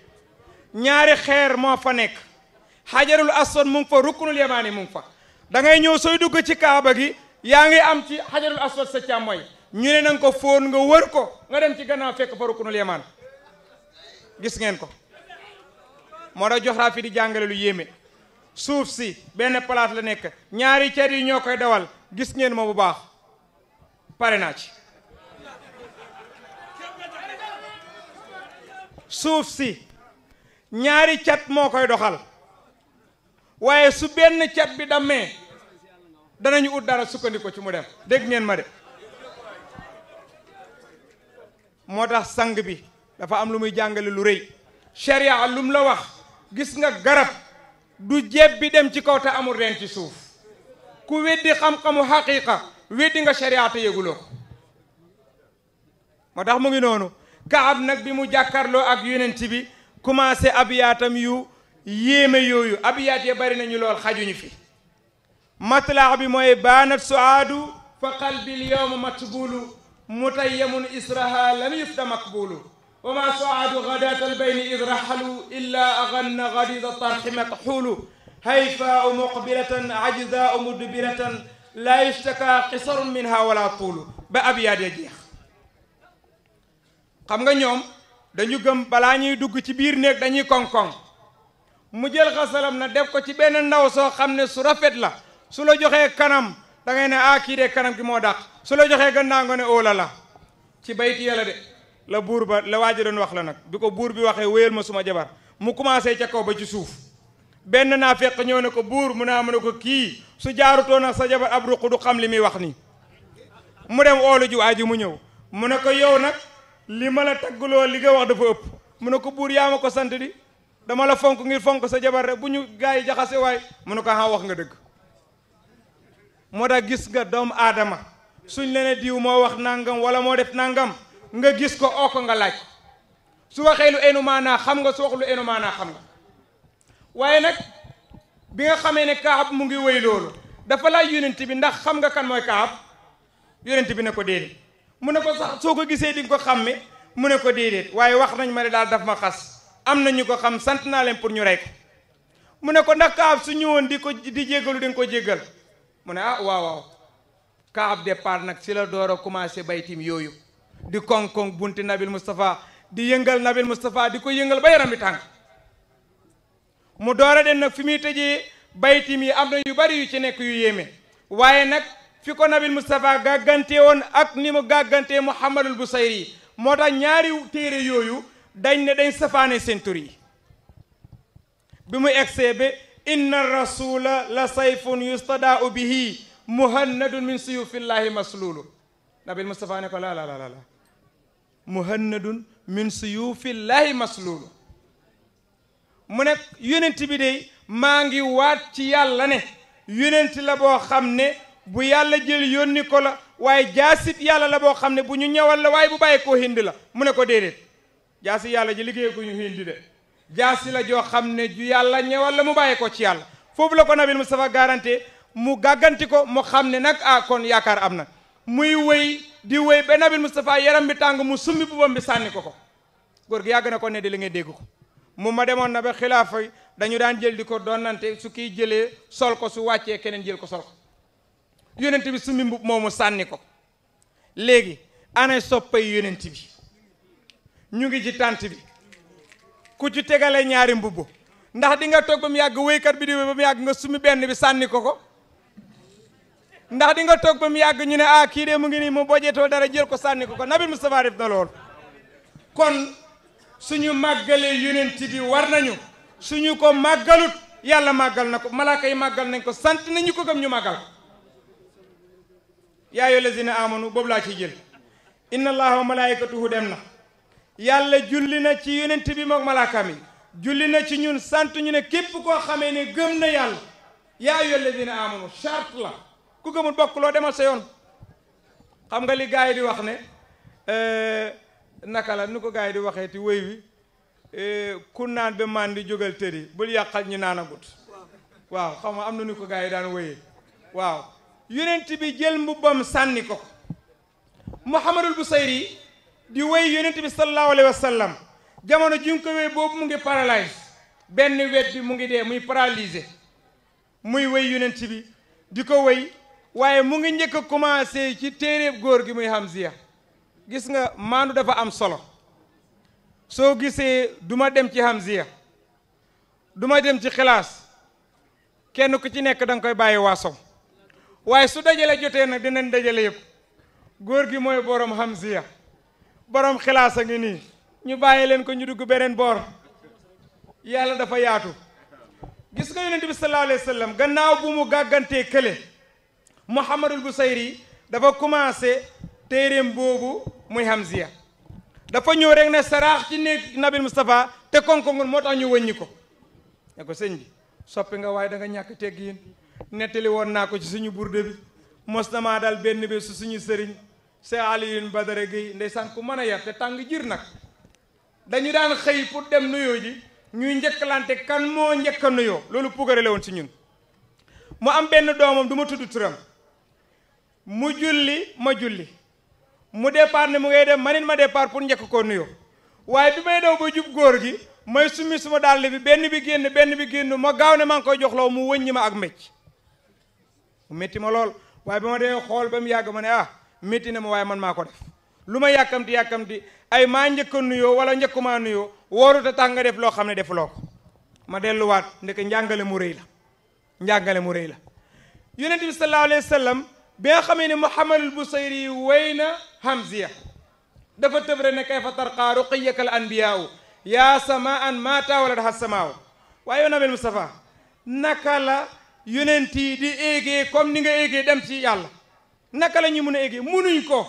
ñaari xeer moo fa nekk xajarul aswad mu ngi fa rukkunul yamaani mu fa da ngay ñëw sooy dugg ci kaaba gi yaa ngi am ci xajarul aswad sa càmmoñ ñu ne nanga ko fóon nga wër ko nga dem ci gannaaw fekk fa rukkunul yamaan gis ngeen ko moo tax joxraafi di jàngale lu yéeme suuf si benn palaat la nekk ñaari cer yi ñoo koy dawal gis ngeen ma bu baax pare naa ci suuf si ñaari cat moo koy doxal waaye su benn cat bi dammee danañu ut dara sukkandiku ci mu dem dégg ngeen ma de moo tax sang bi dafa am lu muy jàngale lu rëy sharia lum la wax gis nga garab du jeeb bi dem ci kaw te amul reen ci suuf ku weddi xam-xamu xaqiqa weddi nga sharia te yëguloo ko moo tax mu ngi noonu kaab nag bi mu jàkkarloo ak ci bi commencé abiyaatam yu yéeme yooyu abiyaat ya bari nañu lool xajuñu fi matlaax bi mooy baanat suaadu fa qalbil yowma matbulu mutayyamun israha lam yufda makbulu wa ma suaadu gadat albayni id raxalu illa aganna gadida tarxi matxulu hayfaau muqbilatan ajzaau mudbiratan laa yushtaka qisarun minha wala tuulu ba abiyaat ya xam nga ñoom dañu gëm balaa ñuy dugg ci biir néeg dañuy koŋ-koŋ mu jël xasalam na def ko ci benn ndaw soo xam ne su rafet la su la joxee kanam da ne ah kii de kanam gi moo dax su la joxee gannaaw nga ne óola oh la ci bayti yàlla de la buur ba la waaja doon wax la nag bi ko buur bi waxee wéyal ma suma jabar mu commencé ca kaw ba ci suuf benn naa fekk ñëw ne ko buur mu naa ah, mu ne ko kii su jaarutoo na sa jabar ab ruq du xam li muy wax nii mu dem óolu ji ji mu ñëw mu ne ko yow nag li ma la tagguloo li nga wax dafa ëpp mu ne ko buur yaama ko sant di dama la fonk ngir fonk sa jabar rek bu ñu gars yi jaxase waay mu ne ko ah wax nga dëgg moo tax gis nga doomu aadama suñ la ne diw moo wax nangam wala moo def nangam nga gis ko oo ko nga laaj su waxee lu enu maanaa xam nga su wax lu enu maanaa xam nga waaye nag bi nga xamee ne kaab mu ngi wéy loolu dafa laaj yonent bi ndax xam nga kan mooy kaab yonent bi ne ko d mu ne ko sax soo ko gisee di nga ko xàmme mu ne ko déedéet waaye wax nañ ma ne daal daf ma xas am na ñu ko xam sant naa leen pour ñu rey mu ne ko ndax kaab su ñëwoon di ko di jéggalu di nga ko jéggal mu ne ah waaw waaw kaab départ nag si la door a commencé baytim yooyu di koŋ-koŋ bunti nabil moustapha di yëngal nabil moustapha di ko yëngal ba yaram bi tànk mu doora a dem nag fi muy tëjee baytim yi am na yu bari yu ci nekk yu yéeme waaye nag fi ko nabil Moustapha gàggante woon ak ni mu gàggante Mouhamadul Busayri moo tax ñaari téere yooyu dañ ne dañ safaane seen tur yi bi mu egsee ba inna rasula la sayfun yustadaau bihi muhannadun min suyufillahi maslulu nabil Moustapha ne ko la la la la muhannadun min suyufillahi maslulu mu ne yonent bi de maa ngi waat ci yàlla ne yonent la boo xam ne bu yàlla jël yónni ko la waaye jaasib yàlla la boo xam ne bu ñu ñëwal la waaye bu bàyyi koo hindi la mu ne ko déedéet jaasi yàlla ji liggéey ko ñu hindi de jaasi joo xam ne ju yàlla ñëwal la mu bàyyi ko ci yàlla foofu la ko nabil Moustapha garanté mu gàgganti ko mu xam ne nag a ah, kon yaakaar am na muy wéy di wéy ba nabil Moustapha yaram bi tàng mu summi bubam bi sànni ko ko góor gi yàgg na ko ne di li ngay dégg ko mu ma demoon na ba xilaafa dañu daan jël di ko donnante su kiy jëlee sol ko su wàccee keneen jël ko sol yonent bi summi mbub moomu sànni ko léegi anay soppay yonent bi ñu ngi ci tànt bi ku ci tegalee ñaari mbubb ndax di nga toog ba mu yàgg wéykat bi di wéy ba mu yàgg nga summi benn bi sànni ko ko ndax di nga toog ba mu yàgg ñu ne ah kii mu ngi nii mu bojeetoo dara jel ko sànni ko ko Nabil Moustapha def na loolu kon suñu màggalee yonent bi war nañu suñu ko màggalut yàlla màggal na ko malaaka yi màggal nañ ko sant nañu ko gëm ñu màggal yaa ayyuha lazina amanu boobu laa ciy jël inna allaha wa malaikatuhu dem na yàlla julli na ci yonent bi mook malaakaam yi julli na ci ñun sant ñu ne képp koo xamee ne gëm na yàlla yaa ayyuha lazina amanu charte la ku gëmul bokk loo demal sa yoon xam nga li gars yi di wax ne euh, naka la nu ko gars yi di waxee ti woy wi euh, ku naan ba man di jógal tëri bul yàqal ñu naan agut waaw xam nga am na nu ko gars yi daan wéyee waaw yonent bi jël mbubbam sànni ko Muhammadul Busayri di wéy yonent bi sallallahu alayhi wa sallam jamono ji nga ko wéy boobu mu ngi paralyse benn wet bi mu ngi dee muy paralysé muy wéy yonent bi di ko woy waaye mu ngi njëkk a commencé ci téere góor gi muy Hamziya gis nga maandu dafa am solo soo gisee duma dem ci Hamziya duma dem ci xilaas kenn ku ci nekk da nga koy bàyyi waaso waaye su dajale jotee nag dinañ dajale yëpp góor gi mooy borom hamziya borom xilaas a ngi nii ñu bàyyi leen ko ñu dugg beneen boor yàlla dafa yaatu gis nga yonent bi sallallahu alayhi wa sallam gannaaw bu mu gàggantee kële Muhammadul dafa commencé téeréem boobu muy hamziya dafa ñëw rek na saraax ci néeg nabil Moustapha te konkongul moo tax ñu wëññi ko ne ko sëñ bi soppi nga waaye da nga ñàkk teggin nettali woon naa ko ci suñu burde bi mos na maa dal benn bi su suñu sëriñ c'est Alioune Badara Gueye ndeysaan ku mën a yar te tàng jir nag dañu daan xëy pour dem nuyoo ji ñuy njëkkalante kan moo njëkk nuyoo loolu pugare woon ci ñun mu am benn doomam du ma tudd turam mu julli ma julli mu départ ne mu ngay dem manit ma départ pour njëkk koo nuyoo waaye bi may daw ba jub góor gi may summi suma dàll bi benn bi génn benn bi génn ma gaaw ne maa ngi koy joxloo mu wëññi ma ak mecc metti ma lool waaye ba ma dee xool ba mu yàgg ma ne ah metti na ma waaye man maa ko def lu ma yàkkamti yàkkamti ay maa njëkk a nuyoo wala njëkkumaa nuyoo wóorut a tax nga def loo xam ne defuloo ko ma delluwaat ndek njàngale mu rëy la njàngale mu rëy la yonent bi sallallahu alayhi wa sallam bi nga xamee ne Muhammadul Busayri way na Hamziya dafa tëbre ne kayfa tarqaa ruqiyakal anbiyaau yaa samaan maata wala daxa samaaw waaye yow Nabil Mustafa naka la yonent yi di éegee comme ni nga éegee dem ci yàlla naka la ñuy mën a éegee munuñ ko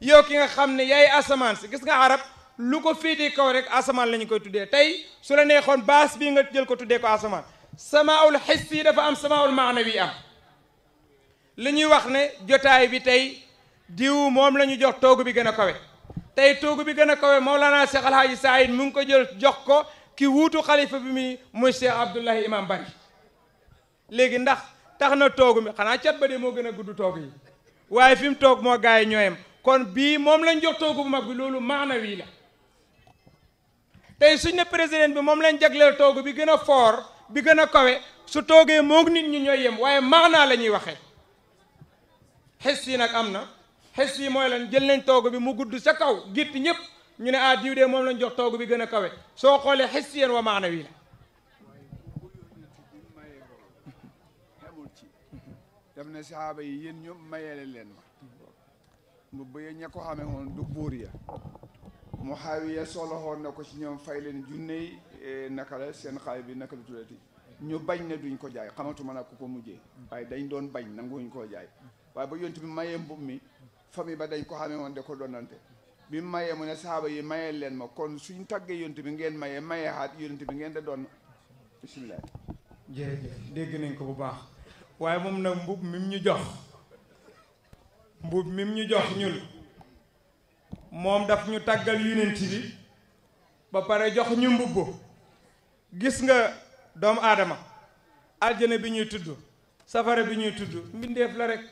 yow ki nga xam ne yaay asamaan si gis nga arab lu ko féetee kaw rek asamaan la ñu koy tuddee tey su la neexoon baas bii nga jël ko tuddee ko asamaan samaawul xis yi dafa am samaawul maanawi am li ñuy wax ne jotaay bi tey diw moom la ñu jox toogu bi gën a kawe tey toogu bi gën a kawe Mawlana Cheikh Alhaaji Saïd mu ngi ko jël jox ko ki wuutu xalifa bi muy muy Cheikh Abdoulahi léegi ndax tax na toogu mi xanaa cat ba de moo gën a gudd toog yi waaye fi mu toog moo gaa yi ñooyam kon bii moom lañ jox toogu mag bi loolu maana wii la tey suñ ne bi moom lañ jagleel toogu bi gën a foor bi gën a kawe su toogee moog nit ñi ñooy yem waaye maanaa la ñuy waxee xes yi nag am na xes yi mooy lan jël nañ toogu bi mu gudd sa kaw gitt ñëpp ñu ne ah diw dee moom lañ jox toogu bi gën a kawe soo xoolee xes yéen wa maana wii la daf ne saxaaba yi yéen ñoom mayeele leen ma mu bëye ña ko xamee woon du buur ya mu xaawiya soloxoon na ko ci ñoom fay leen junne yi e, naka la seen xaay bi naka la tuddati ñu bañ ne duñ ko jaay xamatuma nag ku ko mujjee waaye dañ doon bañ nanguwuñ koo jaay waaye ba yontu bi mayee mbub mi famille ba dañ ko xamee woon de ko donante bi mu mayee mu ne saaba yi mayee leen ma kon suñ tàggee yontu bi ngeen mayee mayee xaat yontu bi ngeen de doon bisimilah nañ ko bu baax waaye moom nag mbub mim ñu jox mbub mim ñu jox ñun moom daf ñu tàggal yonent bi ba pare jox ñu mbubb gis nga doomu aadama aljana bi ñuy tudd safara bi ñuy tudd mbindeef la rek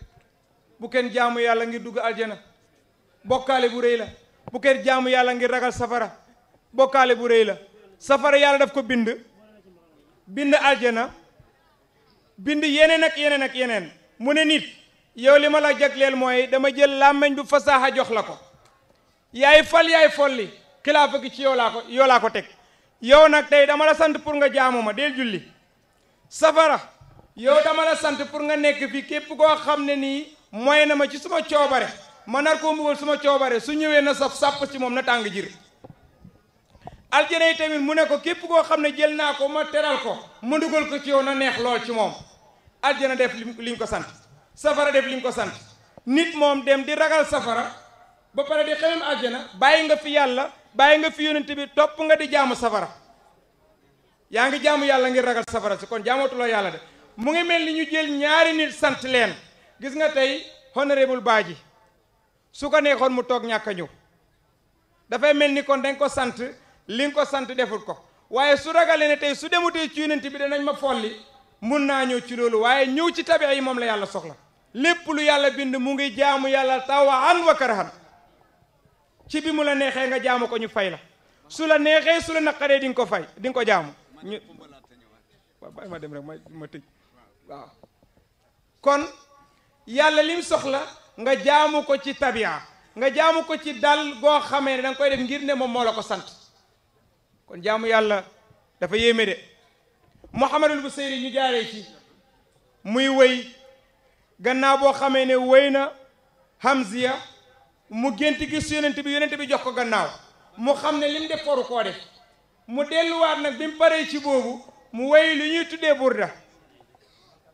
bu kenn jaamu yàlla ngi dugg aljana bokkaale bu rëy la bu kenn jaamu yàlla ngi ragal safara bokkaale bu rëy la safara yàlla daf ko bind bind aljana bind yeneen ak yeneen ak yeneen mu ne nit yow li ma la jagleel mooy dama jël làmmiñ bu fasaaxa jox la ko yaay fal yaay folli xilaafa gi ci yow laa ko yow laa ko teg yow nag tey dama la sant pour nga jaamu ma del julli safara yow dama la sant pour nga nekk fi képp koo xam ne nii mooy na ma ci suma coobare ma nar ko mbugal suma coobare su ñëwee na saf sàpp ci moom na tàng jir aljana yi tamit mu ne ko képp koo xam ne jël naa ko ma teral ko ma dugal ko ci yow na neex lool ci moom aljana def liñ ko sant safara def liñ ko sant nit moom dem di ragal safara ba pare di xemem aljana bàyyi nga fi yàlla bàyyi nga fi yonent bi topp nga di jaamu safara yaa ngi jaamu yàlla ngir ragal safara si kon jaamootuloo yàlla de mu ngi mel ni ñu jël ñaari nit sant leen gis nga tey honorable Badji su ko neexoon mu toog ñàkka a dafay mel ni kon dañ ko sant li ko sant deful ko waaye su ragalee ne tey su demutee ci yonent bi danañ ma folli mun naa ñëw ci loolu waaye ñëw ci tabi'a yi moom la yàlla soxla lépp lu yàlla bind mu ngi jaamu yàlla tawan wa karahan ci bi mu la neexee nga jaamu ko ñu fay la su la neexee su la naqaree di nga ko fay di nga ko jaamu ñu waaw bàyyi ma dem rek ma ma tëj yàlla lim soxla nga jaamu ko ci tabi'a nga jaamu ko ci dal goo xamee ne da nga koy def ngir ne moom moo la ko sant kon jaamu yàlla dafa yéeme de Mouhamadul Busayri ñu jaaree ci muy wéy gannaaw boo xamee ne wéy na Hamziya mu gént gis yonent bi yonent bi jox ko gannaaw mu xam ne lim def waru koo def mu delluwaat nag bi mu paree ci boobu mu wéy lu ñuy tuddee burda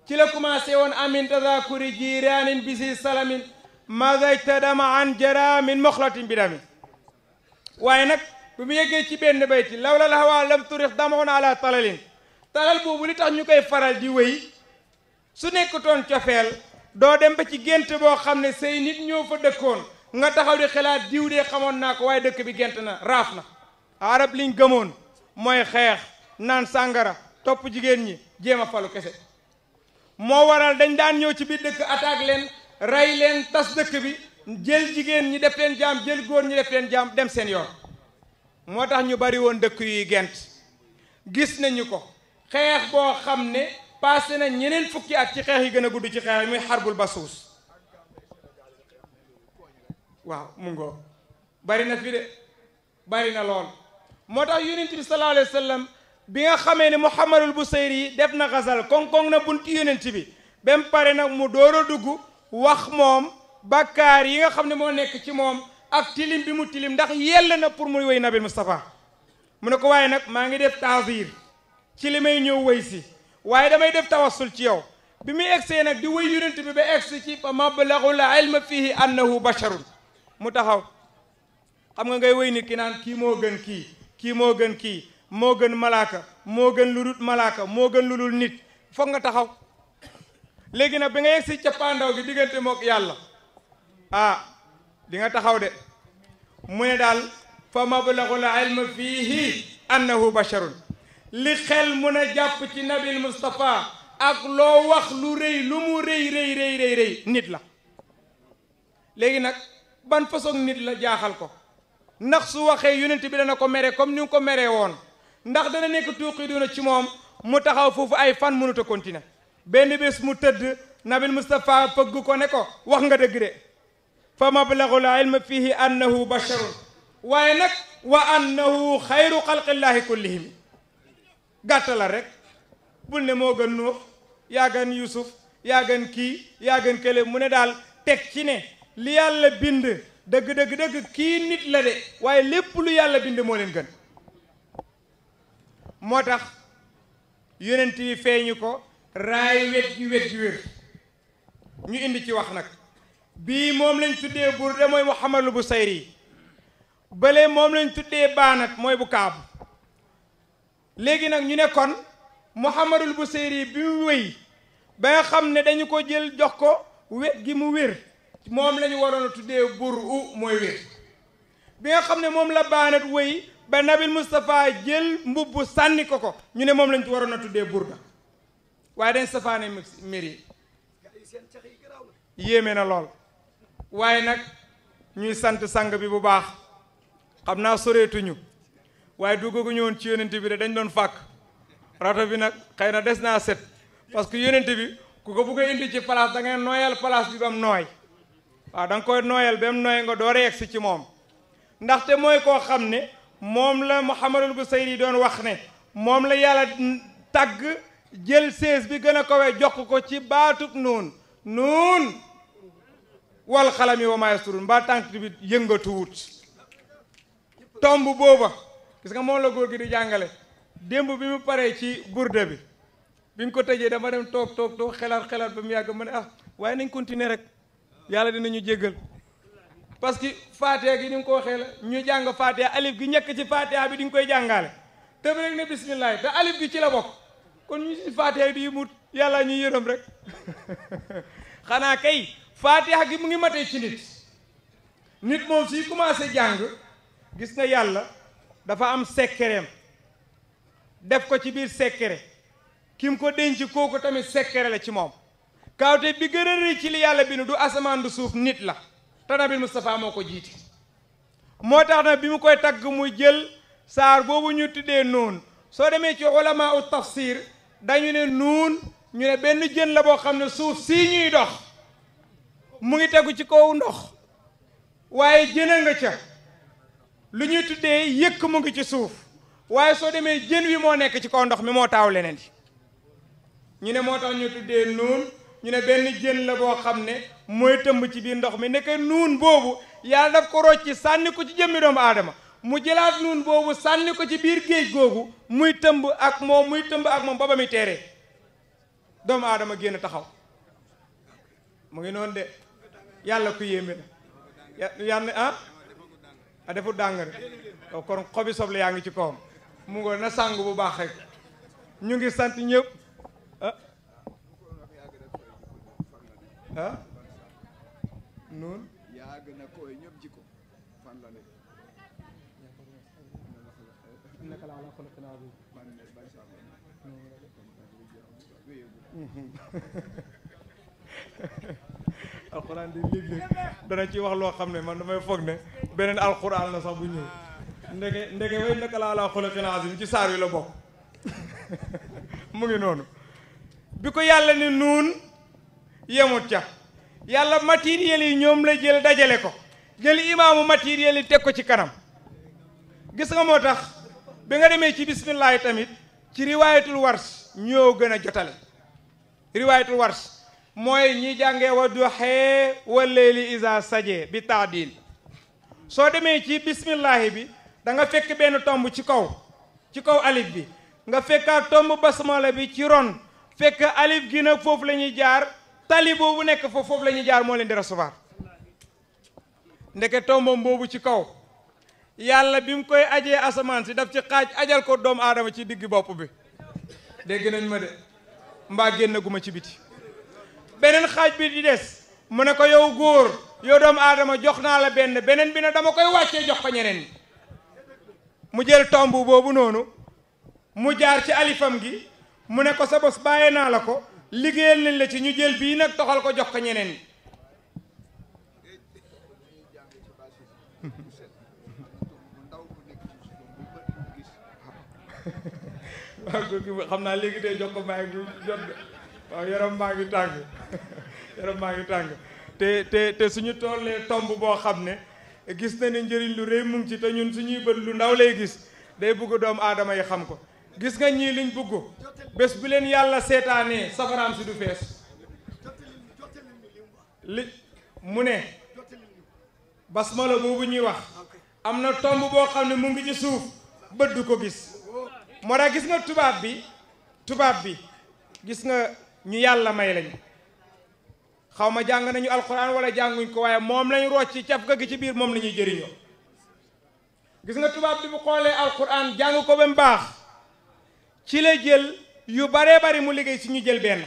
ci la commencé woon amin tadakuri jiraanin bisi salamin mazajtadama an jaramin moxlatin bidami waaye nag bi mu yeggee ci benn bayti lawla lahwa lam turix damoon ala talalin taral boobu li tax ñu koy faral di wéy su nekkutoon cofeel doo dem ba ci gent boo xam ne say nit ñoo fa dëkkoon nga taxaw di xalaat diw dee xamoon naa ko waaye dëkk bi gént na raaf na arab liñ gëmoon mooy xeex naan sàngara topp jigéen ñi jéem a falu kese moo waral dañ daan ñëw ci biir dëkk attaque leen rey leen tas dëkk bi jël jigéen ñi def leen jaam jël góor ñi def leen jaam dem seen yoon moo tax ñu bari woon dëkk yuy gent gis nañu ko xeex boo xam ne passé na ñeneen fukki at ci xeex yi gën a gudd ci xeex yi muy xarbul basuus waaw mu ngoo bari na fi de bari na lool moo tax bi sallallahu alayhi wa sallam bi nga xamee ne Muhammadul Busayri yi def na xasal koŋ-koŋ na buntu yonent bi ba mu pare nag mu door dugg wax moom bakkaar yi nga xam ne moo ci moom ak tilim bi mu tilim ndax yell na pour muy woy nabil Mustapha mu ne ko waaye nag maa ngi def taasir ci li may ñëw wëy si waaye damay def tawassul ci yow bi muy egsee nag di wëy yonent bi ba egsi ci fa mablaghul ilmi fihi annahu basharun mu taxaw xam nga ngay wëy nit ki naan kii moo gën kii kii moo gën kii moo gën malaaka moo gën lu dul malaaka moo gën lu dul nit foog nga taxaw léegi nag bi nga yegsi ca pandaw gi diggante mook yàlla ah di nga taxaw de mu ne daal fa mablaghul ilmi fihi annahu basharun li xel mën a jàpp ci nabil mustafa ak lo wax lu reey lu mu reey reey reey reey reey nit la legi nak ban façon nit la jaaxal ko ndax su waxe yunit bi dana ko mere comme ni ko mere won ndax dana nek tuqiduna ci mom mu taxaw fofu ay fan mënut a continuer ben bés mu teud nabil mustafa fëgg ko ne ko wax nga deug de fa mablaghul ilm fihi annahu bashar waye nak wa annahu xayru xalqillahi kullihim gàtta la rek bul ne moo gën nuux yaa gën yusuf yaa gën kii yaa gën kële mu ne daal teg ci ne li yàlla bind dëgg dëgg dëgg kii nit la de waaye lépp lu yàlla bind moo leen gën moo tax yonent yi feeñu ko raay wet gi wet gi wér ñu indi ci wax nag bii moom lañ tuddee burde mooy Muhammadul Busayri bële moom lañ tuddee baanat mooy bu kaabu léegi nag ñu ne kon Mouhamadul Buseyri bi mu wéy ba nga xam ne dañu ko jël jox ko wet gi mu wér moom la ñu waroon a tuddee bur u mooy wér bi nga xam ne moom la baanat wéy ba Nabil Moustapha jël mbubb sànni ko ko ñu ne moom la ñu waroon a tuddee burda waaye dañ safaane mairie yéeme na lool waaye nag ñuy sant sang bi bu baax xam naa soreetuñu waaye duggagu ñëwoon ci yonent bi de dañ doon fàkk rato bi nag xëy na des naa set parce que yonent bi ku ko bugg indi ci place da ngay nooyal place bi ba mu nooy waaw da nga koy nooyal ba mu nooy nga door a ci moom ndaxte mooy koo xam ne moom la Muhammadul Busayri doon wax ne moom la yàlla tagg jël sees bi gën a kawe jox ko ci baatub nuun nuun wal xalam yi wa maa yasturuun ba tànk bi yëngatuwut tomb booba gis nga moom la gi di jàngale dembu bi mu paré ci bourde bi biñ ko tejé dama dem tok tok tok xelal xelal bam yag mané ah way nañ continuer rek yalla dinañu djéggal parce que faté gi ni ko xel ñu jang faté alif gi ñek ci faté bi di nga koy jàngaale te rek né bismillah te alif gi ci la bok kon ñu ci faté bi mut yalla ñu yërem rek xana kay fatiha gi mu ngi maté ci nit nit moom si commencé jang gis na yalla dafa am sekkereem def ko ci biir sekkere kim ko denc kooku tamit sekkere la ci moom kaawte bi gën a ci li yàlla bi nu du asamaan du suuf nit la te nabil Moustapha moo ko jiite moo tax na bi mu koy tagg muy jël saar boobu ñu tuddee nuun soo demee ci ulama u tafsir dañu ne nuun ñu ne benn jën la boo xam ne suuf sii ñuy dox mu ngi tegu ci kaw ndox waaye jën nga ca lu ñuy tuddee yëkk mu ngi ci suuf waaye soo demee jën wi moo nekk ci kaw ndox mi moo taaw leneen yi ñu ne moo tax ñu tuddee nuun ñu ne benn jën la boo xam ne mooy tëmb ci biir ndox mi nekk nuun boobu yàlla daf ko rocci sànni ko ci jëmmi doomu aadama mu jëlaat nuun boobu sànni ko ci biir géej googu muy tëmb ak moom muy tëmb ak moom ba ba muy teeree doomu aadama génn taxaw mu ngi noonu de yàlla ku yéeme la yàlla ah a defu dàngare kon xobi soble yaa ngi ci kawam mu ngo na sàng bu baax rek ñu ngi sant ñëpp ah, ah. noonu na koy ñëpp jikko alxuraan di léeg dana ci wax loo xam ne man damay foog ne beneen alxuraan la sax bu ñëw ndeke ndeke way naka laa laa xulaqin azim ci saar yi la bokk mu ngi noonu bi ko yàlla ne nuun yemut ca yàlla matériel yi ñoom la jël dajale ko jël imaamu matériel yi teg ko ci kanam gis nga moo tax bi nga demee ci bismillah tamit ci riwaayatul wars ñoo gën a jotale riwaayatul wars mooy ñi jànge wa duxee wa leeli isa saje bi taadil soo demee ci bismillahi bi danga nga fekk benn tomb ci kaw ci kaw alif bi nga fekkaat tomb basmala bi ci ron fekk alif gi nag foofu la ñuy jaar tali boobu nekk foofu foofu la jaar moo leen di recevoir ndeke tombam boobu ci kaw yàlla bi mu koy ajee asamaan si daf ci xaaj ajal ko doomu aadama ci digg bopp bi dégg nañ ma de mbaa génn ci biti beneen xaaj bi di des mu ne ko yow góor yow doomu aadama jox naa la benn beneen bi ne dama koy wàccee jox ko ñeneen ñi mu jël tomb boobu noonu mu jaar ci alifam gi mu ne ko sa bos bàyyee naa la ko liggéeyal nañ la ci ñu jël bii nag toxal ko jox ko ñeneen ñi waaw xam naa léegi tey jox waaw yaram maa ngi tàng yaram maa ngi tàng te te te suñu tollee tomb boo xam ne gis na ne njëriñ lu rëy mu ngi ci te ñun suñuy bët lu ndaw lay gis day bëgg doomu aadama yi xam ko gis nga ñii liñ bëgg bés bu leen yàlla seetaanee safaraam si du fees li mu ne basmala boobu ñuy wax am na tomb boo xam ne mu ngi ci suuf bët du ko gis moo tax gis nga tubaab bi tubaab bi gis nga ñu yalla may lañ xawma jang nañu alquran wala janguñ ko waye mom lañ rocci ci ga gëg ci biir mom lañuy ñuy gis nga tubab bi bu xolé alquran jang ko bëm baax ci la jël yu bare bare mu liggéey ci ñu jël ben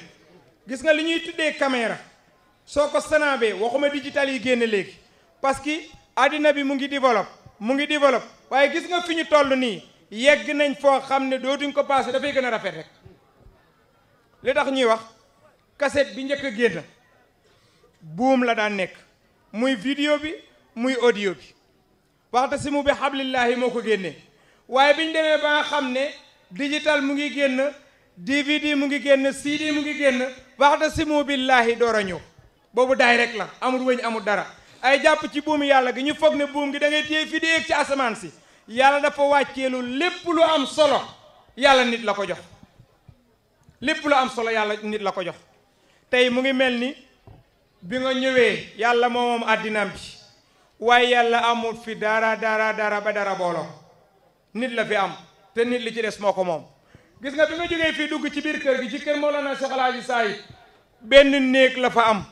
gis nga li ñuy caméra soko sanabe waxuma digital yi Paski légui parce que adina bi mu ngi develop mu ngi develop waye gis nga fiñu tollu ni yegg nañ fo xamné dootuñ ko passé da fay gëna rafet rek li tax ñuy wax cassette bi njëkk a génn buum la daan nekk muy vidéo bi muy audio bi waxta si mu bi xablillahi moo ko génnee waaye biñ demee ba nga xam ne digital mu ngi génn DVD mu ngi génn CD mu ngi génn waxta si mu billahi door a ñëw boobu daay rek la amul wëñ amul dara ay jàpp ci buum yàlla gi ñu foog ne buum gi dangay ngay téye fii di yéeg ci asamaan si yàlla dafa wàcceelu lépp lu am solo yàlla nit la ko jox lépp la am solo yàlla nit la ko jox tey mu ngi mel ni bi nga ñëwee yàlla moomoom àddinaam bi waaye yàlla amul fi dara dara dara ba dara booloo nit la fi am te nit li ci des moo ko moom gis nga bi nga jógee fii dugg ci biir kër gi ci kër Mawlana Cheikh El Hadji Saïd benn néeg la fa am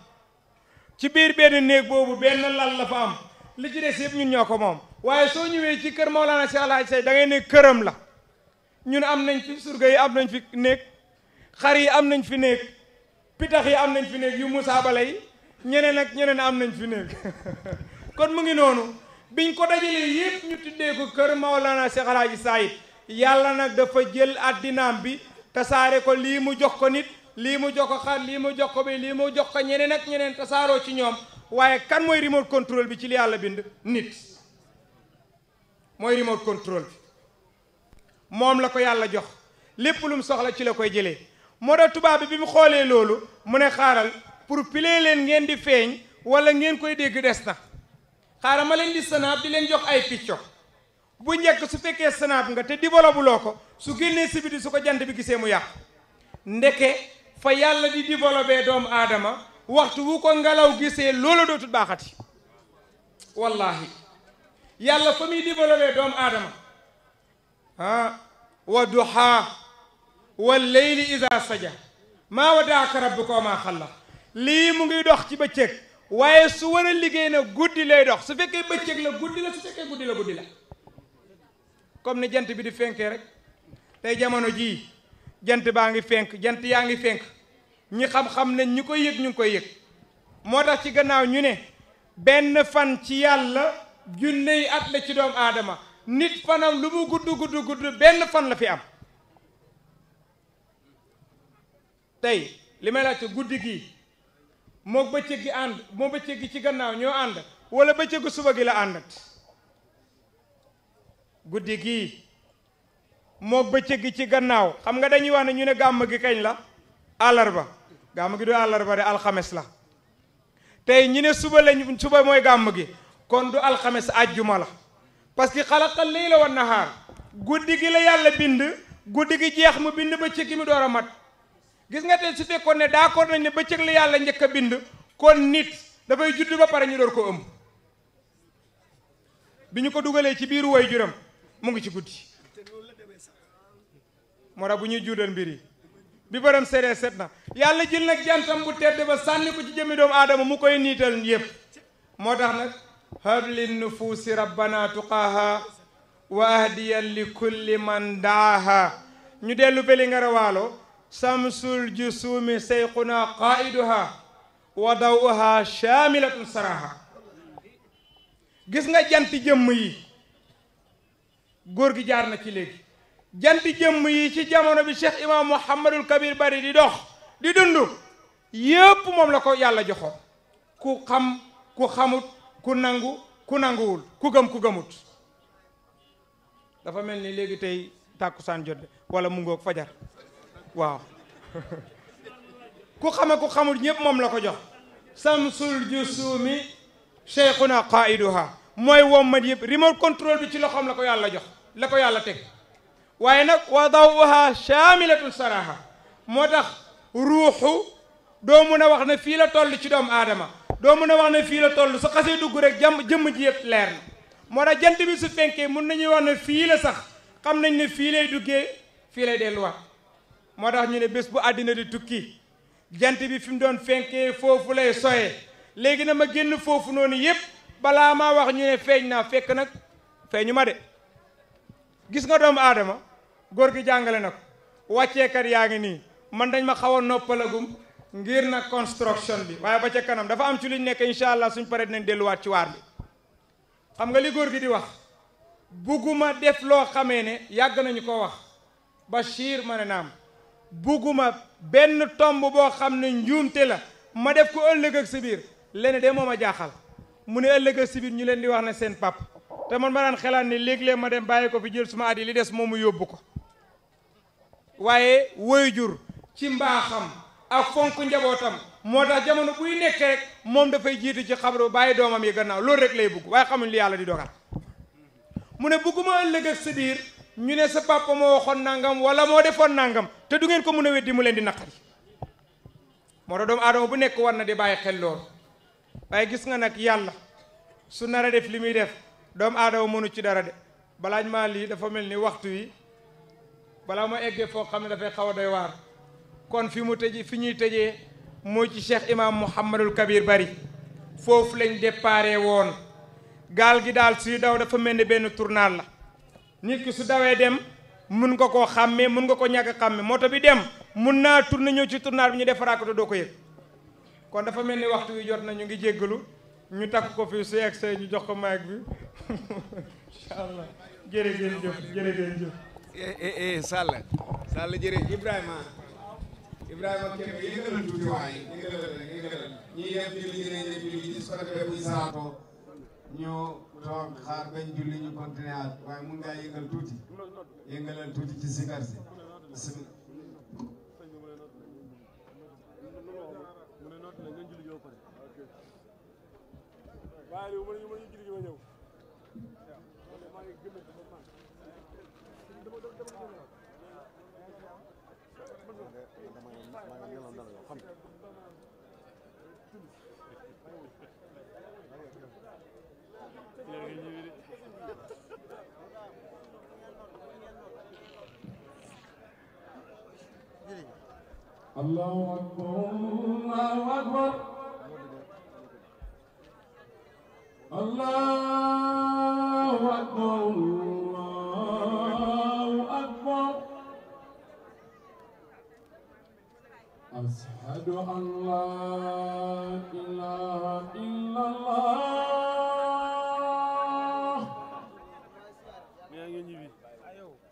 ci biir benn néeg boobu benn lal la fa am li ci des yëpp ñun ñoo ko moom waaye soo ñëwee ci kër moo Cheikh El Hadji Saïd da ngay ne këram la ñun am nañ fi surga yi am nañ fi néeg xar yi am nañ fi néeg pitax yi am nañ fi néeg yu Moussa Bala yi ñeneen ak ñeneen am nañ fi néeg kon mu ngi noonu biñ ko dajalee yépp ñu tuddee ko kër Maolana Cheikh El Hadji Saïd yàlla nag dafa jël addinaam bi tasaare ko lii mu jox ko nit lii mu jox ko xar lii mu jox ko bi lii mu jox ko ñeneen ak ñeneen tasaaroo ci ñoom waaye kan mooy remote control bi ci li yàlla bind nit mooy remote control bi moom la ko yàlla jox lépp lu soxla ci la koy jëlee moo tax tubaab bi bi mu xoolee loolu mu ne xaaral pour piler leen ngeen di feeñ wala ngeen koy dégg des na xaaral ma leen di sanaab di leen jox ay picco bu njëkk su fekkee sanaab nga te développé loo ko su génnee si su ko jant bi gisee mu yàqu ndeke fa yàlla di développé doomu aadama waxtu wu ko ngelaw gisee loola dootul baaxati wallahi yàlla fa muy développé doomu aadama ah wa duhaa walleyli isa saja maa wadaaka rabbuka wa maa xalla lii mu ngi dox ci bëccëg waaye su war a liggéey na guddi lay dox su fekkee bëccëg la guddi la su fekkee guddi la guddi la comme ni jant bi di fenkee rek tey jamono jii jant baa ngi fenk jant yaa ngi fenk ñi xam-xam nañ ñi ko yëg ñu ngi koy yëg moo tax ci gannaaw ñu ne benn fan ci yàlla junne yi at la ci doomu aadama nit fanam lu mu gudd gudd gudd benn fan la fi am tey li may laajte guddi gi moo bëccëg gi ànd moo bëccëg gi ci gannaaw ñoo ànd wala bëccëgu suba gi la àndat guddi gi moo bëccëg gi ci gannaaw xam nga dañuy wax ne ñu ne gàmm gi kañ la àllarba gàmm gi du àllarba de alxames la tey ñu ne suba lañ suba mooy gàmm gi kon du alxames àjjuma la parce que xalaqal layla wan nahaar guddi gi la yàlla bind guddi gi jeex mu bind bëccëg gi mu door a mat gis nga tey su fekkoon ne d'accord nañ ne bëccëg la yàlla njëkk a bind kon nit dafay judd ba pare ñu door ko ëmb bi ñu ko dugalee ci biiru way juram mu ngi ci guddi moo tax bu ñuy juudal mbir yi bi baram seree na yàlla jël nag jantam bu tedd ba sànni ko ci jëmmi doomu aadama mu koy niital yëpp moo tax nag hablin nufuusi rabbana tuqaaha wa li kulli man daaha ñu dellu beli nga rawaalo samsul jusuumi seyquna qaa'iduha wa dawuha shaamilatun saraha gis nga janti jëmm yi góor gi jaar na ci léegi janti jëmm yi ci jamono bi cheikh imam mouhamadul kabir bari di dox di dund yépp moom la ko yàlla joxoon ku xam ku xamut ku nangu ku nanguwul ku gëm ku gëmut dafa mel ni léegi tey tàkkusaan jot wala mu ngoog fajar waaw ku xama ku xamul ñëpp moom la ko jox samsul jusuumi cheikhuna qaiduha mooy wommat yëpp remote control bi ci loxoom la ko yàlla jox la ko yàlla teg waaye nag wa dawha chamilatun saraha moo tax ruuxu doo mun a wax na fii la toll ci doomu aadama doo mun a wax ne fii la toll su xasee dugg rek jàmm jëmm ji yëpp leer na moo tax jant su fenkee mun nañuy wax ne fii la sax xam nañ ne fii lay duggee fii lay delluwaat moo tax ñu ne bés bu àddina di tukki jant bi fi mu doon fenkee foofu lay soyee léegi na ma génn foofu noonu yépp balaa maa wax ñu ne feeñ naa fekk nag feeñu ma de gis nga doom aadama góor gi jàngale na ko wàcceekat yaa ngi nii man dañ ma xaw a noppalagum ngir na construction bi waaye ba ca kanam dafa am ci luñ nekk incha allah suñ paree dinañ delluwaat ci waar bi xam nga li góor gi di wax bugguma def loo xamee ne yàgg nañu ko wax ba Bachir ma ne naam bugguma benn tomb boo xam ne njuumte la ma def ko ëllëg ak si biir leneen de moom a jaaxal mu ne ëllëg ak biir ñu leen di wax ne seen papp te man ma daan xelaat ne léeg leen ma dem bàyyi ko fi jël suma at yi li des moom mu yóbbu ko waaye woy jur ci mbaaxam ak fonk njabootam moo tax jamono buy nekk rek moom dafay jiitu ci xabru bàyyi doomam yi gannaaw loolu rek lay bugg waaye xamuñ li yàlla di dogal mu ne bugguma ëllëg ak ñu ne sa papa moo waxoon nangam wala moo defoon nangam te dungeen ko mun a weddi mu leen di naqari moo tax doomu aadama bu nekk war na di bàyyi xel loolu waaye gis nga nag yàlla su nar def li muy def doomu aadama mënu ci dara de balaañ maa lii dafa mel ni waxtu yi balaa ma eggee foo xam ne dafay xaw a doy waar kon fi mu tëjee fi ñuy tëjee mooy ci cheikh imam mouhamadul kabir bari foofu lañ déparé woon gaal gi daal suy daw dafa mel ni benn tournal la nit ki su dawee dem mun nga koo xàmmee mun nga koo ñàkk a xàmmee moto bi dem mun naa tourner ñëw ci tournaar bi ñu defaraat doo ko yëg kon dafa mel ni waxtu wi jot na ñu ngi jéggalu ñu takk ko fii su egg ñu jox ko mic bi incha allah jërëjëf jërëjëf. Eh, eh, eh, Sall Sall jërëjëf Ibrahima Ibrahima kenn ku yëngalal tuuti waaye yëngalal yëngalal ñuy def julli ko saako. ñu toog xaar bañ julli ñu continuer at waaye mun ngaa yëngal tuuti yëngalal tuuti ci sikar si bismillah waaye li mu ne ñu a الله أكبر الله أكبر الله أكبر الله أكبر أشهد أن لا إله إلا الله